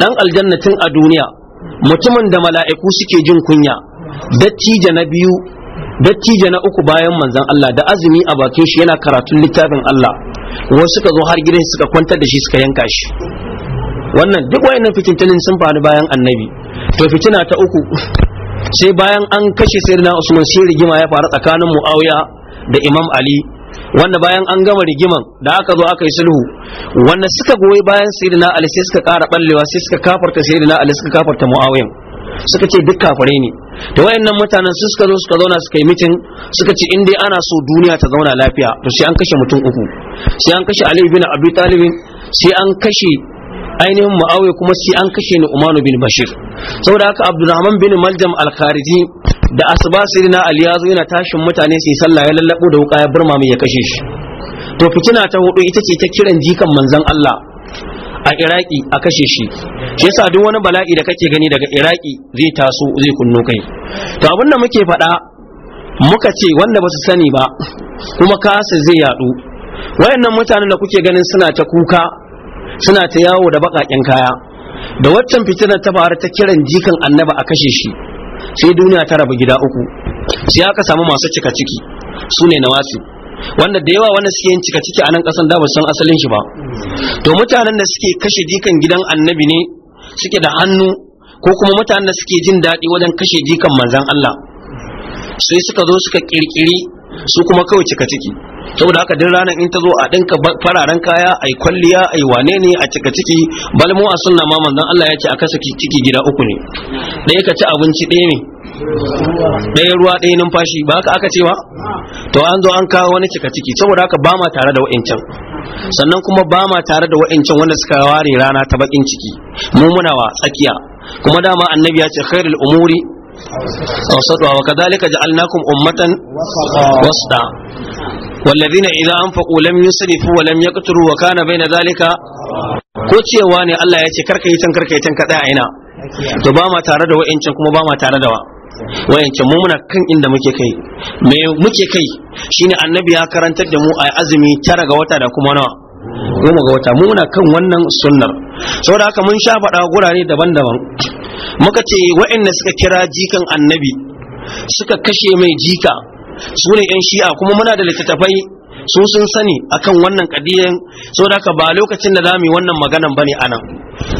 dan aljannatin a duniya mutumin da mala'iku suke jin kunya dattija na biyu dattija na uku bayan manzan Allah da azumi a bakin shi yana karatun littafin Allah wasu suka zo har gidan suka kwantar da shi suka yanka shi wannan duk wayannan fitintunin sun faru bayan annabi to fitina ta uku sai bayan an kashe sayyidina usman sai rigima ya faru tsakanin muawiya da imam ali wanda bayan an gama rigiman da aka zo aka yi sulhu wanda suka goyi bayan sayyidina ali sai suka kara ballewa sai suka kafarta sayyidina ali suka kafarta muawiya suka ce duk kafare ne da wayannan mutanen su suka zo suka zauna suka yi mitin suka ce in dai ana so duniya ta zauna lafiya to sai an kashe mutum uku sai an kashe ali bin abi talib sai an kashe ainihin muawiya kuma sai an kashe ni umanu bin bashir saboda haka abdurrahman bin maljam al-khariji da asuba sirina ali yana tashin mutane su yi sallah ya lallabo da wuka ya burma mai ya kashe shi to fitina ta hudu ita ce ta kiran jikan manzon Allah a iraki a kashe shi shi yasa duk wani bala'i da kake gani daga iraki zai taso zai kunno kai to abin da muke faɗa muka ce wanda ba su sani ba kuma kasa zai yadu wayannan mutanen da kuke ganin suna ta kuka suna ta yawo da baƙaƙen kaya da waccan fitinar ta faru ta kiran jikan annaba a kashe shi sai duniya ta rabu gida uku sai aka samu masu cika ciki su ne nawasi wanda da yawa wanda suke yin cika ciki a nan kasan da ba san asalin shi ba to mutanen da suke kashe jikan gidan annabi ne suke da hannu ko kuma mutanen da suke jin daɗi wajen kashe jikan manzan Allah sai suka zo suka kirkiri su kuma kawai cika ciki saboda haka duk ranar in ta zo a dinka fararen kaya a yi kwalliya ai wane ne a cika ciki balmu a sunna ma manzon Allah ya ce a kasa ciki gida uku ne ɗaya ka ci abinci ɗaya ne ɗaya ruwa ɗaya numfashi ba haka aka ce to an zo an kawo wani cika ciki saboda haka ba ma tare da wa'incan sannan kuma ba ma tare da wa'incan wanda suka ware rana ta bakin ciki mu muna tsakiya kuma dama annabi ya ce khairul umuri أوسطها وكذلك جعلناكم أمة وسطا والذين إذا أنفقوا لم يسرفوا ولم يقتروا وكان بين ذلك كوتشي واني الله يأتي كركي تنكركي تنكتاعنا تن كدائنا to ba ma tare da wa'ancan kuma mu muna kan inda muke kai me muke kai shine annabi ya karantar da mu a azumi tara ga wata da kuma nawa goma ga wata mu muna kan wannan sunnar saboda haka mun sha faɗa gurare daban-daban muka ce waɗanda suka kira jikan annabi suka kashe mai jika su ne 'yan shi'a kuma muna da littattafai su sun sani akan wannan kadiyan so da ba lokacin da zamu yi wannan maganan bane anan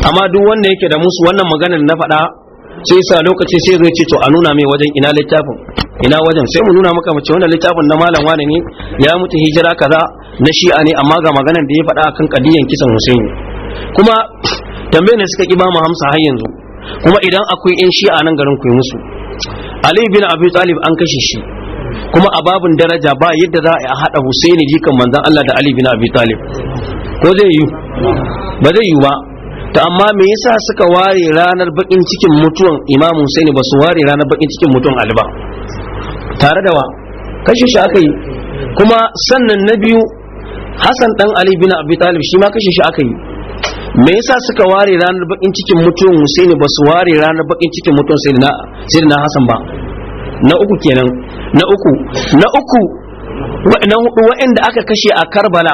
amma duk wanda yake da musu wannan maganan na faɗa sai sa lokaci sai zai ce to a nuna mai wajen ina littafin ina wajen sai mu nuna maka mace wannan littafin na malam wane ne ya mutu hijira kaza na shi'a ne amma ga maganan da ya faɗa akan kadiyan kisan Husaini kuma tambayar ne suka ki ba mu hamsa har yanzu kuma idan akwai yan shi'a nan garin ku yi musu ali bin abi talib an kashe shi kuma a babin daraja ba yadda za a haɗa husaini jikan manzon allah da ali bin abi talib ko zai yi ba zai yi ba to amma me yasa suka ware ranar bakin cikin mutuwan imam husaini ba su ware ranar bakin cikin mutuwan ali ba tare da wa kashe shi aka yi kuma sannan na biyu hassan dan ali bin abi talib shi ma kashe shi aka yi me yasa suka ware ranar bakin cikin mutum Husaini ba su ware ranar bakin cikin mutum Sayyidina Sayyidina Hassan ba na uku kenan na uku na uku na hudu waɗanda aka kashe a Karbala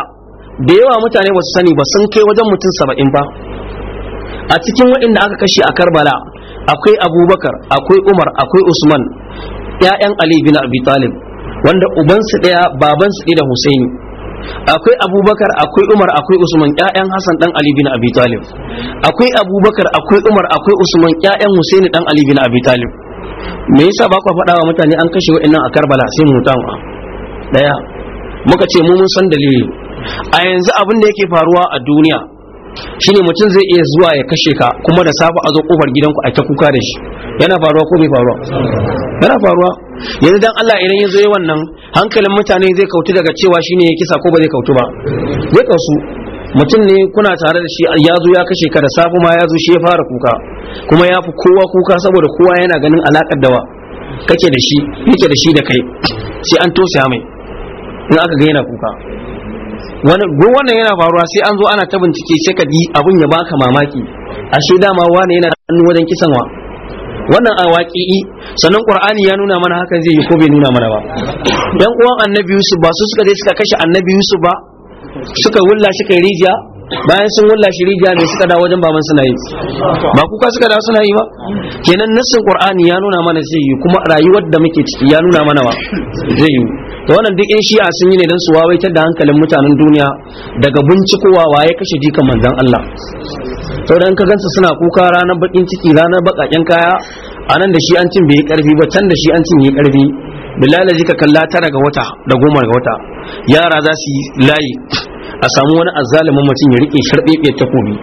da yawa mutane ba su sani ba sun kai wajen mutum saba'in ba a cikin waɗanda aka kashe a Karbala akwai Abubakar akwai Umar akwai Usman yayan Ali bin Abi Talib wanda ubansu ɗaya babansu ɗaya da Husaini akwai abubakar akwai umar akwai usman ƴaƴan hasan dan ali bin abi talib akwai abubakar akwai umar akwai usman ƴaƴan husaini dan ali bin abi talib me yasa ba ku faɗa wa mutane an kashe wa'annan a karbala sai mu mutan daya muka ce mu mun san dalili a yanzu abin da yake faruwa a duniya shine mutum zai iya zuwa ya kashe ka kuma da safe a zo kofar gidanku a ta kuka da shi yana faruwa ko bai faruwa yana faruwa yanzu dan Allah idan ya zo yi wannan hankalin mutane zai kautu daga cewa shine ya kisa ko ba zai kautu ba zai kausu mutum ne kuna tare da shi ya zo ya kashe ka da safe ma ya zo shi ya fara kuka kuma ya fi kowa kuka saboda kowa yana ganin alakar dawa kake da shi yake da shi da kai sai an tosa mai in aka ga yana kuka wani wannan yana faruwa sai an zo ana ta bincike sai ka ji abin ya baka mamaki ashe dama wani yana hannu wajen kisan wannan a waƙi'i sannan qur'ani ya nuna mana hakan zai yi ko bai nuna mana ba yan uwan annabi yusuf ba su suka je suka kashe annabi yusuf ba suka wulla suka yi rijiya bayan sun wulla shi rijiya ne suka dawo wajen baban suna yi ba kuka suka dawo suna yi ba kenan nassin qur'ani ya nuna mana zai yi kuma rayuwar da muke ciki ya nuna mana ba zai yi to wannan duk in shi'a sun yi ne dan su wawaitar da hankalin mutanen duniya daga bincikowa waye kashe jikan manzon Allah to dan ka gansa suna kuka ranar bakin ciki ranar bakaken kaya anan da shi an cin bai karfi ba can da shi an cin yi karfi billahi ka kalla tara ga wata da goma ga wata yara za su yi layi a samu wani azzalumin mutum ya rike sharbebe takobi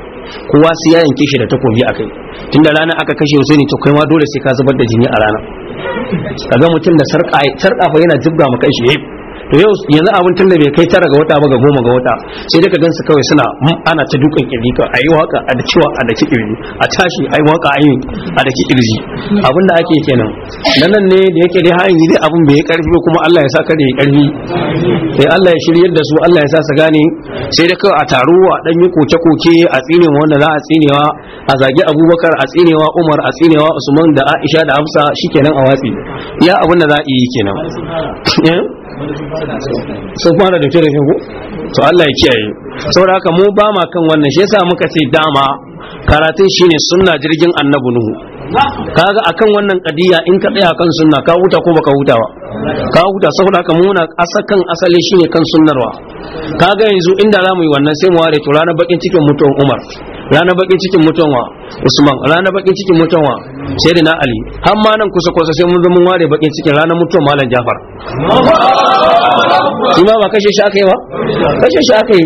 kowa sai ya yanke shi da takobi a kai, tunda rana aka kashe ne to kai ma dole sai ka zubar da jini a rana kaga mutum da sarka sarka fa yana jibga maka shi eh. to yau yanzu abin tun da bai kai tara ga wata ba ga goma ga wata sai dai ka gansu kawai suna mm, ana ta dukan kirji ka yi waka a da cewa a da ki kirji a tashi yi waka yi a da ki kirji abin da ake kenan nan nan ne da yake dai har yanzu dai abin bai karfi ba kuma Allah ya sa kada ya karfi sai Allah ya shiryar da su Allah ya sa su gane sai dai kawai a taro a dan yi koke koke a tsine wanda za a tsinewa a zagi Abubakar a tsinewa Umar a tsinewa Usman da Aisha da Hafsa shikenan a watsi ya abin da za a yi kenan eh? sun fara da kyau to Allah ya kiyaye saboda haka mu ba ma kan wannan shi yasa muka ce dama karatun shine sunna jirgin annabi nuhu kaga akan wannan kadiya in ka tsaya kan sunna ka huta ko baka huta ka huta saboda haka muna kan asali shine kan sunnarwa kaga yanzu inda zamu yi wannan sai mu ware to bakin cikin mutuwar Umar ranar bakin cikin mutuwa usman ranar bakin cikin mutuwa sai na ali har ma nan kusa kusa sai mun zama ware bakin cikin ranar mutuwa malam jafar shi ma ba kashe shi aka yi ba kashe shi aka yi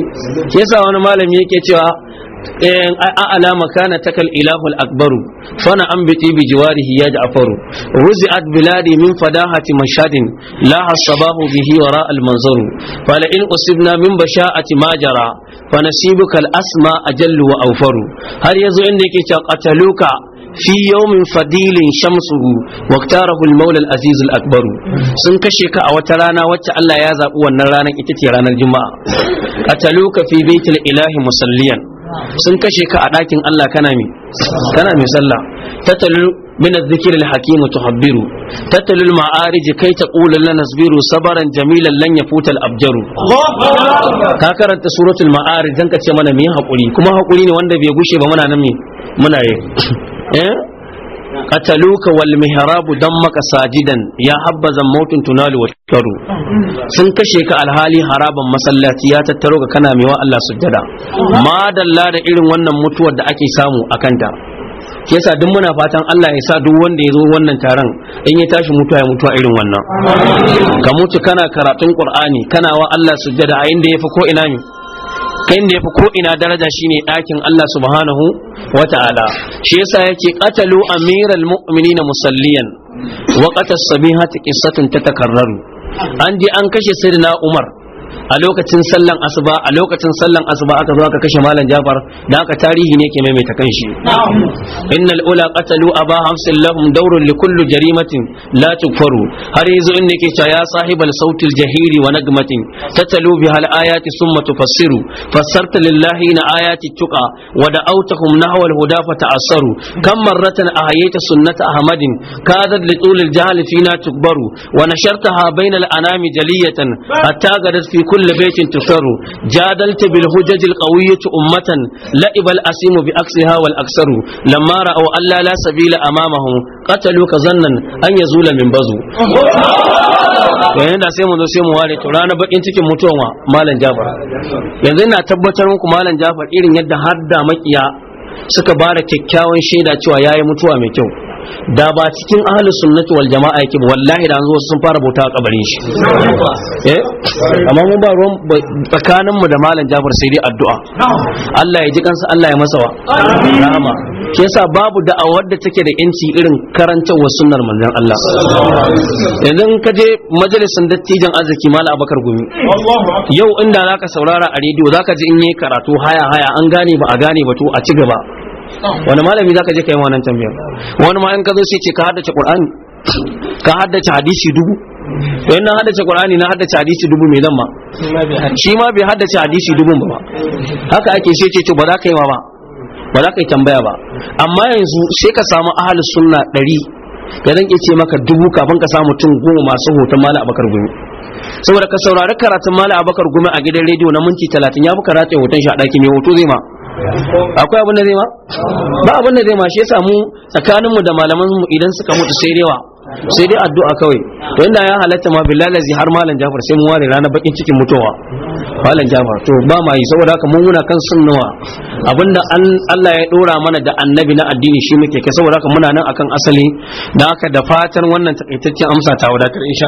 yasa wani malami yake cewa in a alama kana takal ilahu al-akbaru fana ambiti bi jiwarihi afaru. ja'faru ruzi'at biladi min fadahati mashadin la hasabahu bihi wara al-manzaru fala in usibna min basha'ati majara fa nasibuka al-asma ajallu wa awfaru har yazo inda yake cewa qataluka fi yawmin fadilin shamsuhu wa qtarahu al-maula sun kashe ka a wata rana wacce Allah ya zabu wannan ranar ita ce ranar juma'a qataluka fi baitil ilahi musalliyan sun kashe ka a ɗakin Allah kana mai kana mai sallah tatalul min adh-dhikri tuhabbiru tatalul ma'arij kai taqulu lana nasbiru sabaran jamilan lan yafuta abjaru ka karanta suratul ma'arij dan ka ce mana mu yi hakuri kuma hakuri ne wanda bai gushe ba muna nan muna [COUGHS] eh qataluka wal mihrabu dammaka sajidan ya habbazan mautun tunalu wa sun kashe ka alhali haraban masallaci ya tattaro ka kana mewa Allah sujjada madalla da irin wannan mutuwar da ake samu akan ta yasa duk muna fatan Allah ya sa duk wanda ya zo wannan taron in ya tashi mutuwa ya mutuwa irin wannan ka mutu kana karatun Qur'ani kana wa Allah sujjada a inda fi ko ina ne ta inda fi ko ina daraja shine ɗakin Allah subhanahu wa ta'ala shi yasa yake qatalu amiral mu'minina musalliyan wa qatas sabihati qissatun tatakarraru an ji an kashe sayyidina Umar a lokacin sallan asuba a lokacin sallan asuba aka zo aka kashe malam jafar da aka tarihi ne ke maimaita kanshi innal ula qatalu aba hamsin lahum dawrun li kullu jarimatin la tukfaru har yazo in yake cewa ya sahibal sautil jahiri wa nagmatin tatalu bi hal ayati summa tufassiru fassarta lillahi na ayati tuqa wa da'awtahum nahwa hudafata huda fa ta'assaru kam marratan ahayta sunnata ahmadin kadat li tul al jahl fina tukbaru wa nashartaha bayna anami jaliyatan hatta gadat fi kulli baitin tusaru jadalta bil hujaj al qawiyyah ummatan la'ibal asimu bi aksiha wal aksaru lamma ra'aw alla la sabila amamahu qatalu ka zannan an yazula min bazu yayin da sai mu zo sai mu ware to bakin cikin mutuwa malam jafar yanzu ina tabbatar muku malam jafar irin yadda har da makiya suka bara kyakkyawan shaida cewa yayi mutuwa mai kyau da ba cikin ahlus sunnati wal jama'a yake ba wallahi da an zo sun fara bauta a kabarin shi eh amma mun ba ruwan tsakanin mu da malam Jafar sai dai addu'a Allah ya ji kansa Allah ya masa wa rahama ke yasa babu da'awar da take da inci irin wa sunnar manzon Allah yanzu in ka je majalisin dattijan arziki malam bakar Gumi yau inda zaka saurara a rediyo zaka ji in yi karatu haya haya an gane ba a gane ba to a ci gaba wani malami zaka je kai wannan tambayar wani ma in ka zo sai ce ka haddace qur'ani ka haddace hadisi dubu to in na haddace qur'ani na haddace hadisi dubu me zan ma shi ma bai haddace hadisi dubu ba haka ake sai ce to ba za ka yi ma ba ba za ka yi tambaya ba amma yanzu sai ka samu ahlus sunna ɗari ya zan ce maka dubu kafin ka samu tun goma masu hoton mala abakar gumi saboda ka saurari karatun mala abakar gumi a gidan rediyo na minti talatin ya fi karatun hoton shi a ɗaki mai hoto zai ma akwai abin da zai ma ba abin da zai ma shi ya samu tsakaninmu da malaman mu idan suka mutu sai rewa sai dai addu'a kawai to inda ya halatta ma billahi lazi har malam Jafar sai mu ware ranar bakin cikin mutuwa malam Jafar to ba ma yi saboda haka mun muna kan sunnawa abinda Allah ya dora mana da annabi na addini shi muke kai saboda haka muna nan akan asali da haka da fatan wannan takaitaccen amsa ta wadatar insha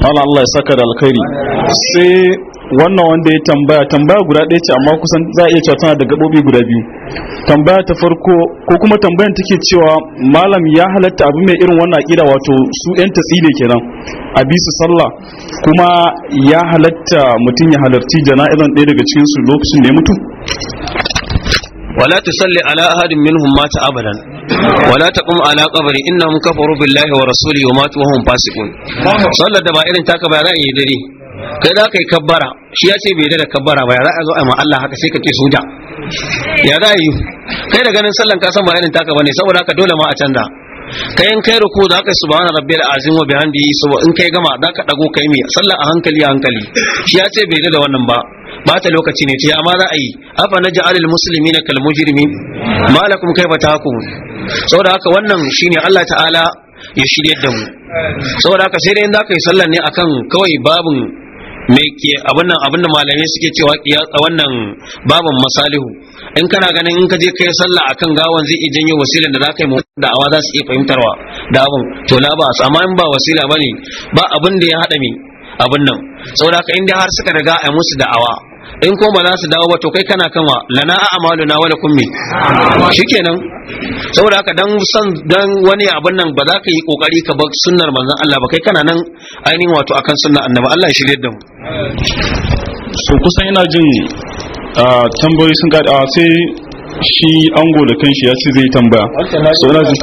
Allah Allah ya saka da alkhairi sai wannan wanda ya tambaya tambaya guda ɗaya ce amma kusan za a iya cewa tana da gaɓoɓi guda biyu tambaya ta farko ko kuma tambayan take cewa malam ya halatta abu mai irin wannan aƙida wato su yan tatsi ne kenan a su sallah kuma ya halatta mutum ya halarci jana'izan ɗaya daga cikin su lokacin da ya mutu ولا تسلي على أحد منهم مات أبدا ولا تقوم على قبري إنهم كفروا بالله ورسوله وماتوا وهم فاسقون صلى دبائر تاك بيراء يدري kai da ka yi kabbara shi ya ce bai da kabbara ba ya za a zo a ma Allah haka sai ka ce soja ya za yi kai da ganin sallan ka san ba irin taka bane saboda haka dole ma a canza kai in kai ruku za ka subhana rabbiyal azim wa bihamdihi so in kai gama za ka dago kai mai sallah a hankali a hankali shi ya ce bai da wannan ba bata lokaci ne ce amma za a yi afa naj'alul kuma kai ba malakum kaifa Sau saboda haka wannan shine Allah ta'ala ya shirye da mu saboda haka sai dai in zaka yi sallar ne akan kawai babin mai ke abin da malamai suke cewa a wannan babin masalihu in kana ganin in ka je kai sallah akan gawan zai iya janyo wasilan da ka yi da awa za su iya fahimtarwa da abin to na ba amma in ba wasila ba ne ba abin da ya haɗa mi abin nan saboda haka inda har suka riga a musu da'awa in ko ba za su dawo ba to kai kana kanwa lana na wala lakum shi kenan saboda haka dan san dan wani abin nan ba za ka yi kokari ka bar sunnar manzon Allah ba kai kana nan ainihin wato akan sunnar annabi Allah ya shirye da mu so kusan ina jin tambayoyi sun kada sai shi ango da kanshi ya ce zai tambaya so ina jin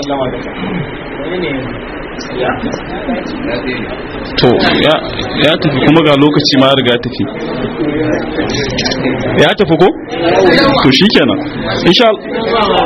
to ya tafi kuma ga lokaci ma riga tafi ya tafi ko to shikenan insha Allah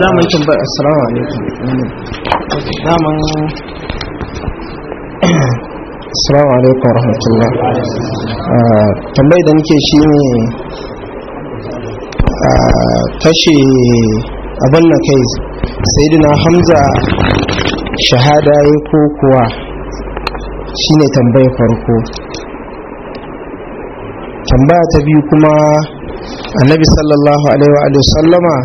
daman kin ba assalamu alaikum daman assalamu alaikum rahmatullah ah, tambayi da nake shi ne kashe abin na kai sai hamza shahada ya ko kuwa Shi ne tambayar farko tambaya ta biyu kuma annabi sallallahu alaihi wa sallama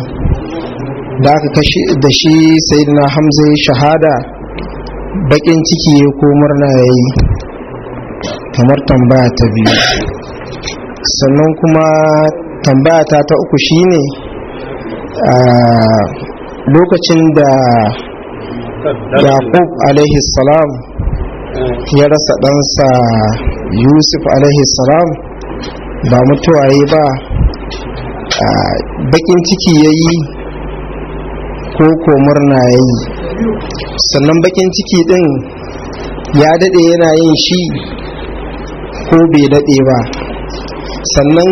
da aka kashi da shi na hamza ya shahada bakin ciki ya ko murna ya yi kamar tambaya ta biyu sannan kuma tambaya ta ta uku shine a lokacin da yaqub alaihi salam ya rasa ɗansa yusuf alaihi salam ba mutuwa yi ba bakin ciki ya yi ko ko murna ya yi sannan bakin ciki ɗin ya daɗe yana yin shi ko bai daɗe ba sannan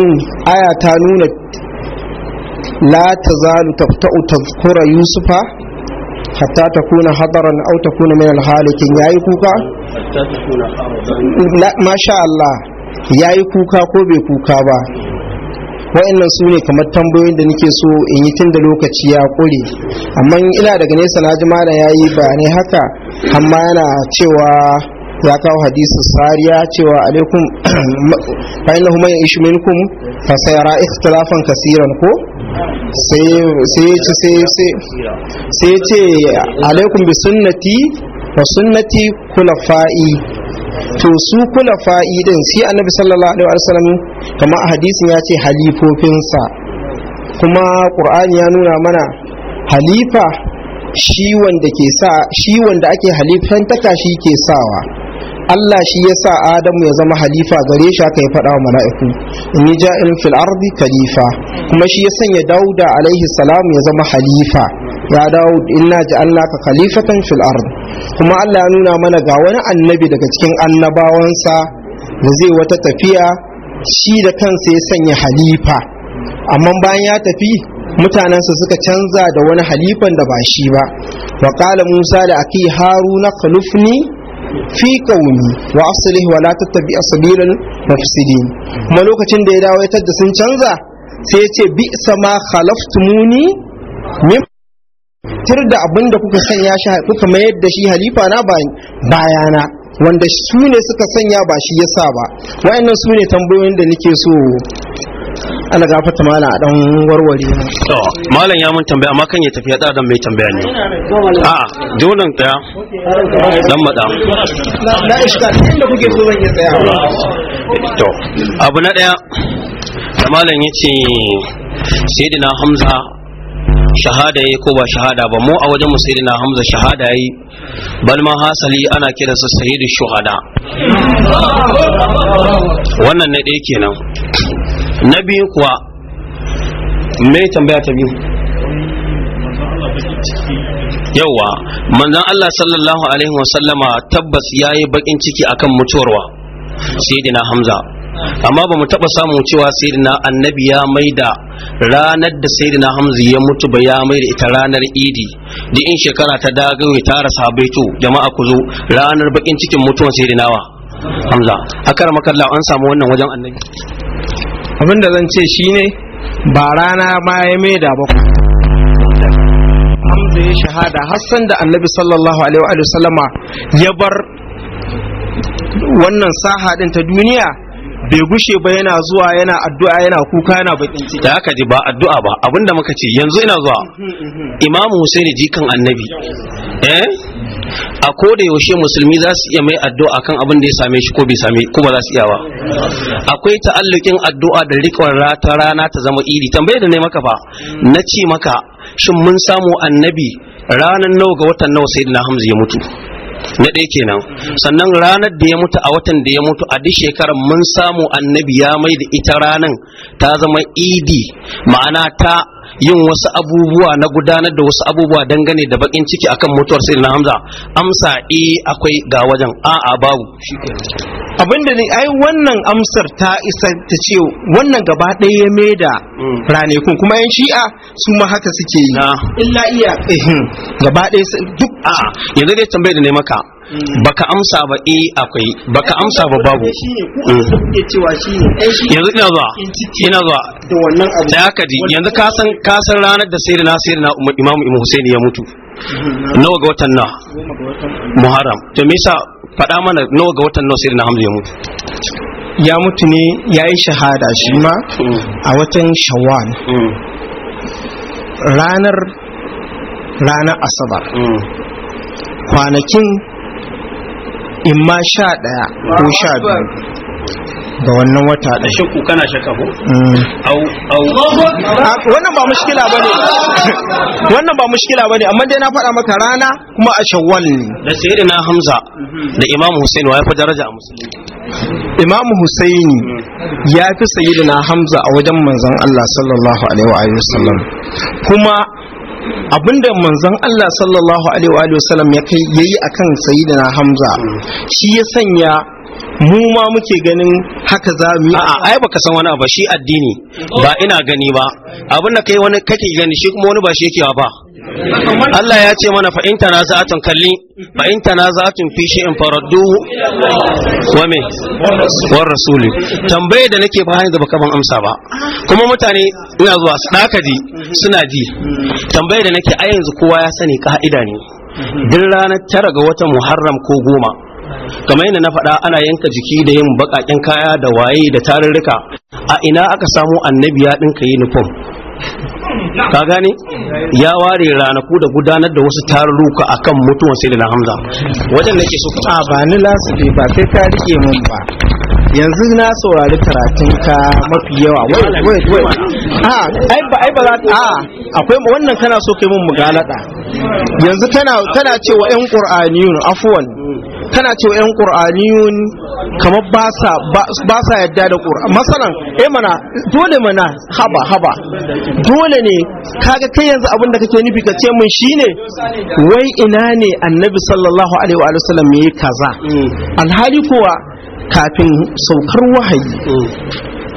aya ta nuna la ta zalu tazkura yusufa hatta ta kuna hadaran au ta kuna mai alhalikin yi kuka masha Allah ya yi kuka ko bai kuka ba wa'annan su ne kamar tambayoyin da nake so in yi tun da lokaci ya ƙuri, amma ina daga nesa na ji mana ya yi bayanai haka amma yana cewa ya kawo hadisu sariya cewa alaikum bayan lahuma ya ishi minkum fa sayara ikhtilafan kasiran ko sai ce alaikum bi sunnati wa sunnati kulafa'i to su kulafa'i din sai annabi sallallahu alaihi wasallam kamar a hadisin ya ce halifofinsa kuma qur'ani ya nuna mana halifa shi wanda ke sa shi wanda ake halifan taka shi ke sawa Allah shi ya sa Adamu ya zama halifa gare shi aka yi faɗa wa mala'iku in yi ja'in fil ardi khalifa kuma shi ya sanya Dauda alaihi salam ya zama halifa ya dawo inna ka khalifatan fil ard kuma Allah ya nuna mana ga wani annabi daga cikin annabawansa da zai wata tafiya shi da kansa ya sanya halifa amma bayan ya tafi mutanensa suka canza da wani halifan da ba shi ba wa Musa da aki haruna kalufni. fi kauni wa asali wa la tattabi asbilal mufsidin kuma lokacin da ya dawo ya tadda sun canza sai ya ce bi sama khalaftumuni min tir da abin da kuka sanya shi kuka mayar da shi halifa na bayana wanda su ne suka sanya ba shi ya sa ba wayannan su ne tambayoyin da nake so ana gafarta mala a dan warware mu to malam ya mun tambaya amma kan ya tafi ya da dan mai tambaya ne a dolan tsaya dan mada na iska inda kuke so zan yi tsaya to abu na daya da malam yace sayyidina hamza shahada yayi ko ba shahada ba mu a wajen mu sayyidina hamza shahada yayi bal ma hasali ana sa sayyidu shuhada wannan na ɗaya kenan na biyu kuwa mai tambaya ta biyu yauwa manzan Allah sallallahu alaihi wasallama tabbas ya yi bakin ciki akan mutuwarwa sayyidina hamza amma ba mu taba samun cewa sayyidina annabi ya maida ranar da sayyidina hamza ya mutu ba ya maida ita ranar idi da in shekara ta dagawe tara sabaito jama'a ku zo ranar bakin cikin mutuwar sayyidina wa hamza akar makalla an samu wannan wajen annabi abinda zan ce ne ba rana ma ya da ba hamza ya shahada hassan da annabi sallallahu alaihi wa sallama ya bar wannan saha din ta duniya bai gushe ba yana zuwa yana addu'a yana kuka yana bakin ciki da haka ji ba addu'a ba abinda muka ce yanzu ina zuwa mhm, mhm, mhm. imamu husaini jikan annabi eh a ko da yaushe musulmi za su iya mai addu'a kan abin da ya same shi ko bai same ko ba za su iya ba akwai ta'allukin addu'a da rikon rata rana ta zama iri tambaye da ne maka fa na ce maka shin mun samu annabi ranar nawa ga watan nawa Sayyidina hamza ya mutu na ɗaya kenan sannan ranar da ya mutu a watan da ya mutu a duk shekarar mun samu annabi ya mai da ita ranan ta zama idi ma'ana ta yin wasu abubuwa na gudanar da wasu abubuwa dangane da bakin ciki akan mutuwar sayyidina hamza amsa eh akwai ga wajen a'a babu abinda ne ai wannan amsar ta isa ta ce wannan gaba ɗaya ya maida mm. ranakun kuma yan shi'a su ma haka suke yi illa iya gaba ɗaya duk a yanzu dai tambayar da ne maka baka amsa ba eh akwai baka amsa ba babu mm. yanzu ina zuwa ina zuwa da haka ji yanzu ka san ka san ranar da na sayyidina imamu imam husaini ya mutu mm-hmm. nawa ga watan na muharram to me yasa faɗa mana nawa ga watan na da na hamza ya mutu ya mutu ne ya yi shahada shi ma mm. a watan shawwal mm. ranar ranar asabar kwanakin in ma sha ɗaya ko sha biyu da wannan wata da shakku kana shakka ko mm. au au wannan ba mushkila bane [LAUGHS] wannan ba mushkila bane amma dai na faɗa maka rana kuma a shawwal ne da sayyidina hamza mhm. da imam husaini wa ya daraja a musulmi imam husaini ya fi sayyidina hamza a wajen manzon Allah sallallahu alaihi wa sallam kuma abinda manzon Allah sallallahu alaihi wa sallam ya kai yayi akan sayyidina Hamza shi ya sanya mu ma muke ganin haka za mu yi a ai baka san wani abu shi addini ba ina gani ba abinda kai wani kake gani shi kuma wani ba shi yake ba Allah ya ce mana fa na tanaza'atun kalli fa na tanaza'atun fi in faradduhu wa me wa rasuli tambaye da nake fa da baka ban amsa ba kuma mutane ina zuwa su daka ji suna ji tambaye da nake a yanzu kowa ya sani ka'ida ne duk ranar tara ga watan Muharram ko goma kamar yadda na faɗa ana yanka jiki da yin baƙaƙen kaya da waye da tarurruka a ina aka samu annabi ya ɗinka yi nufin ka gane ya ware ranaku da gudanar da wasu tarurruka akan mutuwan sayyidina hamza wajen ke so ka ba ni lasu ba sai ka rike mun ba yanzu na saurari karatun ka mafi yawa wai wai wai ah ai ba ai ba za ah, akwai wannan kana so kai mun mugalada yanzu tana tana cewa yan qur'aniyun afwan tana cewa yan qur'aniyun kamar ba sa ba sa yadda da qur'an masalan eh mana dole mana haba haba dole ne kaga kai yanzu abin da kake nufi ka ce mun shine wai ina ne annabi sallallahu alaihi wa sallam yayi kaza mm. alhali kuwa kafin saukar wahayi mm.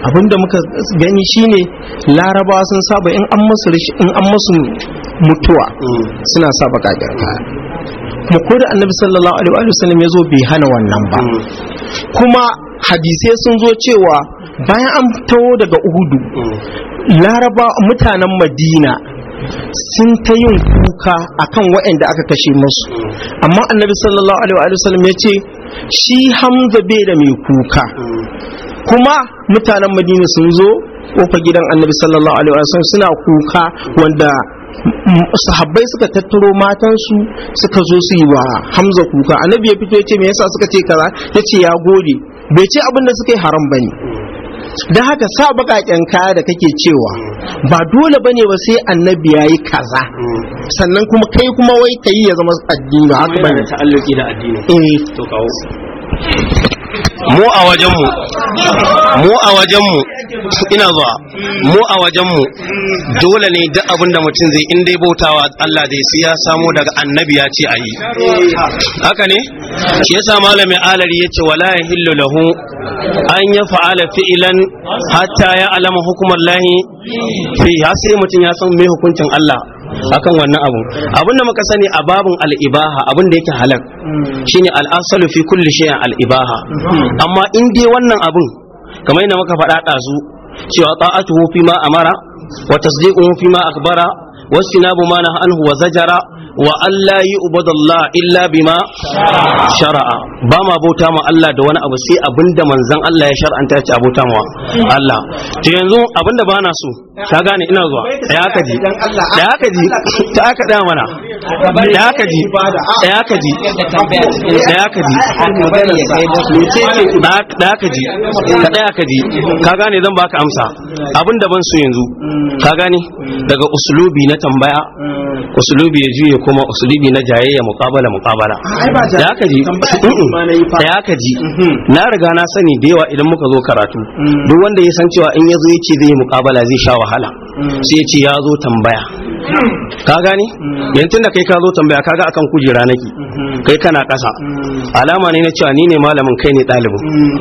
abinda muka gani shine larabawa sun saba in an masu in an masu mutuwa mm. suna saba bakaƙen kuma ko da annabi sallallahu alaihi wa sallam ya zo bai hana wannan ba mm. kuma hadisai sun zo cewa bayan an taho daga uhudu laraba mutanen madina sun ta yin kuka akan waɗanda aka kashe musu amma annabi sallallahu alaihi wa sallam ya ce shi hamza bai da mai kuka kuma mutanen madina sun zo kofa gidan annabi sallallahu alaihi wasallam suna kuka wanda sahabbai suka tattaro matansu suka zo su yi wa hamza kuka annabi ya fito ya ce me yasa suka ce kaza ya ce ya gode bai ce abin da suka yi haram bane don haka sa baƙaƙen kaya da kake cewa ba dole ba ne ba sai annabi ya yi kaza sannan kuma kai kuma wai ta yi ya zama addini haka bane ta'alluki da addini eh. to mu a wajenmu mu a wajenmu ina zuwa mu a wajenmu dole ne duk abin da mutum zai in dai bautawa Allah da ya samo daga annabi ya ce yi. haka ne shi sa malamin alari yace wala yahillu lahu an ya fa'ala fi'ilan hatta ya alama hukumar lahi fi har sai mutum ya san mai hukuncin Allah akan wannan abu abun da muka sani a babun al'ibaha abin da yake halak shine al'asalu fi kulli shay'in al'ibaha amma in dai wannan abun kamar yadda muka faɗa ɗazu cewa ta'atuhu fi ma amara wa tasdiquhu fi ma akbara wasinabu ma nahahu wa zajara wa Allah yi ubadallah illa bima shara'a ba ma bauta ma Allah da wani abu sai abinda manzon Allah ya shar'anta ce abota ma Allah to yanzu abinda bana so ka gane ina zuwa da haka ji da haka ji ta aka da mana da haka ji da haka ji da haka ji da haka ji ka da haka ji ka gane zan baka amsa abinda ban so yanzu ka gane daga usulubi na tambaya usulubi ya juye kuma usulubi na jayayya muqabala muqabala ah, da aka ji da aka ji na riga na sani da yawa idan muka zo karatu mm. duk wanda ya san cewa in ya zo yace zai muqabala zai sha wahala mm. sai ya ce ya zo tambaya ka gani mm. yanzu da kai ka zo tambaya kaga akan kujera nake mm-hmm. kai kana kasa mm. alama ne na cewa ni ne malamin kai ne dalibin mm.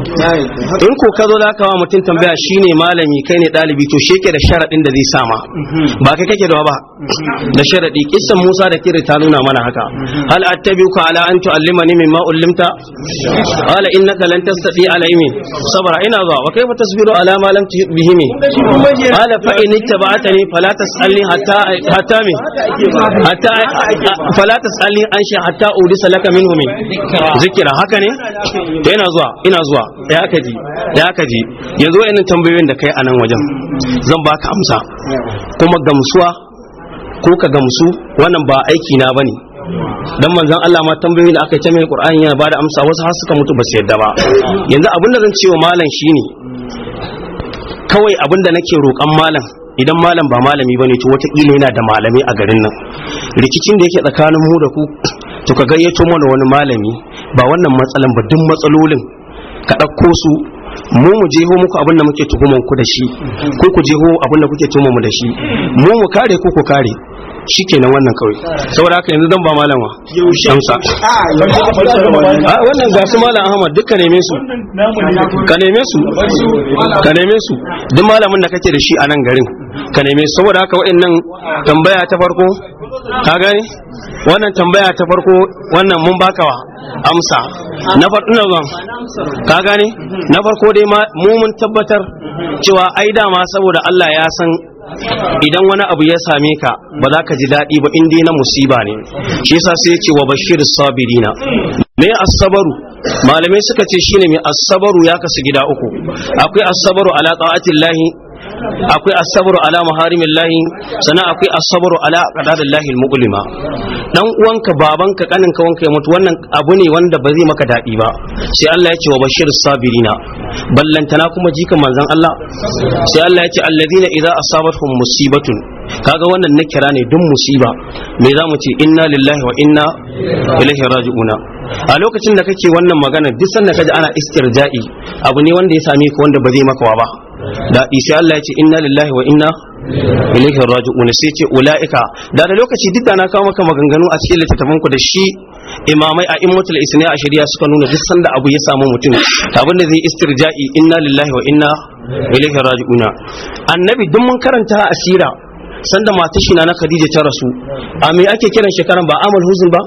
in ko ka zo za ka wa mutum tambaya shine malami kai ne dalibi to sheke da sharaɗin da zai sama mm-hmm. ba kai kake da ba mm-hmm. da sharaɗi. kissan Musa da Kiri ta nuna mana haka hal attabiuka ala an tu'allimani mimma ullimta qala innaka lan tastati alayhi sabra ina zuwa wa kaifa tasbiru ala ma lam tuhit bihi qala fa in ittaba'tani fala tasalni hatta hatta me hatta fala tasali an shi hatta udi salaka minhum zikira haka ne yana zuwa ina zuwa da haka ji da haka ji yanzu tambayoyin da kai a nan wajen zan baka amsa kuma gamsuwa ko ka gamsu wannan ba aiki na bane dan manzon Allah ma tambayoyi da aka yi ta mai Qur'ani yana bada amsa wasu har suka mutu ba su yadda ba yanzu abin da zan ce wa malam shine kawai abin da nake roƙon malam idan malam ba malami bane to wataƙila yana da malami a garin nan rikicin da yake tsakanin mu da ku to ka gayyato mana wani malami ba wannan matsalan ba duk matsalolin ka ɗauko su mu mu jeho muku abin da muke tuhuman ku da shi ko ku jeho abin da kuke tuhuman mu da shi mu mu kare ku ku kare shikenan wannan kawai saboda haka yanzu zan ba malama shamsa. a wannan ga su malam ahmad duk ka neme su ka neme su ka neme su duk malamin da kake da shi a nan garin ka neme saboda haka wa'annan tambaya ta farko ka gani wannan tambaya ta farko wannan mun baka amsa na farko ka gani na farko dai mu mun tabbatar cewa ai dama saboda Allah ya san idan wani abu ya same ka ba za ka ji daɗi ba in dai na musiba ne shi yasa sai ya ce wa bashir sabirina me asabaru malamai suka ce shine me asabaru ya kasu gida uku akwai asabaru ala ta'atillahi akwai asabaru ala muharimin lahi sannan akwai asabaru ala qadarin lahi dan uwanka babanka kaninka wanka ya mutu wannan abu ne wanda ba zai maka daɗi ba sai Allah ya ce wa bashir sabirina ballantana kuma jikan manzan Allah sai Allah ya ce alladhina idza asabatuhum musibatun kaga wannan na kira ne dun musiba me za mu ce inna lillahi wa inna ilaihi raji'una a lokacin da kake wannan magana duk sanda kaji ana istirja'i abu ne wanda ya same ka wanda ba zai maka ba Da isa Allah ya ce inna lillahi wa inna ilaihi raji'un sai ce ulaika da da lokaci duk da na kawo maka maganganu a cikin littattafan ku da shi imamai a immatul isniya a shari'a suka nuna duk sanda abu ya samu mutum abin da zai istirja'i inna lillahi wa inna ilaihi raji'un annabi duk mun karanta a asira sanda mata shi na Khadija ta rasu a me ake kiran shekaran ba amal huzun ba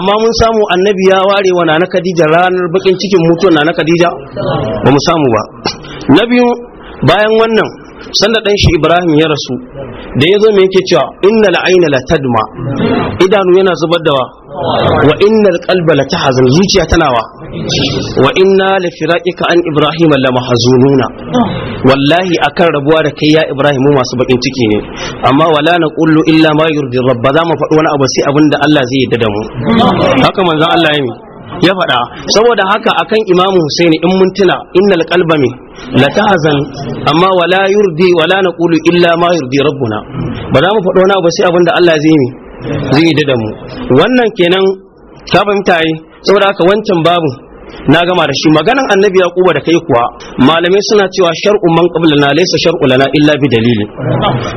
amma mun samu annabi ya ware wa na Khadija ranar bakin cikin mutuwar na Khadija ba mu samu ba na biyu bayan wannan sanda dan shi ibrahim ya rasu da ya zo mai yake cewa innal aina la tadma idanu yana zubar da wa innal qalba la tahzan zuciya tana wa wa inna la firaqika an ibrahim la mahzununa wallahi akan rabuwa da kai ya ibrahim mu masu bakin ciki ne amma wala naqulu illa ma yurdi rabb za mu faɗi wani abu sai abinda Allah zai yadda da mu haka manzon Allah ya yi ya faɗa saboda haka akan imamu husaini in mun tuna innal qalba min la tahzan amma wala yurdi wala naqulu illa ma yurdi rabbuna ba za mu faɗo na ba sai abinda Allah zai yi zai yi da mu wannan kenan sabon fahimta yi saboda haka wancan babu na gama da shi maganan annabi yaquba da kai kuwa malamai suna cewa shar'u man qablana laysa shar'u lana illa bi dalili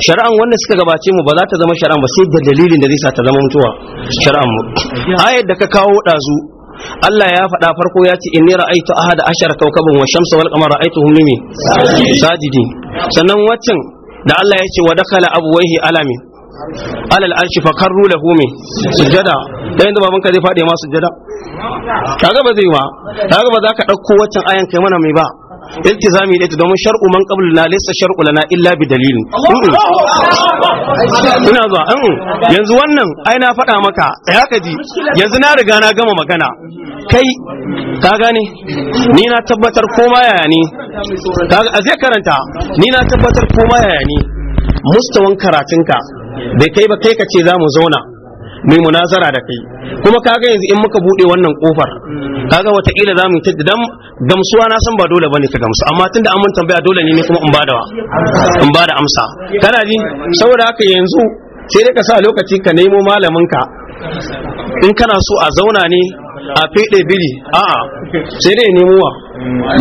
shar'an wanda suka gabace mu ba za ta zama shar'an ba sai da dalilin da zai sa ta zama mutuwa shar'an mu ayat da ka kawo dazu Allah ya faɗa farko ya ce inni ra'aytu ahada ashara kawkaban wa shamsa wal qamara ra'aytuhum limi sajidi sannan waccan da Allah ya ce wa dakhala abwayhi alamin alal arshi fa karru lahu min sujada dai inda babanka zai faɗi ma sujada kaga ba zai ba kaga ba za ka ɗauko waccan ayan kai mana mai ba iltizami da ita domin shar'u man qabluna laysa shar'u lana illa bi dalil ina zuwa yanzu wannan ai na faɗa maka ya ka ji yanzu na riga na gama magana kai ka gane ni na tabbatar koma yaya ne a zai karanta ni na tabbatar koma yaya ne mustawan karatunka bai kai ba kai ka ce za mu zauna mai munazara da kai kuma kaga yanzu in muka bude wannan kofar kaga wataƙila za mu ta dan gamsuwa na san ba dole bane ka gamsu amma tunda an mun tambaya dole ne ne kuma in bada in bada amsa kana ji saboda haka yanzu sai dai ka sa lokaci ka nemo malamin ka in kana so a zauna ne a fede biri a'a sai dai nemo wa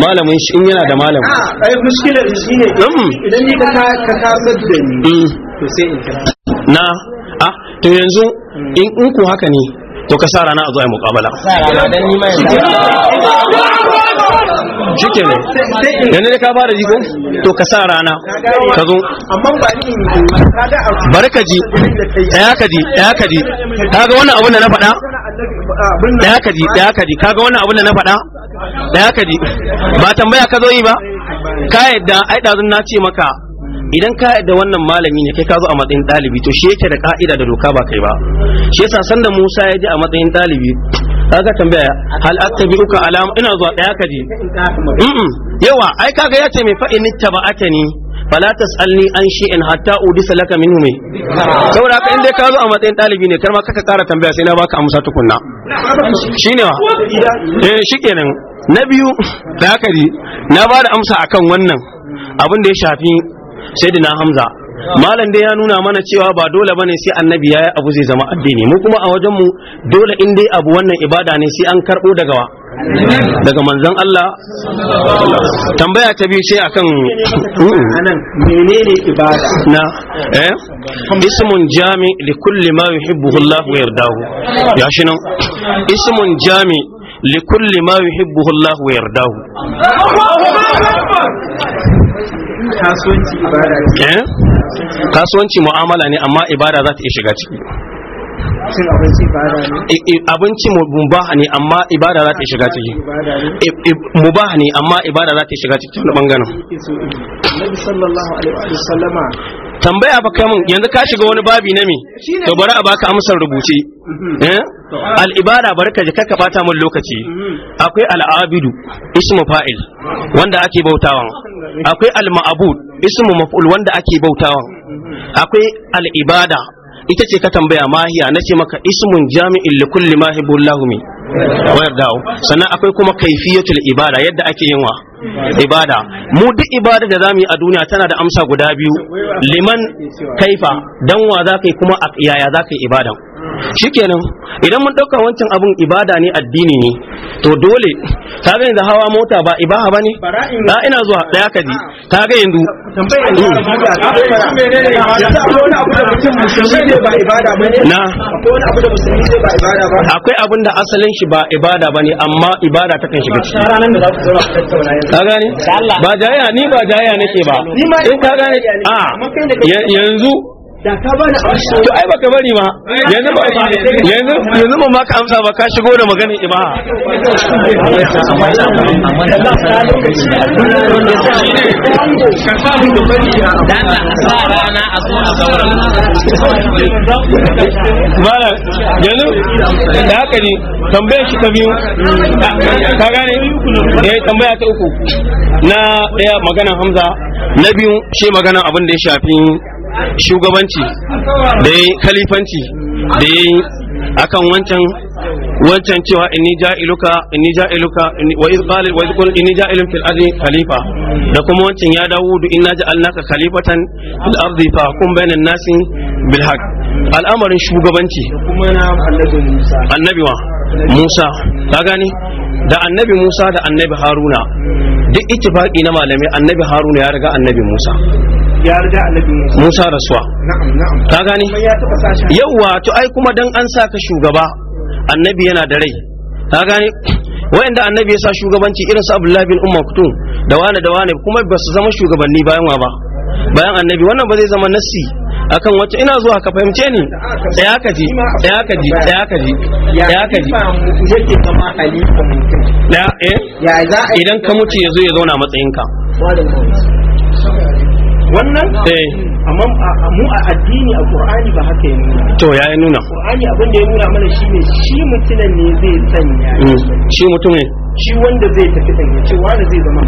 malamin shi in yana da malamin yi muskilar shi ne mm. idan ni ka ka kasar da ni mm. to sai in na to yanzu in in ku haka ne to ka sa rana a zuwa ai muqabala shike ne yanzu ne ka ba da jiko to ka sa rana ka zo bari ka ji ɗaya ka ji ɗaya ka ji ga wannan abin da na faɗa ɗaya ka ji ɗaya ka ji ga wannan abin da na faɗa ɗaya ka ji ba tambaya ka zo yi ba ka yadda ai ɗazun na ce maka idan ka da wannan malami ne kai ka zo a matsayin ɗalibi to shi yake da ka'ida da doka ba kai ba shi yasa sanda Musa ya je a matsayin ɗalibi kaga tambaya hal attabi'uka ala ina zuwa daya ka je yawa ai kaga yace mai fa in ni fala tasalni an shay'in hatta udisa laka minhu me saboda haka inda ka zo a matsayin ɗalibi ne karma kaka kara tambaya sai na baka amsa tukunna shine wa eh shikenan na biyu da haka na bada amsa akan wannan abin da ya shafi Saidina hamza malam dai ya nuna mana cewa ba dole bane sai annabi yayi abu zai zama addini mu kuma a wajen mu dole in dai abu wannan ibada ne sai an karbo daga wa daga manzon Allah tambaya ta biyu sai akan [COUGHS] anan menene ibada na eh ismun jami li kulli ma yuhibbuhu Allah wa yardahu ya shi nan ismun jami li kulli ma yuhibbuhu Allah wa yardahu kasuwanci ibada ce eh? kasuwanci mu'amala ne amma ibada za ta iya shiga ciki abinci mubaha ne amma ibada za ta iya shiga ciki mubaha ne amma ibada za ta iya shiga ciki wani bangaren tambaya ba kai mun yanzu ka shiga wani babi na me to bari a baka amsar rubuce mm-hmm. eh al ibada bari ka ji ka bata mun lokaci mm-hmm. akwai al abidu ismu fa'il wanda ake bautawa akwai al ma'bud ismu maf'ul wanda ake bautawa mm-hmm. akwai al ibada ita ce ka tambaya mahiya na ce maka ismun jami'in li kulli mahibullahu wayar dawo sannan akwai kuma kaifiyatul ibada yadda ake yin wa ibada mu duk ibada da zamu yi a duniya tana da amsa guda biyu liman kaifa dan wa zakai kuma a yaya zakai ibadan shikenan idan mun ɗauka wancan abun ibada ne addini ne to dole ta ga yanzu hawa mota ba ibaha bane na ina zuwa daya ka ji ta ga yanzu na akwai abun da asalin shi ba ibada bane amma ibada ta kan shiga ciki ka gane ba jaya ni ba jaya nake ba in ka gane a yanzu to ai baka bari ma yanzu ba yanzu yanzu ma ka amsa ba ka shigo da maganar ibaha mala yanzu da haka ne tambayar shi ta biyu ka gane eh tambaya ta uku na daya maganar hamza na biyu shi maganar abin da ya shafi shugabanci da ya kalifanci da ya yi akan wancan wancan cewa inni ja'iluka inni ja'iluka wa iz qala wa iz inni ja'ilun fil ardi khalifa da kuma wancan ya dawudu inna ja'alnaka khalifatan fil ardi fa hukum bainan nasi bil haqq al'amarin shugabanci annabi wa Musa ka da annabi Musa da annabi Haruna duk ittifaqi na malamai annabi Haruna ya riga annabi Musa ya riga annabi Musa Musa rasuwa na'am na'am ka gane yawa to ai kuma dan an ka shugaba annabi yana da rai ka gane wayanda annabi ya sa shugabanci irin su Abdullahi bin Umar Kutum da wane da wane kuma ba su zama shugabanni bayan wa ba bayan annabi wannan ba zai zama nassi akan wacce ina zuwa ka fahimce ni tsaya ka ji tsaya ka ji tsaya ka ji tsaya ka ji ya eh? idan ka mutu ya zo ya zauna matsayin ka. wannan eh amma mu a addini a qur'ani ba haka ya nuna to ya nuna qur'ani abin da ya nuna mana shine shi mutumin ne zai sanya mm. shi mutum ne shi wanda zai tafi dan ya ce wanda zai zama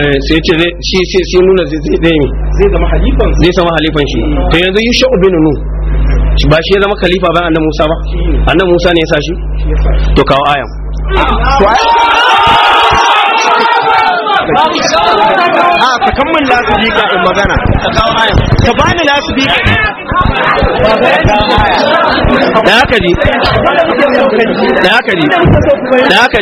eh, sai ce shi shi shi nuna zai zai dai zai zama halifan zai zama halifan shi mm. to yanzu yusha ibn nu ba shi ya zama khalifa ba annabi Musa ba annabi Musa ne ya sa shi to kawo ayan to ah! ayan a ka kammin lasu dika in magana ka bani lasu dika da haka ji da haka ji da haka ji da haka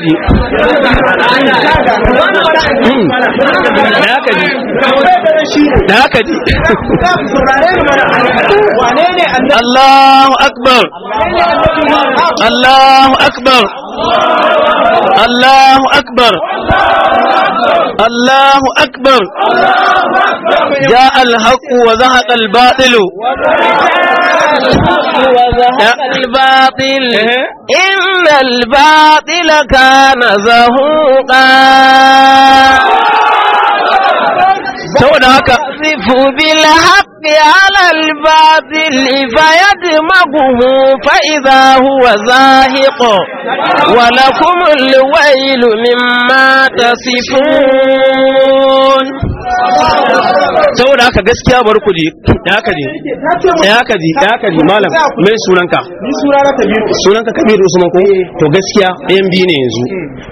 ji da haka ji Allahu akbar Allahu akbar Allahu akbar Allahu akbar جاء الحق وزهق الباطل وزهق الباطل إيه؟ إن الباطل كان زهوقا سوداك بالحق على الباطل فيدمغه فإذا هو زاهق ولكم الويل مما تصفون saboda haka gaskiya bar ku ji ya ka ji ya ka ji ya ka ji malam mai sunanka sunanka kabiru usman ko to gaskiya ɗayan biyu ne yanzu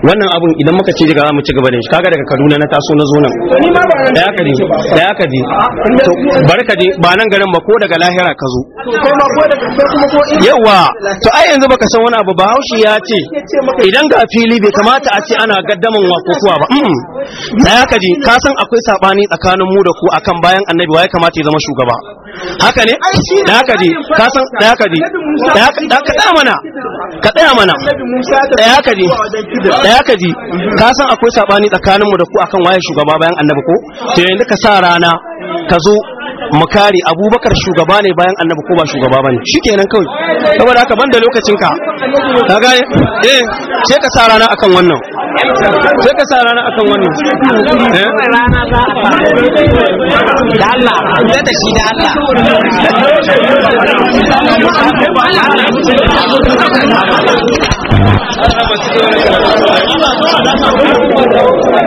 wannan abun idan muka ce daga mu ci gaba da shi kaga daga kaduna na taso na zo nan da ya ka ji da ya ka ji to bari ka ba nan garin ba ko daga lahira ka zo yawa to ai yanzu baka san wani abu ba haushi ya ce idan ga fili bai kamata a ce ana gaddaman wakokuwa ba da haka dai ka san akwai sabani tsakanin mu da ku akan bayan annabi waye kamata ya zama shugaba haka ne da haka dai ka san da haka dai da tsaya mana ka tsaya mana da haka dai da haka dai ka san akwai sabani tsakanin mu da ku akan waye shugaba bayan annabi ko to yanzu ka sa rana ka zo Mukari, abubakar shugaba ne bayan annabi ko ba shugaba bane kenan kawai saboda haka banda lokacin ka ka gane eh sai ka sa rana akan wannan sai ka sa rana akan wannan eh da Allah da da shi da Allah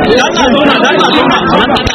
Allah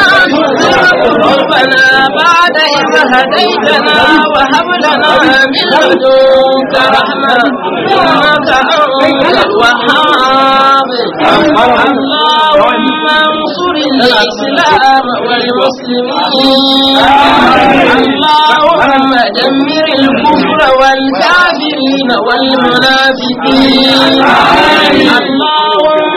ربنا بعد إذ هديتنا وهب لنا من لدنك رحمة إنك أنت الوهاب اللهم انصر الإسلام والمسلمين اللهم دمر الكفر والكافرين والمنافقين اللهم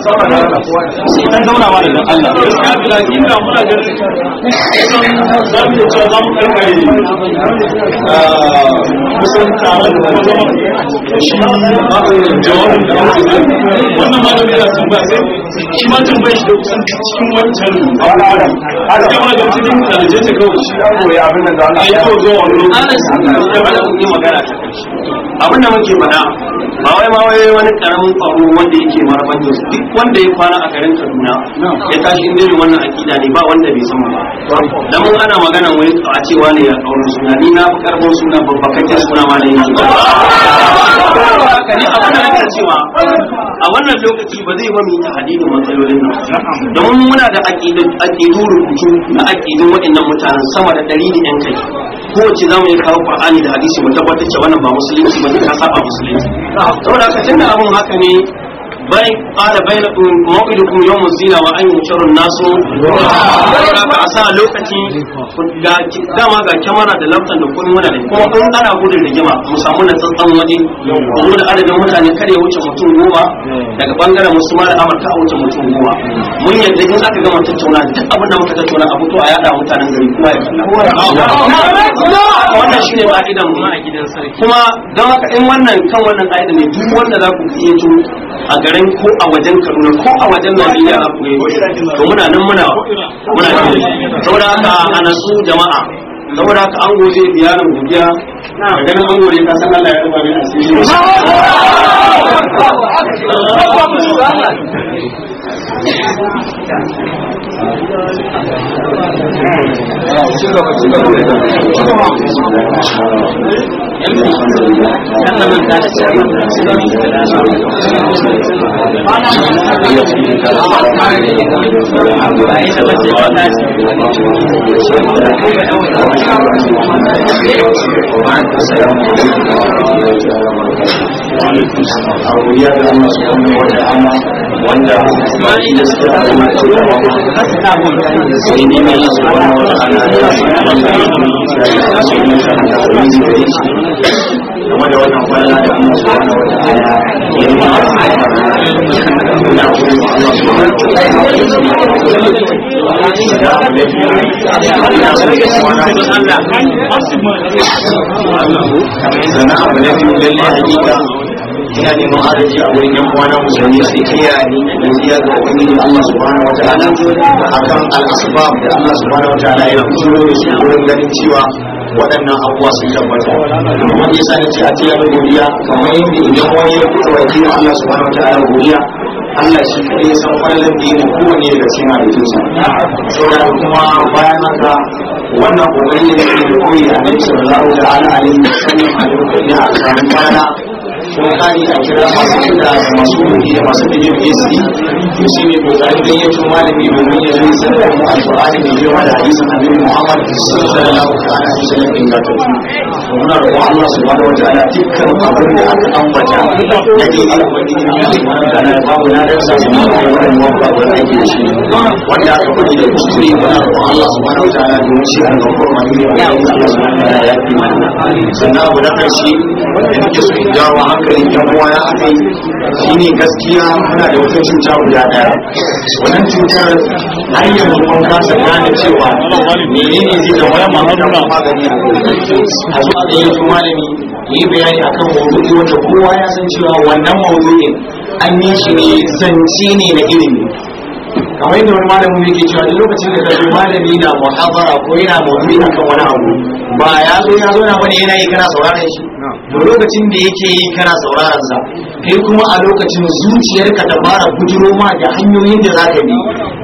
sai dan zauna ma da Allah inda muna da kusan za mu ce za mu karkare kusan tare da wannan shi jawabin da aka yi wannan malami yana son ba sai shi ma tambayar shi da kusan cikin wancan abubuwan gaskiya muna da cikin talaje ta kawai shi yaro ya abin da Allah ya yi zuwa wani lokaci ba bada kuɗi magana ta karshe abin da muke faɗa ba wai ma wai wani karamin faru wanda yake marabanjin su duk duk wanda ya kwana a garin Kaduna ya tashi inda ne wannan akida ne ba wanda bai san ba dan mun ana magana wai a cewa ne ya kaura suna ni na karbon suna babbakakken suna ma ne yanzu haka ne abin da ake cewa a wannan lokaci ba zai ba mu yi hadidin matsalolin nan mun muna da akidan akidu rubutu na akidan waɗannan mutanen sama da ɗari da yan kai ce zamu yi kawo Qur'ani da hadisi mu tabbatar cewa wannan ba musulunci ba ne ka saba musulunci saboda ka tunda abin haka ne bai qala bayna mawqidukum yawm zina wa an yusharu an-nasu ka asa lokaci ga dama ga kamera da laftan da kun wani ne kuma kun ana gudun rigima mu samu na tsantsan waje mu da adadin mutane kare wuce mutum goma daga bangaren musamman da amurka a wuce mutum goma mun yadda in aka gama tattauna duk abin da muka tattauna a fito a yada mutanen gari kuma ya wannan shine ba idan mu a gidan sarki kuma don haka in wannan kan wannan aidan ne duk wanda za ku iya a garin nan ko a wajen kaduna ko a wajen najeriya to muna nan muna muna saboda haka a nasu jama'a saboda haka an goje biyarin gudiya da ganin an goje ta san Allah ya ruba min asiri wanda wanda da suka سيدنا سبحانه وتعالى game da wannan kwallon da Allah subhanahu wa ta'ala ya yi wa muna kuma da Allah subhanahu wa ta'ala ya yi wa Allah subhanahu wa ta'ala ina neman agaji a wurin yan uwana musulmi su kiyaye godiya ga ubangiji Allah subhanahu wataala akan al-asbab da Allah subhanahu Ta'ala ya turo su wurin ganin cewa waɗannan abuwa sun tabbata kuma ya sani ce a tiyar godiya kamar yadda idan wani ya kuka wa kiyo Allah subhanahu wataala godiya Allah shi kaɗai ya san kwallon da yi kowane daga cikin halittunsa saboda kuma bayan haka wannan kokari ne da koyi a nan sallallahu ta'ala alaihi wa a lokacin da aka samu kwana kuma kari kokari a kira masu kiɗa da masu ruhi da masu bidiyo esi to shi ne kokarin da yato malami domin ya zai sanda mu alƙur'ani da yawa da hadisin annabi muhammad sallallahu alaihi wasallam in gato to muna roƙon Allah subhanahu wa ta'ala dukkan abin da aka ambata da ke alƙur'ani da yawa da na babu na da sa mu da wannan wanda ba da ake shi wanda aka kudi da kuskure muna roƙon Allah subhanahu wa ta'ala domin shi an gaɓar mani da Allah subhanahu da ya fi mana sannan abu na da nake so in jawo hankalin yan damuwa ya aka yi shi ne gaskiya muna da wata cuta guda daya wannan cutar har yanzu mun kasa gane cewa menene zai zama ya da magani a zuwa da yanzu malami yi bayani a akan maudu'i wanda kowa ya san cewa wannan maudu'in an yi shi ne zance ne na ilimi kamar da wani malamin yake cewa duk lokacin da kaji malami na muhazara ko yana a kan wani abu ba ya zo ya zo na bane yana yi kana sauraron shi to lokacin da yake yi kana sauraron sa kai kuma a lokacin zuciyarka ta fara bujiro ma da hanyoyin da za ka bi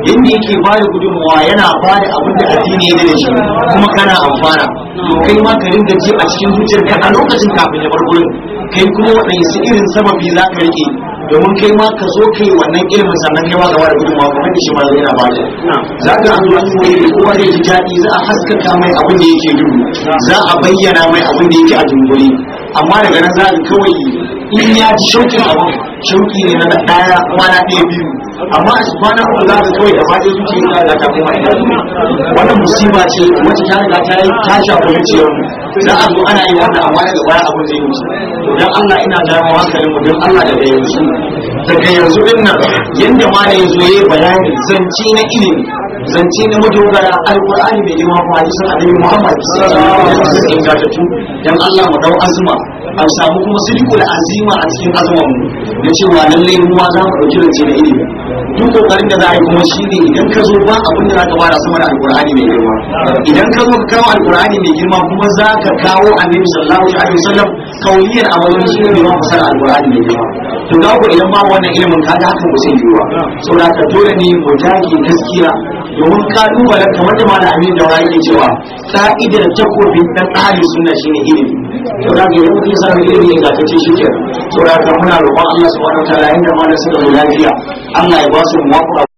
yadda yake ba da gudunmawa yana ba da abin da addini ya da shi kuma kana amfana to kai ma ka ringa ji a cikin zuciyarka a lokacin kafin ya bar gurin kai kuma waɗansu irin sababi za ka rike domin kai ma ka zo kai wannan ilimin sannan kai ma gaba da gudunmawa kuma da shi ma zai na bada za ka an zuwa cikin ilimin kowa da ji daɗi za a haskaka mai abin da yake duhu za a bayyana mai abin da yake a dumbuli amma daga nan za ka kawai in ya ji shauƙin abu shauƙi ne na ɗaya kwana ɗaya biyu amma a kwana uku za ka kawai da fadin zuci ya da ta kuma ina wannan musiba ce wacce ta riga ta yi ta shafi zuciyar za a zo ana yin wannan amma daga baya abin zai musu dan Allah ina jawo hankalin mu dan Allah daga yanzu daga yanzu din nan yanda ma ya yayi bayani zance na ilimi zance na madogara Alƙur'ani mai girma kuma hadisin annabi muhammad sallallahu alaihi wasallam ingantattu dan Allah mu dau azuma a samu kuma da azima a cikin azuman mu na cewa lallai mu ma za mu dauki rance da ilimi duk kokarin da za a yi kuma shi ne idan ka zo ba abin da za ka fara sama da alkur'ani mai girma idan ka zo ka kawo alkur'ani mai girma kuma za ka kawo annabi sallallahu alaihi wasallam kauliyar a wajen shi ne ma fasar alkur'ani mai girma to ga ku idan ba wannan ilimin kaga haka ba sai yiwuwa saboda ka dole ne mu jaki gaskiya domin da kamar da mana amin da wani ke cewa sa'idar takobin tsari suna shi ne ilimi to da ga yanzu sa ilimi ga kace shi ke to da muna roƙon Allah subhanahu wa ta'ala inda mana suka zo lafiya Allah ya ba su muwafaqa